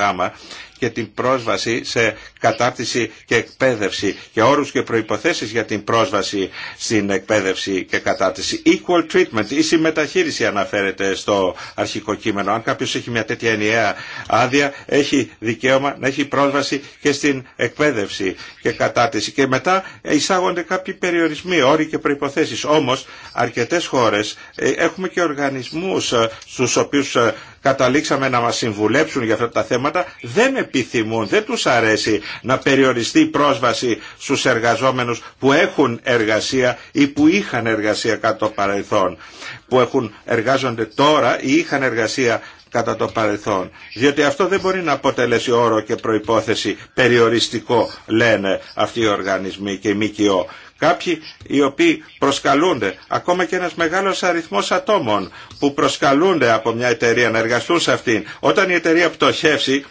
και την πρόσβαση σε κατάρτιση και εκπαίδευση και όρους και προϋποθέσεις για την πρόσβαση στην εκπαίδευση και κατάρτιση. Equal treatment, η συμμεταχείριση αναφέρεται στο αρχικό κείμενο. Αν κάποιος έχει μια τέτοια ενιαία άδεια, έχει δικαίωμα να έχει πρόσβαση και στην εκπαίδευση και κατάρτιση. Και μετά εισάγονται κάποιοι περιορισμοί, όροι και προϋποθέσεις. Όμως, αρκετές χώρες ε, έχουμε και οργανισμούς ε, στους οποίους ε, καταλήξαμε να μας συμβουλέψουν για αυτά τα θέματα δεν επιθυμούν, δεν τους αρέσει να περιοριστεί η πρόσβαση στους εργαζόμενους που έχουν εργασία ή που είχαν εργασία κατά το παρελθόν, που έχουν, εργάζονται τώρα ή είχαν εργασία κατά το παρελθόν. Διότι αυτό δεν μπορεί να αποτελέσει όρο και προϋπόθεση περιοριστικό, λένε αυτοί οι οργανισμοί και οι ΜΚΟ. Κάποιοι οι οποίοι προσκαλούνται, ακόμα και ένας μεγάλος αριθμός ατόμων που προσκαλούνται από μια εταιρεία να εργαστούν σε αυτήν. Όταν η εταιρεία πτωχεύσει,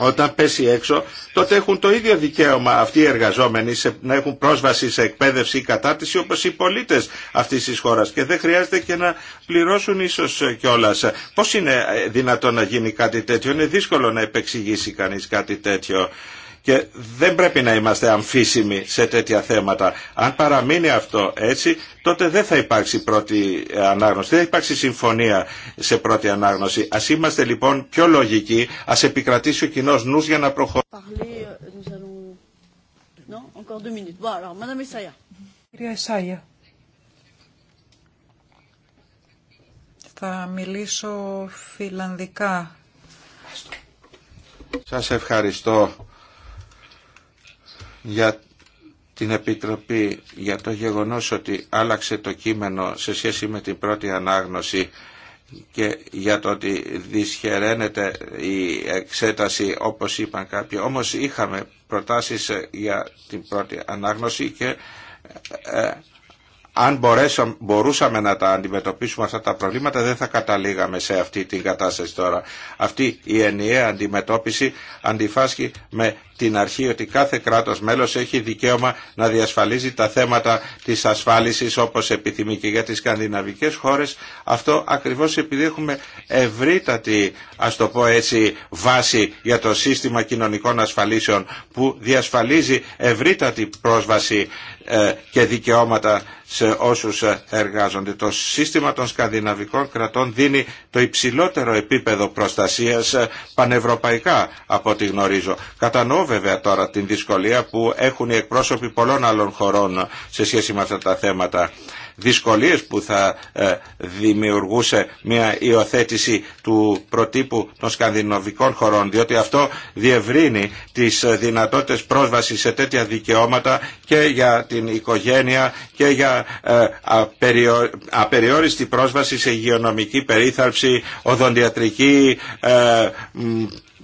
όταν πέσει έξω, τότε έχουν το ίδιο δικαίωμα αυτοί οι εργαζόμενοι να έχουν πρόσβαση σε εκπαίδευση ή κατάρτιση όπως οι πολίτες αυτής της χώρας και δεν χρειάζεται και να πληρώσουν ίσως κιόλα. Πώς είναι δυνατόν να γίνει κάτι τέτοιο, είναι δύσκολο να επεξηγήσει κανείς κάτι τέτοιο και δεν πρέπει να είμαστε αμφίσιμοι σε τέτοια θέματα. Αν παραμείνει αυτό έτσι, τότε δεν θα υπάρξει πρώτη ανάγνωση, δεν θα υπάρξει συμφωνία σε πρώτη ανάγνωση. Ας είμαστε λοιπόν πιο λογικοί, ας επικρατήσει ο κοινός νους για να προχωρήσουμε. Euh, θα μιλήσω φιλανδικά. Σας ευχαριστώ για την Επιτροπή για το γεγονός ότι άλλαξε το κείμενο σε σχέση με την πρώτη ανάγνωση και για το ότι δυσχεραίνεται η εξέταση όπως είπαν κάποιοι. Όμως είχαμε προτάσεις για την πρώτη ανάγνωση και ε, αν μπορούσαμε να τα αντιμετωπίσουμε αυτά τα προβλήματα δεν θα καταλήγαμε σε αυτή την κατάσταση τώρα. Αυτή η ενιαία αντιμετώπιση αντιφάσκει με την αρχή ότι κάθε κράτος μέλος έχει δικαίωμα να διασφαλίζει τα θέματα της ασφάλισης όπως επιθυμεί και για τις σκανδιναβικές χώρες. Αυτό ακριβώς επειδή έχουμε ευρύτατη, ας το πω έτσι, βάση για το σύστημα κοινωνικών ασφαλίσεων που διασφαλίζει ευρύτατη πρόσβαση ε, και δικαιώματα σε όσους ε, εργάζονται. Το σύστημα των σκανδιναβικών κρατών δίνει το υψηλότερο επίπεδο προστασίας ε, πανευρωπαϊκά από ό,τι γνωρίζω. Κατανοώ βέβαια τώρα την δυσκολία που έχουν οι εκπρόσωποι πολλών άλλων χωρών σε σχέση με αυτά τα θέματα δυσκολίες που θα ε, δημιουργούσε μια υιοθέτηση του προτύπου των σκανδιναβικών χωρών, διότι αυτό διευρύνει τις δυνατότητες πρόσβασης σε τέτοια δικαιώματα και για την οικογένεια και για ε, απεριόριστη πρόσβαση σε υγειονομική περίθαλψη, οδοντιατρική ε,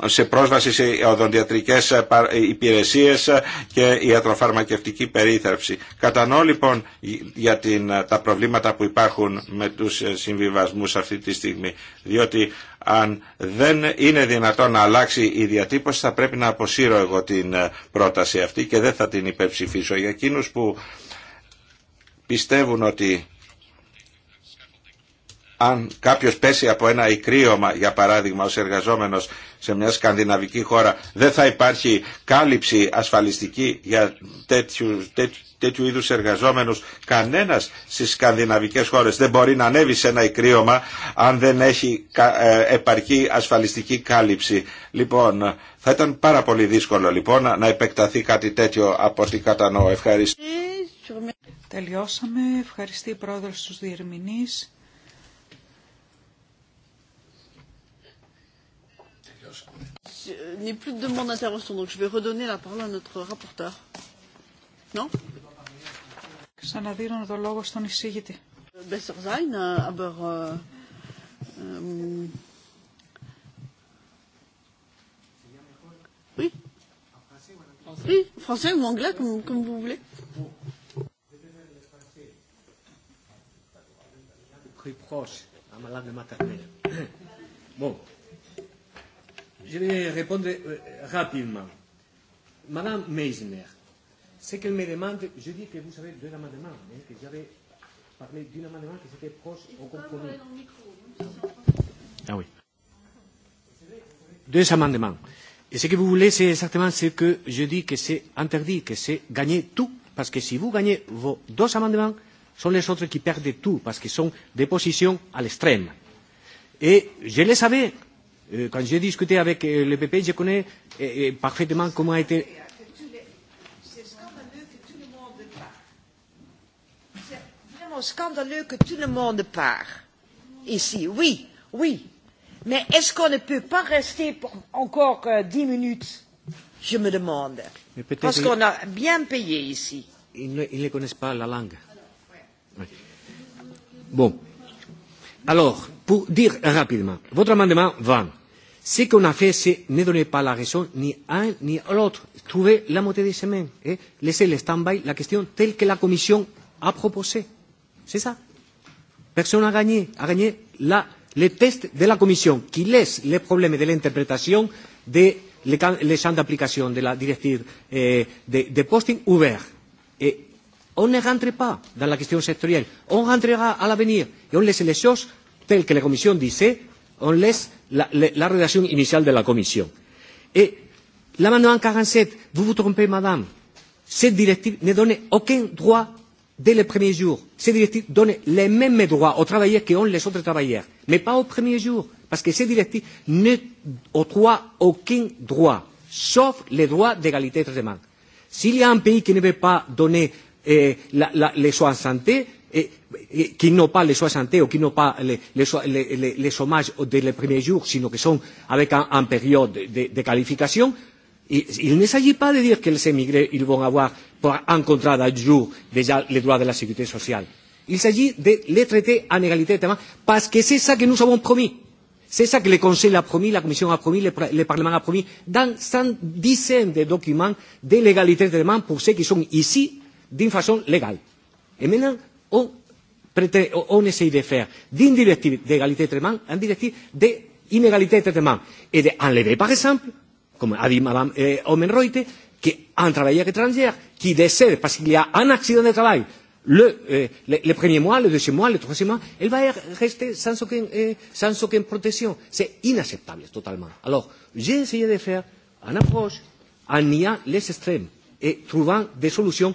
σε πρόσβαση σε οδοντιατρικές ε, ε, υπηρεσίες ε, και ιατροφαρμακευτική περίθαλψη. Κατανοώ λοιπόν για την, τα προβλήματα που υπάρχουν με τους συμβιβασμούς αυτή τη στιγμή, διότι αν δεν είναι δυνατόν να αλλάξει η διατύπωση θα πρέπει να αποσύρω εγώ την πρόταση αυτή και δεν θα την υπερψηφίσω. Για εκείνους που πιστεύουν ότι αν κάποιο πέσει από ένα ικρίωμα, για παράδειγμα, ως εργαζόμενος σε μια σκανδιναβική χώρα, δεν θα υπάρχει κάλυψη ασφαλιστική για τέτοιου, τέτοιου, τέτοιου είδους εργαζόμενους. Κανένας στις σκανδιναβικές χώρες δεν μπορεί να ανέβει σε ένα ικρίωμα αν δεν έχει ε, επαρκή ασφαλιστική κάλυψη. Λοιπόν, θα ήταν πάρα πολύ δύσκολο λοιπόν να επεκταθεί κάτι τέτοιο από ό,τι κατανοώ. Ευχαριστώ. Τελειώσαμε. Ευχαριστή πρόεδρος του διερμηνεί. je n'ai plus de demande d'intervention, donc je vais redonner la parole à notre rapporteur. Non Ξαναδίνω το λόγο στον εισήγητη. Besser sein, aber euh, oui, oui, français ou anglais comme, comme vous voulez. Très proche, à ma langue maternelle. Bon, je vais répondre rapidement. Madame Meisner, ce qu'elle me demande, je dis que vous avez deux amendements, hein, que j'avais parlé d'un amendement qui était proche au compromis. Ah oui. Deux amendements. Et ce que vous voulez, c'est exactement ce que je dis que c'est interdit, que c'est gagner tout. Parce que si vous gagnez vos deux amendements, sont les autres qui perdent tout, parce qu'ils sont des positions à l'extrême. Et je le savais Quand j'ai discuté avec le PP, je connais parfaitement comment a été. C'est scandaleux que tout le monde part. C'est vraiment scandaleux que tout le monde part. Ici, oui, oui. Mais est-ce qu'on ne peut pas rester pour encore dix minutes Je me demande. Parce qu'on a bien payé ici. Ils ne connaissent pas la langue. Bon. Alors pour dire rapidement, votre amendement va. Ce qu'on a fait, c'est ne donner pas la raison ni à un ni à l'autre. Trouver la moitié des semaines. Et laisser le stand-by, la question telle que la Commission a proposée. C'est ça. Personne n'a gagné. A gagné la, le test de la Commission qui laisse les problèmes de l'interprétation de les champs d'application de la directive de, posting ouverts. Et on ne rentre pas dans la question sectorielle. On rentrera à l'avenir et on laisse les choses tel que la Commission disait, on laisse la rédaction initiale de la Commission. Et l'amendement 47, vous vous trompez, madame, cette directive ne donne aucun droit dès le premier jour. Cette directive donne les mêmes droits aux travailleurs ont les autres travailleurs, mais pas au premier jour, parce que cette directive ne octroie aucun droit, sauf les droits d'égalité de traitement. S'il y a un pays qui ne veut pas donner les soins de santé, qui n'ont pas les soins ou qui n'ont pas les chômages dès les premiers jours, sinon qui sont avec une période de qualification. Il ne s'agit pas de dire que les émigrés vont avoir pour un contrat d'un jour déjà les droits de la sécurité sociale. Il s'agit de les traiter en égalité de parce que c'est ça que nous avons promis. C'est ça que le Conseil a promis, la Commission a promis, le Parlement a promis, dans cent dizaines de documents de l'égalité de demande pour ceux qui sont ici d'une façon légale. Et on, on essaye de faire d'une directive d'égalité de traitement une directive d'inégalité de traitement et d'enlever, par exemple, comme a dit Mme qui Omenreuter, qu'un travailleur étranger qui décède parce qu'il y a un accident de travail le, le, premier mois, le deuxième mois, le troisième mois, elle va rester sans aucune, sans aucune protection. C'est inacceptable totalement. Alors, j'ai essayé de faire une approche en niant les extrêmes et trouvant des solutions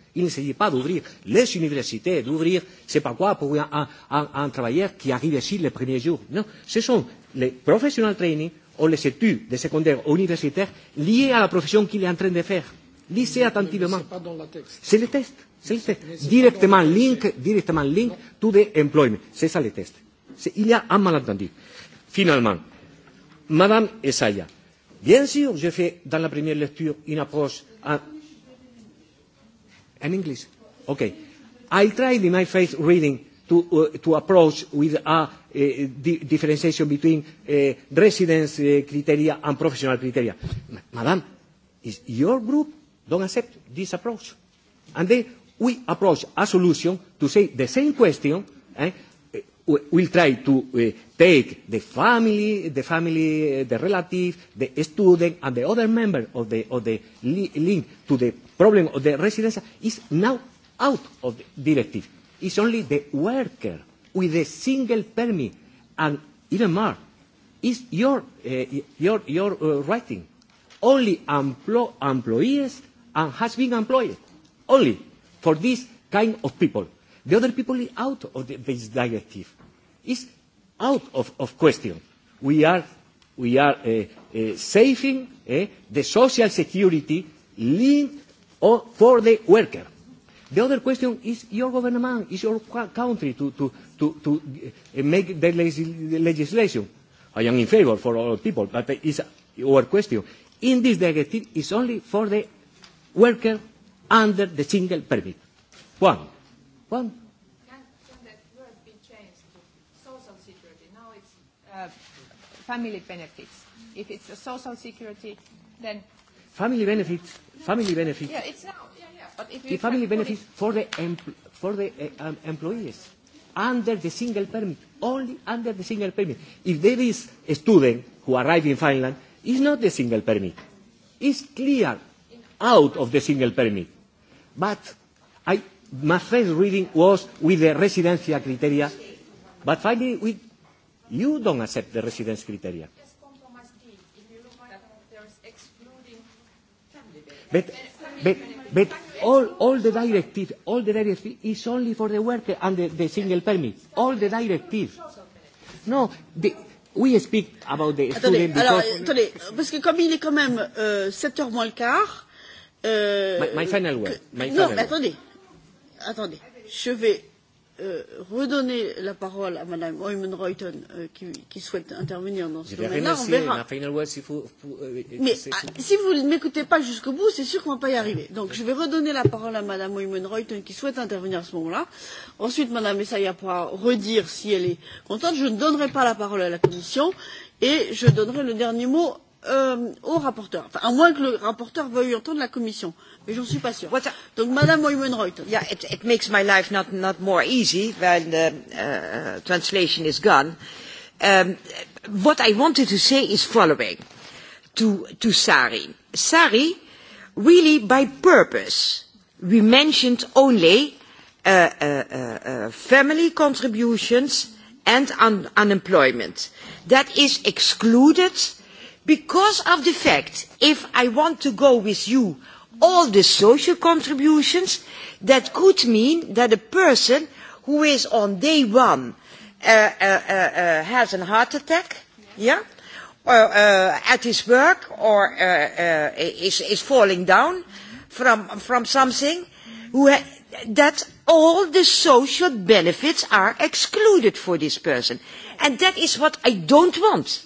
Il ne s'agit pas d'ouvrir les universités, d'ouvrir, c'est pas quoi, pour un travailleur qui arrive ici les premiers jours. Non, ce sont les professional training ou les études de secondaire ou universitaire liées à la profession qu'il est en train de faire. Lisez attentivement. C'est le test. C'est le test. Directement link, directement link to the employment. C'est ça le test. Il y a un malentendu. Finalement, Madame Esaya, bien sûr, je fais dans la première lecture une approche and English. Okay. I'll try in my faith reading to to approach with a differentiation between residence criteria and professional criteria. Madam, is your group don't accept this approach. And then we approach a solution to say the same question. We'll try to take the family, the family, the relative, the student, and the other member of the link to the problem of the residence is now out of the directive. It's only the worker with a single permit and even more. It's your, your, your writing. Only employees and has been employed. Only for this kind of people. The other people are out of this directive. It's out of question. We are we are saving the social security linked or for the worker. The other question is your government, is your country to, to, to, to make the legislation. I am in favor for all people, but it's our question. In this directive, is only for the worker under the single permit. One. One. Family benefits. If it's a social security, then. Family benefits family benefits. Yeah, it's now. Yeah, yeah. the family benefits for the for the employees under the single permit, only under the single permit. If there is a student who arrives in Finland, it's not the single permit. It's clear out of the single permit. But I, my first reading was with the residencia criteria, but finally we, you don't accept the residence criteria. But, but, but all, all the directive, all the directive is only for the worker and the, the single permit. All the directive. No, the, we speak about the attendez, student alors, Attendez, parce que comme il est quand même euh, 7h moins le quart... Euh, my, my final word. My final non, word. attendez. Attendez. Je vais redonner la parole à Mme Oymen-Reuten qui souhaite intervenir dans ce domaine-là. On verra. Mais si vous ne m'écoutez pas jusqu'au bout, c'est sûr qu'on ne va pas y arriver. Donc je vais redonner la parole à Mme oymen reuton qui souhaite intervenir à ce moment-là. Ensuite, Mme Essaya pourra redire si elle est contente. Je ne donnerai pas la parole à la Commission et je donnerai le dernier mot euh, au rapporteur, enfin, à moins que le rapporteur veuille entendre la Commission, mais j'en suis pas sûre. Donc, Madame Oymen-Reuter. Yeah, it, it makes my life not, not more easy when the uh, translation is gone. Um, what I wanted to say is following to, to Sari. Sari, really by purpose, we mentioned only uh, uh, uh, family contributions and un unemployment. That is excluded because of the fact, if I want to go with you, all the social contributions, that could mean that a person who is on day one has a heart attack, yeah, at his work or is falling down from something, that all the social benefits are excluded for this person. And that is what I don't want.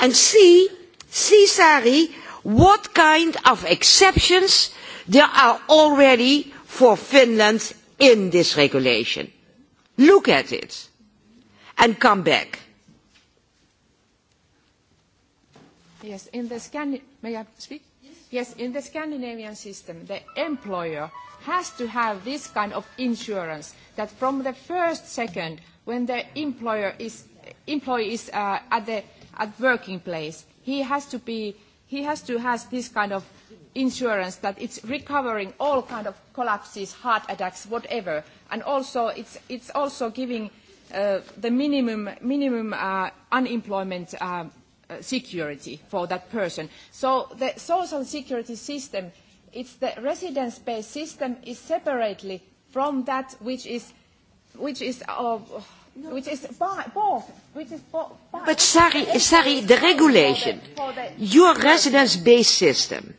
and see Sari what kind of exceptions there are already for Finland in this regulation. Look at it and come back. Yes, in the Yes, in the Scandinavian system, the employer has to have this kind of insurance that from the first second when the employer is employee is at the at working place. He has to be he has to have this kind of insurance that it's recovering all kind of collapses, heart attacks, whatever. And also it's it's also giving the minimum minimum unemployment security for that person. So the social security system, it's the residence-based system is separately from that which is which is which is But sorry, sorry, the regulation, your residence-based system,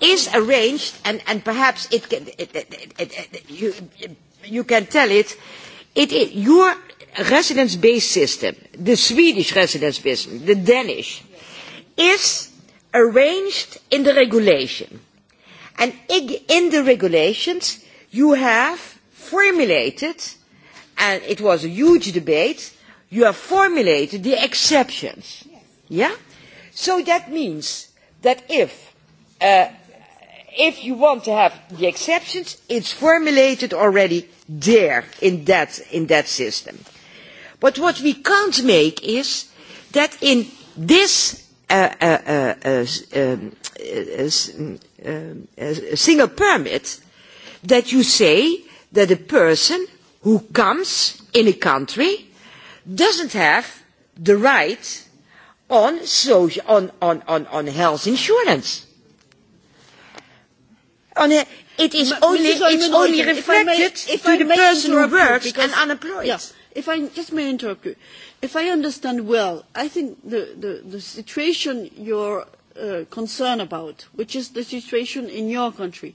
is arranged, and and perhaps it can you you can tell it, it your residence-based system, the Swedish residence-based system, the Danish, is arranged in the regulation, and in the regulations you have formulated and it was a huge debate you have formulated the exceptions yeah so that means that if if you want to have the exceptions it's formulated already there in that in that system but what we can't make is that in this single permit that you say that a person who comes in a country doesn't have the right on health insurance. It is only reflected to the person who works and unemployed. If I just may interrupt you, if I understand well, I think the situation you're concerned about, which is the situation in your country,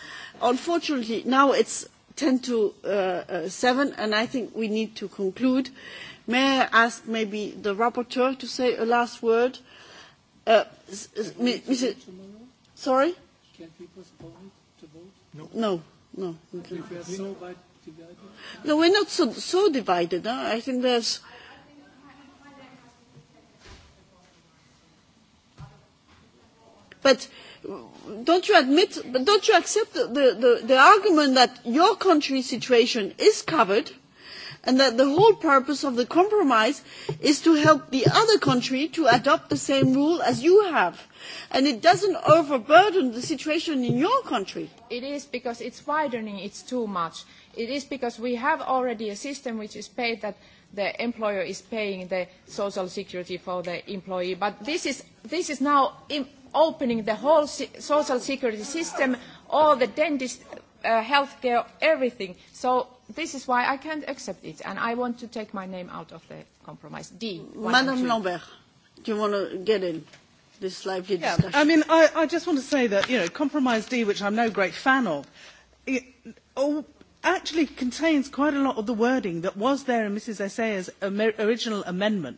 Unfortunately, now it's 10 to 7, and I think we need to conclude. May I ask maybe the rapporteur to say a last word? Sorry? Can people to vote? No. No, no. we're not so, so divided. I think there's... But don't you admit, don't you accept the argument that your country's situation is covered and that the whole purpose of the compromise is to help the other country to adopt the same rule as you have and it doesn't overburden the situation in your country. It is because it's widening, it's too much. It is because we have already a system which is paid that the employer is paying the social security for the employee, but this is now opening the whole social security system, all the dentist, healthcare, everything. So this is why I can't accept it, and I want to take my name out of the compromise. D. Madame Lambert, do you want to get in? This lively discussion. I mean, I just want to say that, you know, Compromise D, which I'm no great fan of, actually contains quite a lot of the wording that was there in Mrs. Essayer's original amendment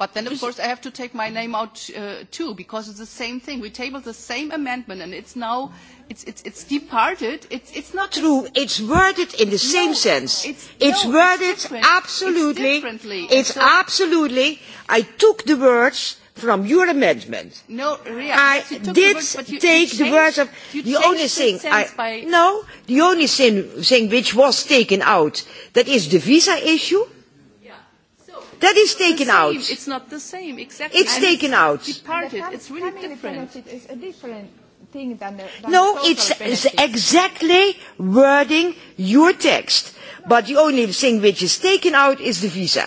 But then, of course, I have to take my name out too, because it's the same thing. We tabled the same amendment, and it's now, it's it's it's departed. It's it's not true. It's worded in the same sense. It's worded absolutely. It's absolutely. I took the words from your amendment. No, I did take the words of the only thing. No, the only thing which was taken out that is the visa issue That is taken out. It's not the same, exactly. It's taken out. Departed. It's really different. It's a different thing than the. No, it's exactly wording your text, but the only thing which is taken out is the visa.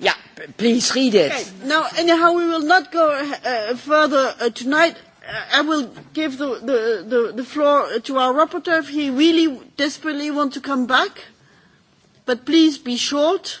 Yeah, please read it. Now, anyhow, we will not go further tonight. I will give the floor to our rapporteur if he really desperately wants to come back. But please be short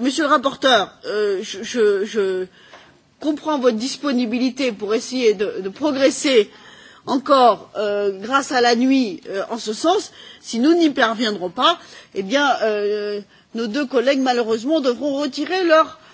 monsieur le rapporteur je comprends votre disponibilité pour essayer de progresser encore grâce à la nuit en ce sens. si nous n'y parviendrons pas eh bien nos deux collègues malheureusement devront retirer leur